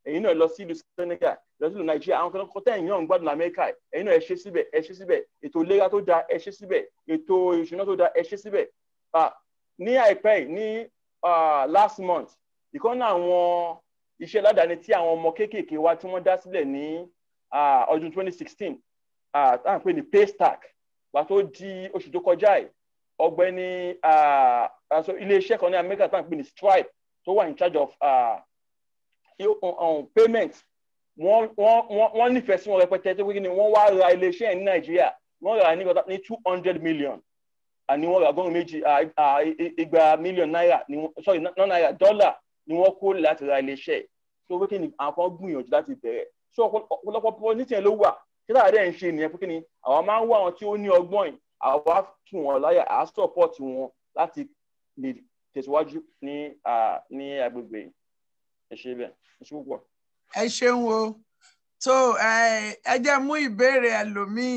ẹ̀yin náà lọ sí ìlú Senegal lọ sí ìlú Nàìjíríà àwọn kan kọ́tà ẹ̀yin náà ń gbádùn Amẹ́ríkà ẹ̀yin náà ẹ ṣe síbẹ̀ ẹ ṣe síbẹ̀ ètò ìlera tó dáa ẹ ṣe síbẹ̀ ètò ìṣúná tó dáa ẹ ṣe síbẹ̀ ní àìpẹ́ yìí ní last month ìkan náà àwọn iṣẹ́ ládàáni tí àwọn ọmọ kéékèèké wa tí wọ́n dá sílẹ̀ ní ọdún 2016 táwọn pè ní paystack wà tó di oṣù tó kọjá yìí ọ̀gbẹ́ni iléeṣẹ́ kan ní Amẹ́ríkà táwọn pè ní Stripe tó wà in charge of uh, on uh, um, payment wọ́n nífẹ̀ẹ́ sí wọn rẹpẹtẹ tó wíkí ni wọ́n wá ra iléeṣẹ́ yẹn ní nàìjíríà wọ́n rà ní ní two hundred million àní wọ́n rà ọgọ́rùn-ún méjì igba million naira. sorry náà náírà dọ́là ni wọ́n kó láti ra iléeṣẹ́ tó wíkí ni àwọn gbìyànjú láti bẹ̀rẹ̀ so ọ̀pọ̀lọpọ̀ pọ̀lítì yẹn ló wà títà àdé ń ṣe nìyẹn pé kí ni àwọn máa ń wá àwọn tí ó ní ọgbọ́n yìí àwa tún wọn láyà à support wọn láti lè tẹ̀síwájú ní agbègbè yìí ẹ ṣeun o tó ẹ jẹ́ mú ìbéèrè ẹlòmíì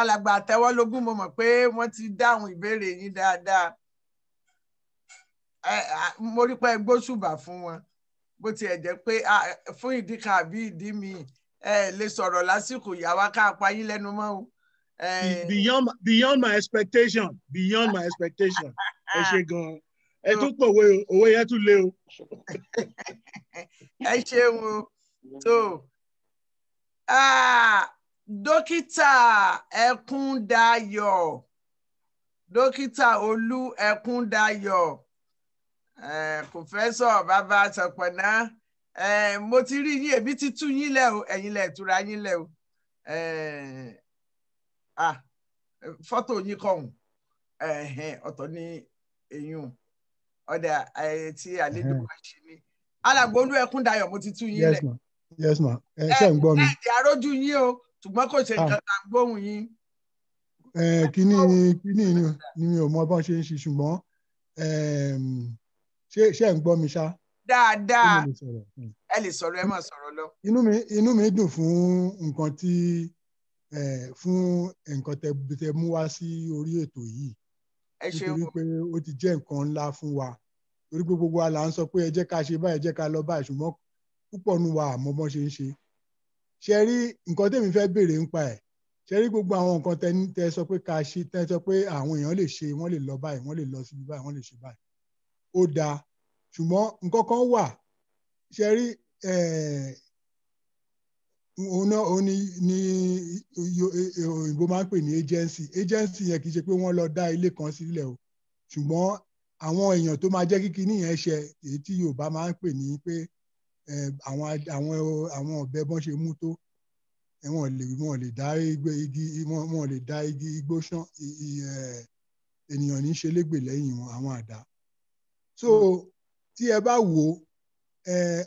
alàgbà àtẹwọ́lógún mo mọ̀ pé wọ́n ti dáhùn ìbéèrè yín dáadáa mo rí pé gbóṣùbà fún wọn bó tiẹ̀ jẹ́ pé fún ìdí kan àbí ìdí míì ẹ lè sọ̀rọ̀ lásìkò ìyàwó ká apáyé lẹ́nu mọ́ o. beyond beyond my expectation beyond my expectation ẹ ṣe gan-an ẹ tún pòwe o òwe yẹn tún lé o. ẹ ṣeun tó dókítà ẹkúndayọ̀ dókítà olú ẹkúndayọ̀ pòfẹ́sọ̀ bàbá sọ̀pọ̀nà mo ti rí yín èmi ti tú yín lẹ̀ o ẹ̀yin lẹ̀ tura yín lẹ̀ o fọ́tò yín kọ̀hún ọ̀tọ̀ ní eyín o ọ̀dà ẹ̀ tí àlejò wa ṣe ni alàgbò olú ẹkún dayọ̀ mo ti tú yín lẹ̀ yes ma ẹ ṣe ń gbọ́ mi. ẹ ẹ àrójú yín o ṣùgbọ́n kò ṣe ah. nǹkan tá à ń gbóhùn yín. kíní kíní ni mi ò mọ bọ́n ṣe ń ṣe ṣùgbọ́n ṣé ń gbọ́ mi ṣá. dáadáa hmm. ẹ lè sọ̀rọ̀ ẹ máa sọ̀rọ̀ lọ. inú mi inú mi dùn fún nǹkan tí fún nǹkan tẹ mú wá sí orí ètò yìí ẹ ṣeun. nítorí pé ó ti jẹ́ nǹkan ńlá fún wa torí pé gbogbo wa là ń sọ pé ẹ jẹ́ ká ṣe báyìí ẹ jẹ́ ká lọ báyìí ṣùgbọ́n púpọ̀ nu wa àmọ́ bọ́n ṣe ń ṣe. ṣe rí nǹkan tèmi fẹ́ béèrè nípa ẹ̀ ṣe rí gbogbo àwọn nǹkan tẹ sọ pé ká ṣe tẹ sọ pé àwọn èèyàn lè ṣe wọ́n lè lọ báyìí wọ́n lè lọ síbi báyìí wọ́n lè ṣe báyìí ó dáa ṣùgbọ́n nǹkan kan wà ṣe rí òun náà ó ní ní òyìnbó máa ń pè ní agency agency yẹn kì í ṣe pé wọ́n lọ dá ilé kan sílẹ̀ o ṣùgbọ́n àwọn èèyàn tó máa jẹ́ kí kinní yẹn ṣe èyí tí Yorùbá máa ń pè ní pé àwọn àwọn àwọn ọ̀bẹ bọ́n ṣe mú tó wọn lè wọn lè dá igi wọn lè dá igi igbó ṣán ènìyàn ní ṣe légbè lẹ́yìn wọn àwọn àdá so tí ẹ bá wò ó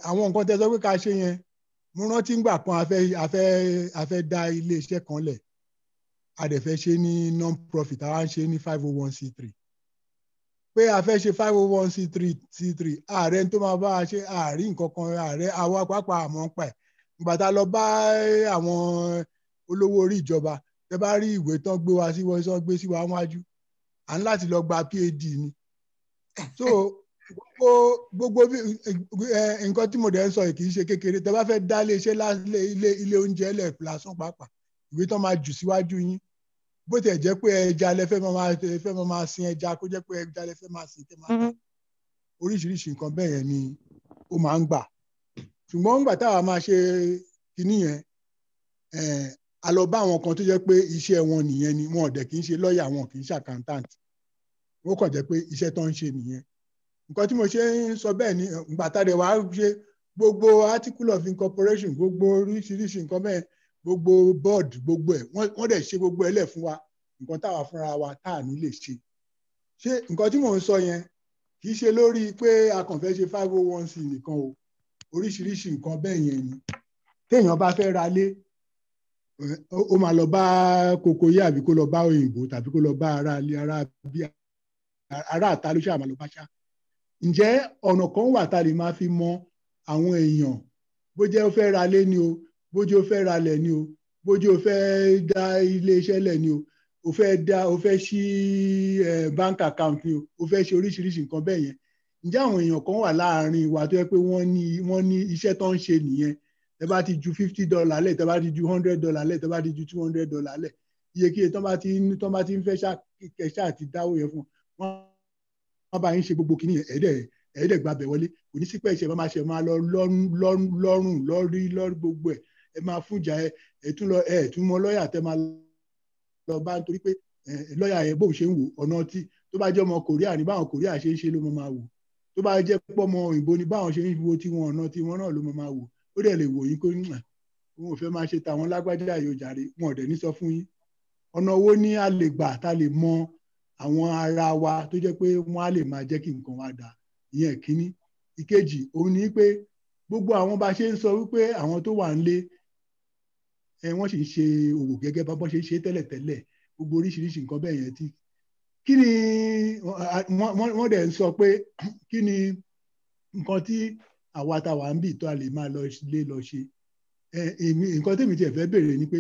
àwọn nǹkan tẹ́ sọ pé ká ṣe yẹn mo rántí ngbà kan a fẹ́ a fẹ́ a iléeṣẹ́ kan lẹ̀ a dẹ̀ fẹ́ ṣe ní non-profit àwa ń ṣe ní five oh one c three pé a fẹ́ ṣe five oh one c three c three ààrẹ tó máa bá a ṣe ààrí nǹkan kan ààrẹ àwa pàápàá àmọ́ ń pa ẹ̀ bàtà lọ bá àwọn olówó orí ìjọba tẹ bá rí ìwé tán gbé wa sí wọn tán gbé sí wa wájú à ń láti lọ gba phd ni so gbogbo nǹkan tí mo dẹ̀ ń sọ yìí kì í ṣe kékeré tẹ bá fẹ́ dá iléeṣẹ́ ilé ilé oúnjẹ lẹ̀ lásán pàápàá ìwé tán máa jù síwájú yín bó tẹ̀ jẹ́ pé ẹja lẹ fẹ́ máa máa sin ẹja kó jẹ́ pé ẹja lẹ fẹ́ máa sin tẹ máa mm-hmm. oríṣiríṣi nǹkan bẹ́ẹ̀ yẹn ni ó máa ń gbà ṣùgbọ́n ń gbà táwa máa ṣe kinní yẹn a lọ bá àwọn kan tó jẹ́ pé iṣẹ́ wọn nìyẹn ni wọn ò dẹ̀ kì í ṣe lọ́ọ̀yà wọn kì í ṣe accountant wọ́n kàn jẹ́ pé iṣẹ́ tó ń ṣe nìyẹn nǹkan tí mo ṣe ń sọ bẹ́ẹ̀ ni gbàtàrẹ wàá ṣe gbogbo article of incorporation gbogbo oríṣiríṣi nǹkan bẹ́ẹ̀ gbogbo board gbogbo ẹ̀ wọ́n dẹ̀ ṣe gbogbo ẹlẹ́ fún wa nǹkan táwa fúnra wa táàní lè ṣe ṣé nǹkan tí mò ń sọ yẹn kì í ṣe lórí pé a kàn fẹ́ ṣe five oh one c nìkan o oríṣiríṣi nǹkan bẹ́ẹ̀ yẹn ni téèyàn bá fẹ́ ra lé ó máa lọ bá kokoyé àbí kó lọ bá òyìnbó tàbí kó lọ bá ara ilé ara bí máa lọ bá ṣáà ǹjẹ́ ọ̀nà kan wà tá a lè máa fi mọ àwọn èèyàn bójẹ́ ó fẹ́ ra lé ni o bójú ó fẹ́ ralẹ̀ ni o bójú ó fẹ́ dá iléeṣẹ́ lẹ̀ ni o ó fẹ́ dá ó fẹ́ ṣí bank account ni o ó fẹ́ ṣe oríṣiríṣi nǹkan bẹ́ẹ̀ yẹn ǹjẹ́ àwọn èèyàn kan wà láàárín wa tó yẹ pé wọ́n ní wọ́n ní iṣẹ́ tó ń ṣe nìyẹn tẹ bá ti ju fifty dollar lẹ̀ tẹ bá ti ju hundred dollar lẹ̀ tẹ bá ti ju two hundred dollar lẹ̀ iyekíye tó bá ti tó bá ti ń fẹ́ ṣá àti dáwọ́ yẹn fún wọn wọ́n bá yín ṣe gbogbo kìíní ẹ̀ẹ́dẹ̀ ẹ̀ẹ́dẹ̀ gbàbẹ̀ wọlé kò ní sí pé ẹ̀ṣẹ̀ máa ṣe máa lọ lọ́rùn lọ́rùn lọ́rí lọ́rí gbogbo ẹ̀ ẹ máa fúnjà ẹ ẹ̀tún lọ ẹ̀ ẹ̀tún mọ lọ́ọ̀yà tẹ máa lọ bá nítorí pé lọ́ọ̀yà ẹ bóun ṣe ń wò ọ̀nà ọtí tó bá jẹ́ ọmọ Korea ní báwọn Korea ṣe ń ṣe ló mọ máa wò tó bá jẹ́ pọ́ ọmọ òyìnbó ní àwọn ara wa tó jẹ́ pé wọ́n á lè máa jẹ́ kí nǹkan wa dà ìyẹn kínní ìkejì òun ni pé gbogbo àwọn bá ṣe ń sọ wípé àwọn tó wà nílé ẹ wọ́n sì ń ṣe òwò gẹ́gẹ́ bá bọ́n ṣe ń ṣe tẹ́lẹ̀tẹ́lẹ̀ gbogbo oríṣiríṣi nǹkan bẹ́ẹ̀ yẹn ti kí ni wọ́n dẹ̀ ń sọ pé kí ni nǹkan tí àwa tá wà ń bì tó a lè máa lọ lé lọ ṣe nǹkan tèmi tiẹ̀ fẹ́ béèrè ni pé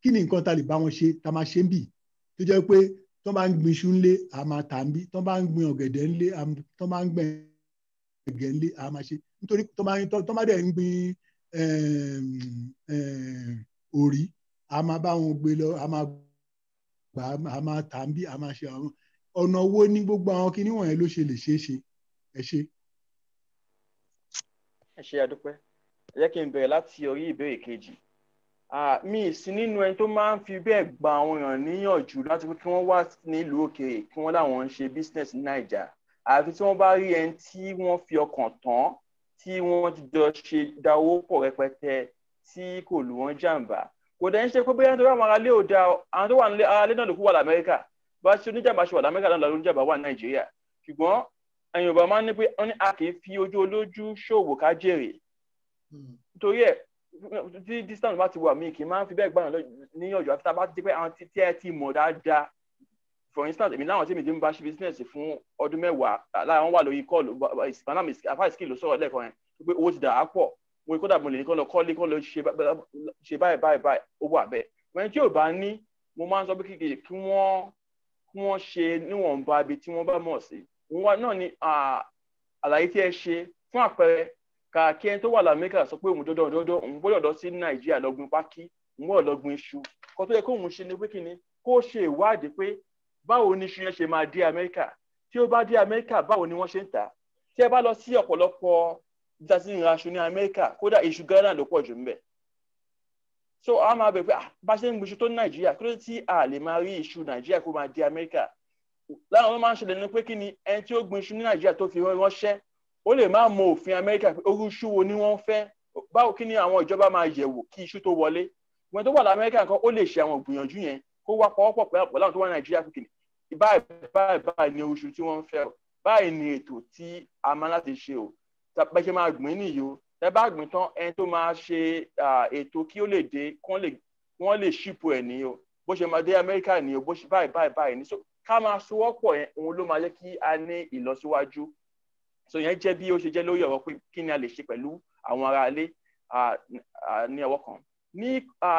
kí ni nǹkan tá lè bá wọn ṣe tá máa ṣe ń bì tó jẹ́ pé tó bá ń gbin iṣu ńlé a máa tà ń bí tó bá ń gbin ọ̀gẹ̀dẹ̀ ńlé tó bá ń gbin ọ̀gẹ̀dẹ̀ ńlé a máa ṣe nítorí tó bá dẹ̀ ń gbin òrí a máa bá wọn gbé lọ a máa gbà a máa tà ń bí a máa ṣe àwọn ọ̀nà owó ní gbogbo àwọn kinní wọ̀nyẹn ló ṣe lè ṣeé ṣe ẹ ṣe. ẹ ṣe àdúpẹ́ ẹ jẹ́ kí n bẹ̀rẹ̀ láti orí ìbéèrè kejì mi sí nínú ẹni tó máa ń fi bẹ́ẹ̀ gba àwọn èèyàn níyànjú láti pé kí wọ́n wá nílùú òkèèrè kí wọ́n láwọn ń ṣe business ní Naija àfi tí wọ́n bá rí ẹni tí wọ́n fi ọkàn tán tí wọ́n ti jọ ṣe dáwó pọ̀ rẹpẹtẹ tí kò lù wọ́n jàǹbá kò dẹ̀ ń ṣe pé bóyá nítorí àwọn aráalé ò dáa àwọn tó wà nílé aráalé náà ló kú wà lamẹ́ríkà bá ṣe oníjàmbá ṣe wà lamẹ́ríkà náà lóníjàmbá wà ní nàìjíríà ṣùgbọ́n ẹ̀yìn ọba máa ń ní pé a kì í fi ojú olójú ṣòwò ká jèrè hmm. nítorí ẹ̀ tí distance bá ti wà mí kì í máa ń fi bẹ́ẹ̀ gbà níyànjú àti tá a bá ti pẹ́ àwọn tí ẹ ti mọ̀ dáadáa for instance èmi láwọn tí mi ti ń bá ṣe business fún ọdún mẹ́wàá lára wọn wà lórí kọ́ọ̀lù ìsìnkànnà mi àfáà skill ló sọ̀rọ̀ lẹ́ẹ̀kan yẹn pé owó ti dà á pọ̀ mo kódà mo lè ní kọ́ lọ kọ́lé kọ́ lọ ṣe báyìí báyìí báyìí owó àbẹ́ wọn tí ò bá ní mo máa ń sọ pé kékeré kí wọ́n kí wọ́n ṣe níwọ̀nba ibi tí wọ́n bá mọ̀ sí wọn náà ni àlàyé tí ẹ ṣe fún àpẹẹrẹ ká kí ẹni tó wà lamẹ́ríkà sọ pé òun dandan dandan òun gbọ́dọ̀ lọ sí nàìjíríà lọ́gbìn pákí òun gbọ́dọ̀ lọ́gbìn iṣu kó tó yẹ kó òun ṣe ni pé kí ni kó ṣe ìwádìí pé báwo ni iṣu yẹn ṣe máa dé amẹ́ríkà tí ó bá dé amẹ́ríkà báwo ni wọ́n ṣe ń tà tí ẹ bá lọ sí ọ̀pọ̀lọpọ̀ níta sí ìrìn aṣọ ní amẹ́ríkà kódà iṣu ghana ló pọ̀ jù ń bẹ̀ so a máa bẹ̀ pé ah, bá ṣe ń gbé iṣu tó ní nàìjíríà kí ló tí a lè máa rí iṣu nàìjíríà kó máa dé amẹ́ríkà láwọn máa ń ṣẹlẹ̀ ní pé kí ni ẹni tí ó gbin iṣu ní nàìjíríà tó fi ránṣẹ́ ó lè má mọ òfin amẹ́ríkà pé orú iṣu wo ni wọ́n fẹ́ báwo kí ni àwọn ìjọba máa yẹ̀wò kí iṣu tó wọlé ìwọ̀n tó wà lamẹ́ríkà kan ó lè ṣe àwọn ìgbìyànjú yẹn kó wá pọ̀wọ́pọ̀ pẹ̀lú àwọn tó wà nàìjíríà fún kìnìún báyìí báyìí báyìí ni oṣù tí wọ́n fẹ́ o báyìí ni ètò tí a máa láti ṣe o bẹ́ẹ̀ ṣe máa gbìn nìyí o ẹ bá gbìn tán ẹni tó máa ṣe ètò kí ó lè dé kí wọ́n lè ṣìpò ẹ̀ ní o bó ṣe máa dé amẹ́ríkà ní o bó ṣe báyìí báyìí báyìí ní so ká máa sowọ́pọ̀ yẹn òun ló máa jẹ́ kí a ní ìlọsíwájú so yẹn jẹ́ bí ó ṣe jẹ́ lórí ọ̀rọ̀ pé kí ni a lè ṣe pẹ̀lú àwọn ará ilé ní ọwọ́ kan ní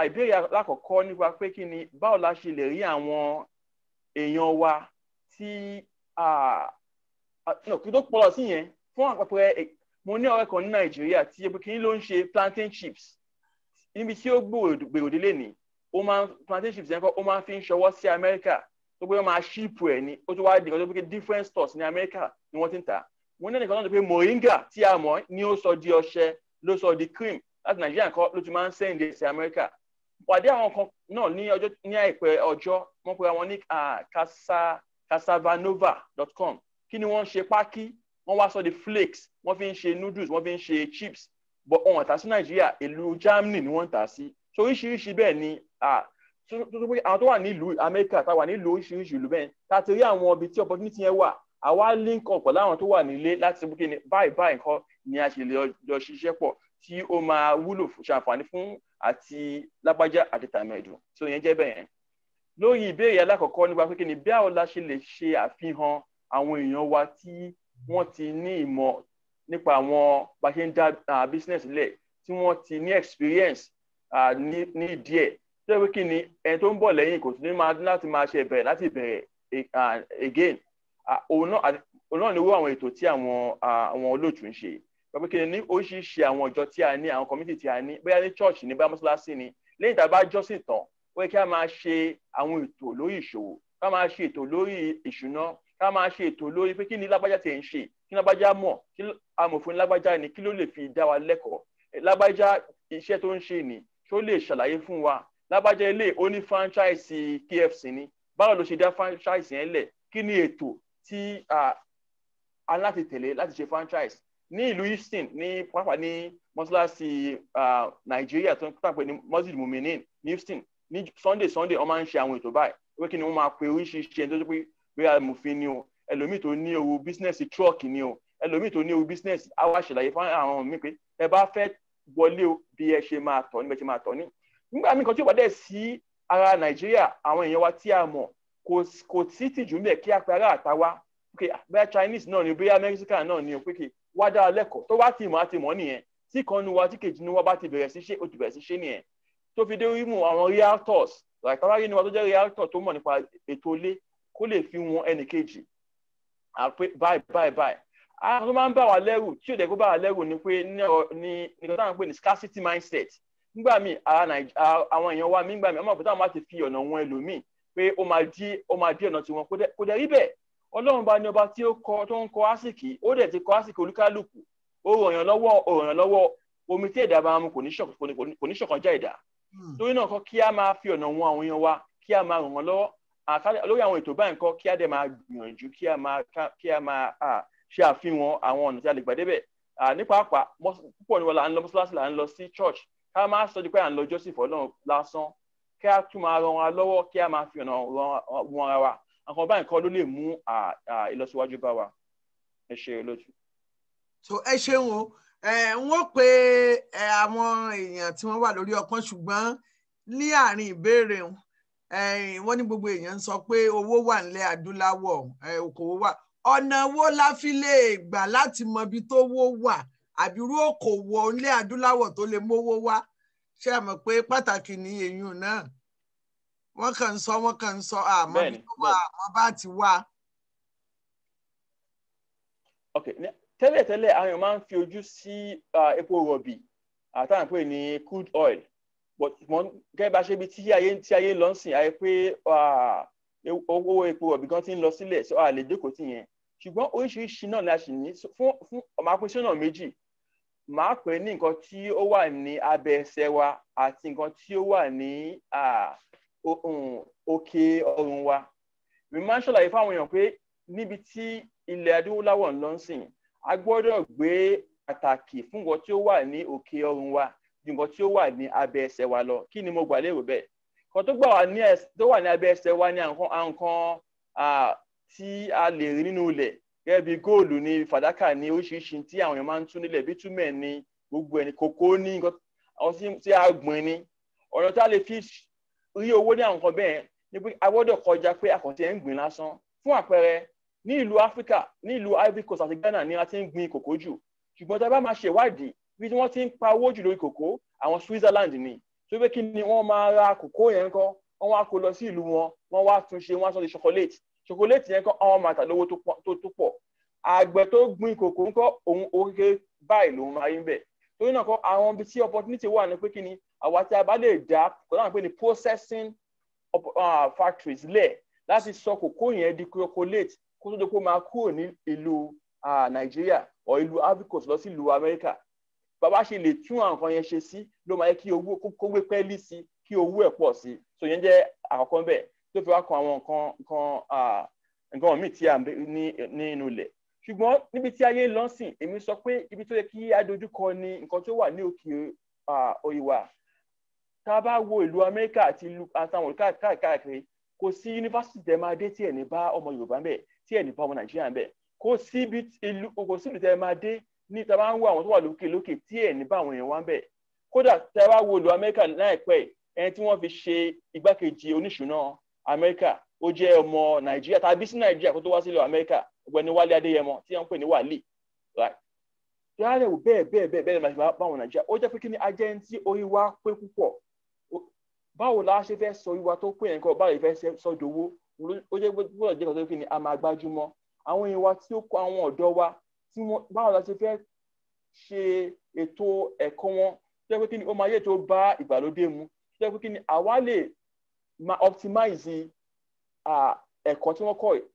ìbéèrè alákọ̀ọ́kọ́ nípa pé kí ni báwo la ṣe lè rí àwọn èèyàn wa tí kí tó pọ̀ lọ sí yẹn fún àpapọ̀ e, mo ní ọ̀rẹ́ kan ní nàìjíríà tí ebi kìíní ló ń ṣe plantain chips níbi tí ó gbèrò délé ní ó máa plantain chips yẹn kọ́ ó máa fi ń ṣọwọ́ sí amẹ́ríkà tó pé wọ́n máa ṣíìpù ẹ̀ ní ó tún wá di ọjọ́ pé different stores ní amẹ́ríkà ni wọ́n ti ń tà á wọ́n ní ẹnìkan náà tó pé moringa tí a mọ̀ ni ó sọ di ọṣẹ ló sọ di cream láti nàìjíríà kọ́ ló ti máa ń sẹ́ǹdì sí amẹ́ríkà pàdé àwọn kan náà ní ọjọ́ ní àìpẹ́ ọjọ́ wọ́n pe àwọn ní casavanova.com kí ni wọ́n ṣe pákí wọ́n wá sọ di flakes wọ́n fi ń ṣe noodles wọ́n fi ń ṣe chips but wọ́n tà sí nàìjíríà ìlú germany ni wọ́n tà sí so oríṣiríṣi bẹ́ẹ̀ ni àwọn tó wà nílùú amẹ́ríkà táwa nílùú oríṣiríṣi ìlú bẹ́ẹ̀ tá ti rí àwọn ibi tí opportunity yẹn wà àwa link up pẹ̀lú àwọn tó wà nílé láti bú kí ni báyìí báyìí nǹkan ni a ṣe lè jọ ṣiṣẹ́ pọ̀ tí ó máa wúlò ṣàǹfààní fún àti lágbájá àti tàmẹ̀dù tó yẹn jẹ́ bẹ́ẹ̀ yẹn lórí ìbéèrè alákọ̀ọ́kọ́ nípa pé kí ni bí àwọn la ṣe lè ṣe àfihàn àwọn èèyàn wa tí wọ́n ti ní ìmọ̀ nípa àwọn bá ṣe ń dá business lẹ̀ tí wọ́n ti ní experience ní díẹ̀ tó yẹ pé kí ni ẹni tó ń bọ̀ lẹ́yìn kò tún ní láti máa ṣe ìbẹ̀rẹ̀ láti ìbẹ̀rẹ̀ again òun náà ni wọ́n àwọn ètò tí àwọn àwọn olóòtú ń ṣe pẹ̀lú kí ni oríṣiríṣi àwọn ìjọ tí a ní àwọn community tí a ní bóyá ní church ní bóyá mọ́ṣáláṣí ni lẹ́yìn tá a bá jọ́sìn tán ó yẹ kí a máa ṣe àwọn ètò lórí ìṣòwò ká máa ṣe ètò lórí ìṣúná ká máa ṣe ètò lórí pé kí ni lágbájá ti ń ṣe kí lágbájá mọ̀ kí amòfin lágbájá ni kí ló lè fi dá wa lẹ́kọ̀ọ́ lágbájá iṣẹ́ tó ń ṣe ni tó lè ṣàlàyé fún wa lágbájá ilé ó franchise KFC ni báwo ló ṣe dá franchise yẹn lẹ̀ kí ni ètò tí a láti tẹ̀lé láti ṣe franchise ní ìlú houston ní pápá ní mọ́ṣáláṣí nàìjíríà tó ń pàpẹ́ ní mosjid muminin ní houston ní sunday sunday wọ́n máa ń ṣe àwọn ètò báyìí pé kí ni wọ́n máa pe oríṣiríṣi ẹni tó ṣe pé bóyá amòfin ni o ẹlòmíì tó ní owó bísínẹ́sì trọ́ọ̀kì ni o ẹlòmíì tó ní owó bísínẹ́sì á wá fún àwọn míì pé ẹ bá fẹ́ wọlé o bí ẹ ṣe máa tọ́ ní bẹ́ẹ̀ ṣe máa tọ́ ní. nígbà míì kan tí ó bá dẹ̀ sí ara nàìjíríà àwọn èèyàn wa tí a mọ̀ kò sí tìjú mẹ́ kí apẹ̀rẹ̀ àtàwa ok ah, bẹ́ẹ̀ Chinese náà ni bóyá Mexican náà ni pé kí wá dára lẹ́kọ̀ọ́ tó bá ti mọ̀ á ti mọ̀ nìyẹn tí kan nu wa tí kejì nu wa bá ti bẹ̀rẹ̀ sí ṣe ó ti bẹ̀rẹ̀ sí ṣe nìyẹn tó fi dé orí mu àwọn realtors ràìtàwárí ni wa tó jẹ́ realtor tó mọ̀ nípa ètò ilé kó lè fi wọn ẹnì kejì àpé báyìí báyìí báyìí àwọn tó máa ń bà wá lẹ́rù tí ò dẹ̀ kó bà wá lẹ́rù ni pé ní nǹkan táwọn pè ní scarcity mindset nígbà míì àwọn èèyàn wa mí nígbà míì ọmọ òkúta wọn ti fi ọ̀nà wọn ẹlòmíì pé ó máa dí ó máa dí ọ̀nà tiwọn kò dẹ̀ rí bẹ́ẹ̀ ọlọ́run bá ní ọba tí ó kọ tó ń kọ àsìkì ó dẹ̀ ti kọ àsìkì olúkálùkù ó ròyàn lọ́wọ́ ó ròyàn lọ́wọ́ omi tí ẹ̀dá bá mu kò ní ṣọ̀kan já ẹ̀dá hmm. torí náà kọ́ kí a máa fi ọ̀nà wọn àwọn èèyàn wa kí a máa ràn wọ́n lọ́wọ́ lórí àwọn ètò báyìí kọ́ kí a dẹ̀ máa gbìyànjú kí a máa kí a máa ṣe àfihàn àwọn ọ̀nà tí a lè gbà débẹ̀ ní pàápàá púpọ̀ ni wọ́n là ń lọ mọ́ṣáláṣí là ń lọ sí church ká máa sọ di pé à ń lọ jọ́sìn fọ́ lọ́run lásán kí a tún máa ran wa lọ́wọ́ kí a máa fi ọ̀nà wọn ara wa àwọn báyìí kan ló lè mú ìlọsíwájú bá wa ẹ ṣe lójú. so ẹ ṣeun o n ó pe àwọn èèyàn tí wọ́n wà lórí ọpọ́n ṣùgbọ́n ní àárín ìbéèrè wọn ní gbogbo èèyàn ń sọ pé owó wà nílẹ̀ adúláwọ̀ okòwò wà ọ̀nà wo la fi lè gbà láti mọ ibi tó wó wà àbí irú okòwò nílẹ̀ adúláwọ̀ tó lè mówó wá ṣé ẹ mọ̀ pé pàtàkì ní èyún náà wọ́n kàn ń sọ wọ́n kàn ń sọ àmọ́ bí wọ́n wà àmọ́ bá ti wà. tẹ́lẹ̀tẹ́lẹ̀ àwọn èèyàn máa ń fi ojú sí epo rọ̀bì àtàwọn pè ní crude oil wọ́n gẹ́gẹ́ bá ṣe bí tí ayé tí ayé lọ ń sìn ayé pé owó epo rọ̀bì gan ti ń lọ sílẹ̀ sọ àlè jókòó tì yẹn ṣùgbọ́n oríṣiríṣi náà ni a sì ní fún ọmọ akúnṣe náà méjì máa pè ní nǹkan tí ó wà ní abẹ́ ẹsẹ̀ wa àti nǹkan tí ó wà ní um, òkè ọrùn wa mi máa ń ṣàlàyé fáwọn èèyàn pé níbi tí ilẹ̀ adúláwọ̀ ń lọ sìn a gbọ́dọ̀ gbé pàtàkì fún nǹkan tí ó wà ní òkè ọrùn wa ju nǹkan tí ó wà ní abẹ́ ẹsẹ̀ wa lọ kí ni mo gbà lérò bẹ́ẹ̀ nǹkan tó gbà wà ní abẹ́ ẹsẹ̀ wa ní àwọn tí a lè rí nínú ilẹ̀ gẹ́gẹ́ bí góòlù ni fàdákà ni oríṣiríṣi tí àwọn èèyàn máa ń tún nílẹ̀ bítúmẹ̀ ni gbogbo ẹni kòkó ní nǹkan tí a gbìn ni ọ̀nà tá a lè fi rí owó ní àwọn nǹkan bẹ́ẹ̀ ni pé a gbọ́dọ̀ kọjá pé àkànṣe ń gbìn lásán fún àpẹẹrẹ ní ìlú Áfíríkà ní ìlú Ivory Coast àti Ghana ni a ti ń gbìn kòkó jù ṣùgbọ́n tá a bá máa ṣèwádìí bí wọ́n ti ń pa owó jù lórí kòkó àwọn Switzerland ni tó pé kí ni wọ́n máa ra kòkó yẹn kọ́ wọ́n wá kó lọ sí ìlú wọn wọ́n wá tún ṣe wọ́n á sọ di ṣokoléètì yẹn kọ́ àwọn máa tà lówó tó pọ̀ àgbẹ̀ tó gbin kòkó ńkọ́ òun oríkè báyìí lòun máa rí ń bẹ̀ torí náà kọ́ àwọn ibi tí opportunity wà ní pé kí ni àwa tí a bá lè dá kọ́ láwọn pé ní processing uh, factories lẹ̀ láti sọ kòkó yẹn di chocolate kó tó dókó máa kúrò ní ìlú uh, Nàìjíríà ọ̀ ìlú africos lọ sí ìlú Amẹ́ríkà bàbá ṣe lè tún àǹkan yẹn ṣe sí ló máa yẹ kí owó kó gbé pẹ́ẹ́lí sí kí owó ẹ̀ pọ̀ sí so yẹn jẹ́ àkọ́kọ́ bẹ́ẹ̀ tó fi wá kan àwọn nǹkan nǹkan nǹkan míì tí a ní nínú ilẹ̀ ṣùgbọ́n níbi tí ayé lọ sìn èmi sọ pé ibi tó yẹ kí a dojúkọ ni nǹkan tó wà ní òkè òyìnbá tá a bá wo ìlú Amẹ́ríkà àti ìlú àtàwọn káàkiri kò sí yunifásitì tẹ máa dé tí ẹ̀ ní bá ọmọ Yorùbá ń bẹ̀ tí ẹ̀ ní bá ọmọ Nàìjíríà ń bẹ̀ kò sí ìlú kò sí ìlú tẹ máa dé ní ìta bá ń wo àwọn tó wà lókè lókè tí ẹ̀ ní bá àwọn èèyàn wá ń bẹ̀ kódà tẹ bá wo ìlú Amẹ́ríkà láìpẹ́ ẹni tí wọ́n fi ṣe igbákejì oníṣùná amẹ́ríkà ó jẹ́ ọmọ nàìjíríà tàbí sí nàìjíríà kó tó wá sílẹ̀ amẹ́ríkà ọ̀gbẹ́ni wálé adéyẹmọ tí wọ́n ń pè ní wálé right yàrá ẹ̀wò bẹ́ẹ̀ bẹ́ẹ̀ bẹ́ẹ̀ bẹ́ẹ̀ máa ṣe báwọn nàìjíríà ó jẹ́ pé kí ni ajẹ́ntì orí wa pé púpọ̀ báwo la ṣe fẹ́ sọ orí wa tó pé nǹkan báwo ìfẹ́ sọ dowó ó jẹ́ pé jẹ́ kọ́tọ́ kí ni a máa gbájúmọ́ àwọn èèyàn wa tí ó kọ àwọn ọ̀dọ́ wa tí wọ́n báwo la ṣe fẹ́ ṣe ètò ẹ̀kọ́ wọn tó jẹ́ pé kí ni ó máa yẹ tó bá ìgbàlódé mu tó jẹ́ pé kí ni àwa lè ma optimize ẹ̀kọ́ tí wọ́n kọ́ yìí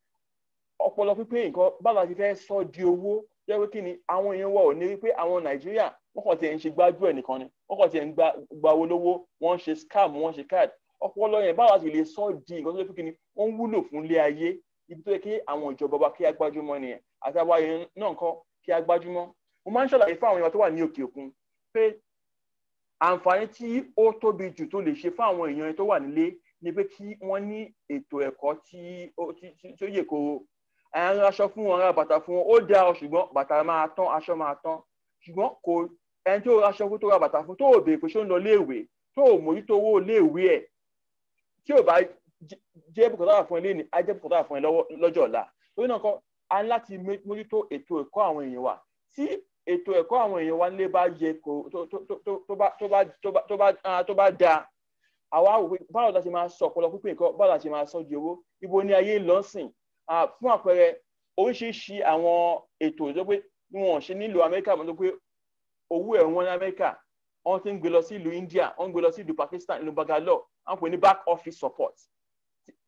ọpọlọ pípé nǹkan báwo la ti fẹ́ sọ di owó jẹ́ pé kí ni àwọn èèyàn wọ̀ ní wípé àwọn nàìjíríà wọ́n kàn tiẹ̀ ń ṣe gbájú ẹ̀ nìkan ni wọ́n kàn tiẹ̀ ń gba owó lówó wọ́n ń ṣe scam wọ́n ń ṣe card ọpọlọ yẹn báwo ti lè sọ di nǹkan tó yẹ kí ni wọ́n wúlò fún ilé ayé ibi tó yẹ kí àwọn ìjọba wa kí a gbájúmọ́ nìyẹn àti àwa yẹn náà kọ́ kí a gbájúmọ́ mo máa ń ṣàlàyé fún àwọn èèyàn tó wà ní òkè òkun pé àǹfààní tí ó tóbi jù tó lè ṣe fún àwọn èèyàn tó wà nílé ni pé kí wọ́n ní ètò ẹ̀kọ́ tí ó yè kó àwọn aṣọ fún wọn ra bàtà fún wọn ó dá ọ ṣùgbọ́n bàtà máa tán aṣọ máa tán ṣùgbọ́n kò ẹni tó ra aṣọ fún tó ra bàtà fún tó ò béèrè pé ṣó ń lọ léèwé tó ò mójútó owó léèwé ẹ̀ tí ò bá jẹ́ bùkátà fún ẹ léèní á jẹ́ bùkátà fún ẹ lọ́jọ́ ọ̀la torí náà kọ́ a ní láti mójútó ètò ẹ̀kọ́ àwọn èèyàn wa tí ètò ẹ̀kọ́ àwọn èèyàn wa nílé bá yẹ kó tó bá dáa àwa wò pé báwo la ṣe máa sọ ọpọlọ pípé nǹkan báwo la ṣe máa sọ di owó ibo ni ayé lọ sìn fún àpẹẹrẹ oríṣiríṣi àwọn ètò tó pé wọn ṣe nílò amẹ́ríkà mọ́ tó pé owó ẹ̀ wọn ní amẹ́ríkà wọ́n ti ń gbé lọ sí ìlú india wọ́n ń gbé lọ sí ìlú pakistan ìlú bangalore wọ́n pè ní back office support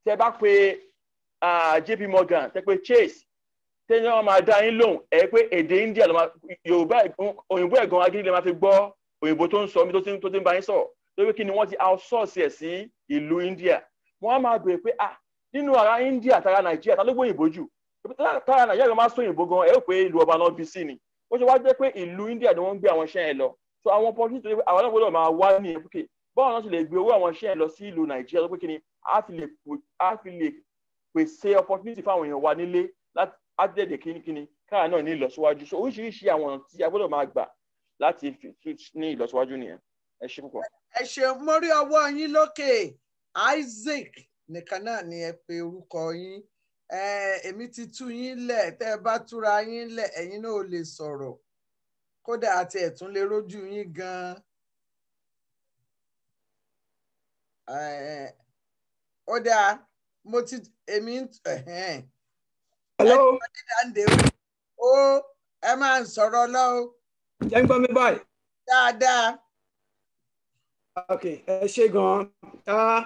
tẹ bá pe jp morgan tẹ pé chase tẹ́yìn wọn máa dá yín lóhùn ẹ̀ pé èdè india yorùbá òyìnbó ẹ̀gàn agídí lè máa fi gbọ́ òyìnbó tó ń sọ mi tó ti ń bá yín sọ̀rọ̀ torí kí ni wọ́n ti outsource ẹ̀ sí ìlú India wọ́n á máa bèèrè pé ah nínú ara India tara Nàìjíríà ta ló gbóyìnbó jù tara Nàìjíríà máa sọ òyìnbó gan ẹ ó pé ìlú ọba náà bí sí ni ó ṣe wá jẹ́ pé ìlú India ni wọ́n ń gbé àwọn iṣẹ́ yẹn lọ so àwọn opportunity tó yẹ pé àwọn náà gbọ́dọ̀ máa wá ní èpùkè báwọn náà ti lè gbé owó àwọn iṣẹ́ yẹn lọ sí ìlú Nàìjíríà tó pé kí ni á fi lè pèsè opportunity fáwọn èèyàn wa nílé láti á dẹ̀dẹ̀ káà náà ní ìlọsíwájú so oríṣiríṣi àwọn ọ̀nà tí a gbọ́dọ̀ máa gbà láti ní ìlọsíwájú nìyẹn ẹ ṣe púpọ̀. yín lókè Isaac nìkan náà ni ẹ pe orúkọ yín èmi ti tú yín lẹ̀ tẹ́ ẹ bá túra yín lẹ̀ ẹ̀yin náà ò lè sọ̀rọ̀ kódà àti ẹ̀tún lè rójú yín gan ó dáa mo ti èmi ń tọ́ ẹ̀hẹ́n. hello. ó ẹ máa ń sọ̀rọ̀ lọ́wọ́. jẹ́ ń gbọ́ mi báyìí. dáadáa ok ẹ ṣe gan-an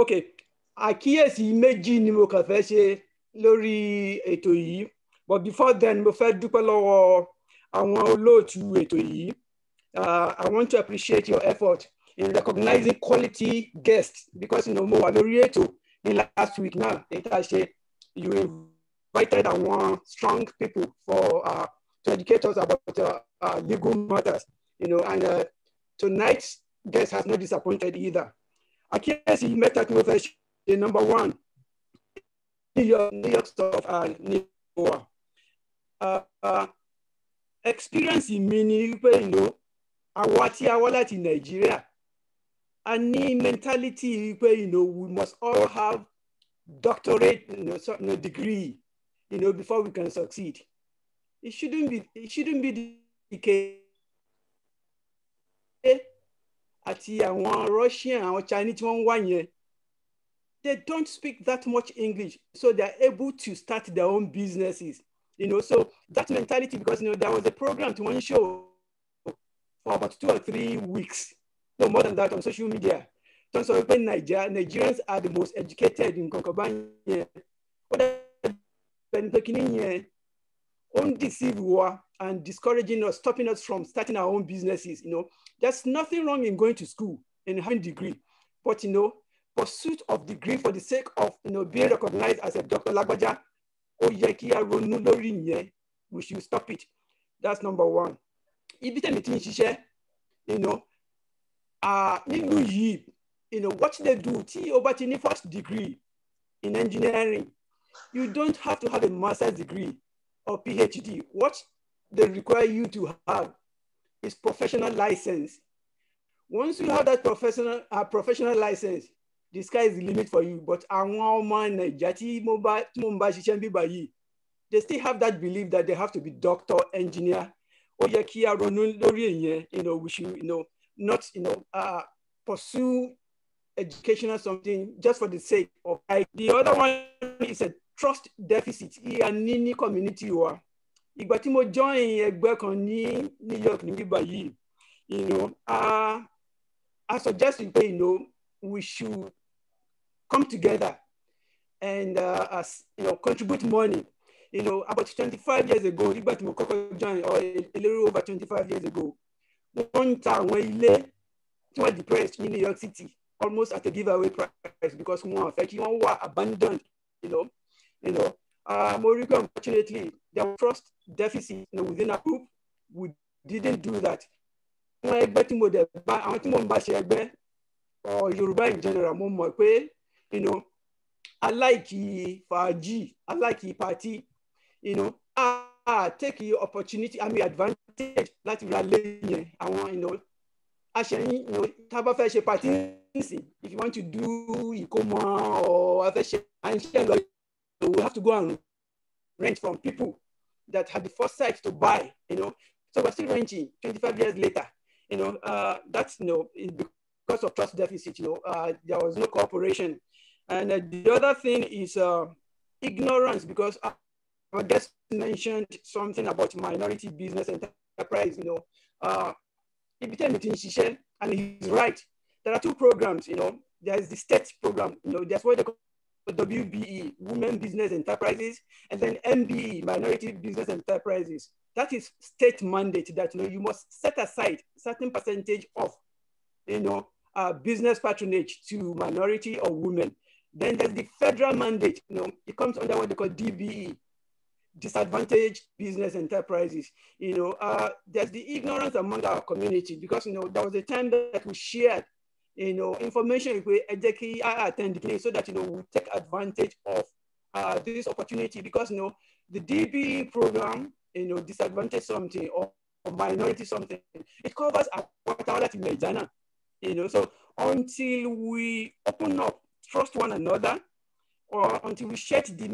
ok àkíyèsí méjì ni mo kàn fẹ́ ṣe lórí ètò yìí but before then mo fẹ́ dúpẹ́ lọ́wọ́ àwọn olóòtú ètò yìí uh, I want to appreciate your effort in recognizing quality guests because you know, mo wà lórí ètò ní last week náà èyí tá a ṣe you invited àwọn strong people for uh, to educate us about uh, uh, legal matters. you know, and uh, tonight's guest has not disappointed either. I Akiesi Metakuvesh, the number one, New York, New York stuff, and New York. Uh, uh, experience mi ni wípé ìlú àwa tí a wá láti nàìjíríà a mentality where you know, we must all have doctorate you know, so, degree you know, before we can succeed. It shouldn't be, it shouldn't be the case. àti àwọn Russian àwọn Chinese tí wọ́n ń wá yẹn they don't speak that much English so they are able to start their own businesses you know so that mentality because you know there was a program to one show for about two or three weeks no more than that on social media tó ń sọ wípé Nigeria Nigerians are the most educated in kan bá yẹn ó dàbẹ̀ ní pé kínní yẹn ó ń deceive wa. and discouraging us, stopping us from starting our own businesses. You know, there's nothing wrong in going to school and having degree, but you know, pursuit of degree for the sake of you know being recognized as a Dr. Lagbaja, Oyekia Ronu Lori we should stop it. That's number one. Ibi tẹ̀mí ti ń ṣiṣẹ́, you know, uh, nínú yìí, you know, what they do, tí o bá ti o ba 1st degree in engineering, you don't have to have a master's degree or PhD. What they require you to have is professional license. Once you have that professional, uh, professional license, the sky is the limit for you. But àwọn ọmọ Nàìjíríà they still have that belief that they have to be doctor, engineer. or yẹ kí you know, we should, you know, not, you know, uh, pursue education or something just for the sake of. Like, the other one is a trust deficit. Ìyá ní ní community are. ìgbà tí mo join ẹgbẹ́ kan ní New York níbí báyìí you know a a suggest pé you know we should come together and uh, as you know contribute money you know about twenty five years ago nígbà tí mo kọ́kọ́ join or a little over twenty five years ago wọ́n ń ta àwọn ilé tí wọ́n depressed ní New York City almost at a giveaway price because wọ́n fẹ́ kí wọ́n wà abandoned you know you know Uh, Morocco, unfortunately, there was trust deficit you know, within our group. We didn't do that. Àwọn ẹgbẹ́ tí mo dẹ̀ bá àwọn tí mo ń bá ṣe ẹgbẹ́ or uh, Yorùbá in general mo mọ̀ pé you know, aláìkí fàájì aláìkí party, you know, a take your opportunity I mean advantage That are ra I want you know, aṣẹ́yìn you know, tá a bá fẹ́ if you want to do ìkómọ or a fẹ́ ṣe à ń we have to go and rent from people that had the foresight to buy, you know. So we're still renting 25 years later, you know. Uh, that's, you know, because of trust deficit, you know, uh, there was no cooperation. And uh, the other thing is uh, ignorance, because I just mentioned something about minority business enterprise, you know. Uh, and he's right. There are two programs, you know. There's the state program, you know, that's what they call WBE, Women Business Enterprises, and then MBE, Minority Business Enterprises. That is state mandate that you know you must set aside certain percentage of, you know, uh, business patronage to minority or women. Then there's the federal mandate. You know, it comes under what they call DBE, disadvantaged business enterprises. You know, uh, there's the ignorance among our community because you know there was a time that we shared you know, information I attend so that, you know, we take advantage of uh, this opportunity because, you know, the DB program, you know, disadvantage something or, or minority something, it covers a quarter in Nigeria, you know, so until we open up, trust one another, or until we shed the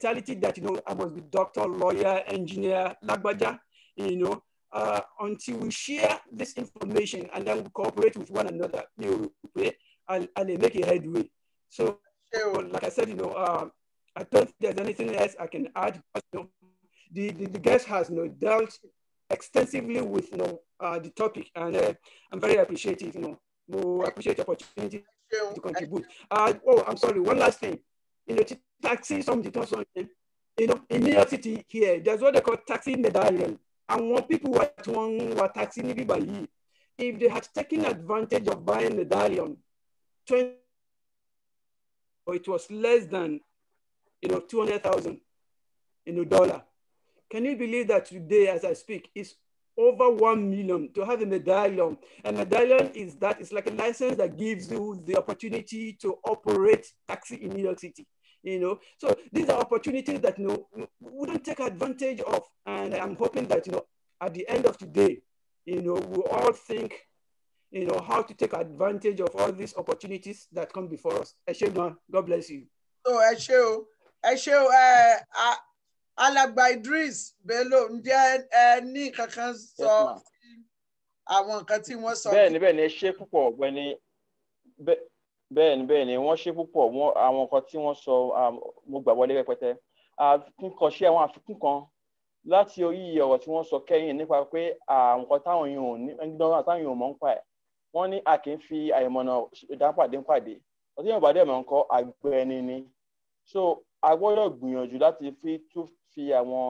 mentality that, you know, I must be doctor, lawyer, engineer, lagbaja, you know, uh, until we share this information and then we cooperate with one another, they will play and, and they make a headway. So, like I said, you know, uh, I don't think there's anything else I can add. You know, the, the, the, guest has you know, dealt extensively with you know, uh, the topic, and uh, I'm very appreciative. You know, we appreciate the opportunity to contribute. Uh, oh, I'm sorry. One last thing. You know, taxi, somebody, something. You know, in New York City here, there's what they call taxi medallion àwọn people were tí were ń wa if they had taken advantage of buying the Dalian twenty or it was less than you know two hundred thousand in a dollar can you believe that today as I speak is over one million to have a medallion. A medallion is that it's like a license that gives you the opportunity to operate taxi in New York City. you know. So these are opportunities that, you know, we don't take advantage of. And I'm hoping that, you know, at the end of today, you know, we all think, you know, how to take advantage of all these opportunities that come before us. Eshema, God bless you. So Eshe, Eshe, uh, Alagba Idris Bello, ǹjẹ́ ẹ ní kankan sọ àwọn nǹkan tí wọ́n sọ. Bẹ́ẹ̀ni bẹ́ẹ̀ni ẹ ṣe púpọ̀ ọ̀gbẹ́ni bẹ́ẹ̀ ni bẹ́ẹ̀ ni wọ́n ṣe púpọ̀ wọ́n àwọn nǹkan tí wọ́n sọ mo gbà wọlé rẹpẹtẹ àfikún kan ṣe àwọn àfikún kan láti orí ọ̀rọ̀ tí wọ́n sọ kẹ́yìn nípa pé nǹkan táwọn èèyàn ò ní ẹgbẹ́ táwọn èèyàn mọ̀ ń pa ẹ̀ wọ́n ní a kì í fi àìmọ̀nà ìdápàdé pàdé ọtí yóò bá dẹ̀ mọ̀ ń kọ́ ẹni ni so a gbọ́dọ̀ gbìyànjú láti fi tún fi àwọn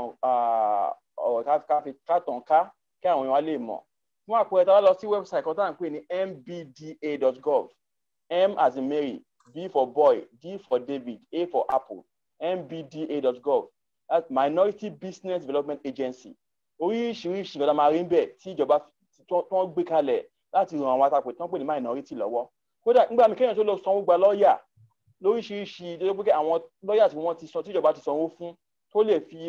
ọ̀rọ̀ ká fi kàtàn ká kí àwọn èèyàn á lè mọ̀ fún àpẹẹrẹ tá a lọ sí wẹ́bsáìtì kan tá à ń pè ní mbda.gov M as in Mary, B for boy, D for David, A for Apple, mbda.gov, that's Minority Business Development Agency. Oríṣiríṣi ìjọba máa rí ń bẹ̀ tí ìjọba tó ń gbé kalẹ̀ láti ràn àwọn atapò tó ń pè ní minority lọ́wọ́. Kódà nígbà mi kéèyàn tó lọ sanwó gba lọ́ọ̀yà lóríṣiríṣi tó yẹ pé àwọn lọ́ọ̀yà tí wọ́n ti san tí ìjọba ti sanwó fún tó lè fi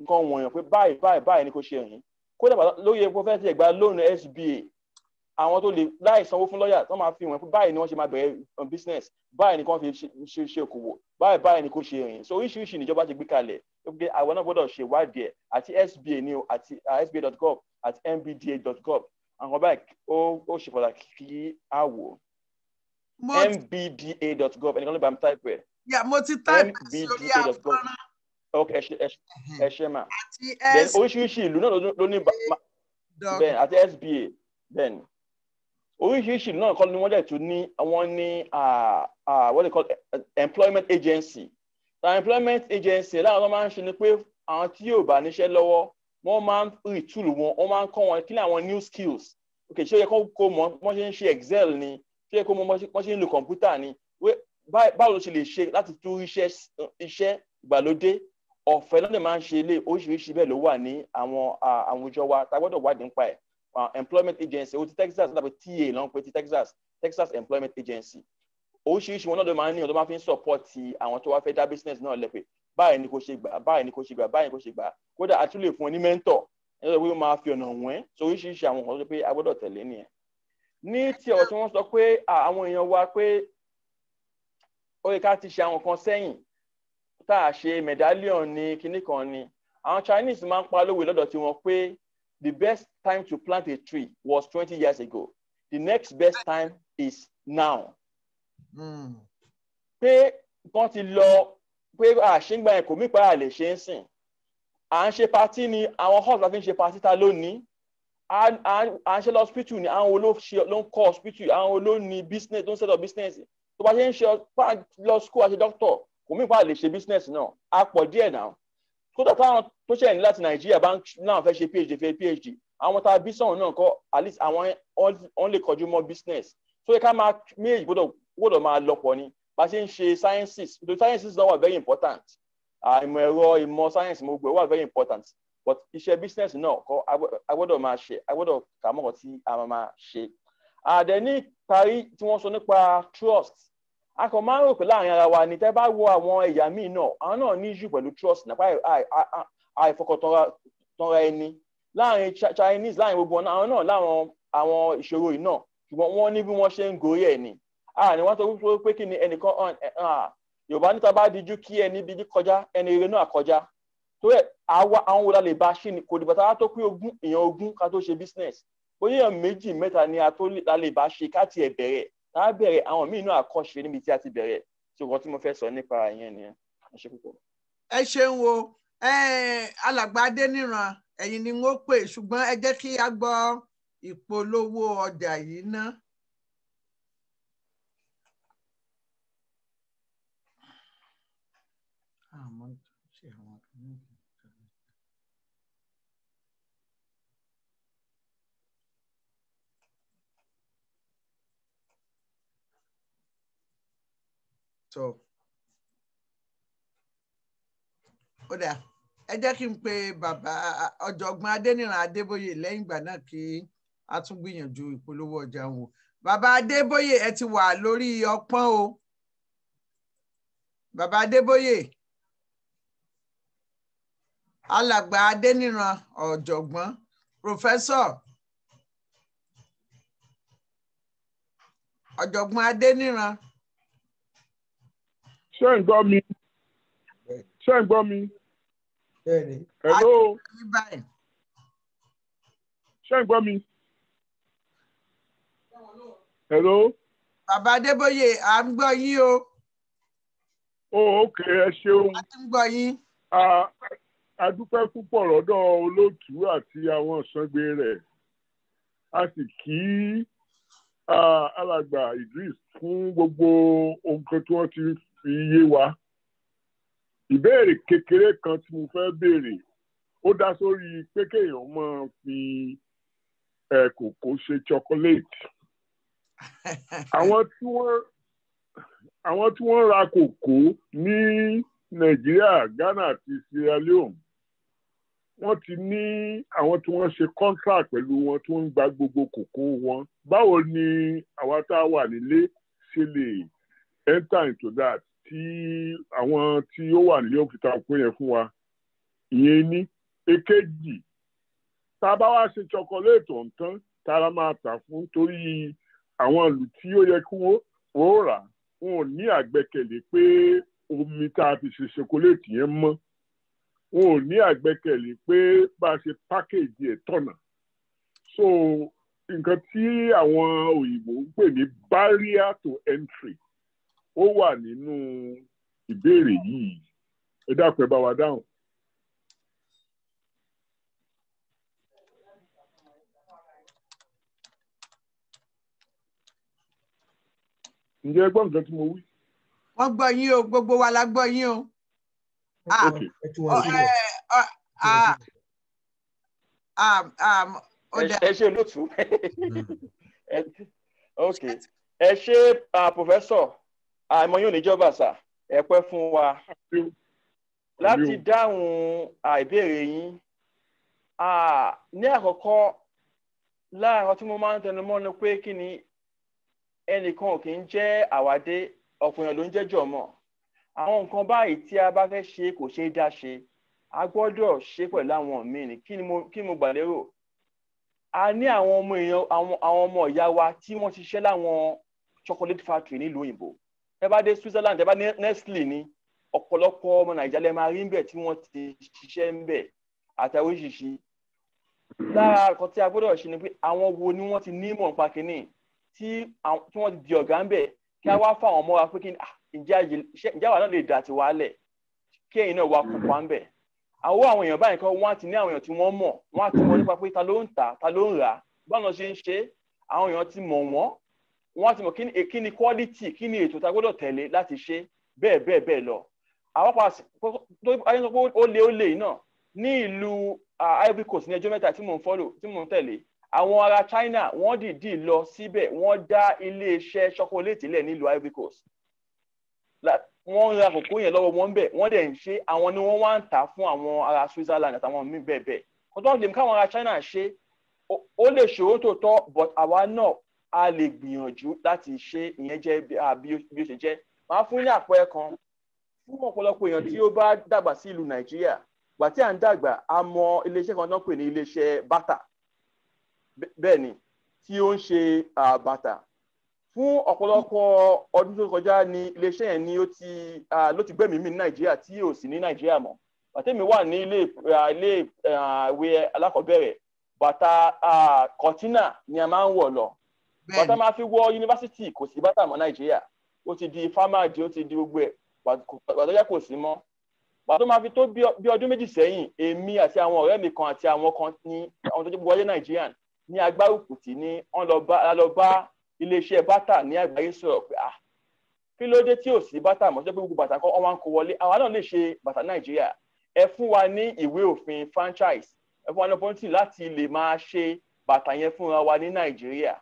nǹkan wọ̀nyàn pé báyìí báyìí báyìí ni kò ṣe rìn. Kódà lóye pé fẹ́ẹ́ ti gba lóònù SBA àwọn tó lè láì sanwó fún lọ́ọ̀yà wọ́n máa fi wọ́n fún báyìí ni wọ́n ṣe máa bẹ̀rẹ̀ um, business báyìí ni kò fi ṣe ṣe okòwò báyìí báyìí ni kò ṣe rìn so oríṣiríṣi níjọba ti gbé kalẹ̀ tó gbé àwọn náà gbọ́dọ̀ ṣe wádìí ẹ̀ àti sba ni o àti sba.gov àti mbda.gov àwọn báyìí ó ṣe pàtàkì kí a wò mbda.gov ẹnìkan ló bá mi type ẹ̀ mbda.gov ok ẹ ṣe mà oríṣiríṣi ìlú náà ló ní bẹ́ẹ̀ àti sba bẹ́ẹ̀ ni oríṣiríṣi náà kọ́ ni wọ́n dẹ̀ tún ní àwọn ní what they call eh, employment agency ta employment agency láwọn tó máa ń ṣe ni pé àwọn tí yóò bá níṣẹ́ lọ́wọ́ wọ́n máa ń rìtúlù wọn wọ́n máa ń kọ́ wọn kí ni àwọn new skills ok ṣé ó yẹ kó mọ wọ́n ṣe ń ṣe excel ni ṣé ó yẹ kó mọ wọ́n ṣe ń lo kọ̀ǹpútà ni báwo ló ṣe lè ṣe láti tú iṣẹ́ ìgbàlódé ọ̀fẹ́ lọ́dẹ̀ máa ń ṣe ilé oríṣiríṣi bẹ́ẹ̀ ló wà ní àwọn àwùjọ wa ta gbọ́dọ̀ wádìí nípa ẹ̀ Uh, employment agency ó ti Texas dàbí TA lọ́n pé ti Texas Texas employment agency oríṣiríṣi wọn náà ló máa ń ní ọdún máa fi ń support àwọn tó wá fẹ́ dá business náà lẹ́pẹ̀ báyìí ni kò ṣe gbà báyìí ni kò ṣe gbà báyìí ni kò ṣe gbà kódà a lè fún ọ ní mentor ẹ sọ pé máa fi ọ̀nà wọ́n so oríṣiríṣi àwọn ọ̀nà tó pé a gbọ́dọ̀ tẹ̀lé nìyẹn ní ti ọ̀rọ̀ tí wọ́n sọ pé àwọn èèyàn wa pé ó yẹ ká ti ṣe àwọn kan sẹ́yìn tá a ṣe medallion ni kinní kan ni àwọn Chinese máa ń pa lówe lọ́dọ̀ tiwọn pé the best time to plant a tree was 20 years ago. The next best time is now. Hmm. Pé wọ́n ti lọ pé àṣìngbà ẹ̀ kò mí pa àlè ṣe ń sìn. À ń ṣe patí ni àwọn hall la fi ń ṣe patí ta lónìí. À ń ṣe lọ hospital ni àwọn ló ń kọ́ hospital àwọn ló ní business ló ń set up business. Tó bá ṣe ń ṣe lọ school àti doctor kò mí pa àlè ṣe business náà. A pọ̀ díẹ̀ náà kódà táwọn tó ṣẹ̀ ní láti nàìjíríà bá náà fẹ́ ṣe phd fẹ́ phd àwọn tá a bí sọ̀hún náà kọ́ at least àwọn ọ̀n lè kọjú mọ́ business so ẹ ká máa méjì gbọ́dọ̀ gbọ́dọ̀ máa lọ́pọ̀ ni bá a ṣe ń ṣe sciences the sciences náà wà very important ìmọ̀ ẹ̀rọ ìmọ̀ science mo gbọ́ wà very important but iṣẹ́ business náà kọ́ a gbọ́dọ̀ máa ṣe a gbọ́dọ̀ kà mọ́ tí a máa ṣe àdẹ ní parí tí wọ́n sọ nípa trust a kò máa ń rò pé láàrin ara wa ni tẹ́ bá wo àwọn ẹ̀yà míì náà àwọn náà ní issue pẹ̀lú trust nípa àìfọkàntánra ẹni láàrin Chinese láàrin gbogbo àwọn náà láwọn àwọn ìṣòro yìí náà ṣùgbọ́n wọ́n ní bí wọ́n ṣe ń gorí ẹ̀ ni àní wọ́n sọ pé kí ni ẹnìkan Yorùbá níta bá dijú kí ẹni bíi kọjá ẹni eré náà kọjá tó yẹ àwa àwọn wo la lè bá ṣí ni kò dìgbà tá a tó pé ogún èèyàn ogún ká tó ṣe business bóyá èèyàn méjì mẹ́ta ni a tó la lè bá ṣe ká tiẹ̀ bẹ̀rẹ̀ tá a bẹ̀rẹ̀ àwọn míì náà àkọ́ṣe níbi tí a ti bẹ̀rẹ̀ ṣùgbọ́n tí mo fẹ́ sọ nípa ìyẹn nìyẹn ẹ ṣe púpọ̀. ẹ ṣeun o alàgbà adéníran ẹ̀yin ni wọ́n pè ṣùgbọ́n ẹ jẹ́ kí a gbọ́ ìpolówó ọjà yìí ná. àmọ́ ah, ṣe àwọn kan náà. So, ó dáa. ẹ jẹ́ kí n pe bàbá ọ̀jọ̀gbọ́n adẹ́nìran adébóyè lẹ́yìn ìgbà náà kí a tún gbìyànjú ìpolówó ọjà wò bàbá adébóyè ẹ ti wà lórí ọpọ́n o bàbá adébóyè alàgbà adẹ́nìran ọ̀jọ̀gbọ́n professor ọ̀jọ̀gbọ́n adẹ́nìran. ṣé ń gbọ́ mi ṣé ń gbọ́ mi. hello ṣé ń gbọ́ mi hello. bàbá adébóyè à ń gbọ́ yín o. o ok ẹ ṣeun. a ti ń gbọ́ yín. a dúpẹ́ púpọ̀ lọ́dọ̀ olóòtú àti àwọn ìṣàngbé rẹ̀ a sì kí alàgbà Idris fún gbogbo nǹkan tí wọ́n ti fi yé wa ìbéèrè kékeré kan tí mo fẹ́ béèrè ó dá sórí pé kéèyàn máa fi kòkó ṣe chocolate àwọn tí wọ́n àwọn tí wọ́n ra kòkó ní nàìjíríà ghana àti sierra leone wọ́n ti ní àwọn tí wọ́n ṣe contract pẹ̀lú wọn tí wọ́n ń gba gbogbo kòkó wọn báwo ni àwa tá a wà nílé ṣe lè enter into that tí àwọn tí ó wà nílé òkúta òkú yẹn fún wa ìyẹn ní èkejì tá a bá wá ṣe chocolate ọ̀ǹtán tá a máa tà fún torí àwọn ìlú tí ó yẹ kí wọ́n rà wọn ò ní àgbẹ́kẹ̀lé pé omi tá a fi ṣe ṣokoléètì yẹn mọ́ wọn ò ní àgbẹ́kẹ̀lé pé bá a ṣe pákéèjì ẹ̀ tọ̀nà so nǹkan tí àwọn òyìnbó ń pè ní barrier to entry ó wà nínú ìbéèrè yìí ẹ dákun ẹ bá wa dáhùn. ǹjẹ́ ẹ gbọ́ nǹkan tí mo wí. wọ́n gbọ́ yín o gbogbo wa la gbọ́ yín o. ẹ ṣe olóòtú hmm. ẹ ṣe ah, professor àìmọ̀ yóò níjọba sà ẹ pẹ́ fún wa láti dáhùn àìbéèrè yín ní àkọ́kọ́ láàárọ̀ tí mo máa ń tẹnu mọ́ ni pé kí ni ẹnìkan ò kì í jẹ́ àwádé ọ̀pọ̀ èèyàn ló ń jẹ́jọ́ mọ̀ àwọn nǹkan báyìí tí a bá fẹ́ ṣe kò ṣeé dá ṣe a gbọ́dọ̀ ṣe pẹ̀lú àwọn míì ni kí ni mo gbà lérò a ní àwọn ọmọ ìyá wa tí wọ́n ṣiṣẹ́ láwọn chocolate factory nílùú òyìnbó ẹ bá dé Switzerland ẹ bá Nestle ni, ọ̀pọ̀lọpọ̀ ọmọ Nàìjíríà lẹ́ẹ̀ máa rí ń bẹ̀ tí wọ́n ti ṣiṣẹ́ ń bẹ̀ àtàwọn òṣìṣì lára nǹkan tí a gbọ́dọ̀ ṣe ni pé àwọn wo ni wọ́n ti ní ìmọ̀ nípa kínní tí wọ́n ti di ọ̀gá ń bẹ̀ kí a wá fún àwọn ọmọ wa pé kí ah, ǹjẹ́ àwa náà lè dà tiwa lẹ̀ kí ẹ̀yin náà wá kópa ń bẹ̀ àwọn àwọn èèyàn báyìí kan wọ́n ti ní àwọn èèyàn tí wọ́n mọ̀ wọ́n ti mọ̀ nípa pé ta ló ń tà ta ló ń rà báwọn ṣe ń ṣe àwọn èèyàn ti mọ̀ wọ́n wọ́n ti mọ̀ eh, kí ni quality kí ni ètò tá a gbọ́dọ̀ tẹ̀lé láti ṣe bẹ́ẹ̀ bẹ́ẹ̀ bẹ́ẹ̀ lọ àwọn pa tó ayé sọ pé ó lé ó lé náà ní ìlú Ivory Coast ní ẹjọ́ mẹ́ta tí mò ń follow tí mò ń tẹ̀lé àwọn ará China wọ́n dìídì lọ síbẹ̀ wọ́n dá iléeṣẹ́ ṣokoléètì lẹ̀ nílùú Ivory Coast wọ́n ń ra kòkó yẹn lọ́wọ́ wọn bẹ̀ wọ́n dẹ̀ ń ṣe àwọn ni wọ́n wá ń tà fún àwọn ará Switzerland àtàwọn míì bẹ́ẹ̀ bẹ́ẹ̀ kò tó ń lè mú káwọn ará China ṣe ó lè ṣòro tó tọ́ but àwa náà a lè gbìyànjú láti ṣe ìyẹn jẹ́ bí ó ṣe jẹ́ màá fún ní àpẹẹrẹ kan fún ọ̀pọ̀lọpọ̀ èèyàn tí ó bá dàgbà sí ìlú nàìjíríà gbà tí à ń dàgbà a mọ iléeṣẹ́ kan náà pè ní iléeṣẹ́ bàtà bẹ́ẹ̀ ni tí ó ń ṣe bàtà fún ọ̀pọ̀lọpọ̀ ọdún tó kọjá ni iléeṣẹ́ yẹn ni ó ti ló ti gbẹ̀mí mi ní nàìjíríà tí ò sí ní nàìjíríà mọ́ bàtà mi wà ní ilé ìwé alákọ̀ọ́bẹ̀rẹ̀ bàtà kọ̀tínà ni a máa ń wọ̀ lọ bọ́tà máa fi wọ yunifásitì kò sí bàtà mọ́ nàìjíríà ó ti di fámáàdì ó ti di gbogbo ẹ̀ pàtó yẹ kò sí mọ́ pàtó máa fi tó bí ọdún méjì sẹ́yìn èmi àti àwọn ọ̀rẹ́ mi kan àti àwọn kan ní àwọn tó wọlé nàìjíríà ní agbárùkù tí ní wọ́n lọ bá iléeṣẹ́ bàtà ní àgbáyé sọ̀rọ̀ pé ah kí ló dé tí ò sí bàtà mọ́ tó pé gbogbo bàtà kan wọ́n wá wọlé àwa náà lè ṣe bàtà nàìjíríà ẹ fún wa ní ìwé òfin franchise ẹ fún wa ní opportunity láti lè máa ṣe bàtà yẹn fúnra wa ní nàìjíríà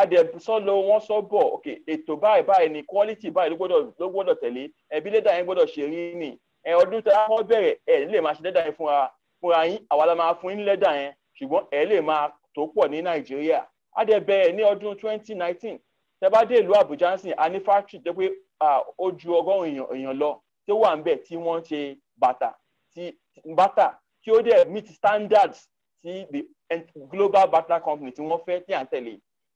adẹ̀sọ́ lọ wọ́n sọ bọ̀ ok ètò báyìí báyìí ni quality báyìí ló gbọ́dọ̀ ló gbọ́dọ̀ tẹ̀lé ẹbí lẹ́dà yẹn gbọ́dọ̀ ṣe rí ni ẹ ọdún tí wọ́n bẹ̀rẹ̀ ẹ lè máa ṣe lẹ́dà yẹn fúnra fúnra yín àwa la máa fún yín lẹ́dà yẹn ṣùgbọ́n ẹ lè máa tó pọ̀ ní nàìjíríà adẹ̀bẹ̀rẹ̀ ní ọdún 2019 tẹ́bá dé ìlú àbújá ń sìn a ní factory tó pé ó ju ọgọ́rùn-ún èèyàn lọ tó wà ńbẹ̀ tí wọ́n ṣe bàtà tí bàtà tí ó dẹ̀ meet standards tí the global bàtà company tí wọ́n fẹ́ tí à ń tẹ̀lé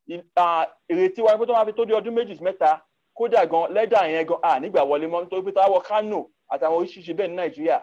ìrètí wa ni pé tó máa fi tó dé ọdún méjì mẹ́ta kódà gan lẹ́dà yẹn gan à nígbà wọlé mọ́ nítorí pé tá a wọ Kano àtàwọn oríṣiríṣi bẹ́ẹ̀ ní Nàìjíríà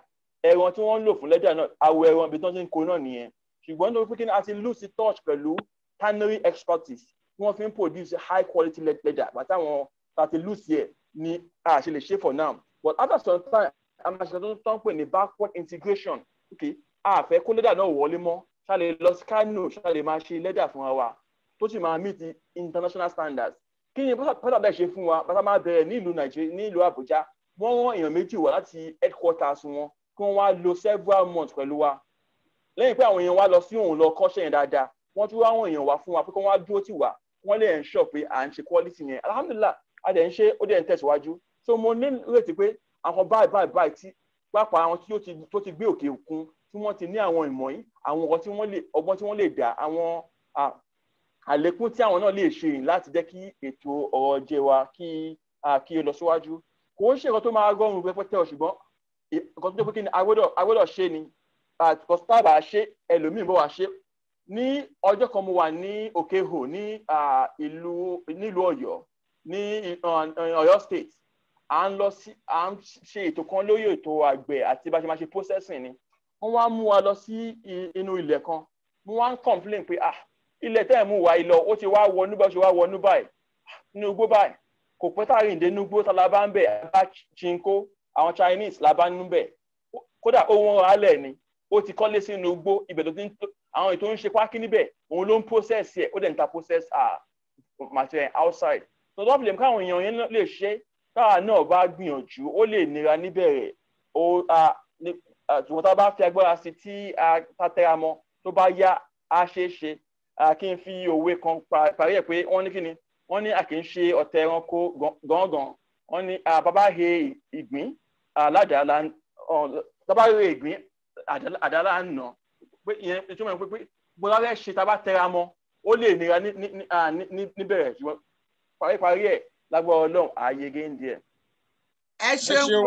ẹran tí wọ́n ń lò fún lẹ́dà náà awọ ẹran ibi tí wọ́n ti ń ko náà nìyẹn ṣùgbọ́n nítorí pé kí ni a ti lose touch pẹ̀lú tannery expertise tí wọ́n fi ń produce high quality leather bàtà wọn tàti lose yẹ ni a ṣe lè ṣe for now but after some time a máa ṣe tó ń pè ní backward integration okay a fẹ́ kó lẹ́dà náà wọlé mọ́ ṣáà lè lọ sí Kano ṣáà lè máa ṣe lẹ́dà fúnra wa tó sì máa meet international standards kí ni pátá bẹ́ẹ̀ ṣe fún wa pátá máa bẹ̀rẹ̀ ní ìlú nàìjíríà ní ìlú àbújá wọ́n rán èèyàn méjì wá láti headquarters wọn kí wọ́n wá lò several months pẹ̀lú wa lẹ́yìn pé àwọn èèyàn wá lọ sí òun lọ kọ́ṣẹ́ yẹn dáadáa wọ́n tún ráwọn èèyàn wá fún wa pé kí wọ́n wá dúró tì wá wọ́n lè ń ṣọ̀ pé à ń ṣe quality yẹn alhamdulillah a dẹ̀ ń ṣe ó dẹ̀ ń tẹ̀síwájú so mo ní ìrètí pé àwọn báyìí báyìí báyìí tí pápá àwọn tó ti gbé òkè òkun tí wọ́n ti ní àwọn ìmọ̀ yìí àwọn ọ̀gọ́ tí wọ́n lè ọgbọ́n tí wọ́n lè dá àwọn àlékún tí àwọn náà lè ṣe láti jẹ́ kí ètò ọrọ̀ ajé wa kí kí ó lọ síwájú kò ń ṣe nǹkan tó máa rọrùn rẹpẹtẹ o ṣùgbọ́n nǹkan tó jẹ́ pé kí ni agbọ́dọ̀ ṣe ni kọ́sítàbà ṣe ẹlòmíì bọ́ wá ṣe ní ọjọ́ kan mo wà ní Òkèhò ní ìlú Ọ̀yọ́ ní Ọ̀yọ́ state à ń lọ sí à ń ṣe ètò kan lórí ètò àgbẹ̀ àti bá ṣe máa ṣe processing ni wọ́n wá mú wa lọ sí inú ilẹ̀ kan mo wá ń complain pé ah ilẹ̀ tẹ́ ẹ̀ mú wá ilọ̀ ó ti wá wọnú báyìí ó ti wá wọnú báyìí nínú igbó báyìí kò pẹ́ tá a rìn dé inú igbó tala bá ń bẹ̀ bá chinko àwọn Chinese la bá ń bẹ̀ kódà ohun alẹ̀ ni ó ti kọ́lé sínú igbó ibẹ̀ tó ti ń tó àwọn ètò ń ṣe pákí níbẹ̀ òun ló ń process yẹ ó dẹ̀ ń ta process ah material outside tó dọ́pìlì káwọn èèyàn yẹn lè ṣe táwa náà bá gbìyànjú ó lè nira níbẹ̀rẹ̀ ó ṣùgbọ́n tá a bá fi agbára sí tí a tẹ́ra mọ́ tó bá yá a ṣeé ṣe kí n fi òwe kan parí ẹ̀ pé wọ́n ní kí ni wọ́n ní a kì í ṣe ọ̀tẹ̀ ẹranko gangan wọ́n ní bàbá he ìgbín aládàá bàbá he ìgbín àdàlà nà pé ìyẹn ìtumọ̀ pé pé bọ́lá rẹ̀ ṣe tá a bá tẹra mọ́ ó lè nira níbẹ̀rẹ̀ ṣùgbọ́n paríparí ẹ̀ lágbára ọlọ́run ààyè géńdé ẹ̀. ẹ ṣeun o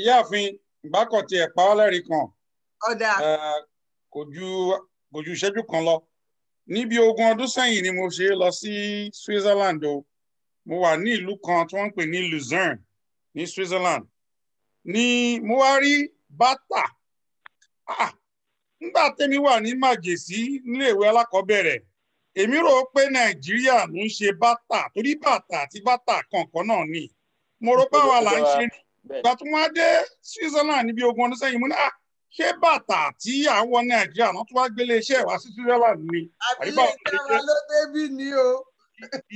ìyáàfin ìgbàkọ̀tì ẹ̀ pa ọ́ lẹ́rìí kan kò ju kò ju ìṣẹ́jú kan lọ ní ogún ọdún sẹ́yìn ni mo ṣe lọ sí Switzerland o mo wà ní ìlú kan tí wọ́n ń pè ní Luzerne ní Switzerland ni mo wá rí bàtà ah nígbà tẹ́mi wà ní màjèsí níléèwé alákọ̀ọ́bẹ̀rẹ̀ èmi rò ó pé nàìjíríà ló ń ṣe bàtà torí bàtà àti bàtà kọ̀ọ̀kan náà ni mo rò pé àwa là ń ṣe nígbà tí wọ́n á dé Switzerland níbi ogún ọdún sẹ́yìn mo ní ah ṣé bàtà tí àwọn nàìjíríà náà tún wá gbélé iṣẹ́ wá sí switzerland ni. àbí ìjọba ló débí ni o.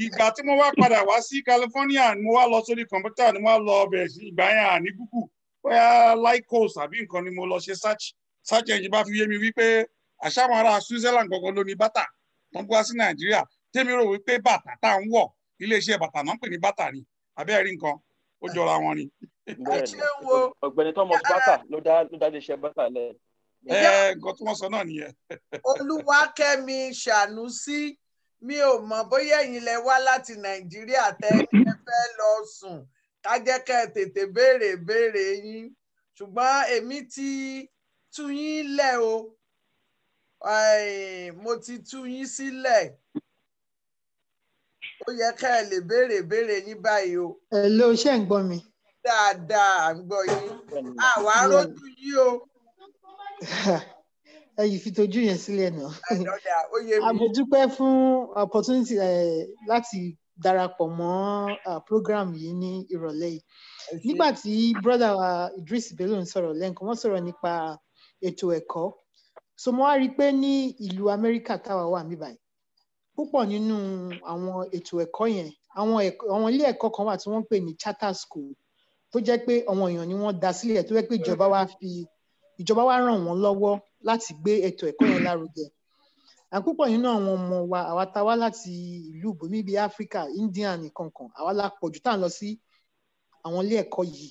ìgbà tí mo wá padà wá sí california ni mo wá lọ sórí kọ̀ǹpútà ni mo wá lọ ọbẹ̀ ìgbà yẹn ní google bóyá lycos àbí nǹkan ni mo lọ ṣe search search engine bá fi yé mi wípé àṣàwọn ará switzerland gangan ló ní bàtà wọn kó wá sí nàìjíríà tèmi rò wípé bàtà tá à ń wọ̀ iléeṣẹ́ bàtà náà ń pè ní bàtà ni àbẹ́ẹ̀rí nǹkan ó jọra wọn ni ọ̀gbẹ́ni Thomas bata ló dá ló dá iléeṣẹ́ bata lẹ. ẹ nǹkan tí wọ́n sọ náà nìyẹn. Olúwakẹ́mi Sanusi mi ò mọ̀ bóyá ẹ̀yin lẹ wá láti Nàìjíríà tẹ́ ẹ fẹ́ lọ sùn ká jẹ́ kẹ́ ẹ tètè béèrè béèrè yín ṣùgbọ́n èmi ti tú yín lẹ̀ o mo ti tú yín sílẹ̀ ó yẹ ká ẹ lè béèrè béèrè yín báyìí o. ẹ ló ṣe ń gbọ́ mi dáadáa à ń gbọ́ yín àwa rójú yí o. ẹ fi tojú yẹn sílẹ̀ náà àmọ̀dúpẹ́ fún opportunity láti darapọ̀ mọ́ program yìí ní ìrọ̀lẹ́ yìí nígbà tí brọ́dà Idris Bello ń sọ̀rọ̀ lẹ́ǹkan wọ́n sọ̀rọ̀ nípa ètò ẹ̀kọ́ so mo wá rí i pé ní ìlú Amẹ́ríkà táwa wà mí báyìí púpọ̀ nínú àwọn ètò ẹ̀kọ́ yẹn àwọn ilé ẹ̀kọ́ kan wà tí wọ́n ń pè ní charter school tó jẹ́ pé àwọn èèyàn ni wọ́n dá sílẹ̀ tó jẹ́ pé ìjọba wa fi ìjọba wa ràn wọ́n lọ́wọ́ láti gbé ètò ẹ̀kọ́ yẹn lárugẹ àpúpọ̀ nínú àwọn ọmọ wa àwa ta wá láti ìlú bòmí bíi Áfíríkà India nìkankan àwa la pọ̀jù tá à ń lọ sí àwọn ilé ẹ̀kọ́ yìí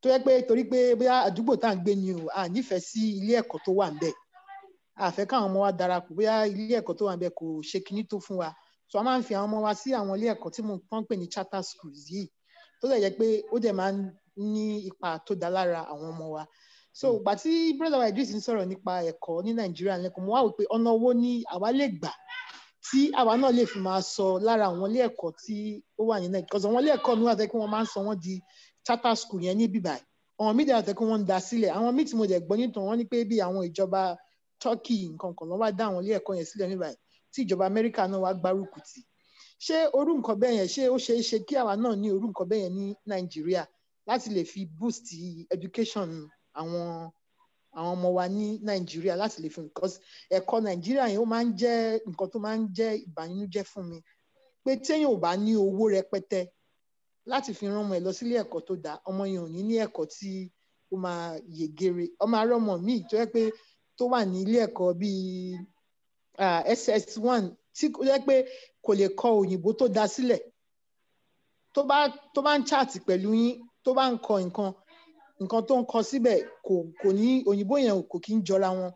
tó yẹ pé torí pé bóyá àdúgbò tá à ń gbé ni o a nífẹ̀ẹ́ sí ilé ẹ̀kọ́ tó wà ńbẹ̀ àfẹ́ káwọn ọmọ wa darapọ̀ bóyá ilé ẹ̀kọ́ tó wà ńbẹ̀ kò ṣe kinní tó fún wa so a ń fi àwọn ọmọ wa sí àwọn ilé ẹ̀kọ́ tí mo pọ́n pè ní charter schools yìí tó lè jẹ́ pé ó dẹ̀ máa ń ní ipa tó dá lára àwọn ọmọ wa so hmm. ìgbà tí brother wa Idris ń sọ̀rọ̀ nípa ẹ̀kọ́ ní Nàìjíríà lẹ́kọ̀ọ́ mo wá wò pé ọ̀nà wo ni àwa lè gbà tí àwa náà lè fi máa sọ lára àwọn ilé ẹ̀kọ́ tí ó wà ní Nàìjíríà because àwọn ilé ẹ̀kọ́ mi wà tẹ́ kí wọ́n máa ń sọ wọ́n di charter school yẹn ní bíbáyìí àwọn míì dàgbà tẹ́kọ̀ wọ́n ń da sílẹ̀ àwọn míì tí mo dẹ̀ gbọ́ nítorí wọ́n ní pé bí àwọn ìjọba Turkey nǹkan kan ló dá àwọn ilé ẹ̀kọ́ yẹn sílẹ̀ níbàyìí tí ìjọba Amẹ́ríkà náà wá gbárùkù tì ṣé orú nǹkan bẹ́ẹ̀ yẹn ṣé ó ṣeé ṣe kí àwa náà ní orú nǹkan bẹ́ẹ̀ yẹn ní nàìjíríà láti lè fi boost education àwọn àwọn ọmọ wa ní nàìjíríà láti lè fi because ẹ̀kọ́ nàìjíríà yẹn ó máa ń jẹ́ nǹkan tó máa ń jẹ́ ìbànújẹ́ fún mi pé téèyàn ò bá ní owó rẹpẹtẹ láti fi rán ọmọ ẹ lọ sílé ẹ̀kọ́ tó dáa ọmọ yẹn ò ní ní ẹ̀kọ́ tí ó máa yegere ọmọ ará ọmọ míì tó yẹ pé tó wà ní ilé ẹ̀kọ́ bíi ah, ss one tí ó yẹ pé kò lè kọ òyìnbó tó dá sílẹ̀ tó bá tó bá ń chat pẹ̀lú yín tó bá ń kọ nǹkan nǹkan tó ń kọ síbẹ̀ kò kò ní òyìnbó yẹn kò kí ń jọra wọn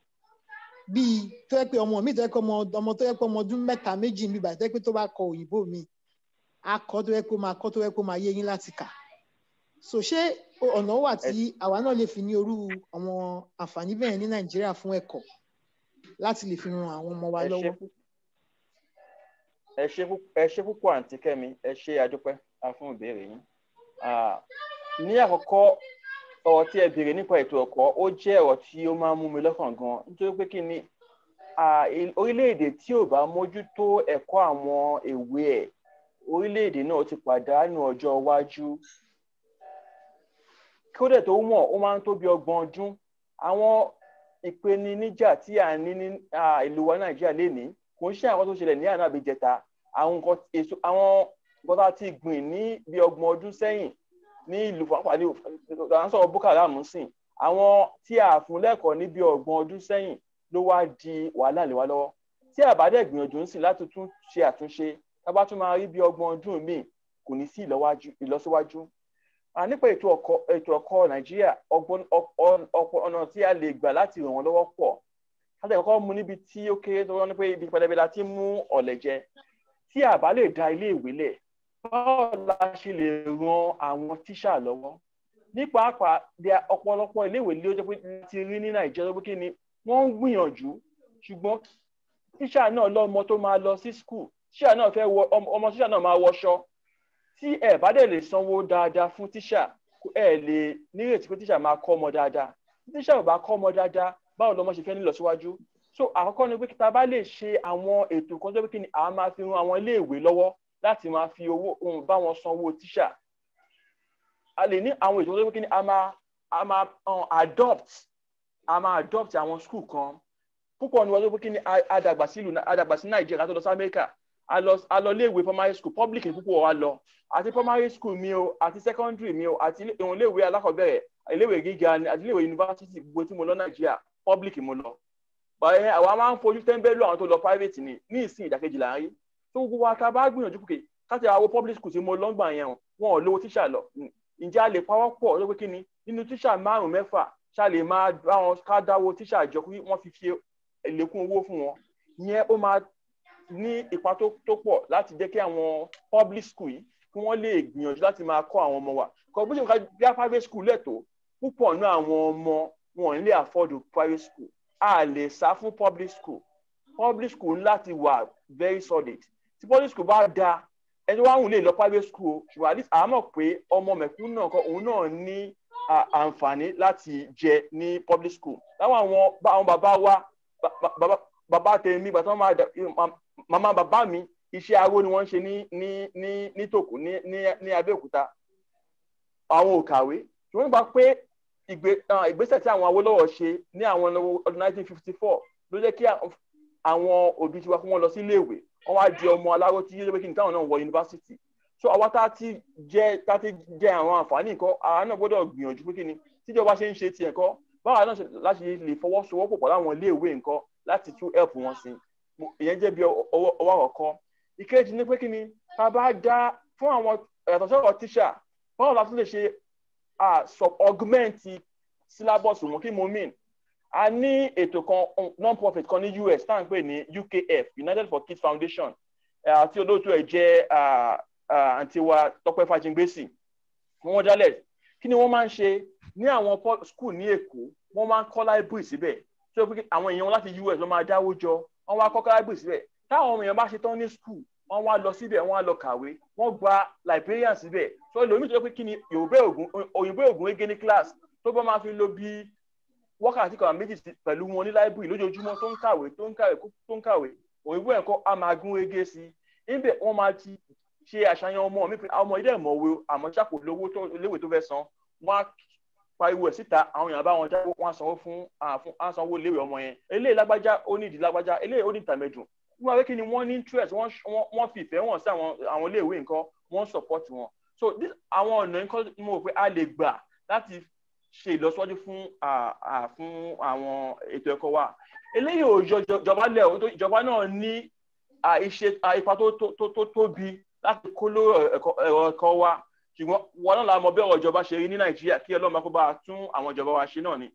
bíi tó yẹ pé ọmọ mi tó yẹ pé ọmọ ọmọ tó yẹ pé ọmọ ọdún mẹ́ta méjì mi bàtẹ́ pé tó bá kọ òyìnbó mi akọ tó yẹ pé máa kọ tó yẹ pé máa yé yín láti kà so ṣé ọ̀nà wà tí àwa náà lè fi ní orú àwọn àǹfààní bẹ́ẹ̀ ní Nàìjíríà fún ẹ̀kọ́ láti lè fi ran àwọn ọmọ wa lọ́wọ́ ẹ ṣe púpọ̀ àǹtí kẹ́mi ẹ ṣe àdúpẹ́ fún ìbéèrè yín ní àkọ́kọ́ ọ̀rọ̀ tí ẹ béèrè nípa ètò ẹ̀kọ́ ó jẹ́ ọ̀rọ̀ tí ó máa ń mú mi lọ́kàn gan nítorí pé kí ni orílẹ̀-èdè tí ò bá mójútó ẹ̀kọ́ àwọn èwe ẹ̀ orílẹ̀-èdè náà ti pàdánù ọjọ́ iwájú kí ó dẹ̀ tó mọ̀ ó máa ń tó bí ọgbọ̀n ọdún àwọn ìpèníjà tí à ń ní ní ìlú wa Nàìjíríà lénìí kò ṣe àwọn tó ṣẹlẹ̀ ní àná àbí jẹta àwọn nǹkan èso àwọn nǹkan tá a ti gbìn ní bí ọgbọ̀n ọdún sẹ́yìn ní ìlú pàápàá sọ̀rọ̀ Boko Haram sìn àwọn tí a fún lẹ́kọ̀ọ́ ní bí ọgbọ̀n ọdún sẹ́yìn ló wá di wàhálà lé wa lọ́wọ́ tí àbádẹ́ gbìyànjú ń sìn láti tún ṣe àtúnṣe tábà tún máa rí bí ọgbọ̀n ọdún míì kò ní sí ìlọsíwájú nípa ètò ọkọ̀ Nàìjíríà ọ̀nà tí a lè gbà láti ràn wọ́n lọ́wọ́ pọ̀ kátẹ́ kọ́kọ́ mu níbi tí ó kéré tó wọ́n ní pé ibi pẹlẹbẹ la ti mú ọ̀lẹ̀ jẹ tí a bá lè da ilé ìwé lẹ̀ báwo la ṣe lè ran àwọn tíṣà lọ́wọ́ nípa àpà ọ̀pọ̀lọpọ̀ ilé ìwé ló jẹ́ pé ti rí ní nàìjíríà pé kí ni wọ́n ń gbìyànjú ṣùgbọ́n tíṣà náà lọ́mọ tó máa lọ sí skul tíṣà náà fẹ́ wọ ọmọ tíṣà náà máa wọṣọ tí ẹ bá dẹ̀ lè sanwó dáadáa fún tíṣà ẹ lè nírètí pé tíṣà máa kọ́ ọmọ dáadáa tíṣà ò bá kọ́ ọmọ dáadáa báwo lọmọ ṣe fẹ́ ní ìlọsíwájú so àkọ́kọ́ ni pé kí ta bá lè ṣe àwọn ètò kan tó pé kí ni àá máa fi ran àwọn iléèwé lọ́wọ́ láti máa fi owó ohun bá wọn san owó tíṣà a lè ní àwọn ètò tó pé kí a máa a máa um, adopt a máa adopt àwọn school kan púpọ̀ ni wọ́n tó pé kí ni adàgbà sí ìlú adàgbà sí nàìjíríà tó lọ sí amẹ́ríkà a lọ a lọ iléèwé primary school public púpọ̀ wa lọ àti primary school mi o àti secondary mi o àti ìhun iléèwé alákọ̀ọ́bẹ̀rẹ̀ iléèwé gíga àti iléèwé yunifásitì gbogbo tí mo lọ nàìjíríà public mo lọ báyẹn eh, àwa máa ń fojú tẹ́ńbẹ́lú àwọn tó lọ private ni ní ìsìn ìdàkejì là ń rí tó gbogbo wa ká bá gbìyànjú kùkè káti àwọn public school tí mo lọ ń gbà yẹn wọn ò lówó tíṣà lọ ǹjẹ́ a lè pawọ́ pọ̀ ló pé kí ni nínú tíṣà márùn-ún mẹ́fà ṣá lè máa bá wọn ká dáwọ́ tíṣà jọ kí wọ́n fi ṣe ẹ̀lẹ́kùn owó fún wọn yẹn ó máa ní ipa tó pọ̀ láti jẹ́ kí àwọn public school yìí kí wọ́n lè gbìyànjú láti máa kọ́ àwọn ọmọ wa kọ́ bí private school lẹ́tọ̀ọ́ púpọ̀ náà wọn lè afford private school a lè sá fún public school public school láti wà very solid tí public school bá da ẹni wá wùn lè lọ private school ṣùgbọ́n at least a mọ̀ pé ọmọ mẹ̀kún náà kan òun náà ní àǹfààní láti jẹ ní public school láwọn àwọn àwọn bàbá wa bàbá tèmi bàtà màmá bàbá mi iṣẹ́ aró ni wọ́n ń ṣe ní ní ní ní tòkù ní ní ní abẹ́òkúta àwọn ò kàwé ṣùgbọ́n nípa pé Ah, ìgbésẹ̀ tí àwọn Awólọ́wọ̀ ṣe ní àwọn ọdún 1954 ló jẹ́ kí àwọn òbí tiwa kí wọ́n lọ sí iléèwé wọ́n wá di ọmọ aláró tí yíyọ pé kí n táwọn náà wọ yunifásitì so àwa tá ti jẹ tá ti jẹ àwọn àǹfààní nǹkan àwa náà gbọ́dọ̀ gbìyànjú pé kí ni tíjọba ṣe ń ṣe tiẹ̀ kọ́ báwa náà láti lè fọwọ́sowọ́pọ̀ pọ̀ láwọn iléèwé nǹkan láti tún help wọn sí ìyẹn jẹ́ bí ọwọ́ àkọ́kọ́ ìkejì ni pé kí ni tá a bá dá fún àwọn ìyàtọ̀ sọ̀rọ̀ tíṣà báwo la tún lè ṣe a sub augment syllabus wọn kí mo mean a ní ètò kan non-profit kan ní US tá à ń pè ní UKF United for Kids Foundation àti olóòtú ẹ̀ jẹ́ àǹtí wa Tọ́pẹ́ Fájíngbèsì wọ́n jálẹ̀ kí ni wọ́n máa ń ṣe ní àwọn school ní Èkó wọ́n máa ń kọ́ library síbẹ̀ tí àwọn èèyàn láti US wọ́n máa dáwó jọ wọ́n wá kọ́ library síbẹ̀ táwọn èèyàn bá ṣe tán ní school wọ́n wá lọ síbẹ̀ wọ́n á lọ kàwé wọ́n gba librarian síbẹ̀ tó lómi tó yẹ pé kí ni òyìnbó ògùn ege ní class tó bá máa fi lo bí wákàtí kan méjì pẹ̀lú wọn ní library lójoojúmọ́ tó ń kàwé tó ń kàwé tó ń kàwé òyìnbó ẹ̀kọ́ a máa gún ege sí i níbẹ̀ wọ́n máa ti ṣe àṣàyàn ọmọ mi pé ọmọ ilé ẹ̀mọ́ wo àmọ́ ṣàpò lówó tó léwé tó fẹ́ san wọ́n á pariwo ẹ̀ síta àwọn èèyàn bá wọn jáwọ́ wọn á sanwó fún àsanwó léwé ọmọ yẹn eléyìí lágbájá ó ní ìdí lágbájá eléyìí ó ní ìtàmẹ̀dùn wọ́n wá kí ni wọ́n ní interest wọ́n fi ìfẹ́ wọn sí àwọn iléèwé nǹkan wọ́n support wọn so àwọn ọ̀nà nǹkan mo rò pé a lè gbà láti ṣe ìlọsíwájú fún fún àwọn ètò ẹ̀kọ́ wa eléyìí ò yọ ìjọba lẹ̀ o ìjọba náà ní iṣẹ́ ipa tó tóbi láti kó lórí ẹ̀rọ ẹ̀kọ́ wa ṣùgbọ́n wọn náà la mọ bí ọ̀rọ̀ ìjọba ṣe rí ní nàìjíríà kí ọlọ́run bá kó bá a tún àwọn ìjọba wa ṣe náà ni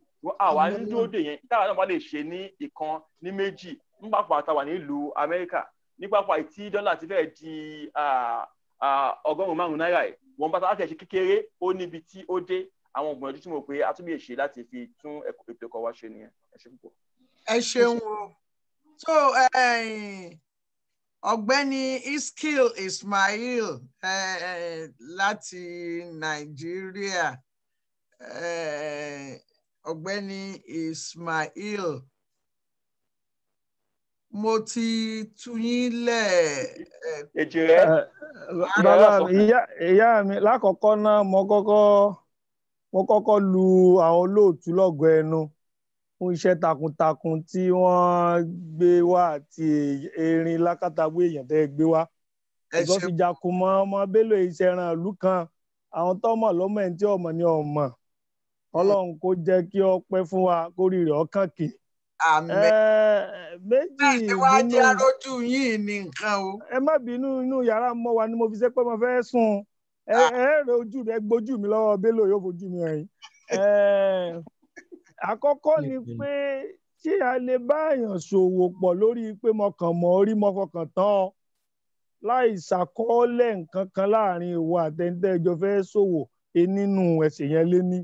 àwa ń dúró dè yẹn táwa náà bá lè ṣe ní ìkan ní méjì nígbàpọ̀ àtàwà nílùú amẹ́ríkà nígbàpọ̀ àìtí dọ́là ti fẹ́ẹ́ di ọgọ́rùn-ún márùn-ún náírà ẹ̀ wọ́n bá tá láti ẹ̀ ṣe kékeré ó níbi tí ó dé àwọn gbìyànjú tí mo pé a tún bí èṣe láti fi tún ètò ẹ̀kọ́ wa ṣe nìyẹn ẹ ṣe púpọ̀. ẹ ṣeun o so eh, ọ̀gbẹ́ni Iskil Ismail eh, láti Nàìjíríà eh, ọ̀gbẹ́ni Ismail mo ti tú yín lẹ̀. èjì rẹ. bàbá ìyá mi lákọ̀ọ́kọ́ náà mo kọ́kọ́ mo kọ́kọ́ lu àwọn olóòtú lọ́gọ̀ọ́ ẹnu fún iṣẹ́ takuntakun tí wọ́n gbé wá àti erin lákàtàwé èèyàn tẹ́ gbé wá. ẹ̀sọ́ fi jakun mọ́ ọmọ bello ìṣẹ̀ràn ìlú kan àwọn tọ́mọ̀ lọ́mọ ẹ̀ ń tí ọmọ ni ọmọ ọlọ́run kó jẹ́ kí ọ pẹ́ fún wa kórìíra ọkàn kìí àmín. méjì wá jẹ́ arójú yìí ní nǹkan o. ẹ má bínú inú yàrá mọ́ wa ni mo fi ṣe pé mo fẹ́ sùn ẹ ah. ẹ rẹ ojú rẹ gbójú mi lọ́wọ́ bello yóò fojú mi rìn. àkọ́kọ́ ni pé tí a lè báyàn ṣòwò pọ̀ lórí pé mo kàn mọ́ orí mo fọkàn tán láì ṣàkọọ́lẹ̀ nǹkan kan láàrin ìwọ àtẹ̀ǹtẹ̀ ìjọ fẹ́ ṣòwò e nínú ẹ̀sìn yẹn lé ní.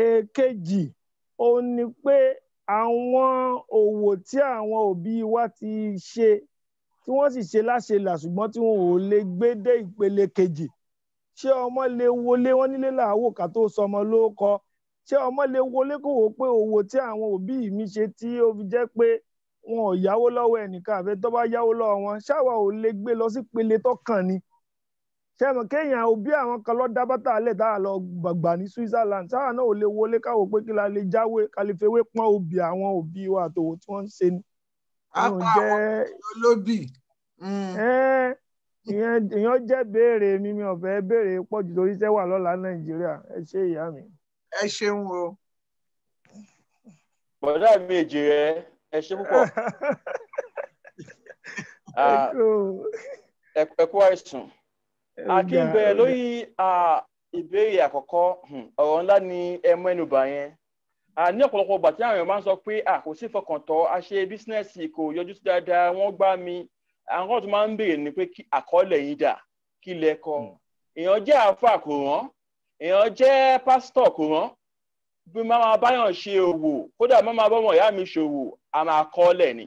èkejì òun ni pé àwọn òwò tí àwọn òbí wa ti ṣe tí wọ́n sì ṣe láṣelà ṣùgbọ́n tí wọn ò lè gbé dé ìpele kejì ṣé ọmọ lè wọlé wọn nílé làwò ká tó sọmọ ló kọ ṣé ọmọ lè wọlé kó wò pé òwò tí àwọn òbí mi ṣe tí ó fi jẹ́ pé wọn ò yáwó lọ́wọ́ ẹnìkan àfẹ́ tó bá yáwó lọ́wọ́ wọn ṣáwa ò lè gbé lọ sí ìpele tó kàn ni ṣé mo kéèyàn òbí àwọn kan lọ dá bàtà alẹ tá a lọ gbàgbà ní Switzerland sáà náà ò lè wọlé káwọ pé kí la lè jáwé kálífẹwé pọ́n òbí àwọn òbí wa àtòwò tí wọ́n ń ṣe ni. apá àwọn olóbì. Hmm. ìyẹn jẹ́ béèrè mi mi ò fẹ́ béèrè pọ̀ jù lórí iṣẹ́ wà lọ́la Nàìjíríà ẹ ṣe ìyá mi. ẹ ṣeun o. bọ̀dá mi èjì rẹ ẹ ṣe púpọ̀ ẹ kú àìsàn akínbẹ lórí ìbéèrè àkọ́kọ́ hmm, ọ̀rọ̀ ńlá ni ẹ mẹ́nubà yẹn ní ọ̀pọ̀lọpọ̀ ìgbà tí àwọn èèyàn máa ń sọ pé kò sí ìfọkàntọ́ a ṣe bísínẹ́sì kò yọjú sí dáadáa wọ́n gbá mi àwọn tó máa ń béèrè ni pé àkọọ́lẹ̀ yín dà kí lẹ kọ hmm. èèyàn jẹ́ àáfàá kò rán èèyàn jẹ́ pásítọ̀ kò rán bí máa báyàn ṣe òwò kódà máa bọ́mọ̀ ìyá mi ṣòwò àmà àkọọ́lẹ̀ ni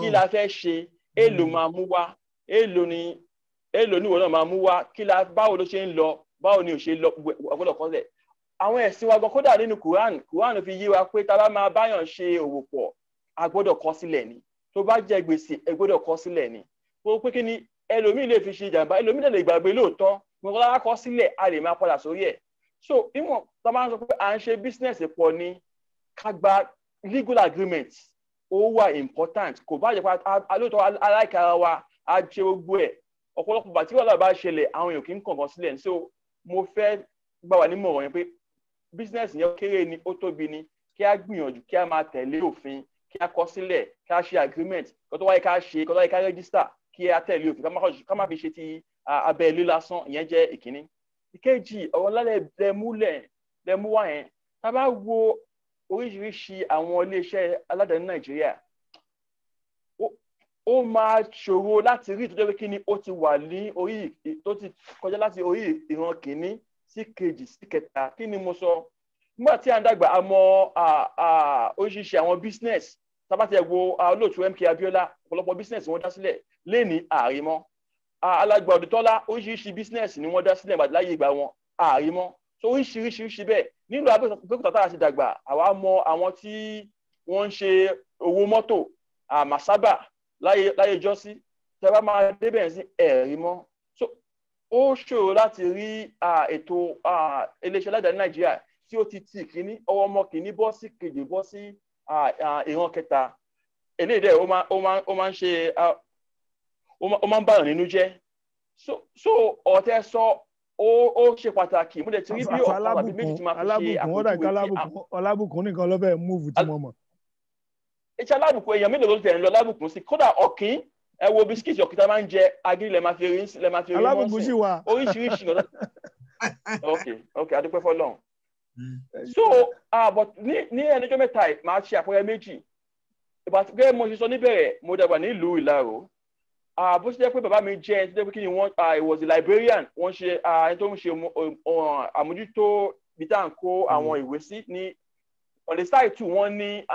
kí la fẹ́ ṣe èèlò hmm. máa mú wá èèlò ni èlò oníwọ̀ náà máa mú wá kí la báwo ló ṣe ń lọ báwo ni ò ṣe lọ ọgbọ́dọ̀ kan lẹ̀ àwọn ẹ̀sìn wa gan kódà nínú Quran Quran fi yé wa pé tá a bá máa báyàn ṣe òwò pọ̀ a gbọ́dọ̀ kọ sílẹ̀ ni tó bá jẹ gbèsè ẹ gbọ́dọ̀ kọ sílẹ̀ ni mo pé kí ni ẹlòmíì lè fi ṣe ìjàmbá ẹlòmíì lè gbàgbé lóòótọ́ mo kọ́lá kọ sílẹ̀ a lè máa padà sórí ẹ̀ so ìwọ̀n tá a máa ń sọ pé à ń ṣe bísínẹ́sì pọ̀ ni ká gba legal agreement ó wà important kò bá jẹ́ pé alóòótọ́ aláìkára wa á ṣe gbogbo ẹ̀ ọ̀pọ̀lọpọ̀ bàtí wàhálà bá ṣẹlẹ̀ àwọn èèyàn kì í kànkan sílẹ̀ so mo fẹ́ gbà wá nímọ̀ràn yẹn pé business yẹn kéré ni ó tóbi ni kí a gbìyànjú kí a máa tẹ̀lé òfin kí a kọ sílẹ̀ kí a ṣe agreement kó tó wáyé ká ṣe kó tó wáyé ká register kí a tẹ̀lé òfin ká má fi ṣe ti abẹ́ ilé lásán ìyẹn jẹ́ ìkíní. ìkejì ọ̀rọ̀ lálẹ́ lẹ́múlẹ̀ lẹ́múwá yẹn tá a bá wo oríṣiríṣi àwọn iléeṣẹ́ aládàáni Nàìjíríà ó máa ṣòro láti rí ìtọ́jọ́ pé kí ni ó ti wà ní orí tó ti kọjá láti orí ìran kìíní sí kejì sí kẹta kí ni mo sọ nígbà tí a ń dàgbà a mọ oríṣiríṣi àwọn business tábàtì ẹ̀ wo olóòtú MK Abiola ọ̀pọ̀lọpọ̀ business wọ́n dá sílẹ̀ lẹ́ni àrímọ́ alàgbà Ọ̀dùtọ́lá oríṣiríṣi business ni wọ́n dá sílẹ̀ láyé ìgbà wọn àrímọ́ so oríṣiríṣiríṣi bẹ́ẹ̀ nílùú Abẹ́òkúta tá a ti dàgbà àwa mọ àwọn tí wọ́n ń ṣe owó mọ́tò àmàsábà láyé láyé jọ́sí tẹ́ bá máa débẹ̀ sí ẹ̀rí mọ́ so ó ṣòro láti rí ètò iléeṣẹ́ aládàáni nàìjíríà tí ó ti tì kíní ọwọ́ ọmọ kíní bọ́ sí kejì bọ́ sí ìran kẹta eléyìí dẹ̀ ó máa ń ṣe ó máa ń bàrọ̀ nínú jẹ́ so so ọ̀tẹ́ sọ ó ṣe pàtàkì mo dẹ̀ ti rí bí ọ̀pọ̀ àbí méjì ti máa fi ṣe àkókò ìṣe àkókò. alábùkún nìkan ló fẹ́ múùfù tí mo mọ̀ iṣẹ́ alábùkún èèyàn mélòó ló tẹ̀ ń lọ alábùkún sí kódà ọ̀kín ẹ wo bisikíìtì ọ̀kín tá a máa ń jẹ agiri lẹ́ẹ̀ máa fi rí lẹ́ẹ̀ máa fi rí mọ́sìn oríṣiríṣi nǹkan ok ok adúpẹ́ fọlọ́run hmm. so uh, but ní ní ẹnìjọ́ mẹ́ta máa ṣe àpẹẹrẹ méjì gẹ́gẹ́ mo ṣe sọ níbẹ̀rẹ̀ mo dàgbà nílùú Ìlaró ah, bó ṣe jẹ́ pé bàbá mi jẹ́ ẹni tó jẹ́ pé kí ni wọ́n ah, he was a librarian wọ́n ṣe ẹni tó ń ṣe um, um, àmójútó bí tá à ń kó àwọn hmm. ìwé sí ní on the side too wọ́n ní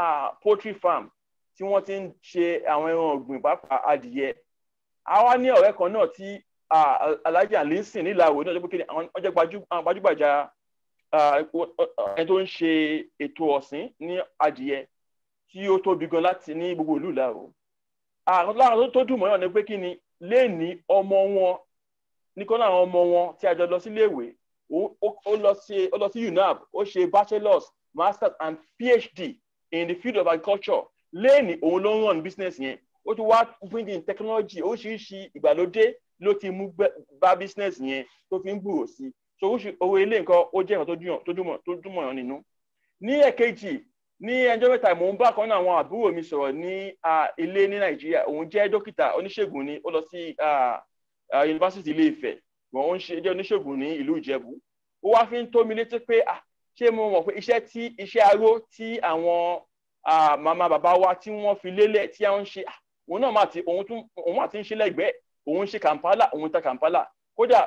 poultry farm tí wọ́n ti ń ṣe àwọn ẹran ọ̀gbìn pàápàá adìyẹ àwa ní ọ̀rẹ́ kan náà tí alájà linson nílàwọ̀ ní ọjọ́ pé kí ni wọ́n jẹ́ gbajúgbajà ẹni tó ń ṣe ètò ọ̀sìn ní adìyẹ tí ó tóbi gan láti ní gbogbo ìlú ìlàwọ̀ àwọn láwọn tó dùn mọ́yàn ni pé kí ni léèní ọmọ wọn nìkan láwọn ọmọ wọn tí a jọ lọ síléèwé ó lọ sí UNAB ó ṣe bachelors masters and phd in the field of agriculture lẹ́ẹ̀ni òun ló ń run business yẹn ó ti wá bring in technology oríṣiríṣi ìgbàlódé ló ti mú bá business yẹn tó fi ń gbòòrò sí so owó ilé nǹkan ó jẹ́ nǹkan tó dùnmọ̀ yàn nínú. ní ẹ̀kejì ní ẹjọ́ mẹ́ta mò ń bá kan náà àwọn àbúrò mi sọ̀rọ̀ ní ilé ní nàìjíríà òun jẹ́ dókítà oníṣègùn ni ó lọ sí yunifásitì ilé Ifẹ̀ wọ́n ń ṣe jẹ́ oníṣègùn ní ìlú Ìjẹ̀bú ó wá fi ń tó mi létí pé ah ṣé mo mọ̀ pé iṣẹ́ tí iṣẹ́ aró tí àwọn màmá bàbá wa tí wọ́n fi lélẹ̀ tí wọ́n ṣe òun náà máa ti òun àti ń ṣe lẹ́gbẹ̀ẹ́ òun ń ṣe Kampala òun ta Kampala kódà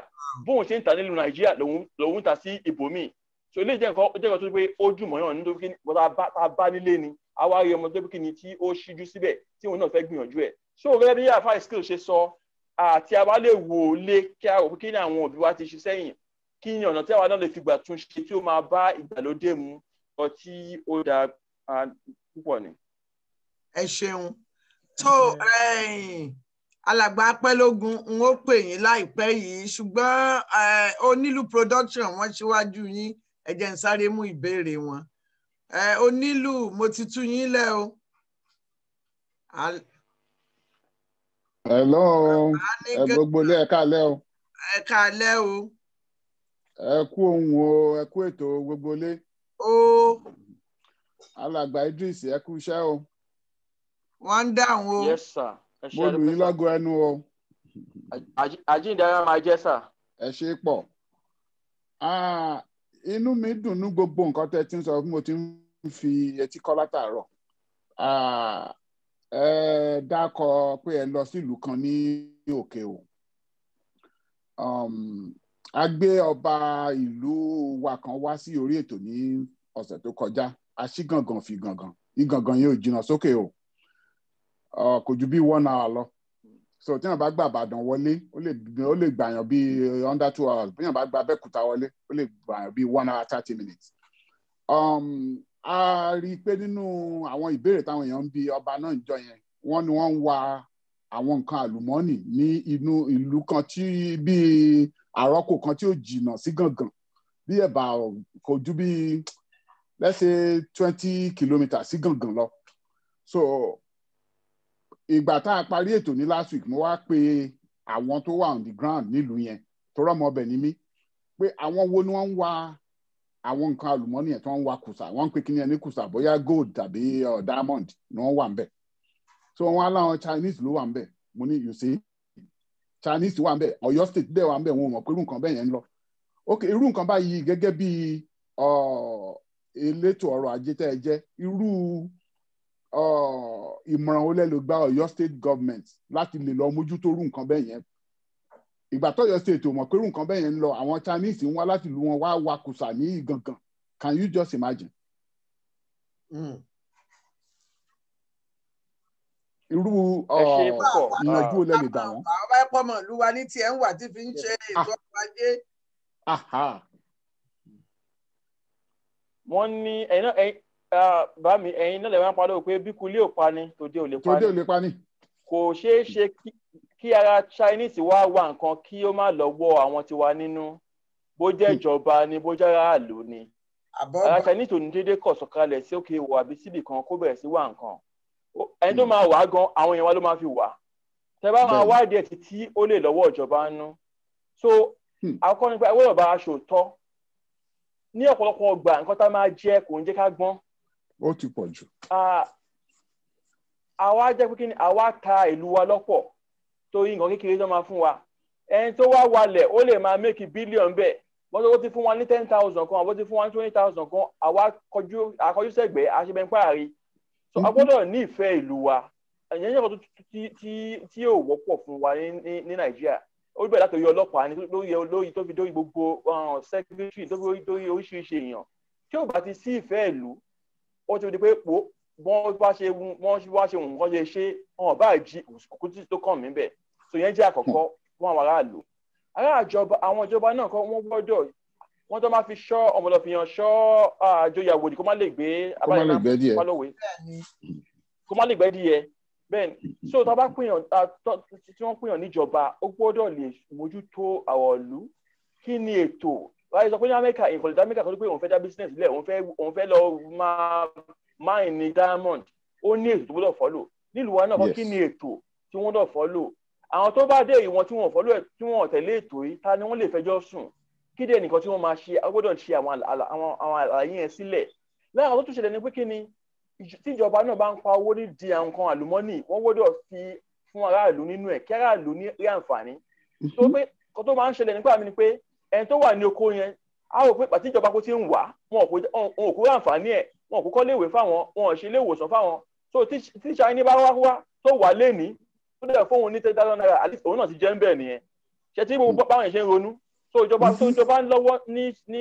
bóun ṣe ń ta nílùú Nàìjíríà lòun ta sí ibòmíì so ilé ìjẹ́ nǹkan jẹ́ nǹkan tó pé ó jùmọ̀ náà nítorí kí bọ́lá bá nílé ni àwa rí ọmọ tó tí ó ṣíjú síbẹ̀ tí òun náà fẹ́ gbìyànjú ẹ̀ so gẹ́gẹ́ bí àfáà skill ṣe sọ àti àwa lè wò ó lé kí a rò pé kí ni àwọn òbí wa ti ṣe sẹ́yìn kí ni ọ̀nà tí àwa náà lè fi gbà tún ṣe tí ó máa bá ìgbàlódé mu ọ ó da púpọ̀ ni. ẹ ṣeun tó alàgbà apẹ́lógún n ó pè yín láìpẹ́ yìí ṣùgbọ́n onílù production wọ́n ṣíwájú yín ẹ jẹ́ n sáré mú ìbéèrè wọn onílù mo ti tú yín lẹ́ o. hello ẹ gbogbo ilé ẹ̀ka lẹ́ ẹ̀ka lẹ́ ẹ kú ohun o ẹ kú ètò gbogbo lé. alàgbà Idris ẹ kú iṣẹ́ o. wọ́n ń dáhùn o. yes sir. mo lù yín lọ́gọ̀ ẹnu o. àjíǹdára máa jẹ́ sà. ẹ ṣe é pọ̀. inú mi dùn ní gbogbo nǹkan tẹ́ ti ń sọ fún mo ti ń fi etí kọ́ látàárọ̀. ẹ dákọ̀ pé ẹ lọ sílùú kan ní òkè o. Um, a gbé ọba ìlú wa kan wá sí orí ètò ní ọ̀sẹ̀ tó kọjá a ṣí gangan fi gangan igangan yóò jìnnà sókè o kò ju bí one hour lọ so tí wọn bá gba àbàdàn wọlé ó lè gbàyàn bí under two hours bí wọn bá gba abẹ́kúta wọlé ó lè gbàyàn bí one hour thirty minutes. Um, a rí i pé nínú àwọn ìbéèrè táwọn èèyàn ń bi ọba náà ń jọ yẹn wọ́n ní wọ́n ń wa àwọn nǹkan àlùmọ́ọ́nì ní inú ìlú kan tí bíi àrọ́kò kan tí ó jìnnà sí gangan bí ẹ̀bà kò bí let's say twenty kilometres sí gangan lọ so ìgbà tá a parí ètò ní last week mo wá pe àwọn tó wà on the ground nílùú yẹn tó rọ́mọ ọbẹ̀ ní mí pé àwọn wo ni wọ́n ń wa àwọn nǹkan àlùmọ́nì ẹ̀ tó ń wa kùsà wọ́n ń pè kí ni ẹni kùsà bóyá gold tàbí uh, diamond ni wọ́n wà ń bẹ̀ so wọ́n á láwọn Chinese ló wà ń bẹ̀ mo ní you see chinese wà ń bẹ Ọ̀yọ́ state dẹ wà ń bẹ wọn ò mọ̀ pé irú nǹkan bẹ́ẹ̀ yẹn ń lọ ok irú nǹkan báyìí gẹ́gẹ́ bí elétò ọrọ̀ ajé tẹ́ ẹ jẹ́ irú ìmọ̀ràn olè ló gba Ọ̀yọ́ state government láti lè lọ mójútó irú nǹkan bẹ́ẹ̀ yẹn ìgbà tọ́yọ́ state ò mọ̀ pé irú nǹkan bẹ́ẹ̀ yẹn ń lọ àwọn chinese ń wá láti lu wọn wá wakùsà ní gangan can you just imagine. Hmm irú ah, ìyànjú olè lè dà wọ́n. àwọn báyìí pọ̀ mọ̀ lúwa ní tiẹ̀ ń wà tí fi ń ṣe ah. ètò ọrọ̀ ajé. wọ́n ní ẹ̀yin náà ah, bá mi ẹ̀yin náà lè wọ́n parí pé bí kulé ò pani tòde ò lè pani. tòde ò lè pani. kò ṣeé ṣe kí ara Chinese wá wá nǹkan kí ó má lọ wọ àwọn tiwa nínú bó jẹ́ ìjọba ni bó jẹ́ aráàlú ni. ara Chinese ò ní déédéé kọ̀ sọ̀kalẹ̀ sí òkè ìwọ̀ àbí síbì kan kó bẹ̀rẹ̀ sí wá nǹkan ẹni tó hmm. máa wà á gan àwọn èèyàn wa ló máa fi wà tẹ bá máa wá díẹ̀ títí ó lè lọ́wọ́ ìjọba ń nú so hmm. àkọ́kọ́ nípa ẹwọ́ ìjọba aṣọ òótọ́ ní ọ̀pọ̀lọpọ̀ ọgbà nǹkan tá máa jẹ kò ń jẹ́ ká gbọ́n. ó ti pọ̀ jù. àwa jẹ́ pé kí ni àwa ta ìlú wa lọ́pọ̀ torí nǹkan kékeré tó máa fún wa ẹni tó wá walẹ̀ ó lè máa méèkì bílíọ̀nù bẹ́ẹ̀ wọ́n tó ti fún wa ní ten thousand kan àbọ̀ ti fún wa ní twenty thousand kan àwa kọjú àkọjú sẹ́gbẹ̀ẹ́ àṣebẹ̀ńpáàrí so a mm-hmm. gbọ́dọ̀ ní ìfẹ́ ìlú wa ẹ̀yẹ́ yẹ́n kan tí yóò wọ́pọ̀ fún wa ní nàìjíríà ó bẹ̀rẹ̀ láti orí ọlọ́pàá ní lórí olóyìn tó fi dórí gbogbo uh, sẹ́kírítì tó fi dórí oríṣiríṣi èèyàn tí ò bá ti sí ìfẹ́ ìlú ó ti di pé pò wọ́n wá ṣe nǹkan ṣe ṣe wọn bá jí òkútù tó kàn mí bẹ̀ so yẹn jẹ́ àkọ́kọ́ fún àwọn aráàlú aráàjọba àwọn ìjọba náà kọ́ wọ́n gbọ́dọ̀ wọ́n tó máa fi ṣọ́ ọmọlọ́fihàn ṣọ́ àjọyàwó ni kó má lè gbé abáyọ̀ pálọ̀wé kó má lè gbẹ́ díẹ̀ bẹ́ẹ̀ ni so tó bá pèèyàn tí wọ́n pèèyàn níjọba ó gbọ́dọ̀ lè mójútó àwọn ìlú kí ni ètò láyé sọ pé ní amẹ́ríkà ìkọlẹ̀ amẹ́ríkà kan tó pé òun fẹ́ dá business sílẹ̀ òun fẹ́ lọ máa mine ní diamond ó ní ètò tó gbọ́dọ̀ follow nílùú wa náà kí ni ètò tí wọ́n dọ̀ follow àwọn tó bá dé ìwọ̀n tí wọ́n follow tí wọ́n tẹ̀lé ètò yìí ta ni wọ́n lè fẹjọ́ sùn kéde ẹnìkan tí wọ́n máa ṣe a gbọ́dọ̀ ṣe àwọn àlàyé yẹn sílẹ̀ lára àwọn tó ṣẹlẹ̀ ni pé kí ni tíjọba náà bá ń pa owó ní di àwọn nǹkan àlùmọ́nì wọ́n gbọ́dọ̀ fi fún aráàlú nínú ẹ̀ kí aráàlú ní rí àǹfààní tó mhm. pé kan tó máa ń ṣẹlẹ̀ nípa mi ni pé ẹni tó wà ní oko yẹn a rò pé pàtí ìjọba kó ti ń wà wọn ò kó àǹfààní ẹ̀ wọn ò kó kọ́léèwé fáwọn wọn ò ṣe iléèwòsàn fáwọn so tíṣà ẹni bá wá wá tó wà lénìí tó dẹ̀ fóun ní tẹ́tà náírà àti òun náà ti jẹ́ ń bẹ̀ nìyẹn ṣe tí báwọn yẹn ṣe ń ronú so ìjọba so mm-hmm. ìjọba ń lọ́wọ́ ní ní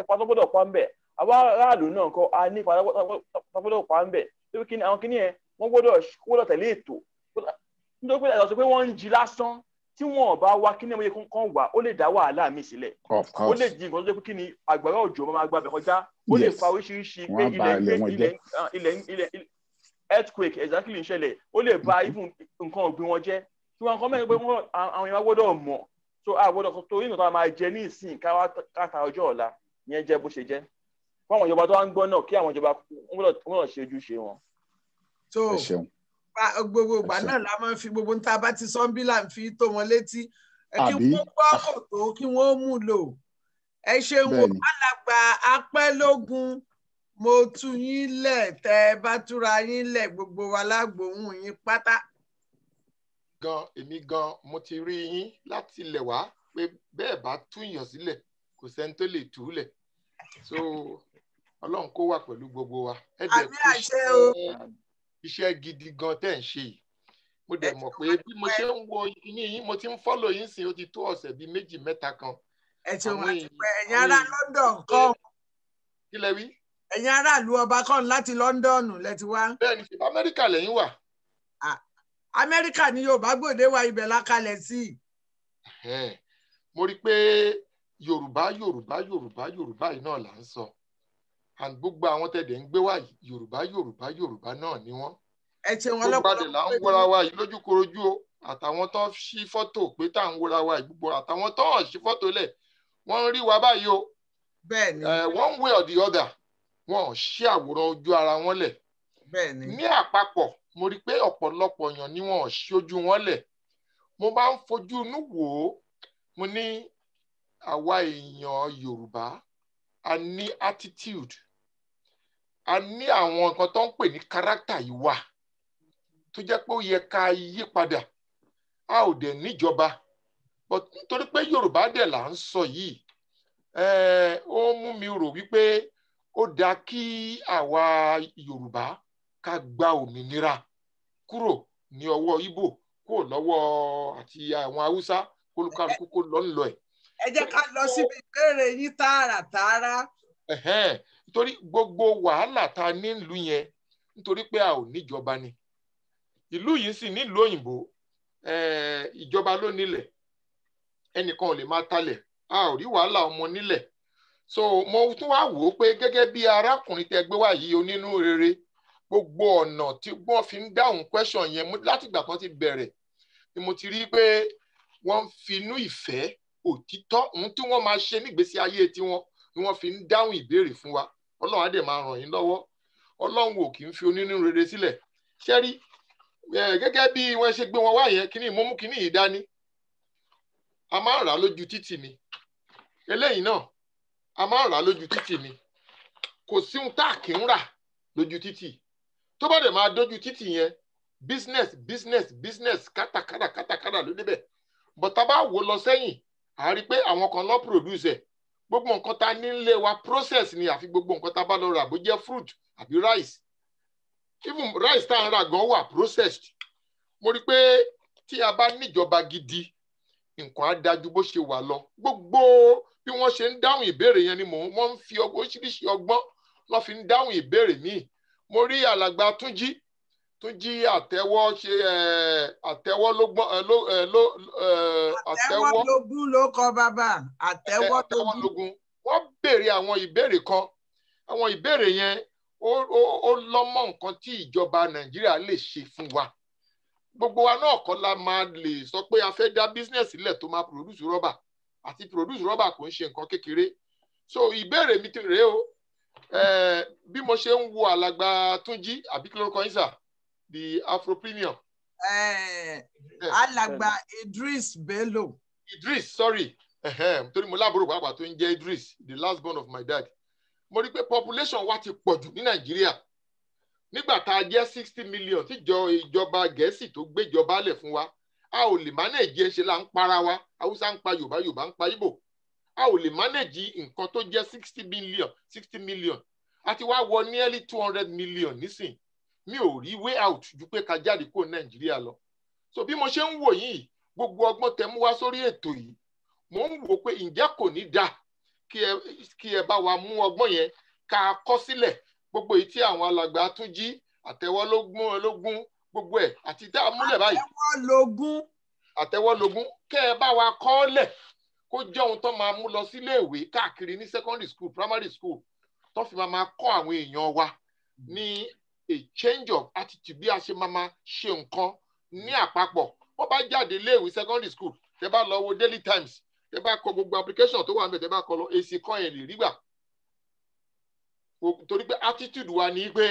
ìpàtọ́gbọ́dọ̀ pa ń aráàlú náà kọ́ a ní ìpàtọ́gbọ́dọ̀ pa tó kí ni àwọn kí ni yẹn wọ́n gbọ́dọ̀ gbọ́dọ̀ tẹ̀lé ètò nítorí pé ẹ̀sọ́ pé wọ́n ń jí lásán tí wọ́n bá wá kí ni ẹ̀mọ́yẹ kan wà ó lè dá wàhálà mi sílẹ̀ ó lè di nǹkan tó jẹ́ pé kí ni àgbàrá òjò máa gba bẹ̀ kọjá ó lè fa oríṣiríṣi pé ah, ilẹ̀ earthquake exactly ń ṣẹlẹ̀ ó lè ba mm-hmm. nǹkan ọ̀gbìn wọn jẹ́ tí wọ́n kọ́ mẹ́rin pé àwọn ìwà gbọ́dọ̀ mọ̀ so àgbọ̀dọ̀ tó torí nǹkan máa jẹ ní ìsìn káta ọjọ́ ọ̀la yẹn jẹ́ bó ṣe jẹ́ fún àwọn ìjọba tó wá ń gbọ́ náà kí àwọn ìjọba wọ́n ṣe ojú ṣe wọn. so gbogbo ìgbà náà la máa ń fi gbogbo níta bá ti sọ́ńbí là ń fi tó wọn létí kí wọ́n gbọ́ kò tó kí wọ́n mú lò ẹ ṣeun o alàgbà apẹ́lógún mo tú yín lẹ̀ tẹ́ bá túra yín lẹ̀ gbogbo wa yín pátá gan èmi gan mo ti rí yín láti ilẹ̀ wá pé bẹ́ẹ̀ bá túyàn sílẹ̀ kò sẹ́ni tó lè tú lẹ̀ so ọlọ́run kó wà pẹ̀lú gbogbo wa ẹ dẹ̀ kú iṣẹ́ gidi gan tẹ̀ ń ṣe yìí mo dẹ̀ mọ̀ pé bí mo ṣe ń wo ní yín mo ti ń fọ́lọ̀ yín sìn ó ti tó ọ̀sẹ̀ bíi méjì mẹ́ta kan. ẹ ti ti pẹ́ ẹ̀yin ará London kan. kí lẹ wí. ẹ̀yin aráàlú ọba kan láti London lẹ ti wá. bẹ́ẹ̀ni ṣe Amẹ́ríkà lẹ́yìn wà amẹ́ríkà ni yorùbá gbòde wa ibẹ̀ la kalẹ̀ sí. mo rí i pé yorùbá yorùbá yorùbá yorùbá yìí náà là ń sọ and gbogbo àwọn tẹ̀dẹ̀ ń gbé wá yorùbá yorùbá yorùbá náà ni wọ́n. ẹ ṣe wọn lọ́pọ̀lọpọ̀ gbogbo àdè là ń wọra wa yìí lójúkorojú o àtàwọn tó ṣí fọ́tò pé tá à ń wọra wa yìí gbogbo àtàwọn tó hàn ṣí fọ́tò lẹ̀ wọ́n ń rí wa báyìí o. Eh, one way or the other wọn ò ṣí àwòrán ojú ara wọn lẹ̀. ní àpapọ̀ mo rí i pé ọ̀pọ̀lọpọ̀ èèyàn ni wọ́n ṣí wọn lẹ̀ mo bá ń fojú inú wò ó mo ní àwa èèyàn Yorùbá a ní attitude a ní àwọn nǹkan tó ń pè ní character ìwà tó jẹ́ pé ó yẹ ká yí padà a ò dẹ̀ níjọba but nítorí pé Yorùbá dẹ̀ là ń sọ yìí eh, ó mú mi rò wípé ó dáa kí àwa Yorùbá ká gba òmìnira kúrò ní ọwọ́ Ìgbò kúrò lọ́wọ́ àti àwọn Haúsá kólúkálukú kó lọ ń lọ ẹ̀. ẹ jẹ́ ká lọ síbi ìbéèrè yín tààràtààrà. nítorí gbogbo wàhálà tá a ní ìlú yẹn nítorí pé a ò níjọba ni ìlú yìí sì nílùú òyìnbó ìjọba ló nílẹ̀ ẹnìkan ò lè máa talẹ̀ a ò rí wàhálà ọmọ nílẹ̀ so mo tún wá wò ó pé gẹ́gẹ́ bí arákùnrin tẹ wá yìí onínú rere gbogbo ọ̀nà tí wọ́n fi ń dáhùn question yẹn láti ìgbà kan ti bẹ̀rẹ̀ ni mo ti rí pé wọ́n ń finú ìfẹ́ òtítọ́ ohun tí wọ́n máa ṣe nígbésí ayé tiwọn ni wọ́n fi ń dáhùn ìbéèrè fún wa ọlọ́run á dẹ̀ máa ràn yín lọ́wọ́ ọlọ́run ò kì í fi onínú rere sílẹ̀ ṣẹ́rí gẹ́gẹ́ bí wọ́n ṣe gbé wọn wá yẹn kíní ìmọ̀mú kíní yìí dání a máa rà á lójú títì ni eléyìí náà a máa rà á lójú títì ni kò sí ohun tá à kí ń rà lójú títì tó bá dẹ̀ máa dójú títì yẹn business business business kátàkárà kátàkárà ló débẹ̀ but tá a bá wò lọ sẹ́yìn à pé àwọn kan lọ́ produce ẹ̀ gbogbo nǹkan tá nílé wa process ni àfi gbogbo nǹkan tá a bá lọ rà bó jẹ́ fruit àbí rice even rice tá a ń rà gan wà processed mo rí i pé tí a bá níjọba gidi nǹkan á dájú bó ṣe wà lọ gbogbo bí wọ́n ṣe ń dáhùn ìbéèrè yẹn ni mò ń wọ́n ń fi oríṣiríṣi ọgbọ́n lọ́ fi ń dáhùn ìbéèrè míì mo rí alàgbà túnjí túnjí àtẹ́wọ́ ṣe àtẹ́wọ́ ló gbọ́n ló àtẹ́wọ́ lógún ló kọ bàbá àtẹ́wọ́ lógún wọ́n béèrè àwọn ìbéèrè kan àwọn ìbéèrè yẹn ó lọ́mọ nǹkan tí ìjọba nàìjíríà lè ṣe fún wa gbogbo wa náà kọ́ la máa lè sọ pé a fẹ́ dá business sílẹ̀ tó máa produce rọ́bà àti produce rọ́bà kò ń ṣe nǹkan kékeré so ìbéèrè mi ti rèé o bí mo ṣe ń wo alàgbà túnjí àbí kí lórúkọ yín sà the afro premium. alàgbà idris bello. idris sorry torí mo láàbúrò pàápàá tó ń jẹ́ idris the last born of my dad mo rí i pé population wa ti pọ̀ jù ní nàìjíríà nígbà tá a jẹ́ sixty million tíjọ ìjọba gẹ̀ẹ́sì tó gbéjọba lẹ̀ fún wa a ò lè má nàìjíríà ṣe là ń para wa haúsá ń pa yorùbá yorùbá ń pa ìbò a ò lè manage nǹkan tó jẹ́ sixty million sixty million a ti wá wọ nearly two hundred million nísìn mi ò rí way out ju pé ká jáde kó nàìjíríà lọ so bí mo ṣe ń wò yìí gbogbo ọgbọ́n tẹ́ mú wá sórí ètò yìí mo ń wò pé ǹjẹ́ kò ní dáa kí ẹ bá wa mú ọgbọ́n yẹn ká kọ́ sílẹ̀ gbogbo èyí tí àwọn alàgbà tún jí àtẹwọ́lógún ológun gbogbo ẹ̀ àti tá múlẹ̀ báyìí. àtẹwọ́lógún. kẹ́ ẹ bá wa kọ́ lẹ̀ kó jẹ́ ohun tó máa mú lọ sílé ìwé káàkiri ní secondary school primary school tó fi máa máa kọ́ àwọn èèyàn wa ní a change of attitude bí a ṣe máa máa ṣe nǹkan ní àpapọ̀ wọ́n bá jáde ilé ìwé secondary school tẹ́ bá lọ wo daily times tẹ́ bá kọ gbogbo application tó wà níbẹ̀ tẹ́ bá kọ lọ èsì kan yẹn lè rí gbà torí pé attitude wa ni pé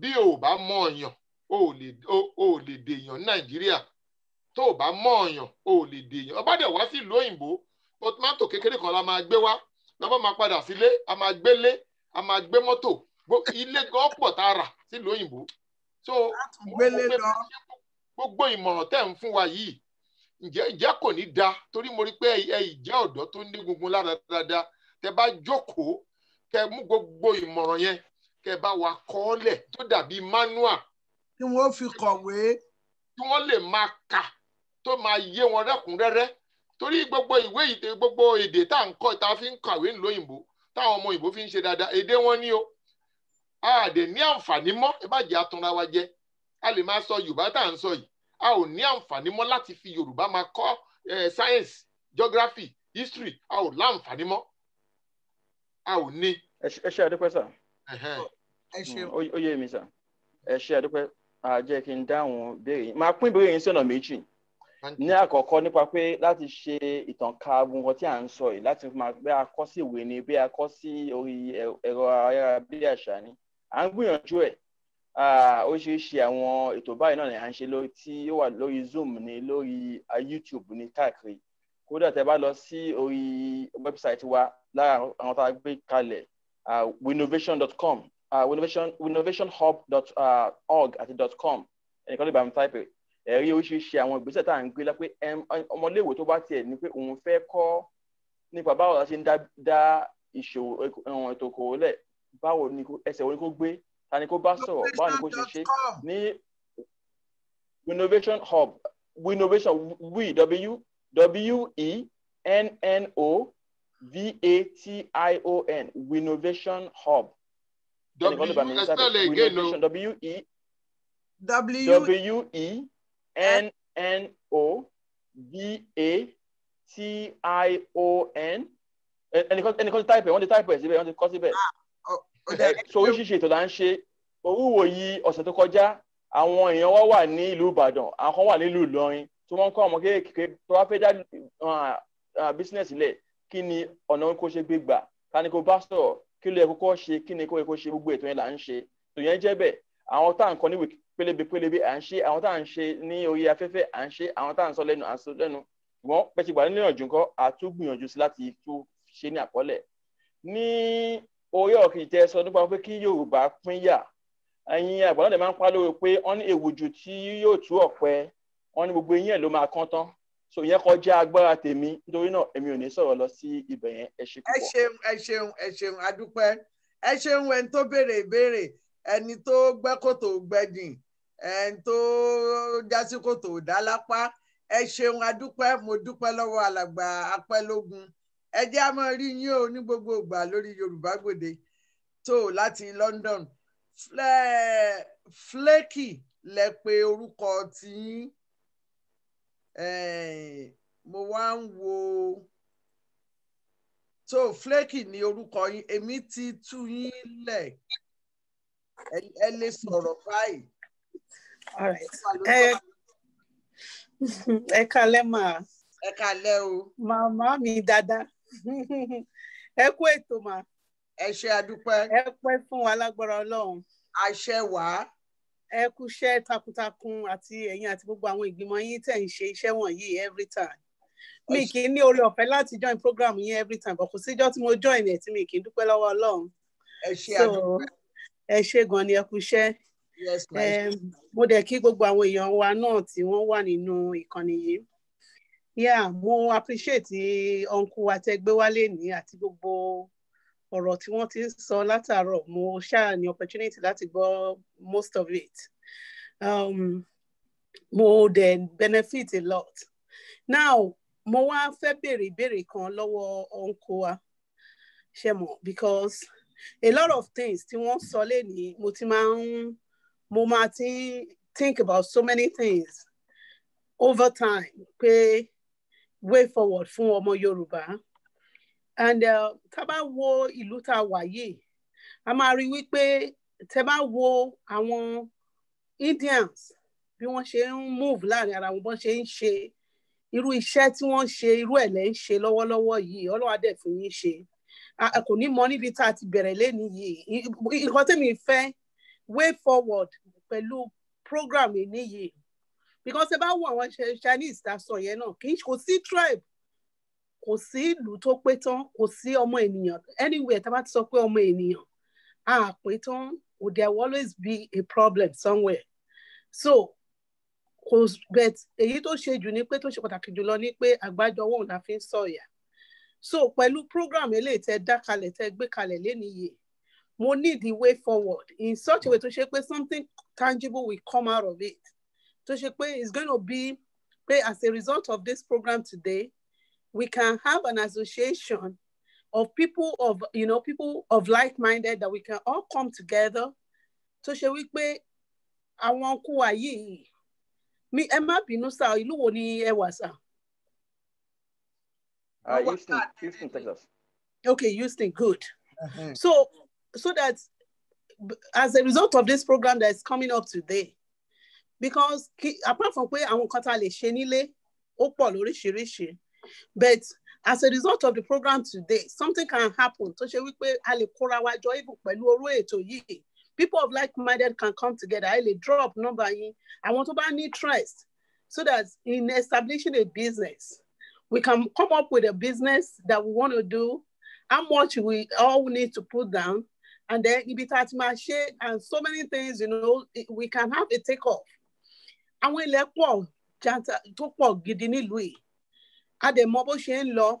bí o ò bá mọ ọ̀yàn o ò lè dèèyàn ní nàìjíríà tó o bá mọ̀ ọ̀yàn o lè dèèyàn ọba dẹ̀ wá sí ìlú òyìnbó tomato kékeré kan la máa gbé wá lọ́bọ̀ máa padà sílé a máa gbélé a máa gbé mọ́tò ilé gan pọ̀ tá a rà sílùú òyìnbó so gbogbo ìmọ̀ràn tẹ́ ń fún wa yìí ǹjẹ́ ǹjẹ́ kò ní da torí mo rí pé ẹ ìjẹ́ ọ̀dọ́ tó ní gungun lára dáadáa tẹ bá jókòó kẹ mú gbogbo ìmọ̀ràn yẹn kẹ bá wa kọ́ọ́lẹ̀ tó dàbí manual. tí wọ́n fi kọ̀wé. tí wọ́n lè máa kà tó máa yé wọn rẹ́kúnrẹ́rẹ́ torí gbogbo ìwé ìdè gbogbo èdè tá à ń kọ́ tá a fi ń kàwé ń lóyìnbó táwọn ọmọ òyìnbó fi ń ṣe dáadáa èdè wọn ni o a dẹ̀ ní àǹfààní mọ́ ẹ bá jẹ́ atunra wa jẹ a lè máa sọ yorùbá tá à ń sọ yìí a ò ní àǹfààní mọ́ láti fi yorùbá máa kọ́ science geography history a ò láǹfààní mọ́ a ò ní. ẹ ṣe àdúpẹ́ sà ó yé mi sà ẹ ṣe àdúpẹ́ àjẹ́ kí n dáhùn béèrè máa pín ìbéèrè yín sọ̀nà méjì ní àkọ́kọ́ nípa pé láti ṣe ìtànká gbogbo tí à ń sọ yìí láti máa bí a kọ́ sí ìwé ni bí a kọ́ sí orí ẹ̀rọ ayárabíàṣá ni à ń gbìyànjú ẹ̀ oríṣiríṣi àwọn ètò báyìí náà ni à ń ṣe lórí tí ó wà lórí Zoom ni lórí YouTube ni káàkiri kódà tẹ bá lọ sí orí wẹ́bsáìtì wa lára àwọn tá a gbé kalẹ̀ winnovation.com uh, winnovation, winnovationhub.org àti .com ẹnìkan lè bá mi type it ẹ̀rí oríṣiríṣi àwọn ìgbésẹ̀ tá à ń gbé lápé ọmọléèwé tó bá tiẹ̀ ní pé òun fẹ́ kọ́ nípa báwo la ṣe ń dá ìṣòwò um, ètò òkòwò lẹ̀ báwo ni ẹsẹ̀ wo ni kó gbé ta ni kó bá sọ̀rọ̀ báwo ni kó ṣe ṣe ní innovation hub innovation we w w e n n o v a t i o n innovation hub. w e n n o w e, e, e N N O B A T I O N. Ẹnìkan ẹnìkan ti type ẹ̀ wọ́n ti type ẹ̀ síbẹ̀ wọ́n ti kọ́ síbẹ̀. Ah, so oríṣiríṣi ètò là ń ṣe. Orúwo yìí ọ̀sẹ̀ tó kọjá, àwọn èèyàn wá wà ní ìlú Ìbàdàn, àwọn kan wà nílùú Ìlọrin tí wọ́n ń kọ́ ọmọ kéékèèké tó wá fẹ́ dá ah, ah, bísínẹ̀sì lẹ̀ kí ni ọ̀nà kó ṣe gbé gbà ká ní kó bá sọ̀rọ̀ kí ló yẹ kó kọ́ ṣe kí ni kó yẹ kó ṣe gbogbo ètò yẹn là ń ṣe. Tòyẹn jẹ́ bẹ́ẹ̀ àwọn tá à pélébé pélébé à ń ṣe àwọn tá à ń ṣe ní orí afẹ́fẹ́ à ń ṣe àwọn tá à ń sọ lẹ́nu à ń sọ lẹ́nu ṣùgbọ́n bẹ́ẹ̀ ti gbà nínú ìyànjú nǹkan àtúgbìyànjú sí láti tó ṣe ní àkọọ́lẹ̀ ní orí ọ̀kìn tẹ́ sọ nípa pé kí Yorùbá pín yà ẹ̀yin àgbà náà lè máa ń pa lóore pé wọ́n ní èwùjù tí yóò tú ọ̀pẹ wọ́n ní gbogbo eyín ẹ̀ ló máa kán tán so ìyẹn kọjá agbára tèmi nítorí náà èmi ò ní sọ̀rọ̀ lọ sí ibẹ̀ yẹn ẹ ṣe púpọ̀. ẹ ṣeun ẹ ṣeun ẹ ṣeun adúpẹ́ ẹ ṣeun ẹni tó béèrè ìbéèrè ẹni tó gbẹ́ kòtò gbẹ́dìn ẹni tó jásí kòtò dá lápá ẹ ṣeun adúpẹ́ mo dúpẹ́ lọ́wọ́ alàgbà apẹ́lógún ẹ jẹ́ a máa rí yín o ní gbogbo ìgbà lórí Yorùbá Gbòde tó láti London flaky lẹ pè orúkọ tiyín mo wá ń wo tó flaky ní orúkọ yín èmi ti tú yín lẹ̀ ẹ lè sọ̀rọ̀ báyìí. ẹ kalẹ́ màá. ẹ kalẹ́ o. màmá mi dáadáa ẹ kú ètò mà. ẹ ṣe àdúpẹ́. ẹ pẹ́ fún wa lágbára ọlọ́run. àṣẹ wàá ẹ kú iṣẹ́ takuntakun àti ẹ̀yin àti gbogbo àwọn ìgbìmọ̀ yín tẹ̀ ń ṣe iṣẹ́ wọ̀nyí every time mi kì í ní orí ọ̀fẹ́ láti join program yín every time but kò síjọ́ tí mo join ẹ̀ tí mi kì í dúpẹ́ lọ́wọ́ Ọlọ́run. ẹ ṣe àdúpẹ́ ẹ ṣe gan ni ẹ kú iṣẹ́ mo dẹ̀ kí gbogbo àwọn èèyàn wa náà tí wọ́n wà nínú ìkànnì yìí yeah mo appreciate ọ̀nkù àtẹgbẹ́wálé ní àti gbogbo ọ̀rọ̀ tí wọ́n ti ń sọ látàárọ̀ mo ṣáà ní opportunity láti gbọ́ most of it um, mo dẹ̀ benefit a lot now mo wá fẹ́ béèrè ìbéèrè kan lọ́wọ́ ọ̀nkù wa ṣe mọ̀ because a lot of things tí wọ́n sọ lẹ́nìí mo ti máa ń mo máa ti think about so many things over time pé way forward fún ọmọ Yorùbá and uh, tá bá wo ìlú tá a wà yìí a máa rí wípé tẹ́ bá wo àwọn Indians bí wọ́n ṣe ń move láàrin ara wọn bọ́n ṣe ń ṣe irú iṣẹ́ tí wọ́n ń ṣe irú ẹ̀ lẹ́ ń ṣe lọ́wọ́lọ́wọ́ yìí ọlọ́wà dẹ̀ fún yín ṣe kò ní mọ níbi tá a ti bẹ̀rẹ̀ lẹ́nu yìí nǹkan tẹ́mi fẹ́ way forward pẹ̀lú program yìí yìí because ẹ bá wo àwọn Chinese ta sọ yẹn náà kò sí tribe kò sí ìlú tó pé tán kò sí ọmọ ènìyàn anywhere tá a bá ti sọ pé ọmọ ènìyàn a pé tán there always be a problem somewhere so kò bet èyí tó ṣe jù ni pé tó ṣe pàtàkì jùlọ ni pé àgbájọ ọwọ́ òun la fi ń sọ̀yà so pẹ̀lú program eléyìí tẹ dá kalẹ̀ tẹ gbé kalẹ̀ lénìí mo need the way forward in such a way to ṣe pé something tangible will come out of it To ṣe pé it's gonna be pé as a result of this program today we can have an association of people of you know people of like-minded that we can all come together To ṣe wípé àwọn kú wa yìí mi ẹ má bínú sá ìlú wo ni ẹ wà sá. Uh, oh, Houston, Houston, Texas. Okay, Houston, good. Mm-hmm. So, so that as a result of this program that's coming up today, because apart from where I kan tá a lè but as a result of the program today, something can happen So, ṣe People of like-minded can come together. I lè drop number yín. Àwọn tó buy new trust so that in establishing a business, we can come up with a business that we want to do, how much we all we need to put down, and then ibitatimache and so many things, you know, we can have a takeoff. And ilẹ̀ pọ̀ tó pọ̀ gidi nílùú Louis, at the mobile chain law,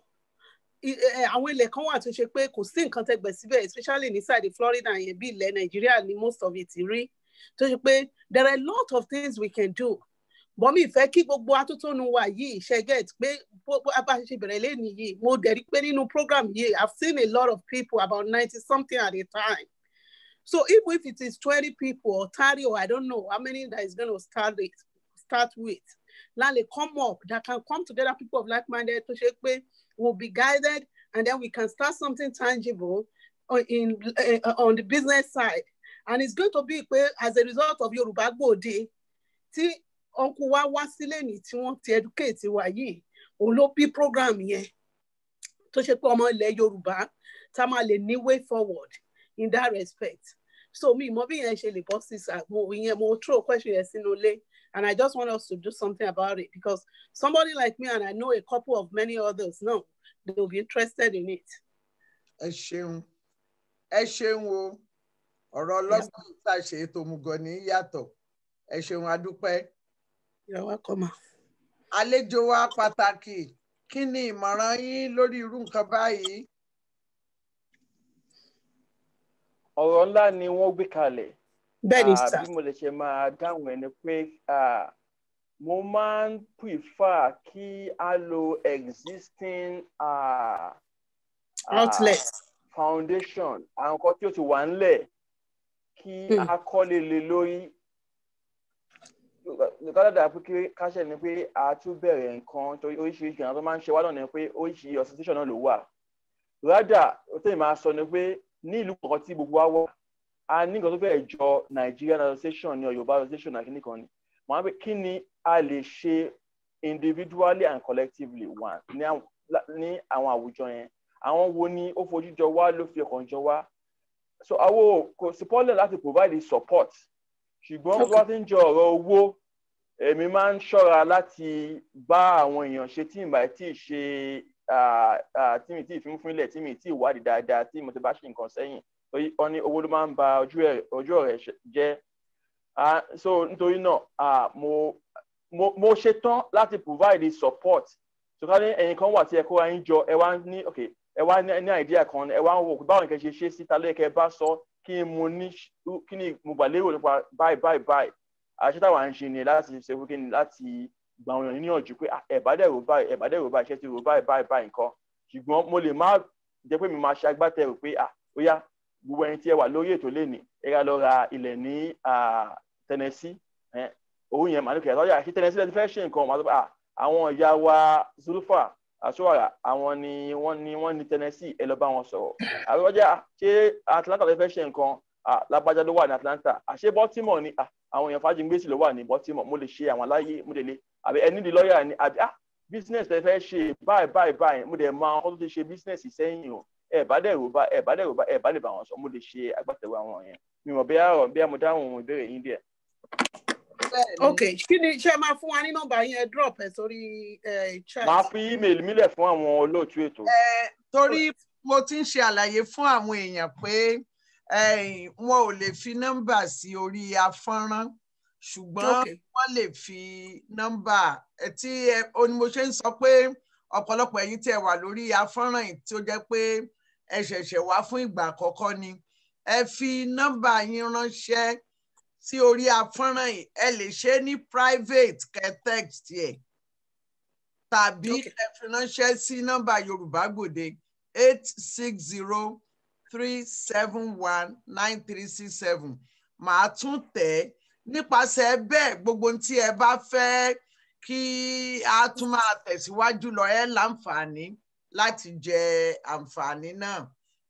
and we let ilẹ̀ kan tó check pé kò contact by tẹgbẹ̀ especially inside the Florida and bí ilẹ̀ Nigeria and most of it rí. Tó there are a lot of things we can do mọ́mí ìfẹ́ kí gbogbo atótónu wa yìí ṣẹ́gẹ̀t pé bá ṣe bẹ̀rẹ̀ lẹ́nu yìí mo dẹ̀ rí pé nínú program i I've seen a lot of people about ninety something at a time so even if it is twenty people or thirty or I don't know how many that is gonna start it start with lálẹ́ come up that can come together people of like minded tó shake pé will be guided and then we can start something tangible on, in, uh, on the business side and it's going to be as a result of your Gbòde See. uncle wa wá sílé ní tí wọ́n ti educate wa yìí òun ló bí program yẹn tó ṣe pé ọmọ ilẹ̀ Yorùbá tá máa lè ní way forward in that respect so mi mọ bí yẹn ṣe lè bọ́ sí sa mo yẹn mo throw question yẹn sínú ilé and I just want us to do something about it because somebody like me and I know a couple of many others now they will be interested in it. ẹ ṣeun ẹ ṣeun o ọ̀rọ̀ ọlọ́gbọ́n tá a ṣe ètò òmùgọ̀ ní yàtọ̀ ẹ ṣeun adúpẹ́ àlejò wa pàtàkì kí ni ìmọ̀ràn yín lórí irú nǹkan báyìí. ọ̀rọ̀ ńlá ni wọ́n gbé kalẹ̀. bẹ́ẹ̀ni sà. bí mo lè ṣe máa dáhùn ẹni pé mo máa ń prefer kí a lo existing uh, outlet uh, foundation àwọn nǹkan tí ó ti wà ńlẹ̀ kí hmm. a kọ́lé lé lórí nǹkan dàda pé kí káṣẹ ni pé a tún bẹ̀rẹ̀ nǹkan torí oríṣiríṣi àwọn tó máa ń ṣe wá náà ni pé oríṣiríṣi ọ̀sìtẹ́sọ̀n náà ló wà rádà tèmi máa sọ ni pé ní ìlú kọ̀ọ̀kan tí gbogbo wa wà a ní nǹkan tó fẹ́ẹ̀ jọ Nigerian association ní Yorùbá association àti nìkan ni màá pé kí ni a lè ṣe individually and collectively one ní àwọn àwùjọ yẹn àwọn wo ni ó fojú jọ wá ló fi ọkàn jọ wá so àwọn kò sí pọ́lẹ̀ láti provide support ṣùgbọ́n bí wọ́n ti ń jọ ọ̀rọ̀ owó èmi máa ń ṣọ́ra láti bá àwọn èèyàn ṣe tí ìgbà tí ì ṣe tí mi tí ì fún fúnlẹ̀ tí mi tí ì wádìí dáadáa tí mo ti bá ṣe nǹkan sẹ́yìn wọ́n ní owó ló máa ń ba ojú ọ̀rẹ́ jẹ́ so nítorí náà mo mo ṣetán láti provide support so ká ní ẹ̀yin kan wà tí ẹ kóra yín jọ ẹ wá ní ẹ wá ní idea kan ẹ wá ń wò báwọn nǹkan ṣe ṣe síta lóye kẹ bá sọ kí ni mo ní kí ni mo gbà lérò nípa báyìí báyìí báyìí àṣẹ táwa ń ṣe ni láti ṣe fún kí ni láti gba àwọn èèyàn níyànjú pé ẹ̀bádẹ́rò báyìí ẹ̀bádẹ́rò báyìí ṣẹ́ ti rò báyìí báyìí báyìí nǹkan ṣùgbọ́n mo lè má jẹ́ pé mi máa ṣe agbátẹrù pé à ó yá gbogbo ẹni tí ẹ wà lórí ètò lẹ́nì ẹ yà lọ ra ilẹ̀ ní Tennessee owó yẹn màá ní kẹ̀kẹ́ lọ́yà àti Tennessee lẹ́ni fẹ́ ṣe nǹkan màá sọ pé àwọn ìyá wa zulufa àṣọwàrà àwọn ni wọ́n ni wọ́n ní Tennessee ẹ lọ bá wọn sọ̀rọ̀ àbíwájà ṣé Atlanta lè fẹ́ ṣe nǹkan lágbájá ló wà ní Atlanta àṣé Baltimore ni àwọn èèyàn fàájìngbèsì ló wà ní Baltimore mo lè ṣe àwọn aláyé mo lè lè àbí ẹni di lọ́ọ̀yà ni àbí ah business ẹ fẹ́ ṣe báyìí báyìí báyìí mo dẹ̀ mọ àwọn tó ti ṣe business sẹ́yìn o ẹ bá dẹ̀ rò bá ẹ bá dẹ̀ rò bá ẹ bá lè bá wọn sọ mo lè ṣe agbátẹ̀wé àwọn yẹn mi mọ̀ bí mo dáhùn ìbéèrè yín díẹ̀ ok kí ni ṣe máa fún wa ní nọ́mbà yẹn drop ẹ sórí chat. màá fi email mílẹ̀ fún àwọn olóòtú ètò. torí mo ti ń ṣe àlàyé fún àwọn èèyàn pé wọn ò lè fi nọ́mbà sí orí afọ́nrán ṣùgbọ́n wọ́n lè fi nọ́mbà tí mo ṣe ń sọ pé ọ̀pọ̀lọpọ̀ ẹ̀yin tí ẹ wà lórí afọ́nrán yìí tó jẹ́ pé ẹ ṣẹ̀ṣẹ̀ wá fún ìgbà àkọ́kọ́ ni ẹ fi nọ́mbà yín ránṣẹ́ sí orí afọ́nrán yìí ẹ lè ṣe ní private kẹ text yẹ tàbí ẹ fi ránṣẹ́ sí nọ́mbà Yorùbá Gbòde eight six zero three seven one nine three six seven màá tún tẹ̀ ẹ́ nípasẹ̀ bẹ́ẹ̀ gbogbo tí ẹ bá fẹ́ kí a tún máa tẹ̀síwájú lọ ẹ láǹfààní láti jẹ àǹfààní náà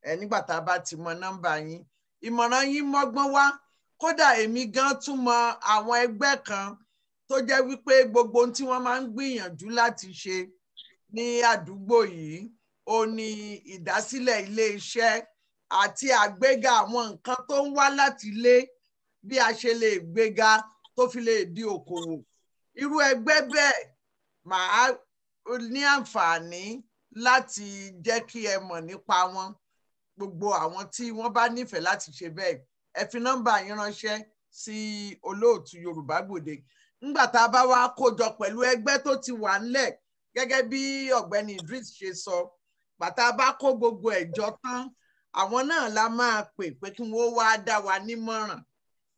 ẹ nígbà tá a bá ti mọ nọ́mbà yín ìmọ̀ràn yín mọ́gbọ́n wá kódà èmi gan tún mọ àwọn ẹgbẹ́ kan tó jẹ́ wípé gbogbo ohun tí wọ́n máa ń gbìyànjú láti ṣe ní àdúgbò yìí ó ní ìdásílẹ̀ iléeṣẹ́ àti àgbéga àwọn nǹkan tó ń wá láti ilé bí a ṣe lè gbéga tó fi lè di òkòwò irú ẹgbẹ́ bẹ́ẹ̀ màá ní àǹfààní láti jẹ́ kí ẹ mọ̀ nípa wọn gbogbo àwọn tí wọ́n bá nífẹ̀ẹ́ láti ṣe bẹ́ẹ̀ ẹ fi nọ́mbà yín ránṣẹ́ sí olóòtú Yorùbá Gbòde ńgbà tá a bá wá kójọ pẹ̀lú ẹgbẹ́ tó ti wà ńlẹ̀ gẹ́gẹ́ bí ọ̀gbẹ́ni Idris ṣe sọ bàtà bá kó gbogbo ẹ̀jọ tán àwọn náà la máa pè pé kí wọ́n wá dá wa nímọ̀ràn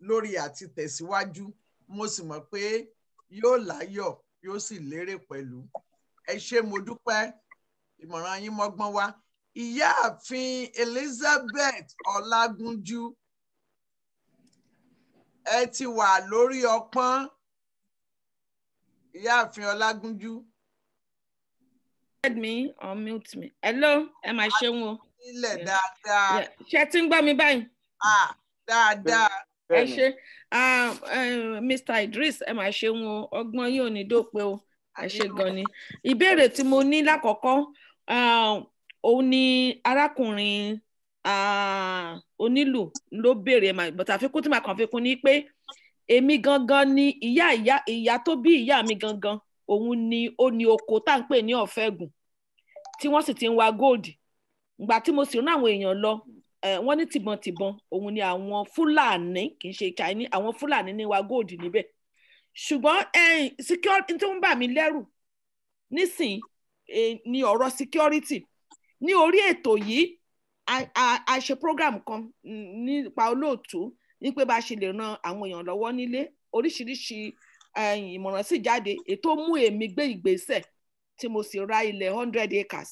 lórí àti tẹ̀síwájú mo sì mọ̀ pé yóò láyọ̀ yóò sì lérè pẹ̀lú ẹ ṣé mo dúpẹ́ ìmọ̀ràn yín mọ́gbọ́n wá ìyáàfin Elizabeth Ọlágúnjú ẹ ti wà lórí ọpọ́n ìyáàfin ọlágúnjú. me or mute me hello am I showing you? wo. ilẹ̀ dáadáa. ṣé tí ń gbọ́ mi báyìí. ah dáadáa. ẹ ṣe Mr. Idris am I showing you? wo ọgbọ́n yóò ní dópin o ẹ ṣe gan ni ìbéèrè tí mo ní lákọ̀ọ́kọ́ òun ni Ah, onílù ló béèrè mà but àfikún tí màá kàn fikún ni pé èmi gangan ni ìyá ìyá ìyá tó bí ìyá mi gangan òun ni ó ní oko tá à ń pè ní ọ̀fẹ́gùn tí wọ́n sì ti ń wa gold ìgbà tí mo sì rán àwọn èèyàn lọ eh, wọ́n ní tìbọntìbọn òun ni àwọn fúlàní kì í ṣe Chinese àwọn fúlàní ní wa gold níbẹ̀ ṣùgbọ́n eh, security tí wọ́n bà mí lẹ́rù nísìn eh, ni ọ̀rọ̀ security ní orí ètò yìí a ṣe program kan nípa olóòtú ní pé bá a ṣe lè ran àwọn èèyàn lọ́wọ́ nílé oríṣiríṣi eh, ìmọ̀ràn sì jáde ètò mú èmi gbé ìgbésẹ̀ tí mo sì ra ilẹ̀ hundred acres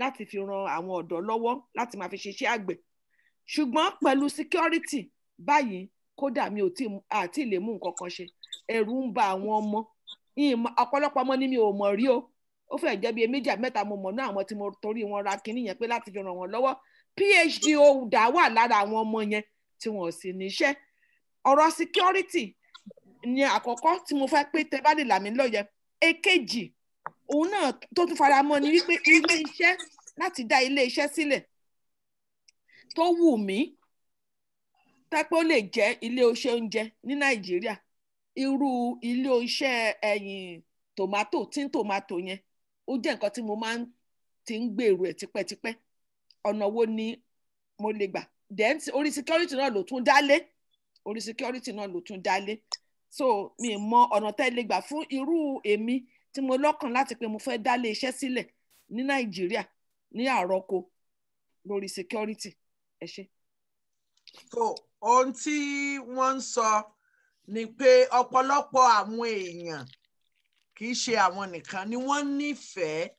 láti fi ran àwọn ọ̀dọ́ lọ́wọ́ láti máa fi ṣiṣẹ́ àgbẹ̀ ṣùgbọ́n pẹ̀lú security báyìí kódà mi ò tí àti lè mú nǹkan kan ṣe ẹ̀rù ń ba àwọn ọmọ ọ̀pọ̀lọpọ̀ ọmọ ni mi ò mọ̀ rí o ó fẹ́ jẹ́ bí méjì mẹ́ta mo mọ̀ náà àwọn tí mo torí wọn ra kinní yẹn pé láti fi ràn wọ́n lọ́wọ́ phd holder wà lára àwọn ọmọ yẹn tí wọn sì níṣẹ́ ọ̀rọ̀ security ni àkọ́kọ́ tí mo fẹ́ pé tẹ bá lè là mí lóye èkejì òun náà tó tún fara mọ́ ni wípé ilé iṣẹ́ láti dá ilé iṣẹ́ sílẹ̀ tó wù mí tápẹ́ ó lè jẹ́ ilé iṣẹ́ oúnjẹ ní nàìjíríà irú ilé iṣẹ́ ẹ̀yìn tòmátò tí ń tòmátò yẹn ó jẹ́ nǹkan tí mo máa ń ti ń gbèrú ẹ̀ tipẹ́tipẹ́ ọ̀nà wo ni mo lè gbà then orí security náà ló tún dálé orí security náà ló tún dálé so mi mọ ọ̀nà tẹ́ lè gbà fún irú èmi tí mo lọ́kàn láti pé mo fẹ́ dálé iṣẹ́ sílẹ̀ ní nàìjíríà ní àrọ́kọ lórí security ẹ ṣe. so ohun tí wọ́n ń sọ ni pé ọ̀pọ̀lọpọ̀ àwọn èèyàn kì í ṣe àwọn nìkan ni wọ́n nífẹ̀ẹ́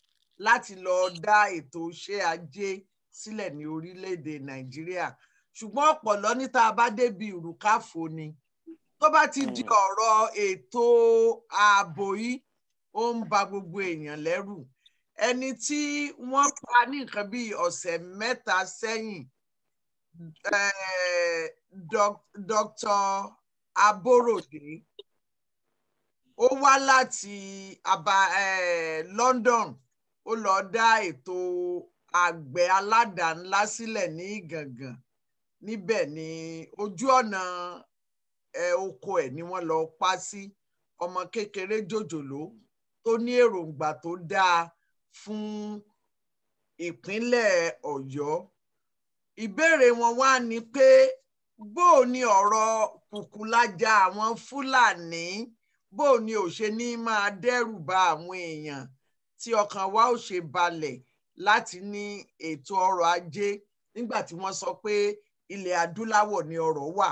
láti lọ dá ètò iṣẹ́ ajé sílẹ̀ ní orílẹ̀-èdè nàìjíríà ṣùgbọ́n ọ̀pọ̀ lọ ní tá a bá débi ìrùkàfò ni tó bá ti di hmm. ọ̀rọ̀ ètò ààbò yìí ó ń ba gbogbo èèyàn lẹ́rù ẹni tí wọ́n pa ní nǹkan bíi ọ̀sẹ̀ mẹ́ta sẹ́yìn eh, Dr. Aborode ó wá láti eh, London ó lọ dá ètò àgbẹ̀ aládàá-ńlá sílẹ̀ ní Ìgàngàn níbẹ̀ ni ojú ọ̀nà ẹ oko ẹ̀ ni wọ́n lọ pa sí ọmọ kékeré jòjòló tó ní èròǹgbà tó dáa fún ìpínlẹ̀ Ọ̀yọ́ ìbéèrè wọn wá ni pé bó o ní ọ̀rọ̀ kùkùlájà àwọn Fúlàní bó o ní ò ní máa dẹ́rù ba àwọn èèyàn tí ọkàn wa ò ṣe balẹ̀ láti ní ètò ọrọ̀ ajé nígbà tí wọ́n sọ pé ilẹ̀ adúláwọ̀ ni ọrọ̀ wà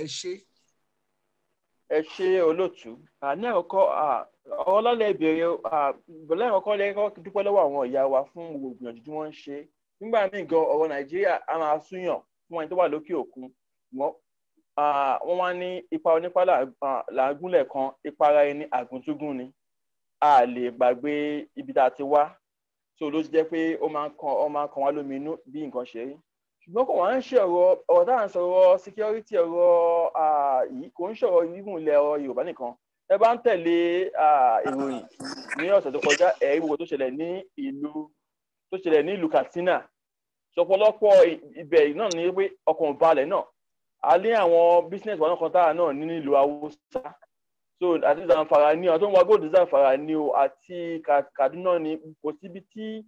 ẹ ṣé. ẹ ṣé olóòtú ní àkókò ọlọ́lẹ̀ ìbéèrè bọ̀lá àkọ́kọ́ lẹ́kọ́ dúpẹ́ lọ́wọ́ àwọn ìyá wa fún gbogbo ìgbìyànjú tí wọ́n ń ṣe nígbà míì gan ọ̀rọ̀ nàìjíríà a máa súyàn fún ẹni tó wà lókè òkun wọ́n wá ní ipa onípa làágúnlẹ̀ kan ipa ara ẹni àgùntúgún ni a lè gbàgbé ibi tá a ti wá so ló ti jẹ́ pé ó máa ń kan ó máa ń kan wá lómi inú bí nǹkan ṣe rí ṣùgbọ́n kò wá ń ṣe ọ̀rọ̀ ọ̀rọ̀ tá sọ̀rọ̀ security ọ̀rọ̀ yìí kò ń ṣọ̀rọ̀ gígùn ilẹ̀ ọ̀rọ̀ Yorùbá nìkan ẹ bá ń tẹ̀lé ìròyìn ní ọ̀sẹ̀ tó kọjá ẹ̀rí gbogbo tó ṣẹlẹ̀ ní ìlú tó ṣẹlẹ̀ ní ìlú Katsina ṣọ̀pọ̀lọpọ̀ ibẹ̀ náà ní pé ọkàn balẹ̀ náà a ní àwọn business wa náà kan tára náà ní ìlú Haúsá so àti Zamfara ni àwọn tó ń wá góòlù Zamfara ni o àti Kaduna ni kò síbi tí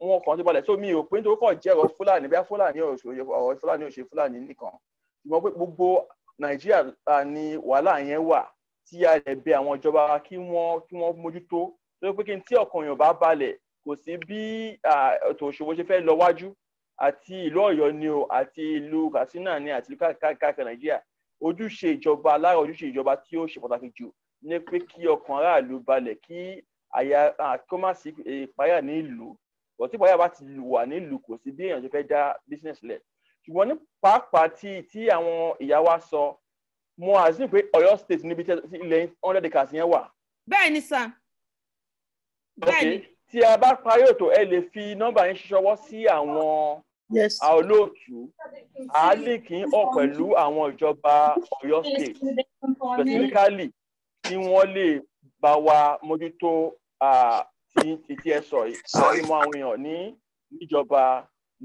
wọn kàn ti balẹ̀ so mi ò pé nítorí kàn jẹ́rọ Fúlàní bí Fúlàní ọ̀rọ̀ Fúlàní ò ṣe Fúlàní nìkan ṣùgbọ́n pé gbogbo Nàìjíríà ni wàhálà yẹn wà tí a lè bẹ àwọn ìjọba kí wọ́n kí wọ́n mójútó lórí pé kí n tí ọkàn èèyàn bá balẹ̀ kò sí bí ètò òṣòwò ṣe fẹ́ lọ wájú àti ìlú Ọ̀yọ́ ni o àti ìlú Katsina ni àti ìlú káàkiri Nàìjíríà ojúṣe ìjọba lára ojúṣe ìjọba tí ó ṣe pàtàkì jù ni pé kí ọkàn aráàlú balẹ̀ kí àyà kó má sí e, ìpayà ní ìlú ọ̀ tí ìpayà bá ti wà ní ìlú kò sí bí èèyàn ṣe fẹ́ dá business lẹ̀ ṣùgbọ́n ní pàápàá tí tí àwọn ìyá wa sọ mo assume pé Ọ̀yọ́ state níbi tí ilẹ̀ hundred acres yẹn wà. bẹ́ẹ̀ ni sir. bẹ́ẹ̀ ni. tí a bá parí ètò ẹ lè fi nọ́mbà yín ṣọwọ́ sí àwọn Yes. a olóòtú a linkin up pẹ̀lú àwọn ìjọba Ọ̀yọ́ state specifically tí wọ́n lè bá wa mójútó ti ti ẹ sọ àìmọ̀ àwọn èèyàn ní níjọba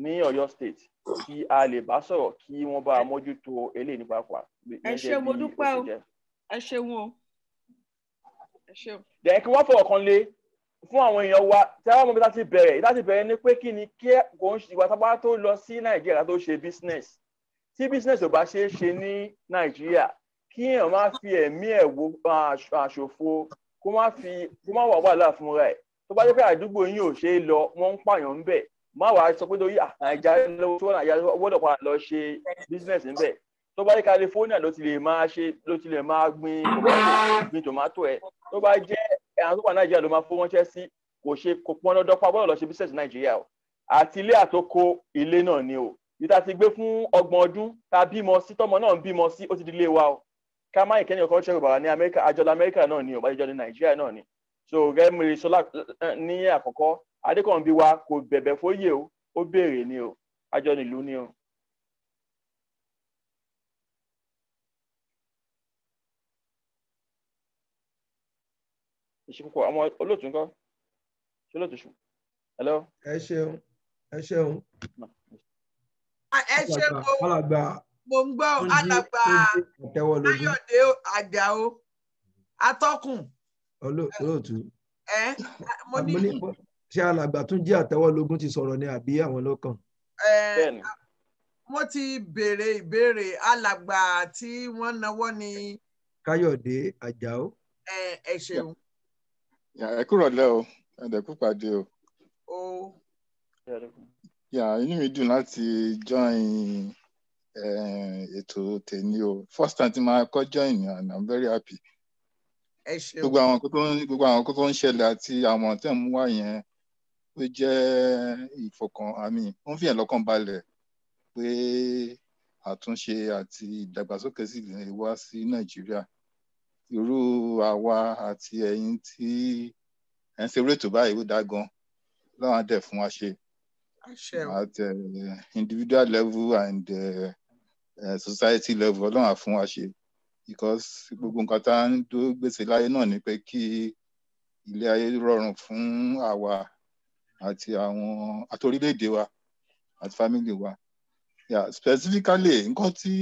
ní Ọ̀yọ́ state kí a lè bá sọ̀rọ̀ kí wọ́n bá mójútó eléyìí nípa pa. ẹ ṣe mo dúpẹ́ o ẹ ṣeun o ẹ ṣeun. dẹ̀ kí wọ́n fọwọ́ kan lé fún àwọn èèyàn wa tí àwọn ọmọbi láti bẹ̀rẹ̀ láti bẹ̀rẹ̀ ni pé kí ni kí kò ń ìwà tábà tó lọ sí nàìjíríà tó ṣe business tí business ò bá ṣe é ṣe ní nàìjíríà kí èèyàn má fi ẹ̀mí ẹ̀ wo àṣòfo kó má fi kó má wà wàhálà fúnra ẹ̀ tó bá jẹ́ pé àdúgbò yín ò ṣe é lọ wọ́n ń pààyàn ń bẹ̀ má wàá sọ pé lórí àìjà lọ́wọ́ tó nàìjà gbọ́dọ̀ padà lọ ṣe business ńbẹ̀ tó bá jẹ́ California ló ti lè máa ṣe ló ti lè máa gbin gbin tomato ẹ̀ tó bá jẹ́ àwọn tó wà nàìjíríà ló máa fún wọn ṣẹ́ sí kò ṣe kò pọn dandan pa bọ́ọ̀lù lọ ṣe business nàìjíríà o àti ilé àtòkò ilé náà ni o ìta ti gbé fún ọgbọ̀n ọdún ta bímọ sí tọmọ náà ń bímọ sí ó ti di ilé wa o ká má ìkẹ́ni ọkọ̀ ṣẹ́gun bàbá ní amẹ́ríkà àjọlọ amẹ́ríkà náà ni o bá jọjọ ní nàìjíríà náà ni so gẹ́mìrì sọlá ní àkọ́kọ́ adékọ̀ọ́nbí wa kò bẹ̀bẹ̀ fóyè o ó béèrè ni o àjọ nílùú ni o ìṣe púpọ̀ ọmọ olóòtú ńkọ́ ṣé olóòtú ṣù. ẹ ṣeun ẹ ṣeun. ẹ ṣe mo mo ń gbọ́ alàgbà Mayọ̀dé Àjàó atọ́kùn. olóòtú. ẹ mo ní. ṣé alàgbà tún jẹ́ àtẹwọ́lógún ti sọ̀rọ̀ ni àbí àwọn ló kàn. bẹ́ẹ̀ni mo ti béèrè ìbéèrè alàgbà tí wọ́n náwó ni. Káyọ̀dé Àjàó. ẹ ẹ ṣeun ẹ kúrọ̀lẹ́ o ẹ dẹ̀ kú pàdé o. ó yà inú mi dùn láti join eh, ètò tèmi o first time tí màá kọ́ join and I'm very happy. ẹ ṣeun gbogbo àwọn kókó gbogbo àwọn kókó ń ṣẹlẹ̀ àti àwọn tẹ̀ ń wá yẹn ó jẹ́ ìfọkàn àmì ó ń fi hàn lọ́kàn balẹ̀ pé àtúnṣe àti ìdàgbàsókè sì lè wá sí Nàìjíríà irú àwa àti ẹ̀yin tí ẹ ń ṣerú ètò báyìí ó dá gan lọ́wọ́n á dẹ̀ fún wa ṣe at uh, individual level and uh, uh, society level ọlọ́run á fún wa ṣe because gbogbo nǹkan tá à ń dó gbèsè láyé náà ni pé kí ilé ayé rọrùn fún àwa àti àwọn àti wa àti family wa yeah, specifically nǹkan tí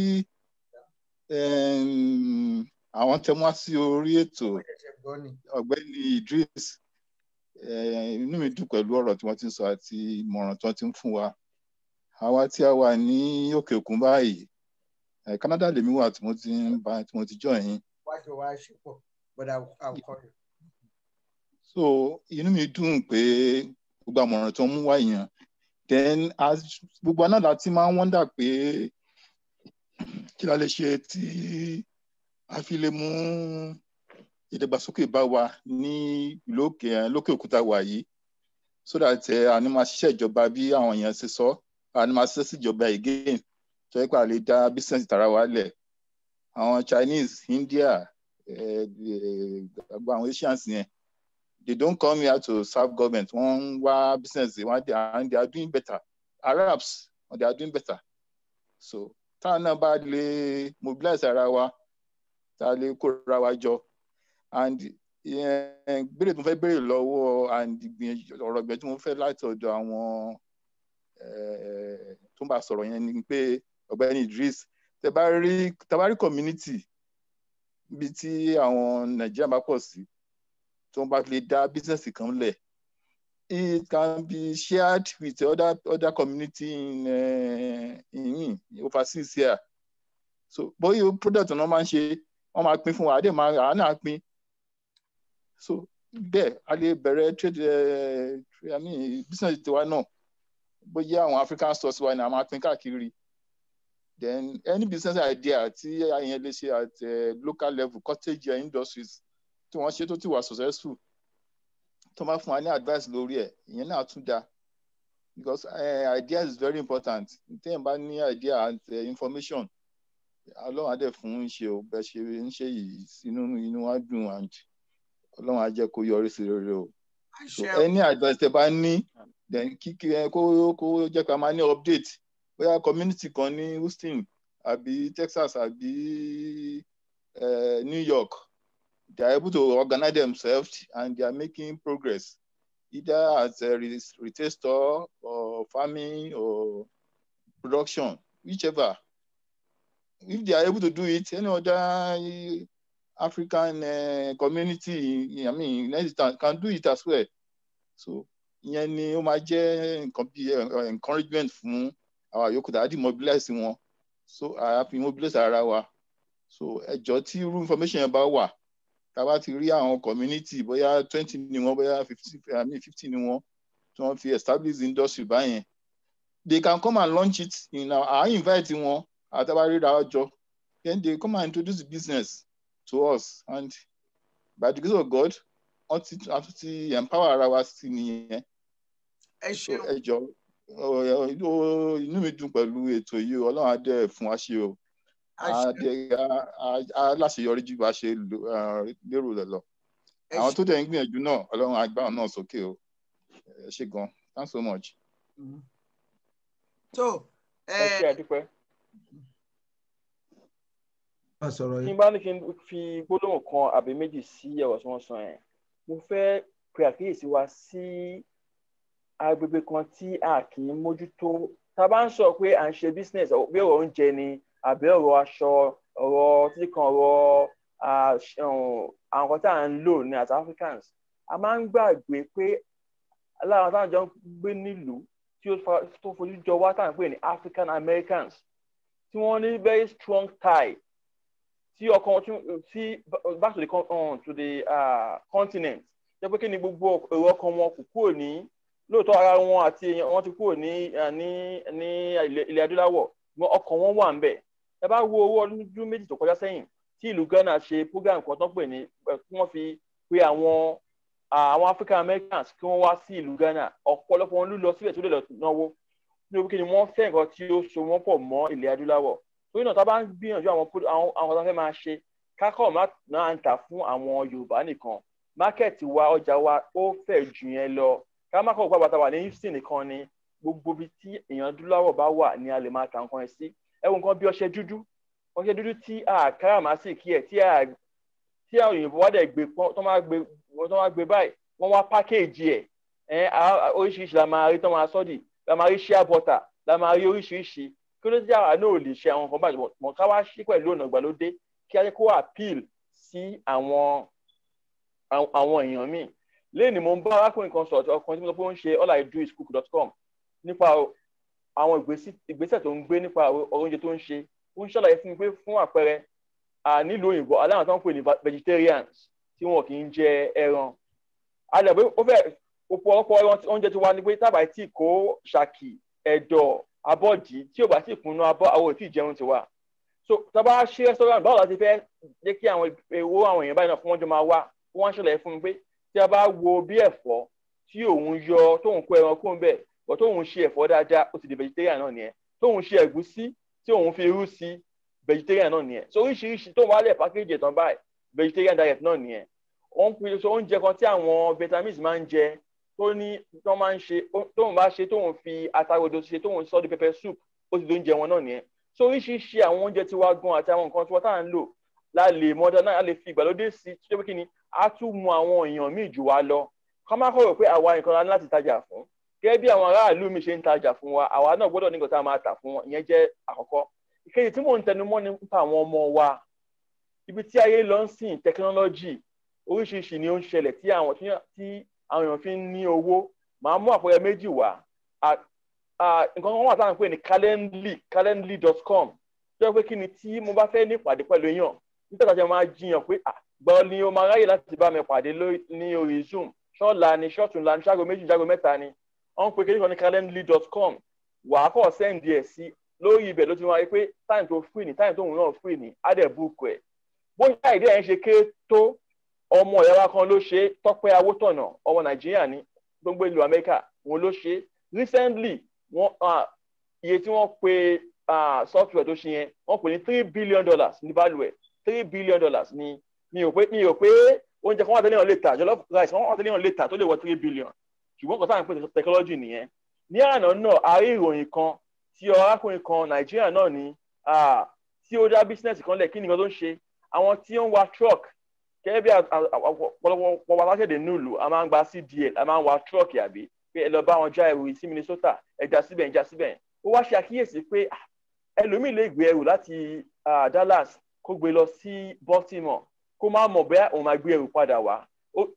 um, àwọn tẹ wá sí orí ètò ọ̀gbẹ́ni Idris eh, inú mi dùn pẹ̀lú ọ̀rọ̀ tí wọ́n ti sọ àti ìmọ̀ràn tí wọ́n ti ń fún wa àwa tí a wà ní òkè òkun báyìí eh, Canada lèmi wà tí mo ti ń bá tí mo ti join so inú mi dùn pé gbogbo àmọ̀ràn tó ń mú wá yẹn then as gbogbo anáda ti máa ń wọ́ndà pé kí la lè ṣe tí. Tí a fi lè mú ìdàgbàsókè bá wa ní lókè eh, lókè òkúta wa yìí so that ẹ eh, a ní máa ṣiṣẹ́ ìjọba bí àwọn èèyàn ṣe sọ a ní máa ṣiṣẹ́ síjọba again tó yẹ pé a lè dá business tara wa lẹ̀ àwọn Chinese India gbogbo eh, àwọn Asians yẹn they don't come here to serve government wọ́n ń wá business wọ́n dey and they are doing better Arabs they are doing better so táwọn náà bá lè mobilize ara wa tá lè kóra wa jọ and eh, béèrè tó fẹ́ béèrè lọ́wọ́ and ọ̀rọ̀ ìgbẹ́ tí mo fẹ́ láti ọ̀dọ̀ àwọn eh, tó ń bá sọ̀rọ̀ yẹn ni pé ọ̀gbẹ́ni Idris tabari community bíi tí àwọn Nàìjíríà bá pọ̀ sí tó ń bá lè dá bísíǹsì kan lẹ̀ it can be shared with other other community in uh, in overseas here so bóyá product náà máa ń ṣe wọ́n máa pín fún wa àdé máa àá náà so bẹ́ẹ̀ a lè bẹ̀rẹ̀ eh, trade I mean business tiwa náà bóyá àwọn African stores wa ni a máa pín káàkiri then any business idea tí àyẹn lè ṣe at uh, local level cottage industries tí wọ́n ṣe tó ti wà successful tó máa fún wa ní advice lórí ẹ̀ ìyẹn náà tún dáa because uh, eh, idea is very important téèyàn bá ní idea and uh, information ọlọ́run á fún ń ṣe o bẹ́ẹ̀ ṣe ń ṣe yìí inú inú wa dùn and ọlọ́run á jẹ́ kó yọrí sí rere o any advice tẹ bá ní then kíkí ẹ kó kó jẹ́ ká máa ní update bóyá community kan ní Houston àbí Texas àbí uh, New York they are able to organize themselves and they are making progress either as a retail store or farming or production whichever if they are able to do it, any other eh, African uh, community, I mean, can do it as well. So, ìyẹn ni ó máa eh, encouragement fún àwa yòókù could a mobilize wọn so I have mobilize our wa so a tí irú information about what, about the real community. ti rí àwọn community bóyá twenty ni I bóyá fifteen ni wọ́n tí wọ́n fi establish industry báyẹn they can come and launch it You know, I invite wọn Atabari Rawajo, then they come and introduce business to us. And by the grace of God, until ti empower ara wa sí nìyẹn. Ẹ ṣeun. Ẹ jọ inú mi dùn pẹ̀lú ètò yìí ọlọ́run á dẹ̀ fún wa ṣe o. Aláṣeyọrí jù bá ṣe lérò rẹ̀ lọ. Àwọn tó dẹ̀ ń gbìyànjú náà ọlọ́run á gbà wọn náà sókè o. Ẹ ṣe gan. Thanks so much. Mm -hmm. So, ẹ ṣe eh, àdúpẹ́ kí n bá ní kí n fi gbólóhùn kan àbí méjì sí ọ̀rọ̀ tí wọ́n sọ yẹn mo fẹ́ pe àkíyèsí wa sí agbègbè kan tí a kì í mójútó tá a bá ń sọ pé à ń ṣe business bí ọ̀rọ̀ oúnjẹ ni àbí ọ̀rọ̀ aṣọ ọ̀rọ̀ títí kan ọ̀rọ̀ àwọn kan tá à ń lò ní as Africans a máa ń gbàgbé pé lára táwọn jọ ń gbé nílùú tí ó fojú jọ wá táwọn pè ní African Americans tí wọ́n ní very strong tie tí ọkàn tí back to the um, to the uh, continent jẹ́ pé kí ni gbogbo èrò ọkàn wọn kò kúrò ní lóòótọ́ ara wọn àti èèyàn wọn ti kúrò ní uh, ní ní ilẹ̀ adúláwọ̀ ṣùgbọ́n ọkàn wọn wà ń bẹ̀ ẹ bá wo owó ọdún méjì tó kọjá sẹ́yìn tí ìlú Ghana ṣe program kan tó ń pè ní kí wọ́n fi pé àwọn uh, àwọn African Americans kí wọ́n wá sí ìlú Ghana ọ̀pọ̀lọpọ̀ wọn ló lọ síbẹ̀ tó lè lọ náwó níbi kí ni wọ́n fẹ́ nǹkan tí ó so wọ́n pọ̀ mọ́ ilẹ̀ adúláwọ̀ torí náà tá a bá ń gbìyànjú àwọn àwọn àwọn tá a fẹ́ máa ṣe kákọ̀ máa ń tà fún àwọn Yorùbá nìkan mákẹ́ẹ̀tì wa ọjà wa ó fẹ̀ jù yẹn lọ ká má kọ̀ gbàgbà tá a wà ní houston nìkan ni gbogbo ibi tí èèyàn adúláwọ̀ bá wà ni a lè máa ta nǹkan ẹ̀ sí ẹ wo nǹkan bí ọṣẹ dúdú ọṣẹ dúdú tí a káràmásìkì ẹ̀ tí a tí àwọn òyìnbó wá dẹ̀ gbé tó máa gbé báyìí wọ́n wá pákéèjì ẹ̀ oríṣiríṣi la máa rí tó máa sọ́ọ̀dì la máa rí share butter la máa rí oríṣiríṣi kí ló dé àwa náà ò lè ṣe àwọn nǹkan báyìí mọ̀ ká wá ṣí pẹ̀lú ọ̀nà ìgbàlódé kí á jẹ́ kó appeal sí àwọn àwọn èèyàn míì lẹ́yìn mo ń bá arákùnrin kan sọ̀rọ̀ ọkùnrin tí mo sọ pé ó ń ṣe all i do is cook dot com nípa àwọn ìgbésẹ̀ tó ń gbé nípa oúnjẹ tó ń ṣe ó ń ṣàlàyé fún mi pé fún àpẹẹrẹ nílùú òyìnbó aláwọn tó ń pè ní vegetarians tí wọn kì í jẹ ẹran àdàbí ó fẹ́ ọ̀pọ̀lọpọ̀ oúnjẹ tiwa ni pé tábà tí kò ṣàkì ẹ̀dọ̀ abọ́dì tí ò bá sì kùnú abọ́ àwọn òtí ìjẹun tiwa so tábà ṣe restaurant báwo la ti fẹ́ jẹ́ kí àwọn èrò àwọn èèyàn báyìí náà fún wọn jọ máa wá kí wọ́n ṣẹlẹ̀ fún mi pé tí a bá wo bí ẹ̀fọ́ tí òun yọ tóun kó ẹran kó ń bẹ̀ bọ̀ tóun ṣe ẹ̀fọ́ dáadáa ó ti di vegetarian náà nìyẹn tóun ṣe ẹ̀gúsí tí òun fi irú sí vegetarian náà nìyẹn so oríṣiríṣi tóun wá lẹ̀ package ìtàn báyìí vegetarian diet náà nìyẹn wọ́n ń pè so oúnjẹ kan tí àwọn vitamins máa ń jẹ tó ní tó máa ń ṣe tóun bá ṣe tóun fi atarodo ṣe tóun sọ di pepper soup ó ti dóúnjẹ wọn náà nìyẹn so oríṣiríṣi àwọn oúnjẹ tí wàá gan àti àwọn nǹkan tí wọ́n tá à ń lò la lè mọdá náà a lè fi ìgbàlódé sí i tó pé kí ni a tún mú àwọn èèyàn míì jù wá lọ ká má kọ̀rọ̀ pé àwa nìkan la ní láti tajà fún gẹ́gẹ́ bí àwọn aráàlú mi ṣe ń tajà fún wa àwa náà gbọ́dọ̀ ní nǹkan a máa tà fún wọn ìyẹn jẹ́ àkọ́kọ́ ìkejì tí mò ń tẹnu mọ́ nípa àwọn ọmọ wa ibi tí ayé lọ ń sìn tẹkinọ́lọ́jì oríṣiríṣi ni ó ń ṣẹlẹ̀ tí àwọn èèyàn fi ń ní owó màá mú àpẹẹrẹ méjì wá nǹkan kan wà tá à ń pè ní calendly calendly.com jẹ́ pé kí ni tí mo bá fẹ́ ní ìpàdé pẹ̀lú èèyàn nítorí àti máa jiyàn pé gbọ́ ni o máa ráyè láti bá mi pàdé ní orí zoom ṣọ́ọ̀la ni ṣọ́ọ̀tún la ni ṣáàgó méjì ṣáàgó mẹ́ta ni wọ́n ń pe kékeré kan ní calendly.com wàá kọ́ sẹ́ǹdì ẹ̀ sí lórí ibẹ̀ ló ti máa rí pé táìmù tó free ni táìmù tóun náà free ni á dẹ̀ búùkù ẹ̀ bóyá ìdí ẹ̀ ń ṣe ké tó ọmọ ìyá wa kan ló ṣe Tọ́pẹ́ Awótọ̀nà ọmọ Nàìjíríà ní gbogbo ìlú Amẹ́ríkà wọn ló ṣe recently wọn iye tí wọ́n pe software tó ṣe yẹn wọ́n pè ní three billion dollars ní value three billion dollars ní mi ò pé mi ò pé oúnjẹ kan wà tẹ́lẹ̀ hàn lè tà jollof rice kan wà tẹ́lẹ̀ hàn lè tà tó lè wọ three billion ṣùgbọ́n kò sáà ń pè technology nìyẹn ní àná náà a rí ìròyìn kan tí arákùnrin kan Nàìjíríà náà ní tí ó dá business kan lẹ̀ kí nìkan tó ń ṣe àwọn tí ó ń wa truck kẹ́ẹ́ bí ọ̀pọ̀lọpọ̀ wa láṣẹ̀dẹ̀ nílùú a máa ń wa tírọ̀kì àbí pé ẹ lọ bá wọn Minnesota ẹja síbẹ̀ ẹja síbẹ̀ ó wá ṣe àkíyèsí pé ah, ẹlòmíì lè gbé Dallas kó gbé lọ sí Baltimore kó má mọ̀ bẹ́ẹ̀ òun máa gbé ẹrù padà wá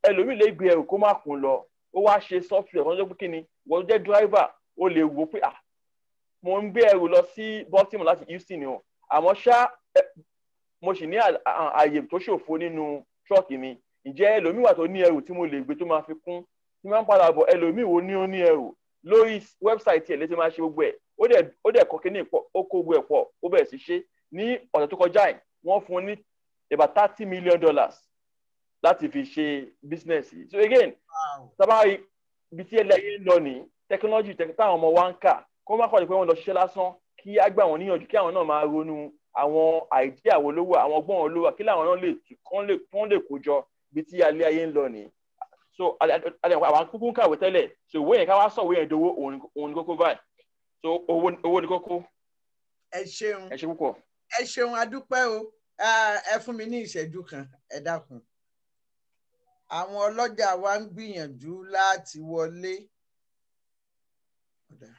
ẹlòmíì lè gbé ẹrù kó driver ó ah mo ń gbé ẹrù lọ sí Baltimore láti Houston o àmọ́ ṣá mo sì ní àyè tó ṣòfò truck mi ǹjẹ́ ẹlòmíì wà tó ní ẹrù tí mo lè gbé tó máa fi kún tí máa ń padà bọ̀ ẹlòmíì wo ní ó ní ẹrù lórí website tiẹ̀ létí máa ṣe gbogbo ẹ̀ ó dẹ̀ kọ́ kíní pọ̀ ó kó gbogbo ẹ̀ pọ̀ ó bẹ̀rẹ̀ sí ṣe ní ọ̀sẹ̀ tó kọjá yìí wọ́n fún un ní about thirty million dollars láti fi ṣe business yìí so again sábà ibi tí ẹlẹ́yìn ń lọ ní technology táwọn ọmọ wa ń kà kó má kọ́ ni pé wọ́n lọ ṣiṣẹ́ lásán kí á gbà wọ́n níyànjú kí àwọn náà máa ronú àwọn àìdí àwọn olówó àwọn ọgbọ́n olówó kí làwọn náà lè kán lè kán lè kó bí tí alẹ́ ayé ń lọ ní. so àwọn kúkú ń kàwé tẹ́lẹ̀ so owó yẹn ká wá sọ owó yẹn dowó òun ni kókó báyìí so owó ni kókó. ẹ ṣeun ẹ ṣe púpọ̀. ẹ ṣeun adúpẹ́ o ẹ fún mi ní ìṣẹ́jú kan ẹ dákun. àwọn ọlọ́jà wa ń gbìyànjú láti wọlé. Okay.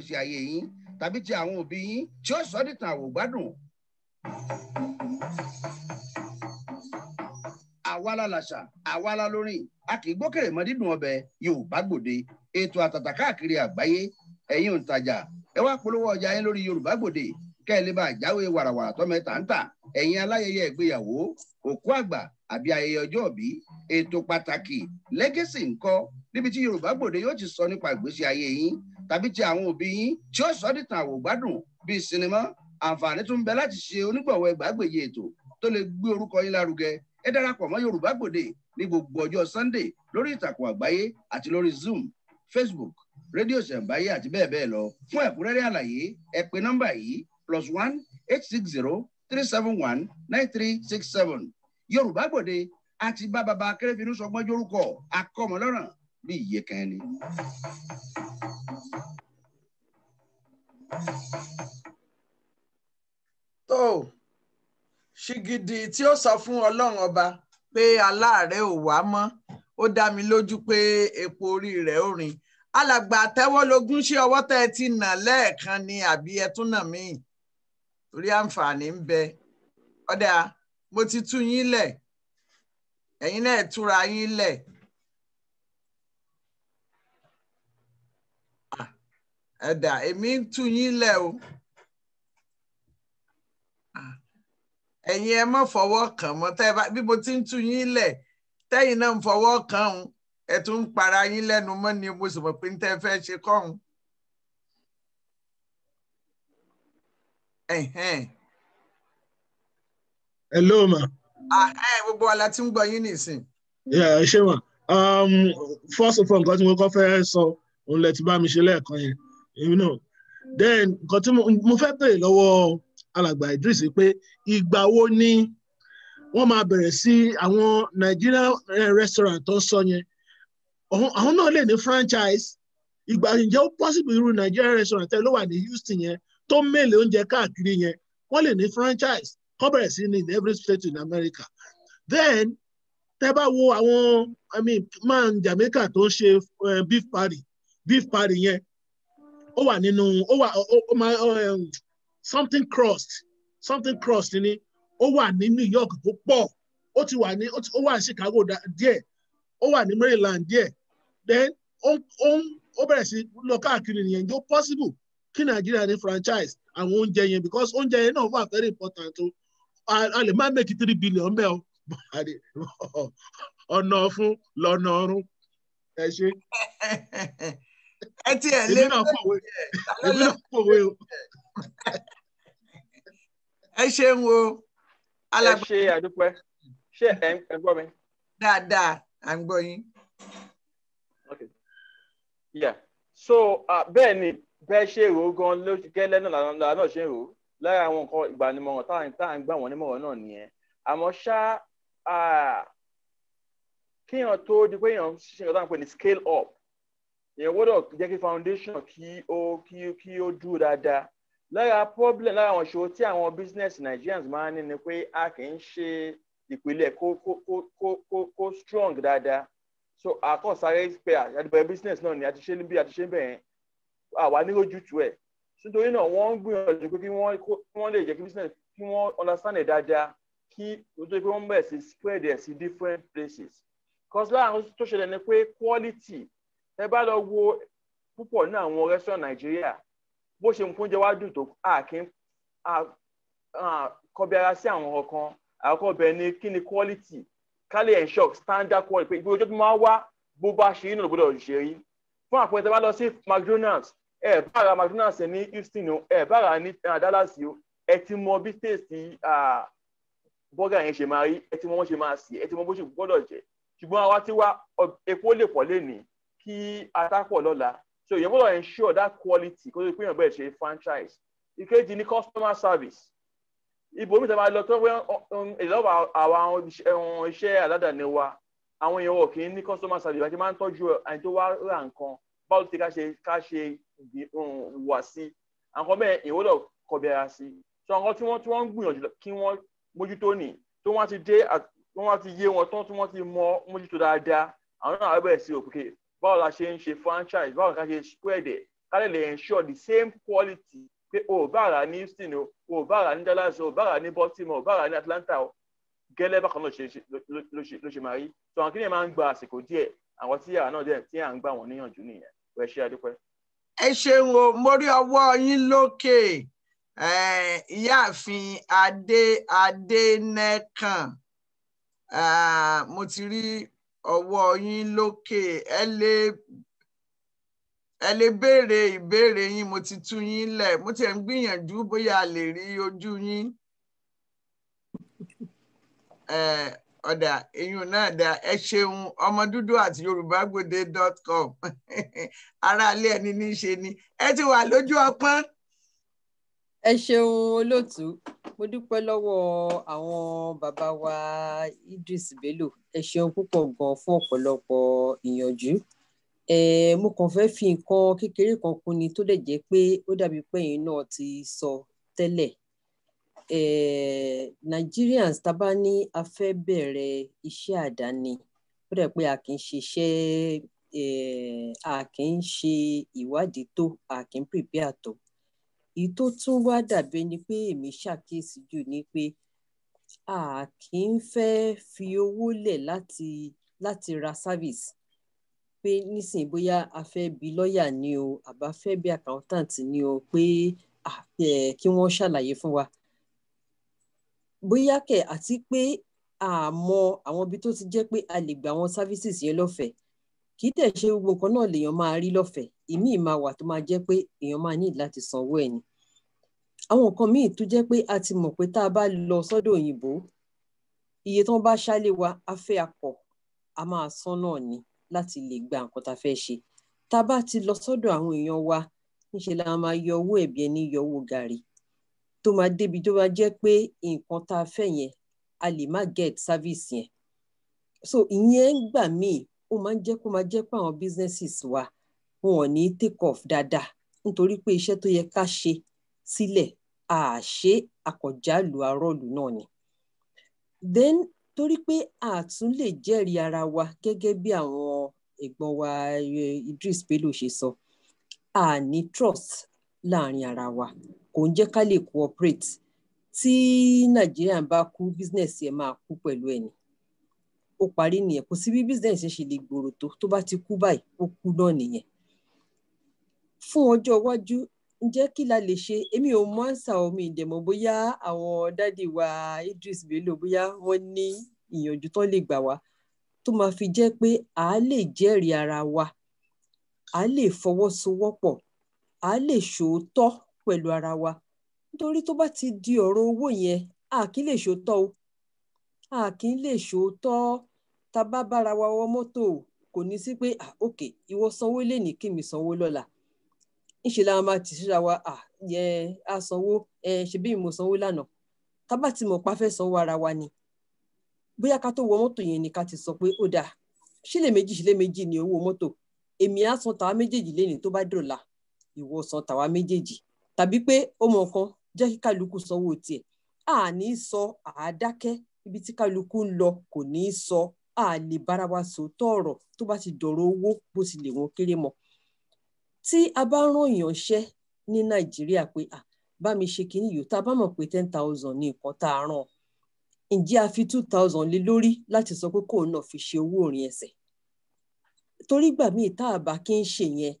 ìgbésí ayé yín tàbí ti àwọn òbí yín tí ó sọ dìtàn àwògbádùn. àwa la làṣà àwa la lórin a kì í gbókèrè mọ dídùn ọbẹ̀ Yorùbá Gbòde ètò àtàtà káàkiri àgbáyé ẹ̀yin òǹtajà ẹ wá polówó ọjà yín lórí Yorùbá Gbòde kẹ́ ẹ lè bá àjáwé wàràwàrà tọ́mọ tàǹtà ẹ̀yin aláyẹyẹ ìgbéyàwó òkú àgbà àbí ayẹyẹ ọjọ́ òbí ètò pàtàkì lẹ́gẹ́sì ńkọ́ níbi tí Yorùbá Gbòde yóò ti sọ nípa ìgbésí ayé yín tàbí ti àwọn òbí yín tí ó sọ dìtàn àwògbádùn bíi sinimá àǹfààní tún bẹ láti ṣe onígbọ̀wọ́ ẹgbàágbèje ètò tó lè gbé orúkọ yín lárugẹ ẹ darapọ̀ mọ́ Yorùbá Gbòde ní gbogbo ọjọ́ Sunday lórí ìtàkùn àgbáyé àti lórí Zoom Facebook rédíò ṣẹ̀ǹbáyé àti bẹ́ẹ̀ bẹ́ẹ̀ lọ fún ẹ̀kúnrẹ́rẹ́ àlàyé ẹ pè nọ́mbà yìí plus one eight six zero three seven one nine three six seven Yorùbá Gbòde àti bá baba akérèfínú sọgbọ́n jórúkọ akọ́mọlọ́ràn bí ìyẹ̀kẹ́ ni tó ṣìgìdì tí ó sọ fún ọlọ́run ọba pé aláàárẹ̀ ò wá mọ́ ó dá mi lójú pé epo orí rẹ̀ ò rìn alàgbà àtẹwọ́lógún ṣé ọwọ́ tẹ́ ẹ ti nà lẹ́ẹ̀kan ni àbí ẹ tún nà míì torí àǹfààní ń bẹ ọ̀dà mo ti tú yín lẹ̀ ẹ̀yin náà túra yín lẹ̀ ẹ̀dà èmi ń tú yín lẹ̀ o ẹ̀yin ẹ má fọwọ́ kàn mọ́ tẹ́ bá bí mo ti ń tú yín lẹ̀ tẹ́yìn náà ń fọwọ́ kàn ń ẹ tún ń para yín lẹ́nu mọ́ ni mo sì mọ̀ pé ń tẹ́ fẹ́ ṣe kọ́hún. hello ma. gbogbo wa la ti ń gbọ́ yín nìsín. ṣé wọn um, first of all nǹkan tí mo kọ́ fẹ́ sọ òun lẹ ti bá mi ṣe lẹ́ẹ̀kan yẹn you know then nǹkan tí mo fẹ́ pè lọ́wọ́ alàgbà Idris pé ìgbà wo ni wọ́n máa bẹ̀rẹ̀ sí àwọn Nigerian eh, restaurant tó ń sọ yẹn àwọn náà lè ní franchise ìgbà ǹjẹ́ ó possible irú Nigerian restaurant tẹ́ ló wà ní Houston yẹn tó mélòó oúnjẹ káàkiri yẹn wọ́n lè ní franchise kọ́ bẹ̀rẹ̀ sí ní in every state in America then tẹ́ bá wo àwọn I mean man Jamaica tó ń ṣe eh, beef party beef party yẹn ó wà nínú ó wà ó máa something crossed something crossed ni ó wà ní New York tó pọ̀ ó ti wà ní ó wà ní Chicago díẹ̀ ó wà ní Maryland díẹ̀ then ó bẹ̀rẹ̀ sí lọ káàkiri nìyẹn jó possible kí Nàìjíríà ní franchise àwọn oúnjẹ yẹn because oúnjẹ yẹn náà wà very important o a lè má make three billion bẹ́ẹ̀ o ọ̀nà ọ̀fun lọ́nà ọ̀run ẹ ṣe. ẹ ti ẹ lé bẹ́ẹ̀ ẹ ṣeun o. ẹ ṣe àdúpẹ́ ṣé ẹ ń gbọ́ mi. dáadáa à ń gbọ́ yín. yeah so bẹ́ẹ̀ ni bẹ́ẹ̀ ṣe rò ó gan-an ló gẹ́lẹ́ náà làwọn náà ṣe ń rò ó lára àwọn nǹkan ìgbanimọ̀ràn tá à ń gbà wọ́n nímọ̀ràn náà nìyẹn àmọ́ ṣá kéèyàn tó di pé èèyàn ṣe nǹkan tá à ń pè ní scale up èèyàn gbọ́dọ̀ jẹ́ kí foundation kí ó kí ó kí ó dúró dáadáa lára problem lára àwọn ìṣòro tí àwọn business Nigerians máa ń ní ni pé a kì í ṣe ìpìlẹ̀ kó kó kó kó kó strong dáadáa so àkọsáré pé àdìbẹ̀rẹ̀ business náà ni a ti ṣe níbi a ti ṣe bẹ̀rẹ̀ àwa nírojú tu ẹ̀ nítorí náà wọ́n ń gbìyànjú pé kí wọ́n kí wọ́n lè jẹ́ kí business kí wọ́n understand ẹ̀ dáadáa kí nítorí pé wọ́n bẹ̀rẹ̀ sí spread ẹ̀ sí different places cause lára àwọn tó ṣẹlẹ̀ ni pé quality ẹ bá lọ wo púpọ̀ ní àwọn restaurant nàìjíríà bó ṣe ń kúnjẹ wá dùn tó àkí kọbi ara sí àwọn ọkàn àkọ́kọ́ bẹ̀ ni kí ni quality kálí ẹ̀ shock standard quality pé ìgbé ojoojúmọ́ máa wá bó bá ṣe iná lọ́gbọ́dọ̀ ṣe rí fún àpẹẹrẹ tẹ́ bá lọ sí McDonald's ẹ bá ra McDonald's ní Houston o ẹ bá ra ní uh, Dallas o ẹ ti mọ bí tèèsì uh, bọ́gà yẹn ṣe máa rí ẹ ti mọ bó ṣe máa sì ẹ ti mọ bó ṣe gbọ́dọ̀ jẹ ṣùgbọ́n àwa ti wá epo lè pọ̀ lé kí atápọ̀ lọ́la so èèyàn gbọ́dọ̀ ensure that quality kó tó pé èèyàn bẹ̀rẹ̀ ṣe franchise ìkejì ní customer service ibo mi tẹ́lẹ̀ máa lọ tó pé ìlọ́wọ́ um, àwọn iṣẹ́ um, aládàáni wa àwọn èèyàn wọ̀ kì í ní customer service àti máa ń tọ́jú ẹni tó wá ra nǹkan báwo ti ká ṣe ká ṣe um, wà sí àwọn bẹ́ẹ̀ ìwọ́dọ̀ kọbẹ̀ra sí so àwọn tí wọ́n tí wọ́n ń gbìyànjú kí wọ́n mójútó nì tó wọ́n ti dé wọ́n ti yé wọn tán tí wọ́n ti mọ mójútó dáadáa àwọn náà bẹ̀rẹ̀ sí òkè báwo la ṣe ń ṣe franchise báwo la ṣe spread ẹ̀ ká lè ensure the same quality pé o ò bá rà ní Houston o o ò bá rà ní Dallas o ò bá rà ní Baltimore o ò bá rà ní Atlanta o gẹ́lẹ́ bákan ló ṣe máa rí tó àwọn kí ni máa ń gba àsìkò díẹ̀ àwọn tí yàrá náà dẹ̀ tí à ń gbà wọ́n níyànjú nìyẹn ẹ ṣe àdúpẹ́. ẹ ṣeun o mo rí ọwọ́ yín lókè ìyáàfin adé adé nẹ́kàn mo ti rí ọwọ́ yín lókè ẹ lè ẹ lè béèrè ìbéèrè yín mo ti tú yín lẹ̀ mo ti ẹ̀ ń gbìyànjú bóyá a lè rí ojú yín ọ̀dà eyín náà dá ẹ ṣeun ọmọ dúdú àti yorùbágbòde dot com ara alẹ́ ẹni ní í ṣe ni ẹ ti wà lójú ọpọ́n. ẹ ṣeun olóòtú mo dúpẹ́ lọ́wọ́ àwọn bàbá wa Idris Bello ẹ ṣeun púpọ̀ gan fún ọ̀pọ̀lọpọ̀ ìyànjú mo kàn fẹ́ fi nǹkan kékeré kan kún ni tó dẹ̀ jẹ́ pé ó dàbí pé ẹ̀yin náà ti sọ tẹ́lẹ̀ Nigerians tá a bá ní a fẹ́ bẹ̀rẹ̀ iṣẹ́ àdáni ó dẹ̀ pé a kì í ṣiṣẹ́ a kì í ṣe ìwádìí tó a kì í prepare tó èyí tó tún wá dàbí ẹni pé èmi ṣàkíyèsí jù ni pé a kì í fẹ́ fi owó lẹ̀ láti láti ra service pé nísìnyí bóyá a fẹ́ bi lọ́ọ̀yà ni o àbá fẹ́ bi accountant ni o pé kí wọ́n ṣàlàyé fún wa bóyá kẹ àti pé àmọ́ àwọn ibi tó ti jẹ́ pé a lè gba àwọn services yẹn lọ́fẹ̀ẹ́ kì í tẹ̀ ṣe gbogbo nǹkan náà lèèyàn máa rí lọ́fẹ̀ẹ́ ìmíì máa wà tó máa jẹ́ pé èèyàn máa ní láti sanwó ẹ̀ ni àwọn nǹkan míì tó jẹ́ pé a ti mọ̀ pé tá a bá lọ sọ́dọ̀ òyìnbó iye tó ń bá ṣálé wa afẹ́ akọ̀ a máa san náà ni láti lè gba nǹkan tá a fẹ́ ṣe tá a bá ti lọ sọ́dọ̀ àwọn èèyàn wa níṣẹ́ la máa yọ owó ẹ̀bí ẹni yọ owó gàrí tó máa débi tó bá jẹ́ pé nǹkan tá a fẹ́ yẹn a lè má get service yẹn so ìyẹn gbà míì ó máa ń jẹ́ kó máa jẹ́ pé àwọn businesses wa wọn ò ní take off dáadáa nítorí pé iṣẹ́ tó yẹ ká ṣe tilẹ̀ àṣé àkọ̀jálù arọ́ọ̀lù náà ni. then torí pé a tún lè jẹ́rìí ara wa gẹ́gẹ́ bí àwọn ẹ̀gbọ́n wa Idris Bello ṣe sọ a ní trust láàrin ara wa kò ń jẹ́ ká lè cooperate tí Nàìjíríà bá kú business ẹ̀ máa kú pẹ̀lú ẹ̀ ni ó parí nìyẹn kò sí bí business ṣe lè gbòòrò tó tó bá ti kú báyìí ó kú náà nìyẹn fún ọjọ́ iwájú ǹjẹ́ kí la lè ṣe èmi ò mọ̀ ṣà omi ìdẹ̀mọ̀ bóyá àwọn dádì wa Idris Bello bóyá wọ́n ní ìyànjú tán lè gbà wá tó máa fi jẹ́ pé a lè jẹ́rìí ara wa a lè fọwọ́sowọ́pọ̀ a lè ṣòótọ́ pẹ̀lú ara wa nítorí tó bá ti di ọ̀rọ̀ owó yẹn a kì í lè ṣòótọ́ o a kì í lè ṣòótọ́ tá bá bára wa wọ mọ́tò kò ní sí pé ah ok ìwọ sanwó lẹ́nìí kí mi sanwó lọ́la ńṣe la máa tì síra wa ẹ á sanwó ẹ ṣebí mo sanwó lánàá tá bá ti mọ̀ pa fẹ́ sanwó ara wa ni bóyá ká tó wọ mọ́tò yẹn ni ká ti sọ pé ó dáa ṣílè méjì ṣílè méjì ni owó mọ́tò èmi á san tàwa méjèèjì lẹ́ni tó bá dọ̀la ìwọ san tàwa méjèèjì tàbí pé ó mọ nǹkan jẹ́ kí kálukú sanwó tiẹ̀ àní sọ àádákẹ́ ibi tí kálukú ń lọ kò ní í sọ àlè bára wa sòótọ́ ọ̀rọ̀ tó bá ti dọ̀rọ̀ owó bó ti lè wọ́n kéré mọ́ tí a bá ròyìn ọṣẹ́ ní nàìjíríà pé à bá mi ṣe kínní yòó tá bá mọ̀ pé ten thousand ní nǹkan tá a rán ǹjẹ́ a fi two thousand lé lórí láti sọ pé kóun náà fi ṣe owó òrin ẹsẹ̀ torí gbà míì tá a bá kí ń ṣe yẹn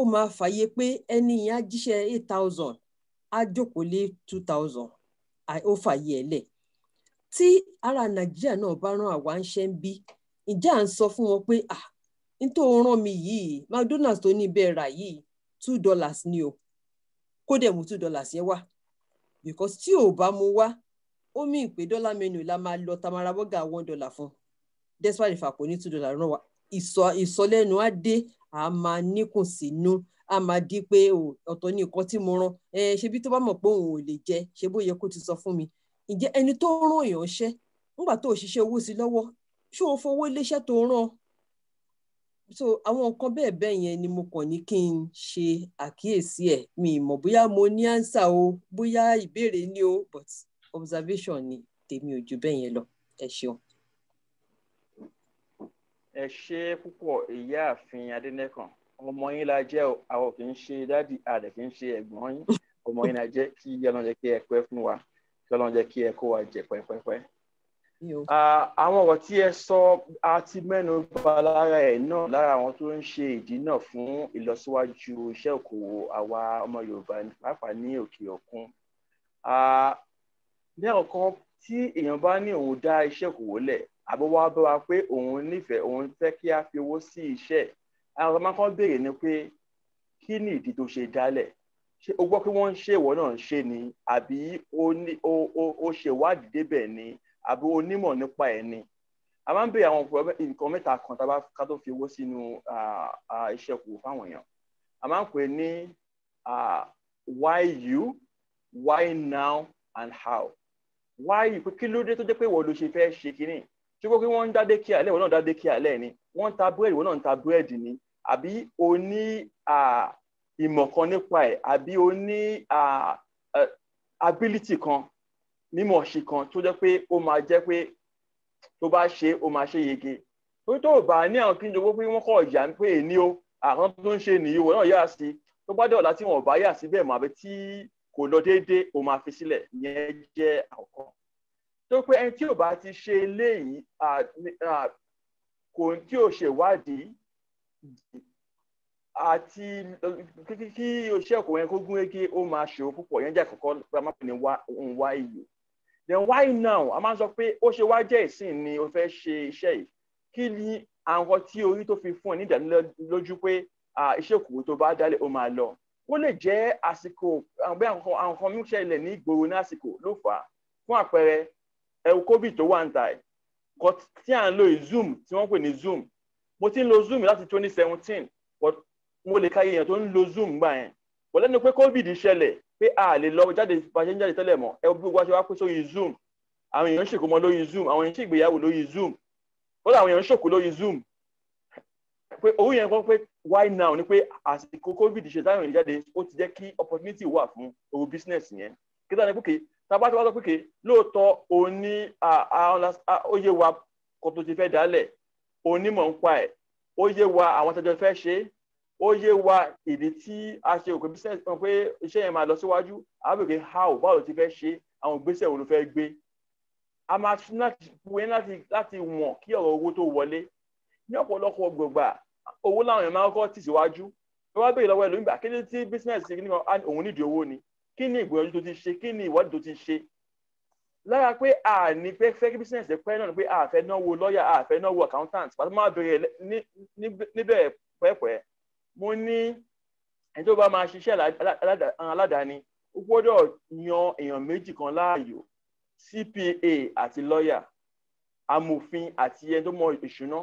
ó máa fàyè pé ẹni yẹn á jíṣẹ́ eight thousand á jókòó lé two thousand ó fàyè ẹ̀ lẹ̀ tí ara nàìjíríà náà bá rán àwa ń ṣe ń bí ǹjẹ́ à ń sọ fún wọn pé ah nítorí ó rán mi yìí mcdonald's tó ní bẹ́ẹ̀ rà yìí two dollars ni o kó dẹ̀ two dollars yẹn wá because tí ò bá mu wá ó mí ìpè dọ́là menu la máa lọ tamara burger one dollar fún despite the fact kò ní two dollar ràn wá ìsọlẹ́nu á dé a máa níkùn sínú a máa di pé ọ̀tọ̀ ní nǹkan tí mo rán ẹ ṣebí tó bá mọ̀ pé òun ò lè jẹ ṣe bó yẹ kó ti sọ fún mi ǹjẹ́ ẹni tó rán èèyàn ṣẹ́ nígbà tó ò ṣiṣẹ́ owó sí lọ́wọ́ ṣé o fowó léṣẹ́ tó rán so àwọn nǹkan bẹ́ẹ̀ bẹ́ẹ̀ yẹn ni mo kàn ní kí n ṣe àkíyèsí ẹ̀ mi mọ̀ bóyá mo ní ànsà o bóyá ìbéèrè ni o but observation ni tèmi ò ju bẹ́ẹ̀ yẹn lọ ẹ ṣeun. ẹ ṣe púpọ̀ ìyáàfin adẹ́nẹ́kàn ọmọ yín la jẹ́ àwọn kì í ṣe dádì àdẹ̀ kì í ṣe ẹ̀gbọ́n yín ọmọ yín la jẹ́ kí ọlọ́run jẹ́ kí ẹ pẹ́ fún wa kí ọlọ́run jẹ́ kí ẹ kó wa jẹ pẹ́pẹ́pẹ́. Ah, àwọn ọ̀rọ̀ tí ẹ sọ a ti mẹ́nu bà lára ẹ̀ náà lára àwọn tó ń ṣe ìdínà fún ìlọsíwájú iṣẹ́ òkòwò àwa ọmọ Yorùbá pàápàá ní òkè òkun ní ọ̀kan tí èèyàn bá ní òun dá iṣẹ́ òkòwò lẹ̀ àbọ̀wá bá wa pé òun nífẹ̀ẹ́ òun fẹ́ kí a fi owó sí iṣẹ́ àwọn ọmọ kan béèrè ni pé kí ni ìdí tó ṣe dálẹ̀ ṣé o gbọ́ pé wọ́n ń ṣe ìwọ náà ń ṣe ni àbí o ṣèwádìí débẹ̀ ni àbí onímọ̀ nípa ẹ̀ ni a máa ń bèèrè àwọn nǹkan mẹ́ta kan tá a bá ká tó fi owó sínú iṣẹ́ kù fáwọn èèyàn a máa ń pè ní why you why now and how why you pé kí ló dé tó jẹ́ pé ìwọ ló ṣe fẹ́ ṣe kínní ṣé kókó wọ́n ń dá dékì àlẹ́ ìwọ náà dá dékì àlẹ́ ni wọ́n ń ta búrẹ́dì ìwọ náà ń ta búrẹ́dì ni àbí o ní ìmọ̀ kan nípa ẹ̀ àbí o ní ability kan mímọ̀ ṣe kan tó jẹ́ pé ó máa jẹ́ pé tó bá ṣe ó máa ṣe yege torí tó bá ní àwọn kíni owó pé wọ́n kọ̀ yà ń pè é ní o àwọn tó ń ṣe nìyí wọ́n náà yà sí tó bá dọ̀la tí wọ́n bá yà sí bẹ́ẹ̀ máa bẹ tí kò lọ déédéé ó máa fi sílẹ̀ yẹn jẹ́ àkọ́kọ́ tó pé ẹni tí ò bá ti ṣe eléyìí kò tí ò ṣèwádìí àti kí oṣù ẹ̀kọ́ yẹn kó gún ege ó máa ṣòro púpọ̀ yẹn jẹ́ àkọ́kọ́ pé a máa fi ní wá iyì then why now a máa sọ pé ó ṣe wá jẹ́ ìsìn ni o fẹ́ ṣe iṣẹ́ yìí kí ni àwọn tí orí tó fi fún ẹ nídánilójú pé iṣẹ́ òkùnkùn tó bá dálé ó máa lọ ó lè jẹ́ àsìkò àwọn àwọn kan mú ṣẹlẹ̀ ní ìgboro ní àsìkò ló fà á fún àpẹẹrẹ ẹ̀rù covid tó wà ń ta ẹ̀ kò tí à ń lo zoom tí wọ́n pè ní zoom mo ti ń lo zoom láti 2017 but mo lè ka iye èèyàn tó ń lo zoom gbà yẹn kò lẹ́nu pé covid ṣẹlẹ̀ pé a lè lọ jáde pàṣẹ jáde tẹ́lẹ̀ mọ́ ẹ gbogbo wa wá pé sórí zoom àwọn èèyàn ń ṣèkómọ lórí zoom àwọn èèyàn ń ṣègbéyàwó lórí zoom ó láwọn èèyàn ń ṣòkú lórí zoom pé owó yẹn kan pé why now ni pé àsìkò covid ṣe táwọn èèyàn jáde ó ti jẹ́ kí opportunity wà fún owó business yẹn kí táwọn ẹni pé tábàtí wá sọ pé lóòótọ́ òní òye wa ó yé wa àwọn tẹjọ fẹ́ ó yé wa ìdí tí a ṣe òkè business kan pé iṣẹ́ yẹn máa lọ síwájú àbẹ̀kẹ́ how báwo ló ti fẹ́ ṣe àwọn ìgbésẹ̀ wo ló fẹ́ gbé a máa wé láti láti wọ̀n kí ọ̀rọ̀ owó tó wọlé ní ọ̀pọ̀lọpọ̀ gbogbo owó làwọn èèyàn máa ń kọ́ tì síwájú ẹ wá béèrè lọ́wọ́ ẹ lóyún bá kí ni tí business ní kan òun nídìí owó ni kí ni ìgbìyànjú tó ti ṣe kí ni ìwádìí tó ti ṣe lára pé a ní pé fẹ́ kí business pẹ́ náà ni pé a fẹ́ náwó lọ́ọ̀yà a fẹ́ náwó accountant pàtó máa béèrè níbẹ̀ pẹ́pẹ́ mo ní ẹni tó bá máa ṣiṣẹ́ aládàáni ó gbọ́dọ̀ yan èèyàn méjì kan láàyò CPA àti lọ́ọ̀yà amòfin àti ẹni tó mọ ìṣúná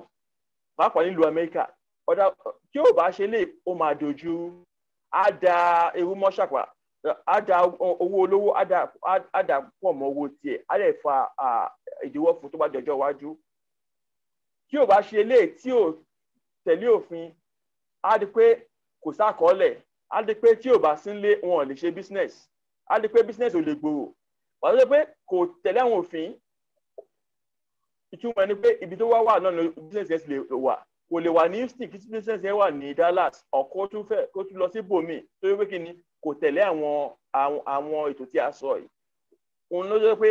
pàápàá nílùú Amẹ́ríkà ọ̀dà tí ó bá ṣe lè ó máa dojú á da ewu mọ́ ṣàpá á da owó olówó á da pọ̀ mọ́ owó tiẹ̀ á lè fa ìdíwọ́ fún tó bá dọjọ́ iwájú tí ó bá ṣe lè tí ó tẹ̀lé òfin á di pé kò sákọọ́lẹ̀ á di pé tí ò bá sínlé wọn ò lè ṣe business á di pé business ò lè gbòòrò wàá sọ pé kò tẹ̀lé àwọn òfin ìtumọ̀ ẹni pé ibi tó wá wà náà ni business yẹn lè wà kò lè wà ní houston kí business yẹn wà ní Dallas ọkọ tó fẹ́ kó tún lọ sí bomi tó yẹ pé kí ni kò tẹ̀lé àwọn àwọn ètò tí a sọ yìí òun ló jẹ́ pé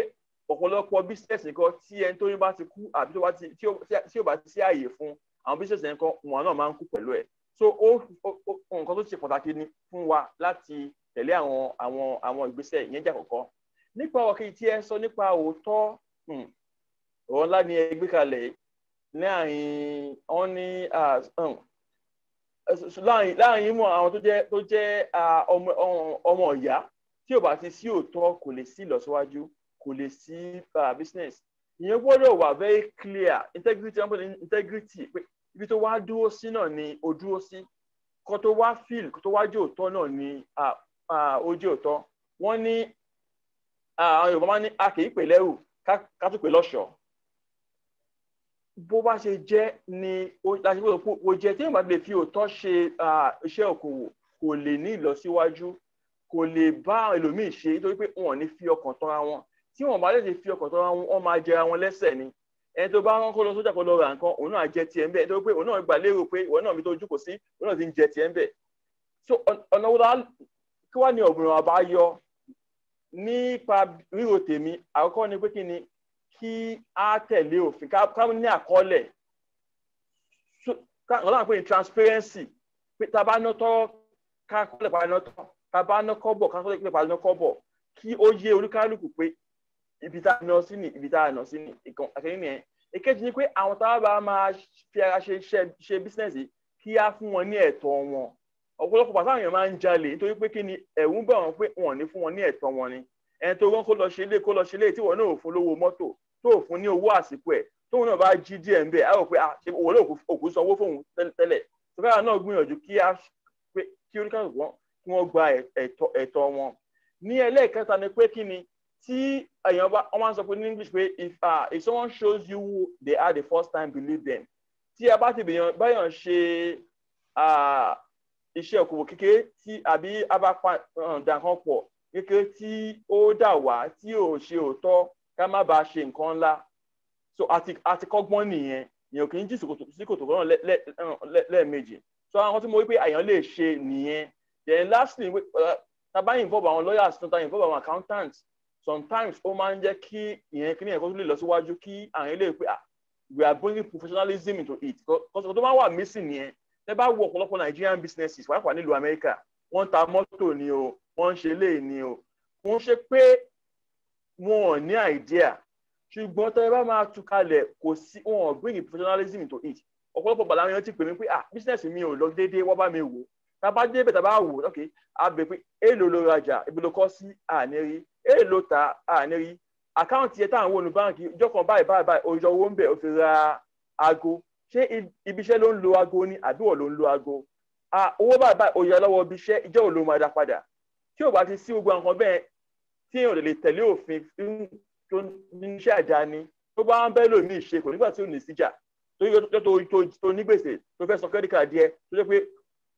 ọ̀pọ̀lọpọ̀ business nǹkan tí ẹni tó yín bá ti kú àbí tí ó bá ti sí àyè fún àwọn business nǹkan wọn náà máa ń kú pẹ̀lú ẹ̀ so ó nǹkan tó ṣe pàtàkì ni fún wa láti tẹ̀lé àwọn àwọn àwọn ìgbésẹ̀ ìyẹn jẹ́ àkọ́kọ́ nípa ọ̀rọ̀ kejì tí ẹ sọ nípa òótọ́ hmm, ọ̀rọ̀ ńlá ni ẹ gbé kalẹ̀ láàrin wọn ní hmm, láàrin mọ àwọn tó jẹ́ tó jẹ́ ọmọ ìyá tí ò bá ti sí òótọ́ kò lè sí ìlọsíwájú kò lè sí business ìyẹn gbọ́dọ̀ wà very clear integrity integrity pé ibi tó wá dúró sí náà ni ó dúró sí kó tó wá fíìl kó tó wá jẹ́ òótọ́ náà ni ó jẹ́ òótọ́ wọ́n ní àwọn Yorùbá máa ní a kì í pè lẹ́rù ká tó pè lọ́ṣọ̀ọ́ bó bá ṣe jẹ́ ni láti gbọ́dọ̀ kó jẹ́ tí èèyàn bá lè fi òótọ́ ṣe iṣẹ́ òkòwò kò lè ní ìlọsíwájú kò lè bá ẹlòmíì ṣe nítorí pé wọn ò ní fi ọkàn tọ́ra wọn tí wọn bá lè fi ọkàn tọ́ra wọn wọn máa jẹra wọn lẹ́sẹ̀ ni ẹni tó bá rán kó lọ sójà kó lọ ra nǹkan òun náà jẹ tiẹ̀ ń bẹ̀ nítorí pé òun náà gbà lérò pé ìwọ náà mi tó jókòó sí òun náà ti ń jẹ tiẹ̀ ń bẹ̀ so ọ̀nà wo kí wàá ní ọ̀gbìn àbáyọ nípa ríro tèmi àkọ́kọ́ ni pé kí ni kí á tẹ̀lé òfin ká ní àkọọ́lẹ̀ ọ̀la ń pè ní transparency pé tá a bá ná tọ́ ká kọ́lẹ̀ pa ná tọ́ tá a bá ná kọ́bọ̀ ká kọ́lẹ̀ pa ná kọ́bọ̀ kí ó yé olúkálùkù pé ibi tá a nà sí ni ibi tá a nà sí ni ìkan àkẹ́yìn nìyẹn èkejì ni pé àwọn tá a bá máa fi ara ṣe ṣe bísínẹ́sì kí á fún wọn ní ẹ̀tọ́ wọn ọ̀pọ̀lọpọ̀ pàtó àwọn èèyàn máa ń jalè nítorí pé kí ni ẹ̀rù ń bà wọ́n pé wọ́n ní fún wọn ní ẹ̀tọ́ wọn ni ẹni tó rán kó lọ ṣe ilé kó lọ ṣe ilé tí wọn náà ò fún lówó mọ́tò tó ò fún ní owó àsìkò ẹ̀ tóun náà bá jí díẹ̀ ń bẹ̀ á rò pé òwò náà òkú sanwó fóun tẹ́lẹ̀ sọfẹ́ra náà gbìyànjú kí á pé kí oníkàkùn wọn kí wọ́n gba ẹ̀tọ́ wọn ní ẹlẹ́ẹ̀kẹta ni pé kí ni tí èèyàn bá wọ́n sọ pé ní english pé if uh, if someone shows you who they are the first time believe them tí a bá ti bèèyàn báyàn ṣe ah, iṣẹ́ òkòwò kékeré tí àbí a bá pa ọ̀dà um, kan pọ̀ kékeré tí ó dà wá tí ò ṣe òótọ́ ká má bàa ṣe nǹkan ńlá so àti àti kọ́gbọ́n nìyẹn èèyàn kì í jì sí kòtò kan um, lẹ́ẹ̀mejì so àwọn tí mo wí pé àyàn lè ṣe nìyẹn then lastly uh, tá a involve àwọn lawyers tó involve àwọn accountants sometimes ó máa ń jẹ́ kí ìyẹn kí ní ẹ̀kọ́ tó lè lọ síwájú kí àwọn ilé pé ah, we are bringing professionalism into it because ọ̀tọ̀ máa wà missing yẹn tẹ́ bá wo ọ̀pọ̀lọpọ̀ Nigerian businesses wàá wà nílùú America wọ́n ń ta mọ́tò ni o wọ́n ń ṣe lé ni o wọ́n ṣe pé wọn ò ní idea ṣùgbọ́n tẹ́ bá máa tú kalẹ̀ kò sí wọn ò bring professionalism into it ọ̀pọ̀lọpọ̀ bàlá wọn ti pè mí pé ah business mi ò lọ déédéé wọ́n bá mi wò tá a bá débẹ̀ tá a bá wò ok a bẹ̀ pé èèlò ló rajà ibi kọ́ sí àní rí èyí ló ta àní rí àkáǹtì yẹn tá à ń wò ní báǹkì ìjọ kan báyìí báyìí báyìí òòjọ owó ń bẹ̀ ó fi ra aago ṣé ibiṣẹ́ ló ń lo aago ni àbí wọ́n ló ń lo aago ah, owó báyìí báyìí òòjọ lọ́wọ́ ibiṣẹ́ ìjọ ò ló máa dá padà tí ò bá ti sí gbogbo nǹkan bẹ́ẹ̀ tí èèyàn lè tẹ̀lé òfin tó ní iṣẹ́ àdáni tó bá ń bẹ́ẹ̀ lòmíì ṣe kò nígbà tí ò ní síjà tó tó ní gbèsè tó fẹ́ san kẹ́ríkà díẹ̀ tó jẹ́ pé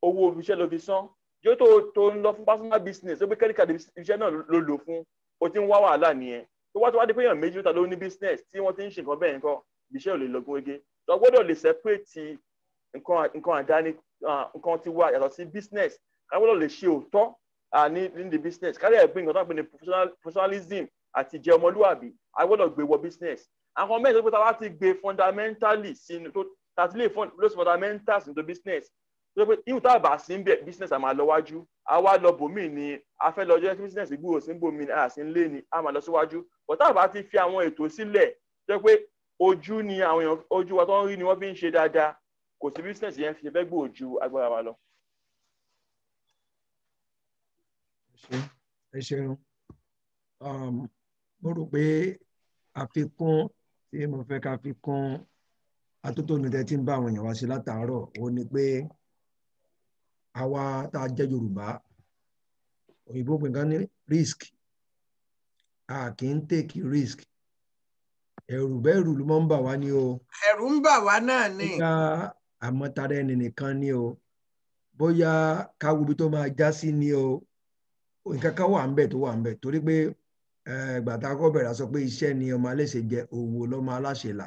owó ibiṣẹ́ ló fi san yóò tó ń lọ fún personal business ó gbé kẹ́ríkà ibiṣẹ́ náà ló lò fún o ti ń wá wàhálà nìyẹn tó wá tó wá di pé èèyàn méjì mẹ́ta ló ní business tí wọ́n ti ń ṣe nǹkan bẹ́ẹ̀ nǹkan iṣẹ́ ò lè lọ gúnrégé tó gbọ́dọ̀ lè separate nǹkan àdáni nǹkan ti wá yàtọ̀ sí business ká gbọ́dọ̀ lè ṣe òótọ́ ní ní the business ká lè gbé nǹkan tó ń pè ní professionalism àti ìjẹ́ ọmọlúwàbí a gbọ́dọ̀ gbé wọ business àwọn mẹ́rin tó pé ta bá ti gbé fundamentally sínú tó ta ti lè lose fundamentals into business tó pé ihun tá a bá sí ń bẹ̀ business á máa lọ wájú àwa lọ bòmíì ni a fẹ́ lọ jẹ́ kí business gbúrò sí bòmíì ni a sì ń lé ni a máa lọ síwájú but tá a bá ti fi àwọn ètò sílẹ̀ jẹ́ pé ojú ni àwọn èèyàn ojú wa tó ń rí ni wọ́n fi ń ṣe dáadáa kò sí business yẹn fi fẹ́ gbòò ju agbára wa lọ. ẹ ṣeun um, mo rò pé àfikún tí mo fẹ́ ká fi kún atótónu tẹ́ ń bá àwọn èèyàn wá sí látàárọ̀ òun ni pé àwa tá a jẹ́ Yorùbá òyìnbó pè ní risk a kì í take risk ẹ̀rù bẹ́ẹ̀rù ló máa ń bà wá ní o. ẹ̀rù ń bà wá náà ni. bóyá àmọ́tara ẹni nìkan ni o bóyá káwo ibi tó máa já sí ni o nǹkan kan wà ń bẹ̀ tó wà ń bẹ̀ torí pé gbàtà kọ́ sọ pé iṣẹ́ ni ọmọ aláṣẹ jẹ òwò lọ́mọ aláṣẹ là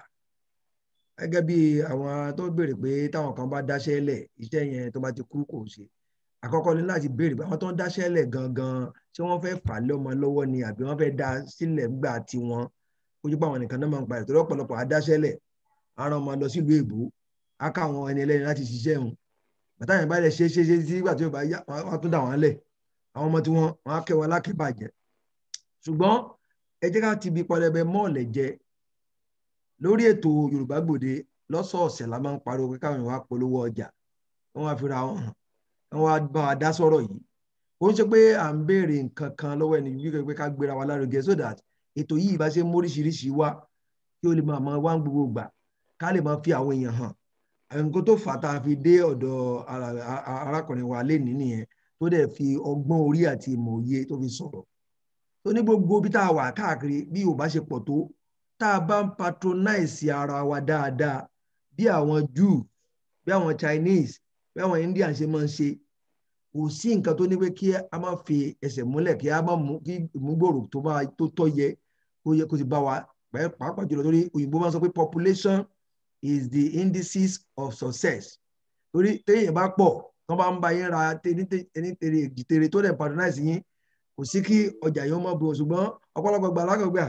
gẹ́gẹ́ bí àwọn tó béèrè pé táwọn kan bá dáṣẹ́ lẹ̀ iṣẹ́ yẹn tó bá ti kú kò ṣe àkọ́kọ́ ni láti béèrè pé àwọn tó ń dáṣẹ́ lẹ̀ gangan ṣé wọ́n fẹ́ fà lọ́mọ lọ́wọ́ ni àbí wọ́n fẹ́ dá sílẹ̀ gbà tiwọn ojú pa àwọn nìkan náà máa ń parẹ́ torí ọ̀pọ̀lọpọ̀ adáṣẹ́lẹ̀ aràn ọmọ lọ sílùú èbó á ká àwọn ẹni ẹlẹ́ni láti ṣiṣẹ́ òun bàtà yẹn bá lẹ̀ ṣe ṣe ṣe sí ìgbà tí yóò bá yá wọn á tún dà wọn lẹ̀ àwọn ọmọ tí wọn wọn á kẹwọn alákẹ́bàjẹ́ ṣùgbọ́n ẹ jẹ́ ká ti bi pọlẹbẹ mọ́ọ̀lẹ̀ jẹ lórí ètò Yorùbá Gbòde lọ́sọ̀ọ̀sẹ̀ la máa ń pariwo pé káwọn èèyàn wá polówó ọjà wọ́n wá fira wọn hàn wọ́n wá bá wa dá sọ̀rọ̀ yìí ó ń ṣe pé à ń béèrè nǹkan kan lọ́wọ́ ẹni wípé pé ká gbéra wa lárugẹ so that ètò yìí bá ṣe móríṣiríṣi wá kí ó lè máa mọ wá ń gbogbo gbà ká lè máa fi àwọn èèyàn hàn nǹkan tó fà tá a fi dé ọ̀dọ̀ arákùnrin wa lénìí nìyẹn tó dẹ̀ fi ọgbọ́n orí àti ìmọ̀ òye tó fi sọ̀rọ̀ tó ní gbogbo bí tá a wà káàkiri bí Yorùbá ṣe pọ̀ tó tá a bá ń patronize ara wa dáadáa bí àwọn Jew bí àwọn Chinese bí àwọn Indian ṣe máa ń ṣe kò sí nǹkan tó ní pé kí a máa fi ẹsẹ̀ múlẹ̀ kí a máa mú kí ìmúgbòrò tó máa tó tọ́ yẹ kó yẹ kó ti bá wa pàápàá jùlọ torí òyìnbó máa ń sọ pé population is the indices of success torí téèyàn bá pọ̀ tó bá ń ba yín ra ẹni tèrè èjì tèrè tó dẹ̀ patronize yín kò sí kí ọjà yín ó máa bùn ṣùgbọ́n ọ̀pọ̀lọpọ̀ gbà lágbègbè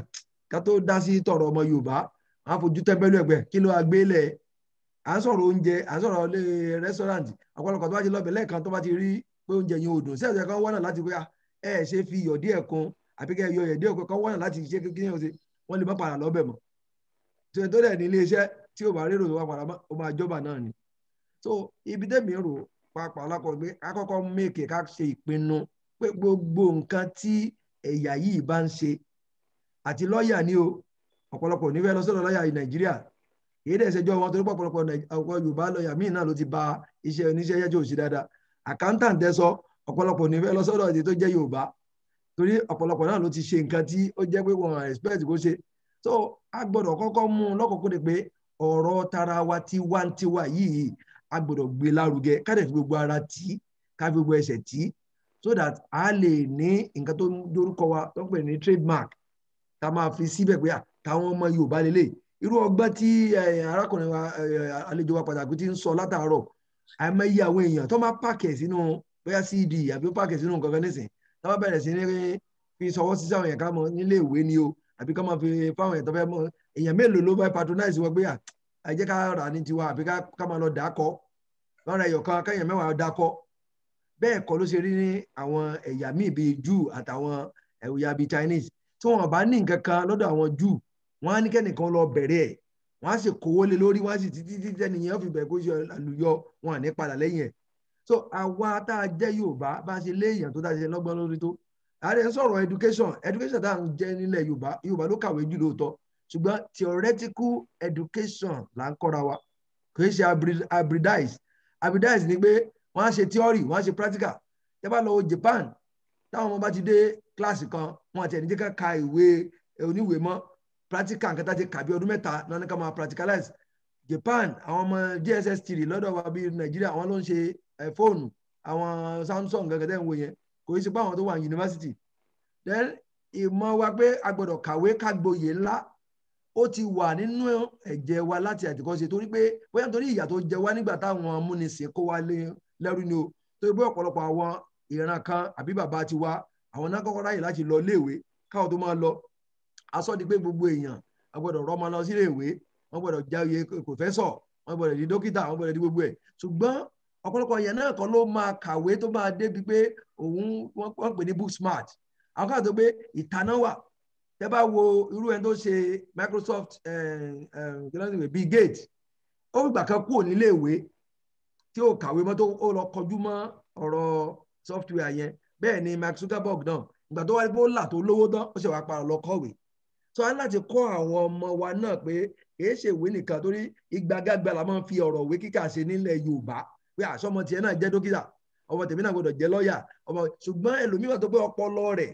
ká tó dá sí tọ̀rọ̀ ọmọ Yorùbá à ń fojú tẹ́ńbẹ́lú ẹ̀gbẹ́ kí ló wá gbélé à ń sọ̀rọ̀ oúnjẹ à ń sọ̀rọ̀ ilé restaurant ọ̀pọ̀lọpọ̀ tó bá ti lọ́bẹ̀ lẹ́ẹ̀kan tó bá ti rí pé oúnjẹ yẹn ò dùn sí ẹ̀sẹ̀ kan wọ́nà láti pé ah, ẹ ṣe fi iyọ̀ díẹ̀ kun àbí kẹ́ iyọ̀ díẹ̀ kun kan wọ́nà láti ṣe kí ni wọ́n lè má padà lọ́bẹ̀ mọ́ tó tó dẹ̀ ní ilé iṣẹ́ tí ò bá rérò wá padà ó máa jọba náà ni so ibi tẹ̀mí rò papọ̀ alákọ̀ọ́gbé akọ́kọ́ mèkè ká ṣe ìpinnu pé gbogbo nǹkan tí ẹ̀yà yìí bá ń ṣe àti lọ́ọ̀yà ni o ọ̀pọ̀lọpọ̀ ò ní fẹ́ lọ sọ́dọ̀ lọ́ọ̀yà nàìjíríà èyí dẹ̀ ṣẹjọ́ wọn torí pọ̀pọ̀lọpọ̀ ọ̀pọ̀ yorùbá lọ́ọ̀yà míì náà ló ti ba iṣẹ́ oníṣẹ́ yẹ́jọ́ òsì dáadáa accountant tẹ sọ ọ̀pọ̀lọpọ̀ ò ní fẹ́ lọ sọ́dọ̀ èdè tó jẹ́ yorùbá torí ọ̀pọ̀lọpọ̀ náà ló ti ṣe nǹkan tí ó jẹ́ pé wọn expect kó ṣe so a gbọ́dọ̀ kọ́kọ́ mú un lọ́kọ̀ọ́kọ́ pé ọ̀rọ̀ tara wa tiwantiwa yìí a gbọ́dọ̀ gbé e lárugẹ ká dẹ̀ fi gbogbo ara tí ká fi gbogbo ẹsẹ̀ tí so that a lè ní nǹkan tó dórúkọ wa tó ń pè ní trademark tá a máa fi síbẹ̀ pé àtàwọn ọmọ Yorùbá lélẹ̀ irú ọgbọ́n tí arákùnrin wa àlejò wa pàtàkì ti ń sọ látàárọ̀ àìmọye àwọn èèyàn tó máa pààkẹ́ sínú bóyá cd àbí pààkẹ́ sínú nǹkan kan nísìn tó bá bẹ̀rẹ̀ sí ní fi sọwọ́ sí sáwọn èèyàn ká mọ nílé ìwé ni o àbí ká mọ fi fáwọn èèyàn tó fẹ́ mọ èèyàn mélòó ló bá patronize wọn pé à jẹ́ ká rà ní tiwa àbí ká máa lọ dàkọ́ wọn ẹ̀yọ̀ kan káyàn mẹ́wàá dàkọ́ bẹ́ẹ̀ kọ́ ló ṣe rí ní àwọn ẹ̀yà míì bíi Jew àtàwọn ẹ̀yà bíi Chinese tí wọn bá ní nǹkan kan lọ́dọ̀ àwọn jù wọn á ní kẹ́nìkan lọ bẹ̀rẹ̀ ẹ̀ wọn á sì kówó lé lórí wọn á sì títí títí ẹnìyẹn fi bẹ̀rẹ̀ kó ṣe àlùyọ wọn à ní padà lẹ́yìn ẹ̀ so àwa tá a jẹ́ Yorùbá bá a ṣe léèyàn tó dá ṣe lọ́gbọ́n lórí tó ààrẹ ń sọ̀rọ̀ education education tá à ń jẹ́ nílẹ̀ Yorùbá Yorùbá ló kàwé jù lóòótọ́ ṣùgbọ́n theoretical education là ń kọ́ra wa kì í ṣe abridize abridize ni pé wọ́n á ṣe theory wọ́n á ṣe practical tẹ́ bá lọ Japan táwọn ọmọ bá ti dé kíláàsì kan wọn àti ẹnìjẹ́ ká ka ìwé eh, oníwèé mọ́ practical nǹkan tá a ti kà bí ọdún mẹ́ta náà ní ká máa practicalize Japan àwọn ọmọ DSS three lọ́dọ̀ wa bíi Nàìjíríà àwọn ló ń ṣe eh, fóònù àwọn Samsung gẹ́gẹ́ tẹ́ ń wo yẹn kò í ṣe pé àwọn tó wà ní yunifásitì then ìmọ̀ wa pé a gbọ́dọ̀ kàwé kágboyè ńlá ó ti wà nínú ẹ̀jẹ̀ wa láti àtìkọ́ṣe torí pé bóyá nítorí ìyà tó jẹ wá nígbà táwọn amúnisìn kó wa lẹ́rú ni o torí pé ọ̀pọ̀lọpọ̀ àwọn ìran kan àbí bàbá ti wá àwọn náà kọ́kọ́ ráyè láti lọ léèwé káwọn tó máa lọ aṣọ di pé gbogbo èèyàn wọ́n gbọ́dọ̀ rọ́mọ lọ sí léèwé wọ́n gbọ́dọ̀ já oyè pòfẹ́sọ̀ wọ́n gbọ́dọ̀ di dókítà wọ́n gbọ́dọ̀ di gbogbo ẹ̀ ṣùgbọ́n ọ̀pọ̀lọpọ̀ yẹn náà kan ló máa kàwé tó máa débi pé òun wọ́n pè ní book smart àwọn kan tó pé ìtaná wà tẹ bá wo irú ẹni tó ṣe Microsoft eh, eh, Bill Gates ó gbà kan kúrò níléèwé tí ó kàwé mọ́ tó ó lọ kọjú mọ́ ọ̀rọ̀ software yẹn bẹ́ẹ̀ ni Mark Zuckerberg náà ìgbà tó wá rí pé ó là tó lówó tán ó ṣe wàá para lọ kọ̀wé so a láti kọ́ àwọn ọmọ wa náà pé kìí ṣe ìwé nìkan torí ìgbàgàgbà la máa ń fi ọ̀rọ̀ ìwé kíkà ṣe nílẹ̀ Yorùbá pé àṣọmọ tiẹ̀ náà jẹ́ dókítà ọmọ tèmi náà gbọdọ̀ jẹ́ lọ́ọ̀yà ọmọ ṣùgbọ́n ẹlòmíràn tó pé ọpọlọ rẹ̀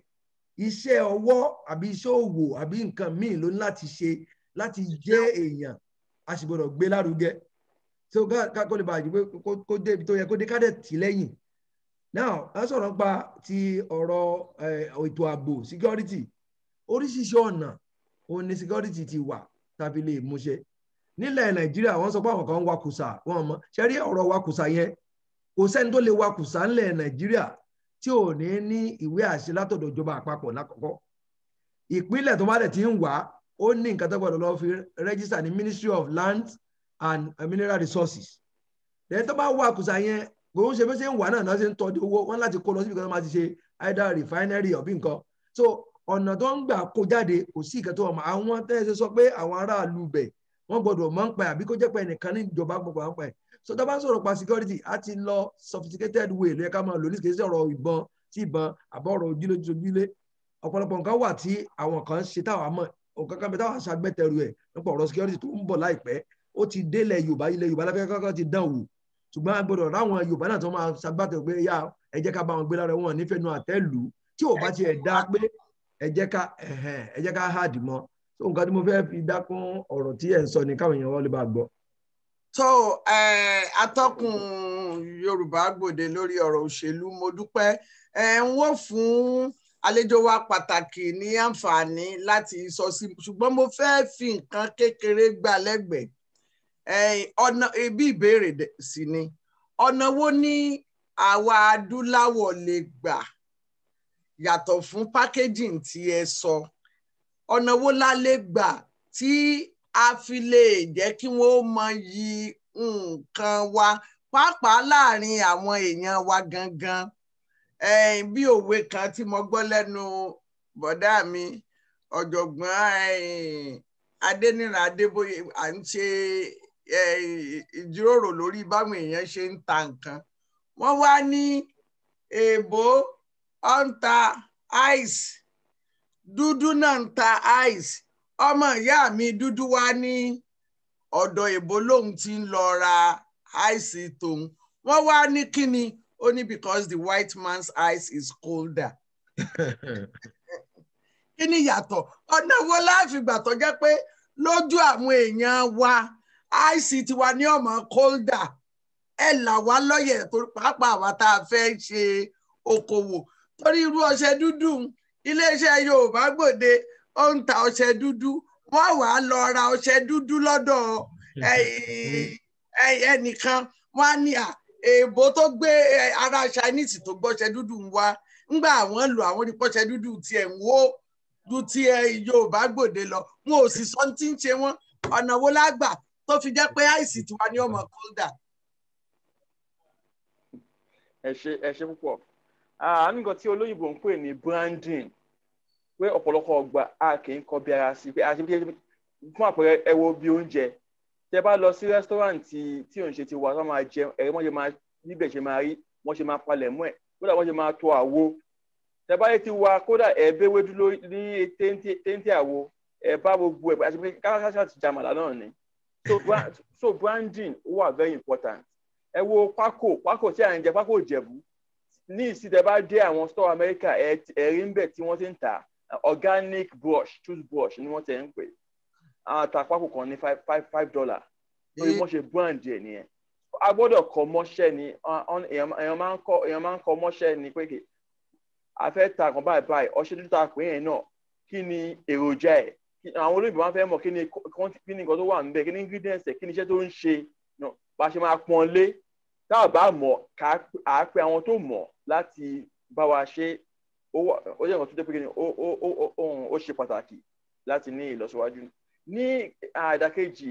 iṣẹ́ ọwọ́ àbí iṣẹ́ òwò àbí nǹkan míì ló ní láti ṣe láti jẹ́ èèyàn a sì gbọdọ̀ gbé lárugẹ so kákó lè bàjẹ́ pé kó dé ibi tó yẹ kó dé kádẹ̀ lẹ́yìn now a sọ̀rọ̀ nípa ti ọ̀rọ̀ ètò ààbò security oríṣiríṣi ọ̀nà òun ni security ti wà tàbí lè múṣẹ nílẹ̀ nàìjíríà wọ́n sọ pé àwọn kan ń wakùsà wọn mọ̀ ṣe rí ọ̀rọ̀ wakùsà yẹn kò sẹ́ni tó lè wakùsà ńlẹ̀ nàìjíríà tí ò ní ní ìwé àṣẹ látọ̀dọ̀ ìjọba àpapọ̀ lákọ̀ọ́kọ́ ìpínlẹ̀ tó bá dẹ̀ ti ń wà ó ní nǹkan tó gbọ́dọ̀ lọ fi rẹ́gísítà ní Ministry of Land and Mineral Resources lẹ́yìn tó bá wakùsà yẹn gbogbo ṣe bí ṣe ń wà náà náà ṣe ń tọ́jú owó wọn láti kó lọ síbi kan máa ti ṣe either refinery ọ̀bí nǹkan so ọ̀nà tó ń gbà kó jáde kò sí ìkẹ́tọ́ ọmọ àwọn tẹ́lẹ̀ sọ pé àwọn aráàlú bẹ̀ wọ́n gbọ́dọ̀ mọ̀ ń pa àbí kó jẹ́ pé ẹnìkan ní ìjọba gbọ́dọ̀ mọ̀ ń pa ẹ̀ so tó bá sọ̀rọ̀ pa security á ti lọ sophisticated way ló yẹ ká máa lò ní kìí sọ̀rọ̀ ìbọn sí ìbọn àbọ̀ ọ̀rọ̀ ojúlójúlé ọ̀pọ̀lọpọ̀ nǹkan wà tí àwọn kan ṣe táwa mọ̀ nǹkan kan bẹ táwa ṣàgbẹ́tẹ̀rù ẹ̀ nípa ọ̀rọ̀ security tó ń bọ̀ láìpẹ́ ó ti délẹ̀ Yorùbá ilẹ̀ Yorùbá láfẹ́ kọ́kọ́ ti dán wò ṣùgbọ́n a gbọ́dọ̀ ráwọn Yorùbá náà tó máa ṣàgbàtọ̀ pé yá ẹ jẹ́ ká bá wọn gbé lára wọn nífẹ̀ẹ́ nu àtẹ́lù tí ò bá tiẹ̀ dá pé ẹ ká ẹ jẹ́ ká hàdì mọ́ so nǹkan tí mo fẹ́ fi dákún ọ̀rọ̀ tí ẹ̀ ń sọ ni káwọn èèyàn wọ́n lè bá gbọ́. tó atọ́kùn Yorùbá Gbòde lórí ọ̀rọ̀ òṣèlú mo dúpẹ́ ẹ̀ ń wò fún àlejò wa pàtàkì ní àǹfààní láti sọ sí ṣùgbọ́n mo fẹ́ fi nǹkan kékeré gbà ọ̀nà ibi ìbéèrè sí ni ọ̀nà wo ni àwa adúláwọ̀ lè gbà yàtọ̀ fún packaging tí ẹ sọ ọ̀nà wo la lè gbà tí a fi lè jẹ́ kí wọ́n mọ yí nǹkan wa pàápàá láàrin àwọn èèyàn wa gangan bí òwe kan tí mo gbọ́ lẹ́nu bọ̀dá mi ọ̀jọ̀gbọ́n Adéníran Adébóyè à ń ṣe ìjíròrò lórí báwọn èèyàn ṣe ń ta nǹkan wọ́n wá ní èèbó ó ice dúdú náà ń ta ice ọmọ ìyá mi dúdú wá ní ọ̀dọ̀ èèbó lòun ti ń lọ ra ice tòun wọ́n wá ní kíni ó ní because the white man's ice is colder. kí ni yàtọ̀ ọ̀nà wo láàfin gbà tó jẹ́ pé lójú àwọn èèyàn wa ict wa ní ọmọ kóldà ẹ là wá lọ́yẹ̀ pàápàá àwa tá a fẹ́ ṣe okòwò torí irú ọṣẹ dúdú iléeṣẹ́ yorùbá gbòde ó ń ta ọṣẹ dúdú wọ́n wà á lọ ra ọṣẹ dúdú lọ́dọ̀ ẹnìkan wọ́n á ní à èèbó tó gbé ara chinese tó gbọ́ṣẹ dúdú ń wá ńgbà àwọn lò àwọn onípọ̀ṣẹ dúdú tiẹ̀ ń wó ju ti yorùbá gbòde lọ wọn ò sì sọ tí ń ṣe wọn ọ̀nà wo lágbà tó fi jẹ́ pé àìsí tiwa ní ọmọ kódà. ẹ ṣe ẹ ṣe púpọ̀ àánúgàn tí olóyìnbó ń pè ní branding pé ọ̀pọ̀lọpọ̀ ọgbà a kì í kọ bí ara sí pé a ṣe fún àpẹẹrẹ ẹ wo bí oúnjẹ tẹ bá lọ sí rẹ́sítọ́ráǹtì tí òun ṣe ti wà tó máa jẹ ẹ̀rí wọ́n ṣe máa níbẹ̀ ṣe máa rí wọ́n ṣe máa palẹ̀ mọ́ ẹ̀ kódà wọ́n ṣe máa to àwo tẹ bá yẹ ti wa kódà ẹ̀ẹ́bẹ̀ wédú ní téńté àwo ẹ̀ bá gbogbo ẹ̀ bá ṣe pé káṣáṣá ti jàmàlà náà ni so brand so branding wà very important ẹ wo pákó pákó tí à ń jẹ pákó ìjẹ̀bú ní ìsìtẹ́ bá dé àwọn store America ẹ̀rí ń bẹ̀ tí wọ́n ti ń ta organic brush toothbrush ni wọ́n ti ń pè àtà pákó kan ní five five five dollar lórí eh. wọ́n ṣe brand ẹ̀ nìyẹn a gbọ́dọ̀ kọ́ mọ́ṣẹ́ ni èèyàn máa ń kọ́ èèyàn máa ń kọ́ mọ́ṣẹ́ ni pé kì a fẹ́ ta kan báyìí báyìí ọṣẹ dúdú ta pé yẹn náà kí ni èròjà ẹ̀ àwọn olóyìnbó wá fẹ́ mọ̀ kí ni kí ni nǹkan tó wà níbẹ̀ kí ni ingredients ẹ̀ kí ni iṣẹ́ tó ń ṣe bá a ṣe máa pọ́n lé tá a bá mọ̀ ká a pe àwọn tó mọ̀ láti bá wa ṣe ó jẹ́ nǹkan tó jẹ́ pé kí ni ó ṣe pàtàkì láti ní ìlọsíwájú ní àdàkejì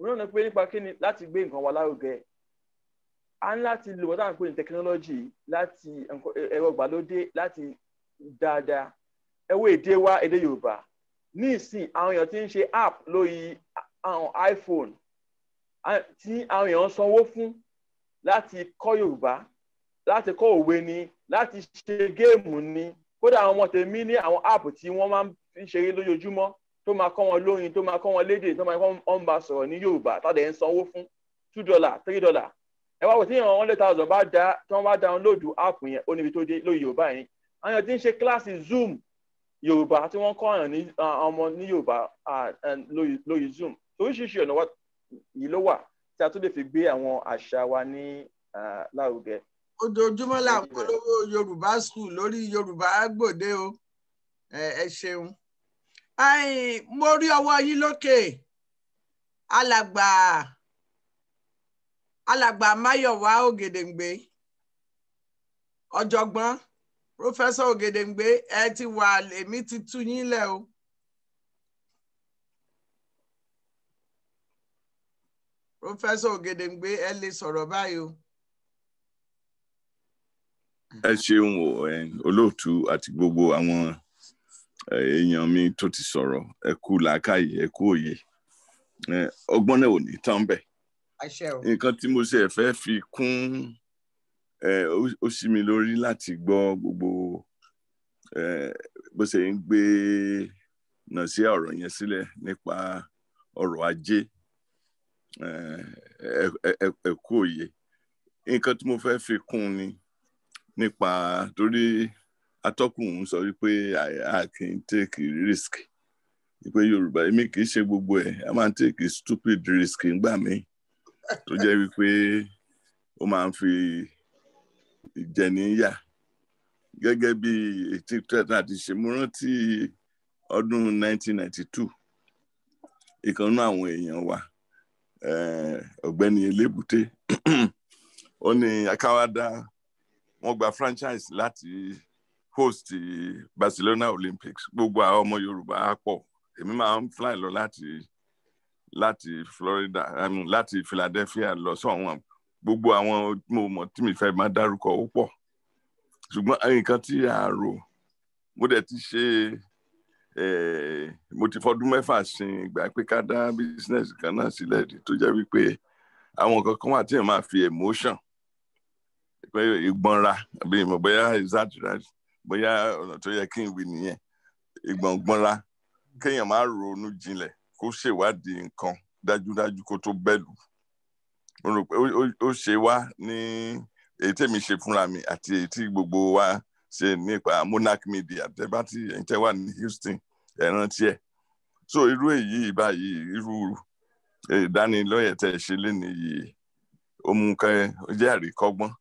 mìíràn ni pé nípa kí ni láti gbé nǹkan wa lárugẹ a ń láti lò wọ́n tá à ń pè ní technology láti ẹ̀rọ ìgbàlódé láti dáadáa ẹ wo èdè wa èdè Yorùbá ní ìsìn àwọn èèyàn ti ń ṣe app lórí àwọn iPhone tí àwọn èèyàn sanwó fún láti kọ́ Yorùbá láti kọ́ òwe ni láti ṣe géèmù ni kódà àwọn ọmọ tèmi ní àwọn app tí wọ́n máa ń ṣeré lójoojúmọ́ tó máa kọ́ wọn lóyin tó máa kọ́ wọn lédè tó máa kọ́ wọn bá sọ̀rọ̀ ní Yorùbá tàdé ń sanwó fún two dollar three dollar ẹ wá wò tí èèyàn one thousand bá da tí wọ́n bá download app yẹn ó níbi tó dé lórí Yorùbá yẹn àwọn èèyàn ti ń ṣe kíláàsì Zoom yorùbá tí wọ́n kọ́ àyàn ní ọmọ ní yorùbá lórí zoom oríṣiríṣi ọ̀nà yìí ló wà tí a tún lè fi gbé àwọn àṣà wa ní lárugẹ. ojoojúmọ́ la ń polówó yorùbá school lórí yorùbá gbòde o ẹ ṣeun. mo rí ọwọ́ yín lókè alàgbà alàgbà máyọ̀wá ògèdèǹgbé ọ̀jọ̀gbọ́n pòfẹ́sọ Ògèdèǹgbé ẹ ti wà lèmi ti tú yín lẹ̀ o. pòfẹ́sọ Ògèdèǹgbé ẹ lè sọ̀rọ̀ báyìí o. ẹ ṣeun o olóòtú àti gbogbo àwọn èèyàn mi tó ti sọ̀rọ̀ ẹ kú làákàyè ẹ kú òye ọgbọ́n náà ò ní tán bẹ́ẹ̀ nǹkan tí mo ṣe fẹ́ fi kún. Kun ó sì mí lórí láti gbọ́ gbogbo bó ṣe ń gbé náà sí ọ̀rọ̀ yẹn sílẹ̀ nípa ọ̀rọ̀ ajé ẹ̀kú òye nǹkan tí mo fẹ́ fi kún ni nípa torí atọ́kùn sọ wípé a kì í take risk wípé Yorùbá èmi kì í ṣe gbogbo ẹ a máa take stupid risk ńgbà mí tó jẹ́ wípé ó máa ń fi ìjẹniyà gẹ́gẹ́ bí eighteen twelve àti ṣe mo rántí ọdún nineteen ninety two ìkànnú àwọn èèyàn wa eh, ọ̀gbẹ́ni elébùté ó ní akáwádá wọ́n gba franchise láti host Barcelona Olympics gbogbo àwọn ọmọ Yorùbá á pọ̀ èmi máa ń fly lọ láti láti Florida um, láti Philadelphia lọ sọ̀wọ́n. So gbogbo àwọn mo mọ̀ tí mi fẹ́ máa dárúkọ ó pọ̀ ṣùgbọ́n nǹkan tí a rò mo dẹ̀ ti ṣe mo ti fọdún mẹ́fà sin ìgbà pé ká dá business kan náà sílẹ̀ tó jẹ́ wípé àwọn nǹkan kan wà tí èèyàn máa fi emotion pé ìgbọ̀nra àbí ìmọ̀ bóyá ìsàtúrà bóyá ọ̀nà tó yẹ kí n wí nìyẹn ìgbọ̀ngbọ̀nra kéèyàn máa ronú jinlẹ̀ kó ṣèwádìí nǹkan dájúdájú kó tó bẹ̀lù mo rò pé ó ṣe wá ní èyí tèmi ṣe fúnra mi àti èyí tí gbogbo wa ṣe nípa monarch media tẹ́bá tí ẹ̀yin ní Houston ẹ rántí so irú èyí báyìí irú ìdánilọ́yẹ̀ tẹ́ ẹ ṣe lénìí yìí ó mú kẹ́ ó jẹ́ àríkọ́gbọ́n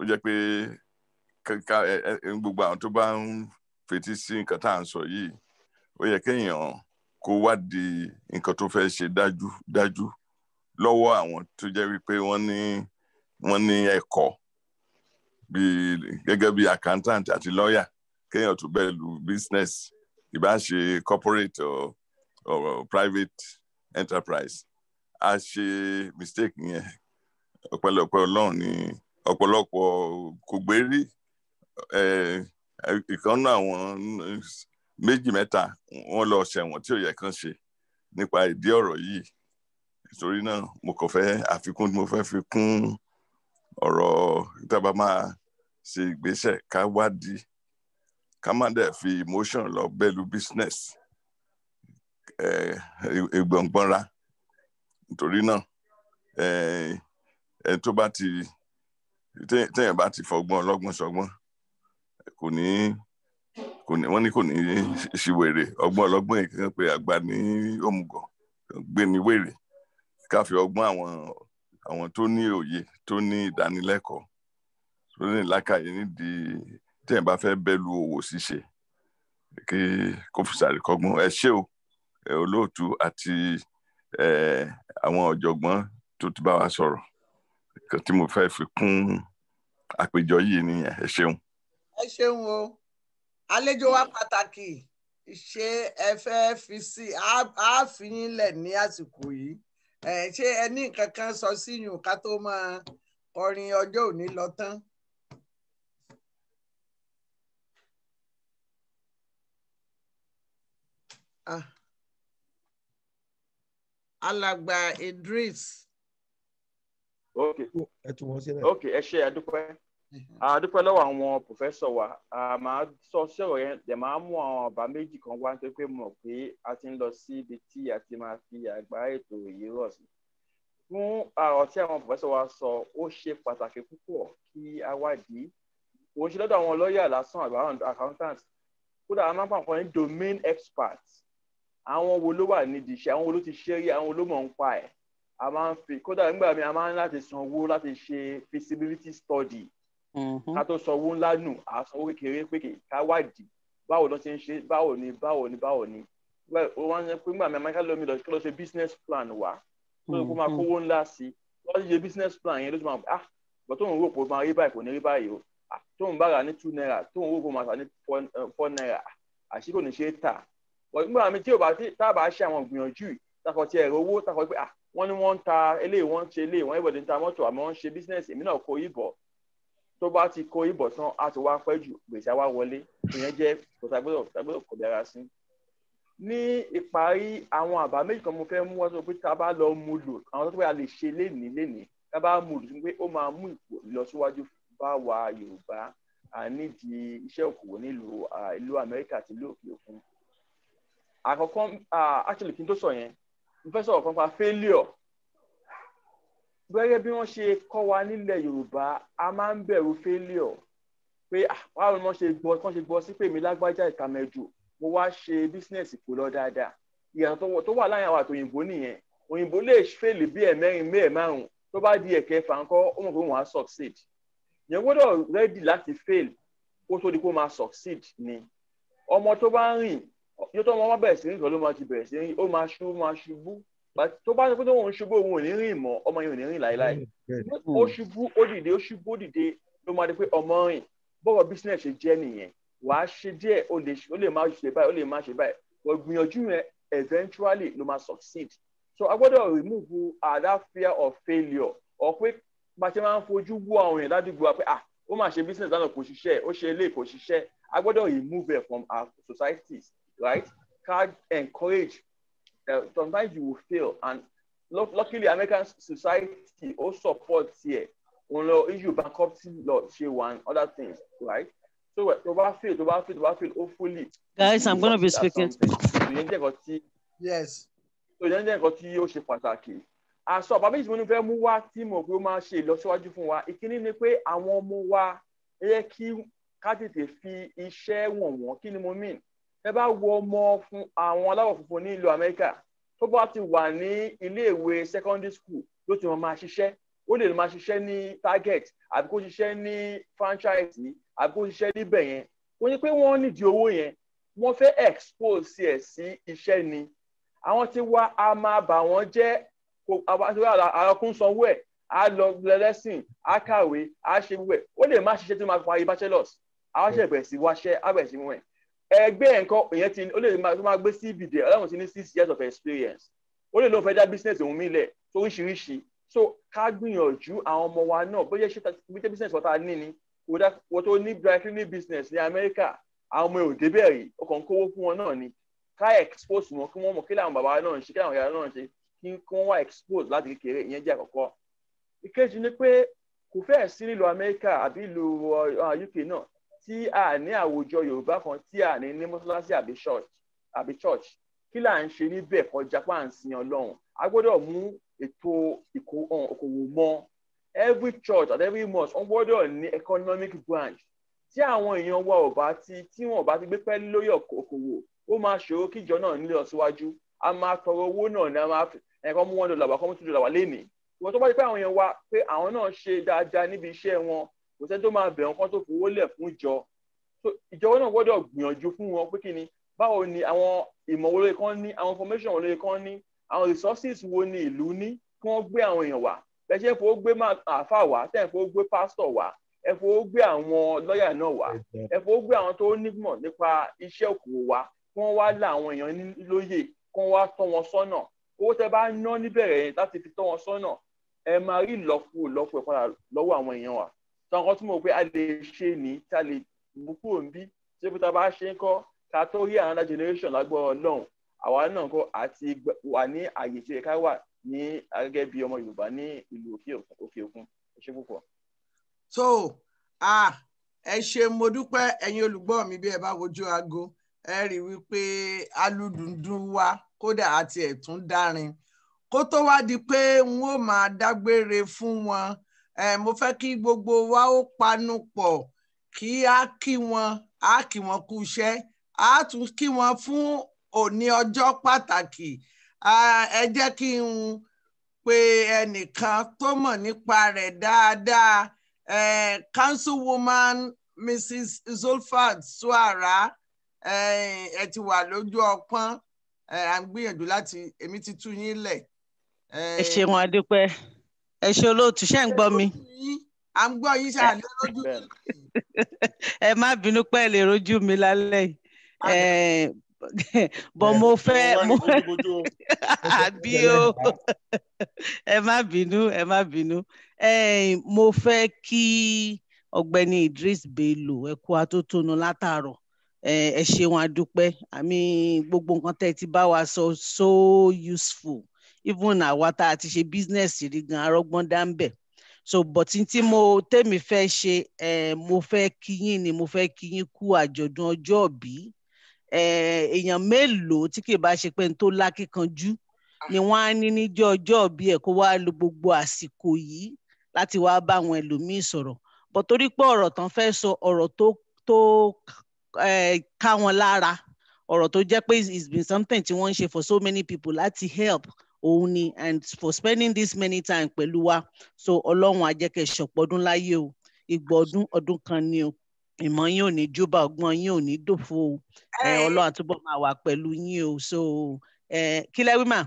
ó jẹ́ pé ká gbogbo àwọn tó bá ń fetí sí nǹkan tá à ń sọ yìí ó yẹ kéèyàn kó wádìí nǹkan tó fẹ́ ṣe dájú dájú lọ́wọ́ àwọn tó jẹ́ wípé wọ́n ní wọ́n ní ẹ̀kọ́ bíi gẹ́gẹ́ bíi accountant àti lawyer kéèyàn tó bẹ̀rẹ̀ lu business ìbá ṣe corporate or, or, private enterprise a ṣe mistake yẹn ọ̀pẹ̀lọpẹ̀ ọlọ́run ní ọ̀pọ̀lọpọ̀ kò gbérí ìkànnà àwọn méjì mẹ́ta wọ́n lọ ṣẹ̀wọ̀n tí ò yẹ kán ṣe nípa ìdí ọ̀rọ̀ yìí nítorí náà mo kàn fẹ́ àfikún tí mo fẹ́ fi kún ọ̀rọ̀ ìtàbá máa ṣe ìgbésẹ̀ ká wádìí ká má dẹ̀ fi emotion lọ bẹ́ẹ̀lú business ìgbọ̀ngbọ̀nra nítorí náà ẹni tó bá ti téèyàn bá ti fọgbọ́n ọlọ́gbọ́n sọgbọ́n kò ní kò ní wọ́n ní kò ní ṣìwèrè ọgbọ́n ọlọ́gbọ́n yìí kan pé àgbà ní òmùgọ̀ gbé ní wèrè ká fi ọgbọ́n àwọn àwọn tó ní òye tó ní ìdánilẹ́kọ̀ọ́ tó ní ìlàkàyè nídìí tẹ̀ ń bá fẹ́ bẹ́ lu òwò ṣíṣe kí kò fi ṣàríkọ́gbọ́n ẹ ṣé o olóòtú àti àwọn ọ̀jọ̀gbọ́n tó ti bá wa sọ̀rọ̀ kan tí mo fẹ́ fi kún àpéjọ yìí nìyẹn ẹ ṣeun. ẹ ṣeun o àlejò wa pàtàkì ṣé ẹ fẹ́ fi sí àáfíyín lẹ̀ ní àsìkò yìí. ṣé ẹ ní nǹkan kan sọ sí yùn ká tó máa kọrin ọjọ́ òní lọ tán. Ah. alàgbà Idris. ok ẹ ṣe àdúpẹ́. Mhm. a àdúpẹ́ lọ́wọ́ àwọn pòfẹ́sọ̀ wa màá sọ sọ̀rọ̀ yẹn dẹ̀ máa mú àwọn ọ̀bá méjì kan wá nítorí pé mọ̀ pé a ti ń lọ sí ibi tí a ti máa fi àgbá ètò yìí rọ̀ sí. fún ọ̀rọ̀ tí àwọn pòfẹ́sọ̀ wa sọ ó ṣe pàtàkì púpọ̀ kí a wádìí òun ṣe lọ́dọ̀ àwọn lọ́ọ̀yà lásán àgbà accountant kódà a máa ń pàpọ̀ ní domain experts àwọn wo ló wà nídìí iṣẹ́ àwọn wo ló ti ṣe rí àwọn wo ló mọ̀ ń pa ẹ̀ a máa ń fi kódà nígbà míì a máa ń láti sanwó láti ṣe feasibility study Mm-hmm. ká tó sọ owó ńlá nù à sọ owó kékeré pé ká wádìí báwo ló ṣe ń ṣe báwo ni báwo ni báwo ni wọ́n ṣe pé nígbà mẹ́ta lómi lọ kí ló ṣe business plan wa tó kó máa mm-hmm. kówó ńlá sí wọ́n ṣe business plan yẹn ló ti máa ah bọ́ tóun rò pé máa rí báyìí kò ní rí báyìí o ah, tóun bá rà ní two naira tóun rò pé máa rà ní four eh, naira àṣì kò ní ṣe é tà nígbà mi tí ò bá tá a bá ṣe àwọn ìgbìyànjú takọ ti ẹ̀rọ owó pé ah wọ́n ní wọ́n ń ta eléyìí wọ́n ń ṣe eléyìí wọ́n ìbọ̀dé ń ṣe business èmi náà kó yìí bọ̀ tó bá ti kó ìbọ̀ tán á ti wá pẹ́ jù gbèsè àwa wọlé ìyẹn jẹ́ kòtàgbọ́dọ̀ kòtàgbọ́dọ̀ kò dára sí. ní ìparí àwọn àbá méjì kan mo fẹ́ mú wá sọ pé tá a bá lọ mu lò àwọn tó pé a lè ṣe lénìí lénìí tá a bá mu lò sí pé ó máa mú ìlọsíwájú bá wa Yorùbá ànídìí iṣẹ́ òkòwò nílùú ìlú Amẹ́ríkà àti ìlú òkè òkun. àkọ́kọ́ actually kí n tó sọ yẹn mo fẹ́ sọ̀rọ̀ kan pa failure gẹ́gẹ́ bí wọ́n ṣe kọ́ wa nílẹ̀ Yorùbá a máa ń bẹ̀rù failure pé ah, báwo ni wọ́n ṣe gbọ́ wọ́n ṣe gbọ́ sí pé mi lágbájá ìkàmẹ́jù mo wá ṣe business kò lọ dáadáa ìyàtọ̀ tó wà láàrin àwọn àtòyìnbó nìyẹn òyìnbó lè fail bí ẹ̀mẹ́rin mẹ́ẹ̀ márùn tó bá di ẹ̀kẹ́ fàǹkọ́ ó mọ̀ pé wọ́n á succeed yẹn gbọ́dọ̀ ready láti fail kó tó di kó máa succeed ni ọmọ tó bá ń rìn yóò tó ọmọ bá bẹ̀rẹ̀ sí rìn kan ti bẹ̀rẹ̀ sí rìn ó máa ṣubú máa ṣubú tó bá ní pé òun ṣubú òun ò ní rìn mọ́ ọmọ yẹn ò ní rìn láéláé ó ṣubú ó dìde ó ṣubú ó dìde ló máa di pé ọmọ rìn bọ́wọ́ business ṣe jẹ́ nìyẹn wàá ṣe díẹ̀ ó lè má ṣe báyìí ó lè má ṣe báyìí but gbìyànjú yẹn eventually ló máa succeed so a gbọ́dọ̀ remove uh, that fear of failure or pé bá ṣe máa ń fojú wú àwọn èèyàn ládùúgbò wa pé ah ó máa ṣe business lánàá kò ṣiṣẹ́ ó ṣe eléyìí kò ṣiṣẹ́ a gbọ́dọ̀ remove it from our societies right ká encourage uh, sometimes you will fail. And lo- luckily, American society also supports here. Òun lọ issue bankruptcy law ṣe wà and other things, right? So tó bá fail, tó bá fail, tó bá fail, hopefully. Guys, I'm gonna be speaking. Ìyẹn jẹ́ nǹkan tí. Yes. So ìyẹn jẹ́ nǹkan tí ó ṣe pàtàkì. Àṣọ àbábí ìṣúná fẹ́ mú wá tí mo pé ó máa ṣe ìlọsíwájú fún wa. Ìkíní ni pé àwọn ọmọ wa yẹ kí ká tètè fi iṣẹ́ wọ̀n wọ́n. Kí ni mean? ẹ bá wo ọmọ àwọn aláwọ̀ funfun ní ìlú amẹ́ríkà tó bá ti wà ní iléèwé secondary school ló ti wọn máa ṣiṣẹ́ ó lè máa ṣiṣẹ́ ní target àbí kó ṣiṣẹ́ ní franchise àbí kó ṣiṣẹ́ níbẹ̀ yẹn kò ní pé wọ́n nídìí owó yẹn wọ́n fẹ́ expose ẹ̀ sí iṣẹ́ ni àwọn tí wá a máa bà wọ́n jẹ́ àròkún sanwó ẹ̀ a lọ lẹ́lẹ́sìn a kàwé a ṣe gbogbo ẹ̀ ó lè má ṣiṣẹ́ tí wọ́n máa fi parí bachelors àwọn ṣẹ̀bẹ̀ sí wáṣẹ́ àbẹ̀sí wọn ẹ̀ ẹgbẹ́ nǹkan èèyàn ti ó lè máa gbé cv dẹ̀ ọlọ́run ti ní six years of experience ó lè lóun fẹ́ dá business òun mílẹ̀ tó oríṣiríṣi so ká gbìyànjú àwọn ọmọ wa náà bóyá ṣe bóyá business wọn ta ní ni wọ́n tó ní dry cleaning business ní Amẹ́ríkà àwọn ọmọ òde bẹ́ẹ̀ rí ọkàn kówó fún wọn náà ni ká expose wọn kí wọ́n mọ̀ kí làwọn bàbá náà ń ṣe kí làwọn ìyá náà ń ṣe kí wọ́n wá expose láti kékeré ìyẹn jẹ́ àkọ́kọ́ ìkejì ni pé kò fẹ́ẹ̀ sí nílùú Amẹ́ríkà àbí ìlú UK uh, náà tí a ní àwùjọ yorùbá kan tí a ní ní mọ́ṣáláṣí àbí church àbí church kí là ń ṣe níbẹ̀ kọjá pa à ń sin ọlọ́run a gbọ́dọ̀ mú ètò ìkòwò mọ́ every church at every mosque wọ́n gbọ́dọ̀ ní economic branch tí àwọn èèyàn wa ò bá ti tí wọn ò bá ti gbé pẹ́ẹ́lí lórí okòwò ó máa ṣòro kíjọ náà nílé ọ̀síwájú a máa tọrọ owó náà ní a máa ẹ̀kọ́ mú one dollar wá kọ́ mú two dollar wá lénìí ìwọ̀n tó bá ti pé àwọn èèyàn wa pé àwọn náà ṣe dáadáa níbi iṣẹ́ wọn kò sẹ́ni tó máa bẹ̀ wọn kán tó fowó lẹ̀ fún ìjọ ìjọba náà gbọ́dọ̀ gbìyànjú fún wọn pé kí ni báwo ni àwọn ìmọ̀ wo lóye kan ní àwọn formation wo lóye kan ní àwọn resources wo ni ìlú ní kí wọ́n gbé àwọn èèyàn wá bẹ́ẹ̀ ṣe fowó gbé àáfà wá tẹ̀ fowó gbé pásítọ̀ wá ẹ fowó gbé àwọn lọ́ọ̀yà náà wá ẹ fowó gbé àwọn tó nímọ̀ nípa iṣẹ́ òkòwò wá kí wọ́n wá là àwọn èèyàn lóye kí wọ́n wá tọ́ wọn sọ́nà owó tẹ bá ná níbẹ̀rẹ̀ láti fi tọ́ wọn sọ́nà ẹ máa rí ìlọ́po ìlọ́po ẹ̀ padà lọ́wọ́ àwọn èèyàn wa tó nǹkan túmọ̀ pé a lè ṣe ní tá lè mú kúrò níbí ṣé pé tá bá ṣe ń kọ́ ká tó rí another generation lágbọ́ ọlọ́run àwa náà kọ́ àti wà ní àyè tí ẹ̀ka wà ní gẹ́gẹ́ bí ọmọ Yorùbá ní ìlú òkè òkun ẹ ṣe púpọ̀. so ah ẹ ṣe mo dúpẹ́ ẹ̀yin olùgbọ́ mi bí ẹ bá wojú aago ẹ rí wípé alúdùndún wa kódà àti ẹ̀tún dárin kó tó wá di pé n ó máa dágbére fún wọn mo fẹ́ kí gbogbo wa ó panu pọ̀ kí á kí wọn á kí wọn kú iṣẹ́ á tún kí wọn fún òní ọjọ́ pàtàkì ẹ jẹ́ kí n pe ẹnìkan tó mọ̀ nípa rẹ̀ dáadáa councilwoman mrs zulfat suara ẹ ti wà lójú ọpọ́n à ń gbìyànjú láti èmi ti tú yín lẹ̀. ẹ ṣeun adúpẹ́ ẹ ṣe olóòtú ṣe ń gbọ́ mi. à ń gbọ́ yín ṣáà lè rojú mi. ẹ má bínú pé ẹ lè rojú mi lálẹ́ yìí bọ́n mo fẹ́ mo àbí o ẹ má bínú ẹ má bínú mo fẹ́ kí ọ̀gbẹ́ni Idris Bello ẹ kú atótónu látàárọ̀ ẹ ṣeun adúpẹ́ àmì gbogbo nǹkan tẹ́ ẹ ti bá wa sọ so useful even àwa tá a ti ṣe business rí gan arọ́gbọ́n dá ń bẹ̀ so but tí mo tèmi fẹ́ ṣe mo fẹ́ kí ni mo fẹ́ kí yín kú àjọ̀dún ọjọ́ ìbí èèyàn mélòó tí kì í bá ṣe pé n tó lákìkanjú ni wọ́n á ní níjọ́ ọjọ́ ìbí ẹ̀ kó wá lo gbogbo àsìkò yìí láti wá bá àwọn ẹlòmíín sọ̀rọ̀ bọ̀ torí pé ọ̀rọ̀ tán fẹ́ sọ ọ̀rọ̀ tó tó ká wọn lára ọ̀rọ̀ tó jẹ́ pé it's been something tí wọ́n ń ṣe for so many people láti help òun ni and for spending this many time pẹ̀lú wa so ọlọ́run ajẹ́kẹ́ ṣọ̀pọ̀dún láyé o ìgbọ̀dún ọdún kan ni o ìmọ̀ yín ò ní júbà ọgbọ́n yín ò ní dòfo o ọlọ́run àtúbọ̀ máa wà pẹ̀lú yín o so kí lẹ́ wí mà.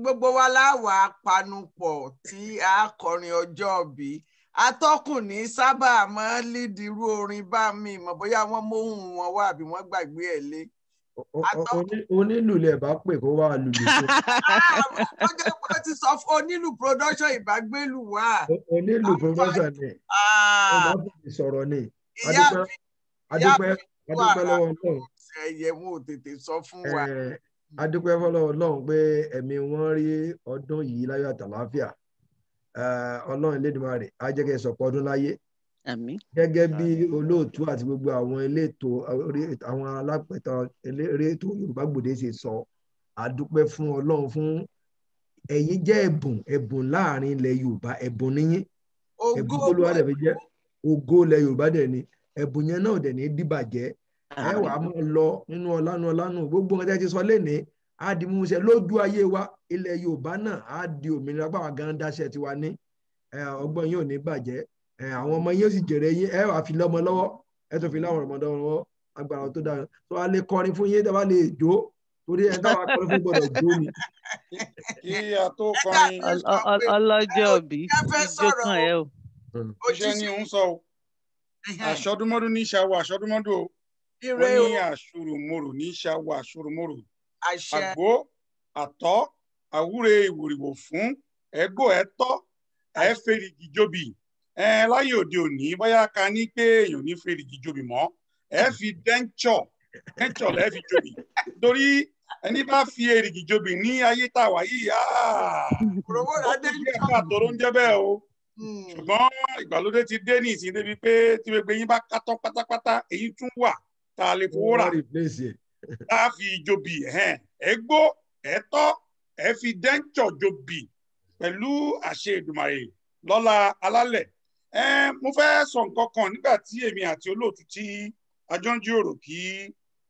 gbogbo wa láwa panupọ̀ tí a kọrin ọjọ́ bí atọ́kùn ní sábà máa ń lídìí irú orin bá mi mọ̀ bóyá wọ́n mọ ohùn wọn wá àbí wọ́n gbàgbé ẹ̀ lé onílù lè bá pè kó wá lùlù. ọjọ́ ah, ìpọ́n ti sọ fún onílù production ìbágbélù wa. onílù production ni ọlọ́fíìsì ah. sọ̀rọ̀ ni adúpẹ́ adúpẹ́ lọ́wọ́ ọlọ́run. ẹyẹ wọn ò tètè sọ fún wa. Eh, adúpẹ́ fọlọ́wọ́ ọlọ́run pé ẹ̀mí wọn rí ọdún yìí láyọ̀ àtàláfíà eh, ọlọ́run lédùmarè á jẹ́ kẹ́ sọ̀pọ̀ ọdún láyé gẹ́gẹ́ bí olóòtú àti gbogbo àwọn elétò àwọn alápẹ̀tà elétò Yorùbá Gbòde ṣe sọ àdúpẹ́ fún Ọlọ́run fún ẹ̀yin jẹ́ ẹ̀bùn ẹ̀bùn láàrin ilẹ̀ Yorùbá ẹ̀bùn níyín ẹ̀bùn tó lówó àdàbí jẹ́ ògo ilẹ̀ Yorùbá dẹ̀ ni ẹ̀bùn yẹn náà dẹ̀ ní dìbàjẹ́ ẹ wà á máa lọ nínú ọlánu ọlánu gbogbo nǹkan tí a ti sọ lénìí á di mímúṣẹ lójú ayé wa ilẹ̀ Yorùbá náà á di òmìnira pàwọn gan dáṣẹ tiwa ní ọgbọ́n yóò ní bàjẹ́ ẹ àwọn ọmọ yín ó sì jèrè yín ẹ wàá fi lọ́mọ lọ́wọ́ ẹ tó fi láwọn ọmọdé wọn lọ́wọ́ agbára tó dára tó wàá lè kọrin fún yín tó wàá lè jó torí ẹ dáwàá kọrin fún gbọ́dọ̀ jó ni. kí a tó kọrin. ọlọ́jọ́ òbí ìjó kan ẹ o. ó ṣe ni òun sọ o àṣọdúnmọ́dún ní ṣàwọ̀ àṣọdúnmọ́dún o wọ́n ní àṣùrùmọ̀rò ní ṣàwọ̀ àṣùrùmọ̀rò àgbo àtọ́ àwúre ìwòrìwò fún ẹgbò ẹtọ́ ẹ̀fẹ̀rìgì jóbi láyé òde òní bóyá ká ní pé èèyàn ní fèrèjì jobi mọ́ ẹ fi dẹ́ńtsọ̀ dẹ́ńtsọ̀ lẹ́ fi jobi torí ẹni bá fi èrìgì jobi ní ayé tá a wà yìí ah, ó ti ẹ̀ka àtọ̀rọ̀ ń jẹ́ bẹ́ẹ̀ o hmm. ṣùgbọ́n ìgbàlódé ti dé ní ìsìn débi pé tí gbogbo yín bá kátọ́ pátápátá èyí tún wà tá a lè fowó rà tá a fi jobi ẹ gbó ẹ tọ́ ẹ fi dẹ́ńtsọ̀ jobi pẹ̀lú àṣẹ Èdùmàrè lọ́la alálẹ̀ Eh, mo fẹ́ sọ nǹkan kan nígbà tí èmi àti olóòtú tí a jọ ń jíròrò kí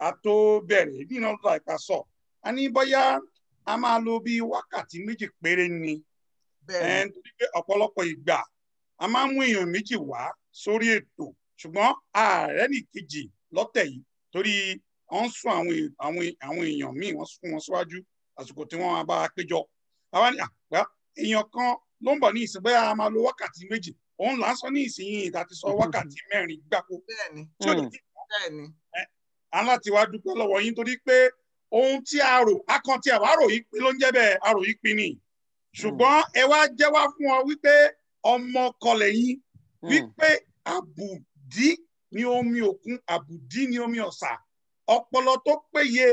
a tó bẹ̀rẹ̀ bí iná tó àìpa sọ a ní bóyá a máa lo bí wákàtí méjì péré ni eh, torí pé ọ̀pọ̀lọpọ̀ ìgbà a máa ń mú èèyàn méjì wá sórí ètò ṣùgbọ́n ààrẹ nìkejì lọ́tẹ̀ yìí torí wọ́n sún àwọn èèyàn míì wọ́n sún wọn síwájú àsìkò tí wọ́n bá a péjọ àwa ni àpá èèyàn kan ló ń bọ̀ ní ìsìn bóyá a máa lo wákàtí méjì òun lásán ní ìsinyìí ìta ti sọ wákàtí mẹ́rin gbáko. bẹ́ẹ̀ni hmm. bẹ́ẹ̀ni. aláti wá dúpẹ́ lọ́wọ́ yín torí pé ohun tí a rò akàn tí a wá rò yìí pin ló ń jẹ́ bẹ́ẹ̀ a rò yìí pin ni hmm. ṣùgbọ́n ẹ wá jẹ́ wá fún ọ wípé ọmọ kọlẹ̀ yín hmm. wípé àbùdí ni omi òkun àbùdí ni omi ọ̀sà ọpọlọ tó péye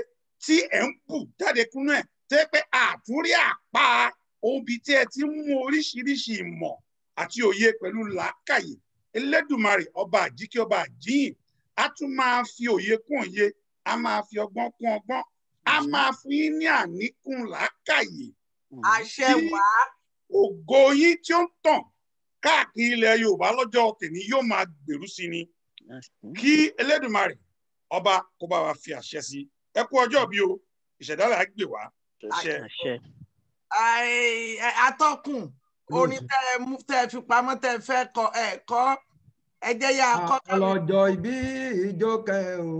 tí ẹ̀ ń bù jáde kúnú ẹ̀ tẹ́ pé àtúrí àpá obì tí ẹ ti mú oríṣiríṣi ìmọ̀ àti òye pẹ̀lú làákàyè Elédùmarè ọba àjíkí ọba àjíyìn a tún máa fi òye kún òye a máa fi ọgbọ́n kún ọgbọ́n a máa fún yín ní àníkún làákàyè. àṣẹ wá. ògo yín tí ó ń tàn káàkiri ilẹ̀ Yorùbá lọ́jọ́ tèmi yóò máa gbèrú sí ni kí Elédùmarè ọba kó bá wa fi àṣẹ sí ẹ kú ọjọ́ bí o ìṣẹ̀dálẹ̀ á gbè wá. àṣẹ àtọkùn orin tẹ́ ẹ mú tẹ́ ẹ fi pamọ́ tẹ́ ẹ fẹ́ kọ ẹ kọ ẹ jẹ́ yá kọ́. ọlọ́jọ́ ìbí ìjọ kẹ́hìn o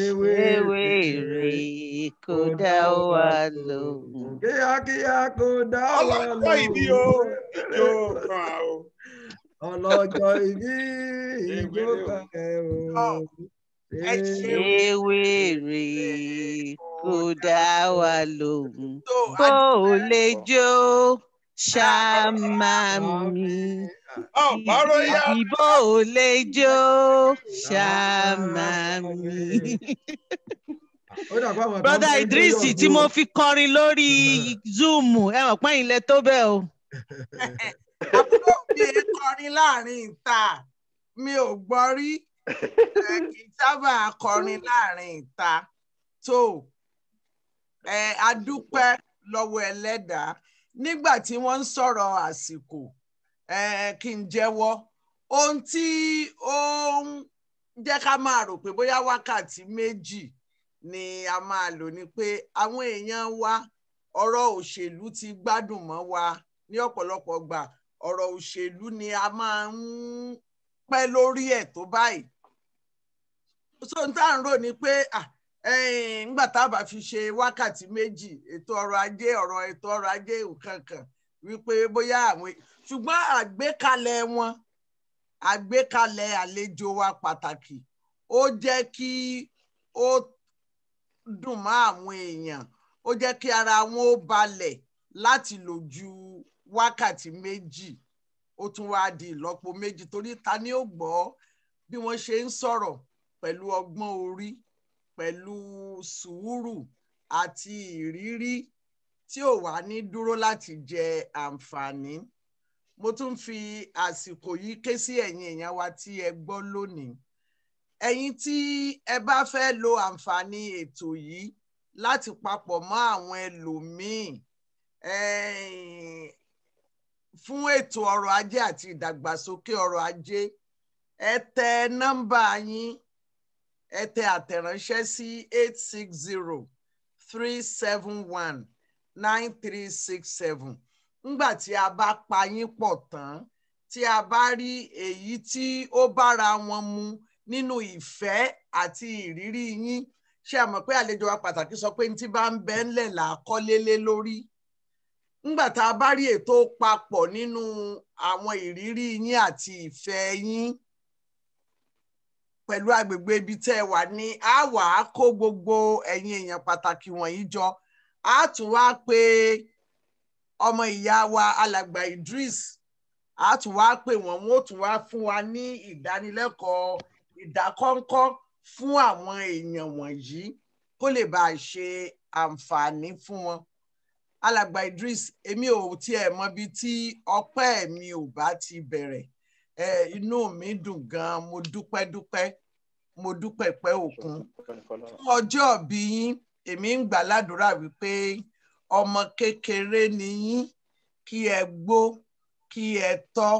ewé rè kò dá wa lóhùn. kíákíá kò dá wa lóhùn. ọlọ́jọ́ ìbí o ìjọ kan o. ọlọ́jọ́ ìbí ìjọ kẹ́hìn ewé rè kò dá wa lóhùn. kó lè jó. Shamami, mi ìbò ò lè brother Idrisi, tí mo fi kọrin lórí Zoom ẹ mọ̀ pẹ́yìn lẹ tó bẹ́ẹ̀ o. àbúrò mi ò kọrin láàrin ìta mi ò gbọ́ rí kì í sábà kọrin láàrin ìta tó a dúpẹ́ lọ́wọ́ ẹlẹ́dàá nígbà tí wọ́n ń sọ̀rọ̀ àsìkò kí n jẹ́wọ́ ohun tí ó ń jẹ́ ká máa rò pé bóyá wákàtí méjì ni a máa lò ní pé àwọn èèyàn wa ọ̀rọ̀ òṣèlú ti gbádùn mọ́ wa ní ọ̀pọ̀lọpọ̀ gbà ọ̀rọ̀ òṣèlú ni a máa ń pẹ́ lórí ẹ̀ tó báyìí so n tá à ń rò ní ah nígbà tá a bá fi ṣe wákàtí méjì ètò ọrọ̀ ajé ọ̀rọ̀ ètò ọrọ̀ ajé nǹkankan wípé bóyá àwọn e, ṣùgbọ́n àgbékalẹ̀ wọn àgbékalẹ̀ àlejò wa pàtàkì ó jẹ́ kí ó dùn mọ́ àwọn èèyàn ó jẹ́ kí ara wọn ó balẹ̀ láti lò ju wákàtí méjì ó tún wá di ìlọ́po méjì torí ta ni ó gbọ́ bí wọ́n ṣe ń sọ̀rọ̀ pẹ̀lú ọgbọ́n orí pẹ̀lú sùúrù àti ìrírí tí ò wá ní dúró láti jẹ àǹfààní mo tún fi àsìkò yìí ké sí ẹ̀yin èèyàn wa tí ẹ gbọ́ lónìí ẹ̀yin tí ẹ bá fẹ́ lo àǹfààní ètò yìí láti papọ̀ mọ́ àwọn ẹlòmíì eh, fún ètò ọrọ̀ ajé àti ìdàgbàsókè ọrọ̀ ajé ẹ tẹ nọ́mbà yín ẹ tẹ àtẹ̀ránṣẹ́ sí eight six zero three seven one nine three six seven ńgbà tí a bá pa yín pọ̀ tán tí a bá rí èyí tí ó bára wọn mu nínú ìfẹ́ àti ìrírí yín ṣé a mọ̀ pé àlejò wa pàtàkì sọ pé ní tí bá ń bẹ́ ńlẹ̀ là á kọ́lé lé lórí ńgbà tá a bá rí ètò papọ̀ nínú àwọn ìrírí yín àti ìfẹ́ yín pẹ̀lú agbègbè ibi tẹ́ ẹ wà ní a wà á kó gbogbo ẹ̀yin èèyàn pàtàkì wọ̀nyí jọ a tún wá pé ọmọ ìyá wa alàgbà Idris a tún wá pé wọ́n wọ́n tún wá fún wa ní ìdánilẹ́kọ̀ọ́ ìdákọ́ńkọ́ fún àwọn èèyàn wọ̀nyí kó lè bá a ṣe àǹfààní fún wọn alàgbà Idris èmi ò tiẹ̀ mọbi tí ọpẹ́ mi ò bá ti bẹ̀rẹ̀ inú mi dùn gan-an mo dúpẹ́ dúpẹ́ mo dúpẹ́ pẹ́ òkun fún ọjọ́ bí yín èmi ń gbà ládùúrà wípé ọmọ kékeré ni yín kí ẹ gbó kí ẹ tọ́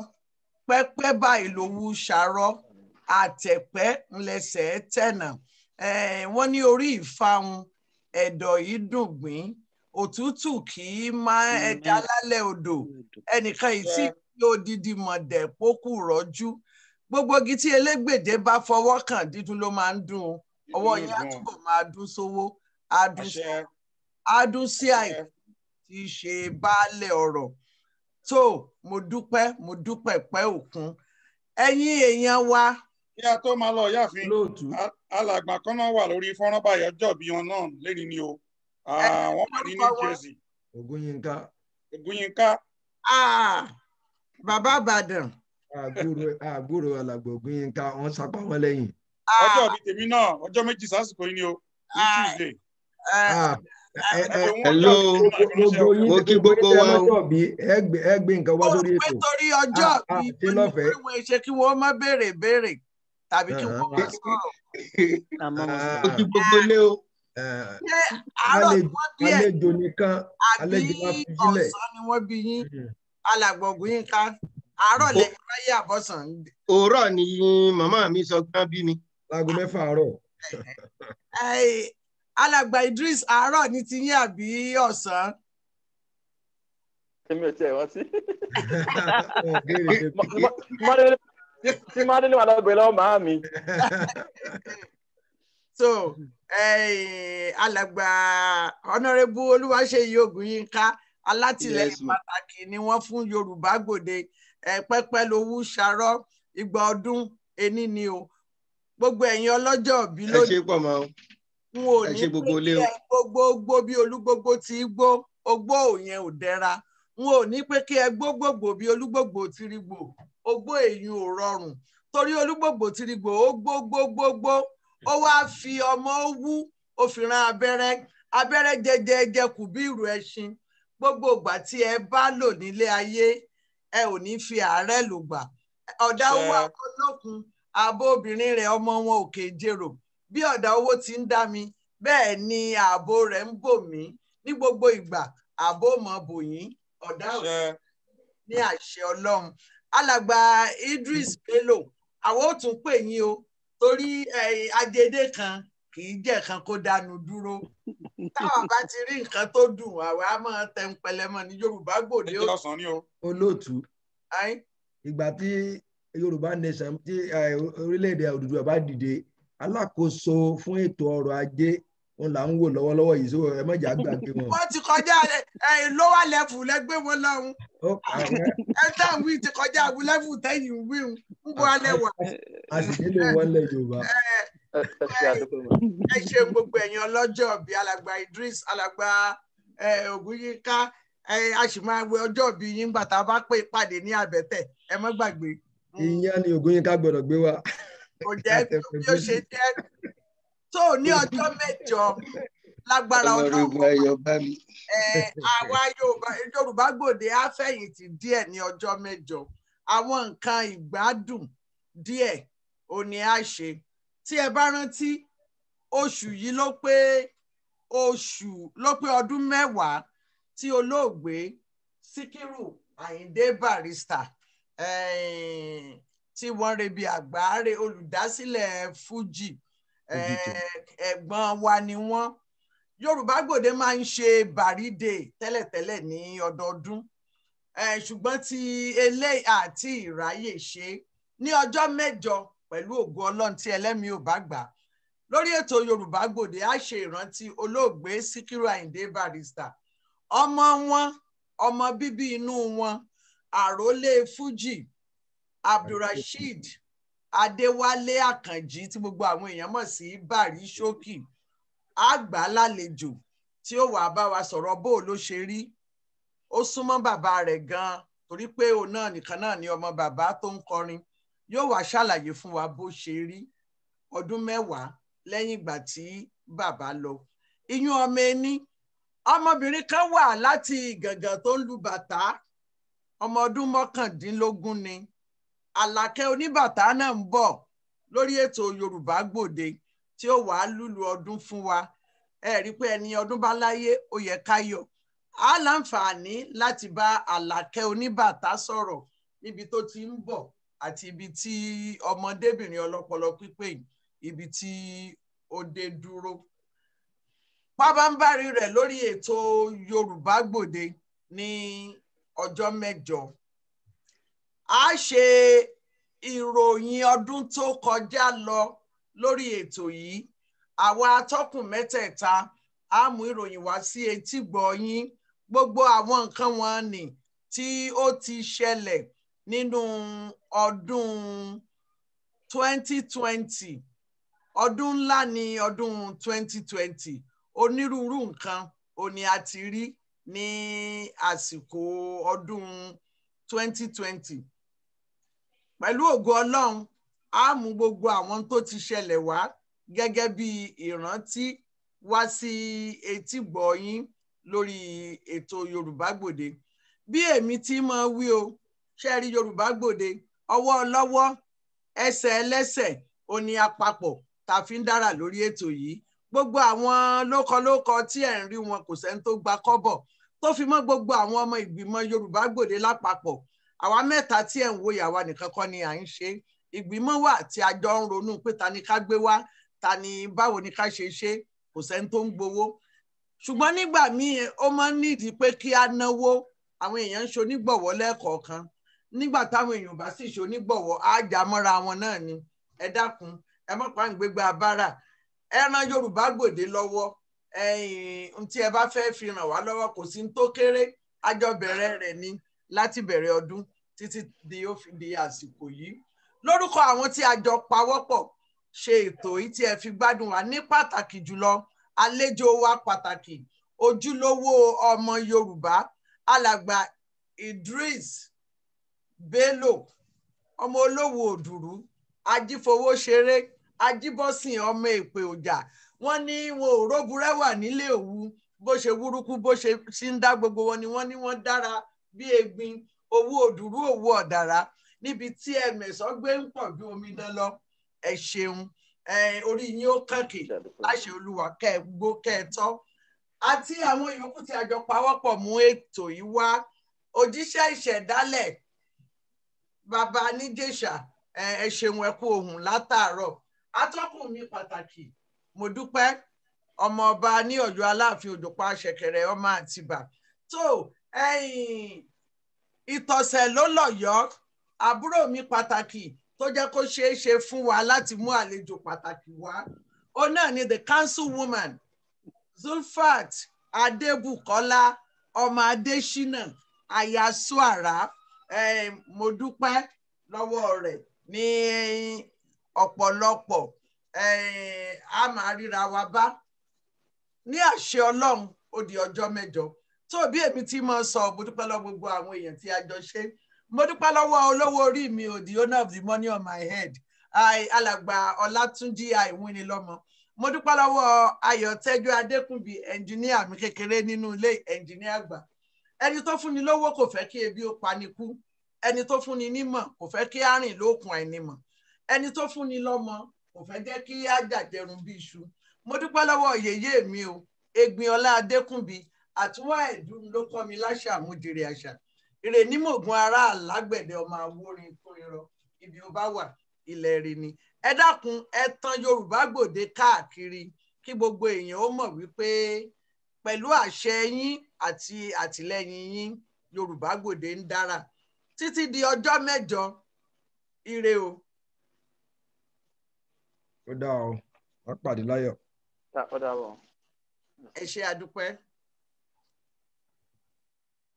pẹ́pẹ́ báyìí lòwú ṣàrọ́ àtẹ̀pẹ́ ńlẹsẹ̀ tẹ̀nà wọ́n ní orí ìfahun ẹ̀dọ̀ yìí dùn gbìn òtútù kì í máa ẹja lálẹ́ odò ẹnìkan yìí sì pé odidi mọ̀dẹ̀ pókù rọ́jú gbogbo igi tí elégbèdè bá fọwọ́ kàn dídùn ló máa ń dùn ọwọ́ yẹn á máa dún sówó á sí àìkú tí í ṣe baálé ọ̀rọ̀ tó mo dúpẹ́ mo dúpẹ́ pẹ́ òkun ẹ̀yin èèyàn wa. kí a tó máa lọ yáàfin alàgbà kan náà wà lórí fọ́nrán báyọ̀ ọjọ́ bí wọn náà lẹ́ni ni o àwọn wà ní New Jersey. Ògúnyínká. Ògúnyínká. Ah! bàbá ìbàdàn. àgbòrò àgbòrò alàgbò gbìyànká wọn sapá wọn lẹ́yìn. Ah. ọjọ́ bíi tèmi náà ọjọ́ méjì sásìkò yìí ni o ní ah. tuesday. Ah. Hello, mo kí gbogbo wa o. Ẹ gbé nǹkan wá sórí ètò. Ó pẹ́ torí ọjọ́ bí ìwé ṣe kí wọ́n má béèrè béèrè tàbí kí uh-huh. wọ́n má sọ̀rọ̀. o kí gbogbo ilé o eh. àlejò nìkan àlejò wa fi sílẹ̀. àbí ọ̀sán ni wọ́n bí yín. Hmm. alàgbà Ògúnyínká àárọ̀ lẹ́yìn ráyè ni màmá mi sọ gbọ́n bí mi. láago mẹ́fà àárọ̀. alàgbà Idris àárọ̀ ni ti yín àbí ọ̀sán. èmi ò tiẹ̀ tí má délé wà lọ́gbẹ̀ẹ́ lọ́wọ́ màá mi. so alàgbà alátìlẹyìn pàtàkì ni wọ́n fún Yorùbá Gbòde pẹ́pẹ́ lowú ṣarọ́ igba ọdún ení ni o gbogbo ẹ̀yin ọlọ́jọ́ bí lónìí. ẹ ṣe pọ̀ mọ́ o n ò ní pé kí ẹ gbogbogbò bí olúgbogbo ti gbó ogbó òyìn ò dẹra n ò ní pé kí ẹ gbogbogbò bí olúgbogbo ti rí gbò ogbó èyí ò rọrùn torí olúgbogbo ti rí gbò ó gbogbogbò ó wáá fi ọmọ wú ó fi ran abẹ́rẹ́ abẹ́rẹ́ jẹjẹjẹ kù bí ìrù ẹṣin gbogbo ìgbà tí ẹ bá lò nílé ayé ẹ ò ní fi àárẹ̀ lò gbà ọ̀dà owó àwọn olókun ààbò obìnrin rẹ̀ ọmọ wọn ò kéjèrò bí ọ̀dà owó ti ń dá mi bẹ́ẹ̀ ni ààbò rẹ̀ ń bò mí ní gbogbo ìgbà ààbò mọ̀ bò ọ̀dà òkè ní àṣẹ ọlọ́run alàgbà Idris Bello àwọn ò tún pè yín o torí adédè kan kì í jẹ́ kan kó dánu dúró táwọn bá ti rí nǹkan tó dùn àwa á máa tẹ ń pẹlẹmọ ní yorùbá gbòde olóòtú ìgbà tí yorùbá nation tí eh, orílẹ̀-èdè Odùduwà bá dìde alákòóso fún ètò ọrọ̀ ajé wọn là ń wò lọ́wọ́lọ́wọ́ yìí sóò ẹ mọ̀jà gbàgbé wọn. wọ́n ti kọjá eh, eh, lower level lẹ́gbẹ́ wọn lọ́hùn. ẹ̀ńtà wí ti kọjá level tẹ̀yìn wíhùn ń bọ́ alẹ́ wà. a sì nílò wọn lẹ yorùbá ẹ ṣe gbogbo ẹ̀yin ọlọ́jọ́ bíi alàgbà Idris alàgbà Ògúnyínká a sì máa wẹ ọjọ́ bíi yín bàtà bá pé ìpàdé ní àbẹ̀tẹ̀ ẹ má gbàgbé. ìyá ni Ògúnyínká gbọ́dọ̀ gbé wa. kò jẹ́ bí o ṣe jẹ́ tó ní ọjọ́ mẹ́jọ lágbára ọlọ́run àwa Yorùbá gbòde àfẹ̀yìntì díẹ̀ ní ọjọ́ mẹ́jọ àwọn nǹkan ìgbádùn díẹ̀ òní àṣe tí ẹ bá rántí oṣù yìí ló pé oṣù ló pé ọdún mẹ́wàá tí olóògbé Síkírù Àyìndé Barrister eh, tí wọ́n rebi àgbáre olùdásílẹ̀ Fuji eh, ẹ̀gbọ́n wa ni wọ́n Yorùbá Gbòde máa ń ṣe bàrídè tẹ́lẹ̀tẹ́lẹ̀ ní ọdọọdún eh, ṣùgbọ́n ti eléyìí àti ìráyè ṣe ní ọjọ́ mẹ́jọ pẹ̀lú ògo ọlọ́run tí ẹlẹ́mi ò bá gbà lórí ètò yorùbá gbòde á ṣe ìrántí olóògbé síkírù àyìndé barrister ọmọ wọn ọmọ bíbí inú wọn àrólé fuji abdulrasheed adéwálé àkànjì tí gbogbo àwọn èèyàn mọ̀ sí bàrí ṣókì àgbà lálejò tí ó wàá bá wa sọ̀rọ̀ bó ló ṣe rí ó súnmọ́ bàbá rẹ̀ gan-an torí pé òun náà nìkan náà ni ọmọ bàbá tó ń kọrin yóò wá ṣàlàyé fún wa bó ṣe rí ọdún mẹ́wàá lẹ́yìn ìgbà tí bàbá lọ iyún ọmọ ẹni ọmọbìnrin kan wà láti gàngàn tó ń lu bàtà ọmọ ọdún mọ́kàndínlógún ni àlàkẹ́ oníbàtà náà ń bọ̀ lórí ètò Yorùbá Gbòde tí ó wàá lùlù ọdún fún wa ẹ rí pé ẹni ọdún bá láyé ó yẹ ká á láǹfààní láti bá àlàkẹ́ oníbàtà sọ̀rọ̀ níbi tó ti ń bọ̀ àti ibi tí ọmọdébìnrin ọlọ́pọlọ pípé ibi tí ó dé dúró pábánbárí rẹ̀ lórí ètò Yorùbá Gbòde ní ọjọ́ mẹ́jọ a ṣe ìròyìn ọdún tó kọjá lọ lórí ètò yìí àwa atọ́kùn mẹ́tẹ̀ẹ̀ta a mú ìròyìn wá sí etí gbọ̀nyín gbogbo àwọn nǹkan wọn nì tí ó ti ṣẹlẹ̀ nínú ọdún 2020 ọdún ńlá ni ọdún 2020 onírúurú nǹkan òní a ti rí ní àsìkò ọdún 2020 pẹ̀lú ògo ọlọ́run a mú gbogbo àwọn tó ti ṣẹlẹ̀ wá gẹ́gẹ́ bí ìrántí wá sí etígbọ̀ yín lórí ètò Yorùbá Gbòde bí èmi ti máa wí o ṣe Yorùbá Gbòde ọwọ́ ọlọ́wọ́ ẹsẹ̀ ẹlẹ́sẹ̀ òní àpapọ̀ tá a fi ń dára lórí ètò yìí gbogbo àwọn lókọlókọ tí ẹ̀ ń rí wọn kò sẹ́ni tó gba kọ́bọ̀ tó fi mọ́ gbogbo àwọn ọmọ ìgbìmọ̀ Yorùbá Gbòde lápapọ̀ àwa mẹ́ta tí ẹ̀ ń wo ìyàwó nìkan kọ́ ni à ń ṣe ìgbìmọ̀ wà tí a jọ ń ronú pé ta ni ká gbé wá ta ni báwo ni ká ṣe ṣe kò sẹ́ni tó ń gbowó ṣùgbọ́n nígbà míì ó máa ń nídìí pé kí á náwó àwọn èèyàn ń ṣonígbọ̀wọ́ lẹ́ẹ̀kọ̀ọ̀kan nígbà táwọn èèyàn bá sì ṣonígbọ̀wọ́ ájà mọ́ra wọn náà ni ẹ dákun ẹ má pa ìgbégbá abára ẹ ran Yorùbá Gbòde lọ́wọ́ ẹ̀yin tí ẹ bá fẹ́ fi ràn wá lọ́wọ́ kò sí tó kéré àjọ bẹ̀rẹ̀ rẹ̀ ni láti bẹ̀rẹ̀ ọdún títí di ó fi di àsìkò yìí lórúkọ àwọn tí a jọ pawọ́pọ̀ ṣe ètò yìí tí ẹ fi gbádùn wa ní pàtàkì jùlọ àlejò wa pàtàkì ojúlówó ọmọ Yorùbá alàgbà Idris bello ọmọ olówó òdùrú ajífowóṣeré ajíbọ́sìn ọmọ èpè ọjà wọ́n ní wọn ò róburẹ́wà nílé òwú bó ṣe wúrúkú bó ṣe ṣì ń dá gbogbo wọn ni wọ́n ní wọ́n dára bí egbin owó òdùrú òwú ọ̀dàrà níbi tí ẹ̀mẹ̀sọ́ gbé ń pọ̀ bí omi dán lọ ẹ ṣeun orí yín ó kànkì láṣẹ olúwa kẹ́ ẹ gbó kẹ́ ẹ tọ́ àti àwọn yòókù tí a jọ pawọ́pọ̀ mú ètò yìí wá òjíṣẹ́ ìṣẹ̀dálẹ̀ bàbá níjẹ̀ṣà ẹ ṣeun ẹ kú ohùn látàárọ̀ mi pàtàkì mo dúpẹ́ ọmọ ọba ní Ọ̀yọ́ aláàfin òjòpá ṣẹ̀kẹ̀rẹ̀ ọmọ àtìbà tó ìtọ̀sẹ̀ ló lọ́yọ́ àbúrò mi pàtàkì tó jẹ́ kó ṣeé ṣe fún wa láti mú àlejò pàtàkì wá ó náà ni the council woman Zulfat Adébùkọ́lá ọmọ Adésínà àyà Suara Eh, mo dúpẹ́ lọ́wọ́ rẹ̀ ní ọ̀pọ̀lọpọ̀ eh, a máa ríra wa bá ní àṣẹ ọlọ́run ó di ọjọ́ mẹ́jọ tó bí èmi ti máa sọ mo dúpẹ́ lọ́wọ́ gbogbo àwọn èèyàn tí a jọ ṣe mo dúpẹ́ lọ́wọ́ olówó orí mi o the owner of the money on my head alàgbà ọlátúnjí àìwínilọ́mọ mo dúpẹ́ lọ́wọ́ ayọ̀tẹ́jú adékùnbí ẹnjìníà mi kékeré nínú ilé ẹnjìníà àgbà ẹni tó fún ni lówó kò fẹ́ kí ebi ó pani kú ẹni tó fún ni nímọ̀ kò fẹ́ kí á rìn lókun ẹni mọ̀ ẹni tó fún ni lọ́mọ kò fẹ́ jẹ́ kí á bí iṣu mo dúpẹ́ lọ́wọ́ yèyé mi o egbin ọlá adékùnbí àtúwọ̀ ẹ̀dùn ló kọ́ mi láṣà àmújèrè àṣà ìrè ní mògùn ará alágbẹ̀dẹ ọmọ awórin kórìírọ ibi ó bá wà ilẹ̀ rẹ̀ ni ẹ dákun ẹ tan yorùbá gbòde káàkiri kí gbogbo èèyàn ó mọ̀ wípé pẹ̀lú àṣẹ yín àti àtìlẹ́yìn yín Yorùbá Gòde ń dára títí di ọjọ́ mẹ́jọ ire o. ó dáa o wọ́n pàdé láyọ̀. ẹ ṣé a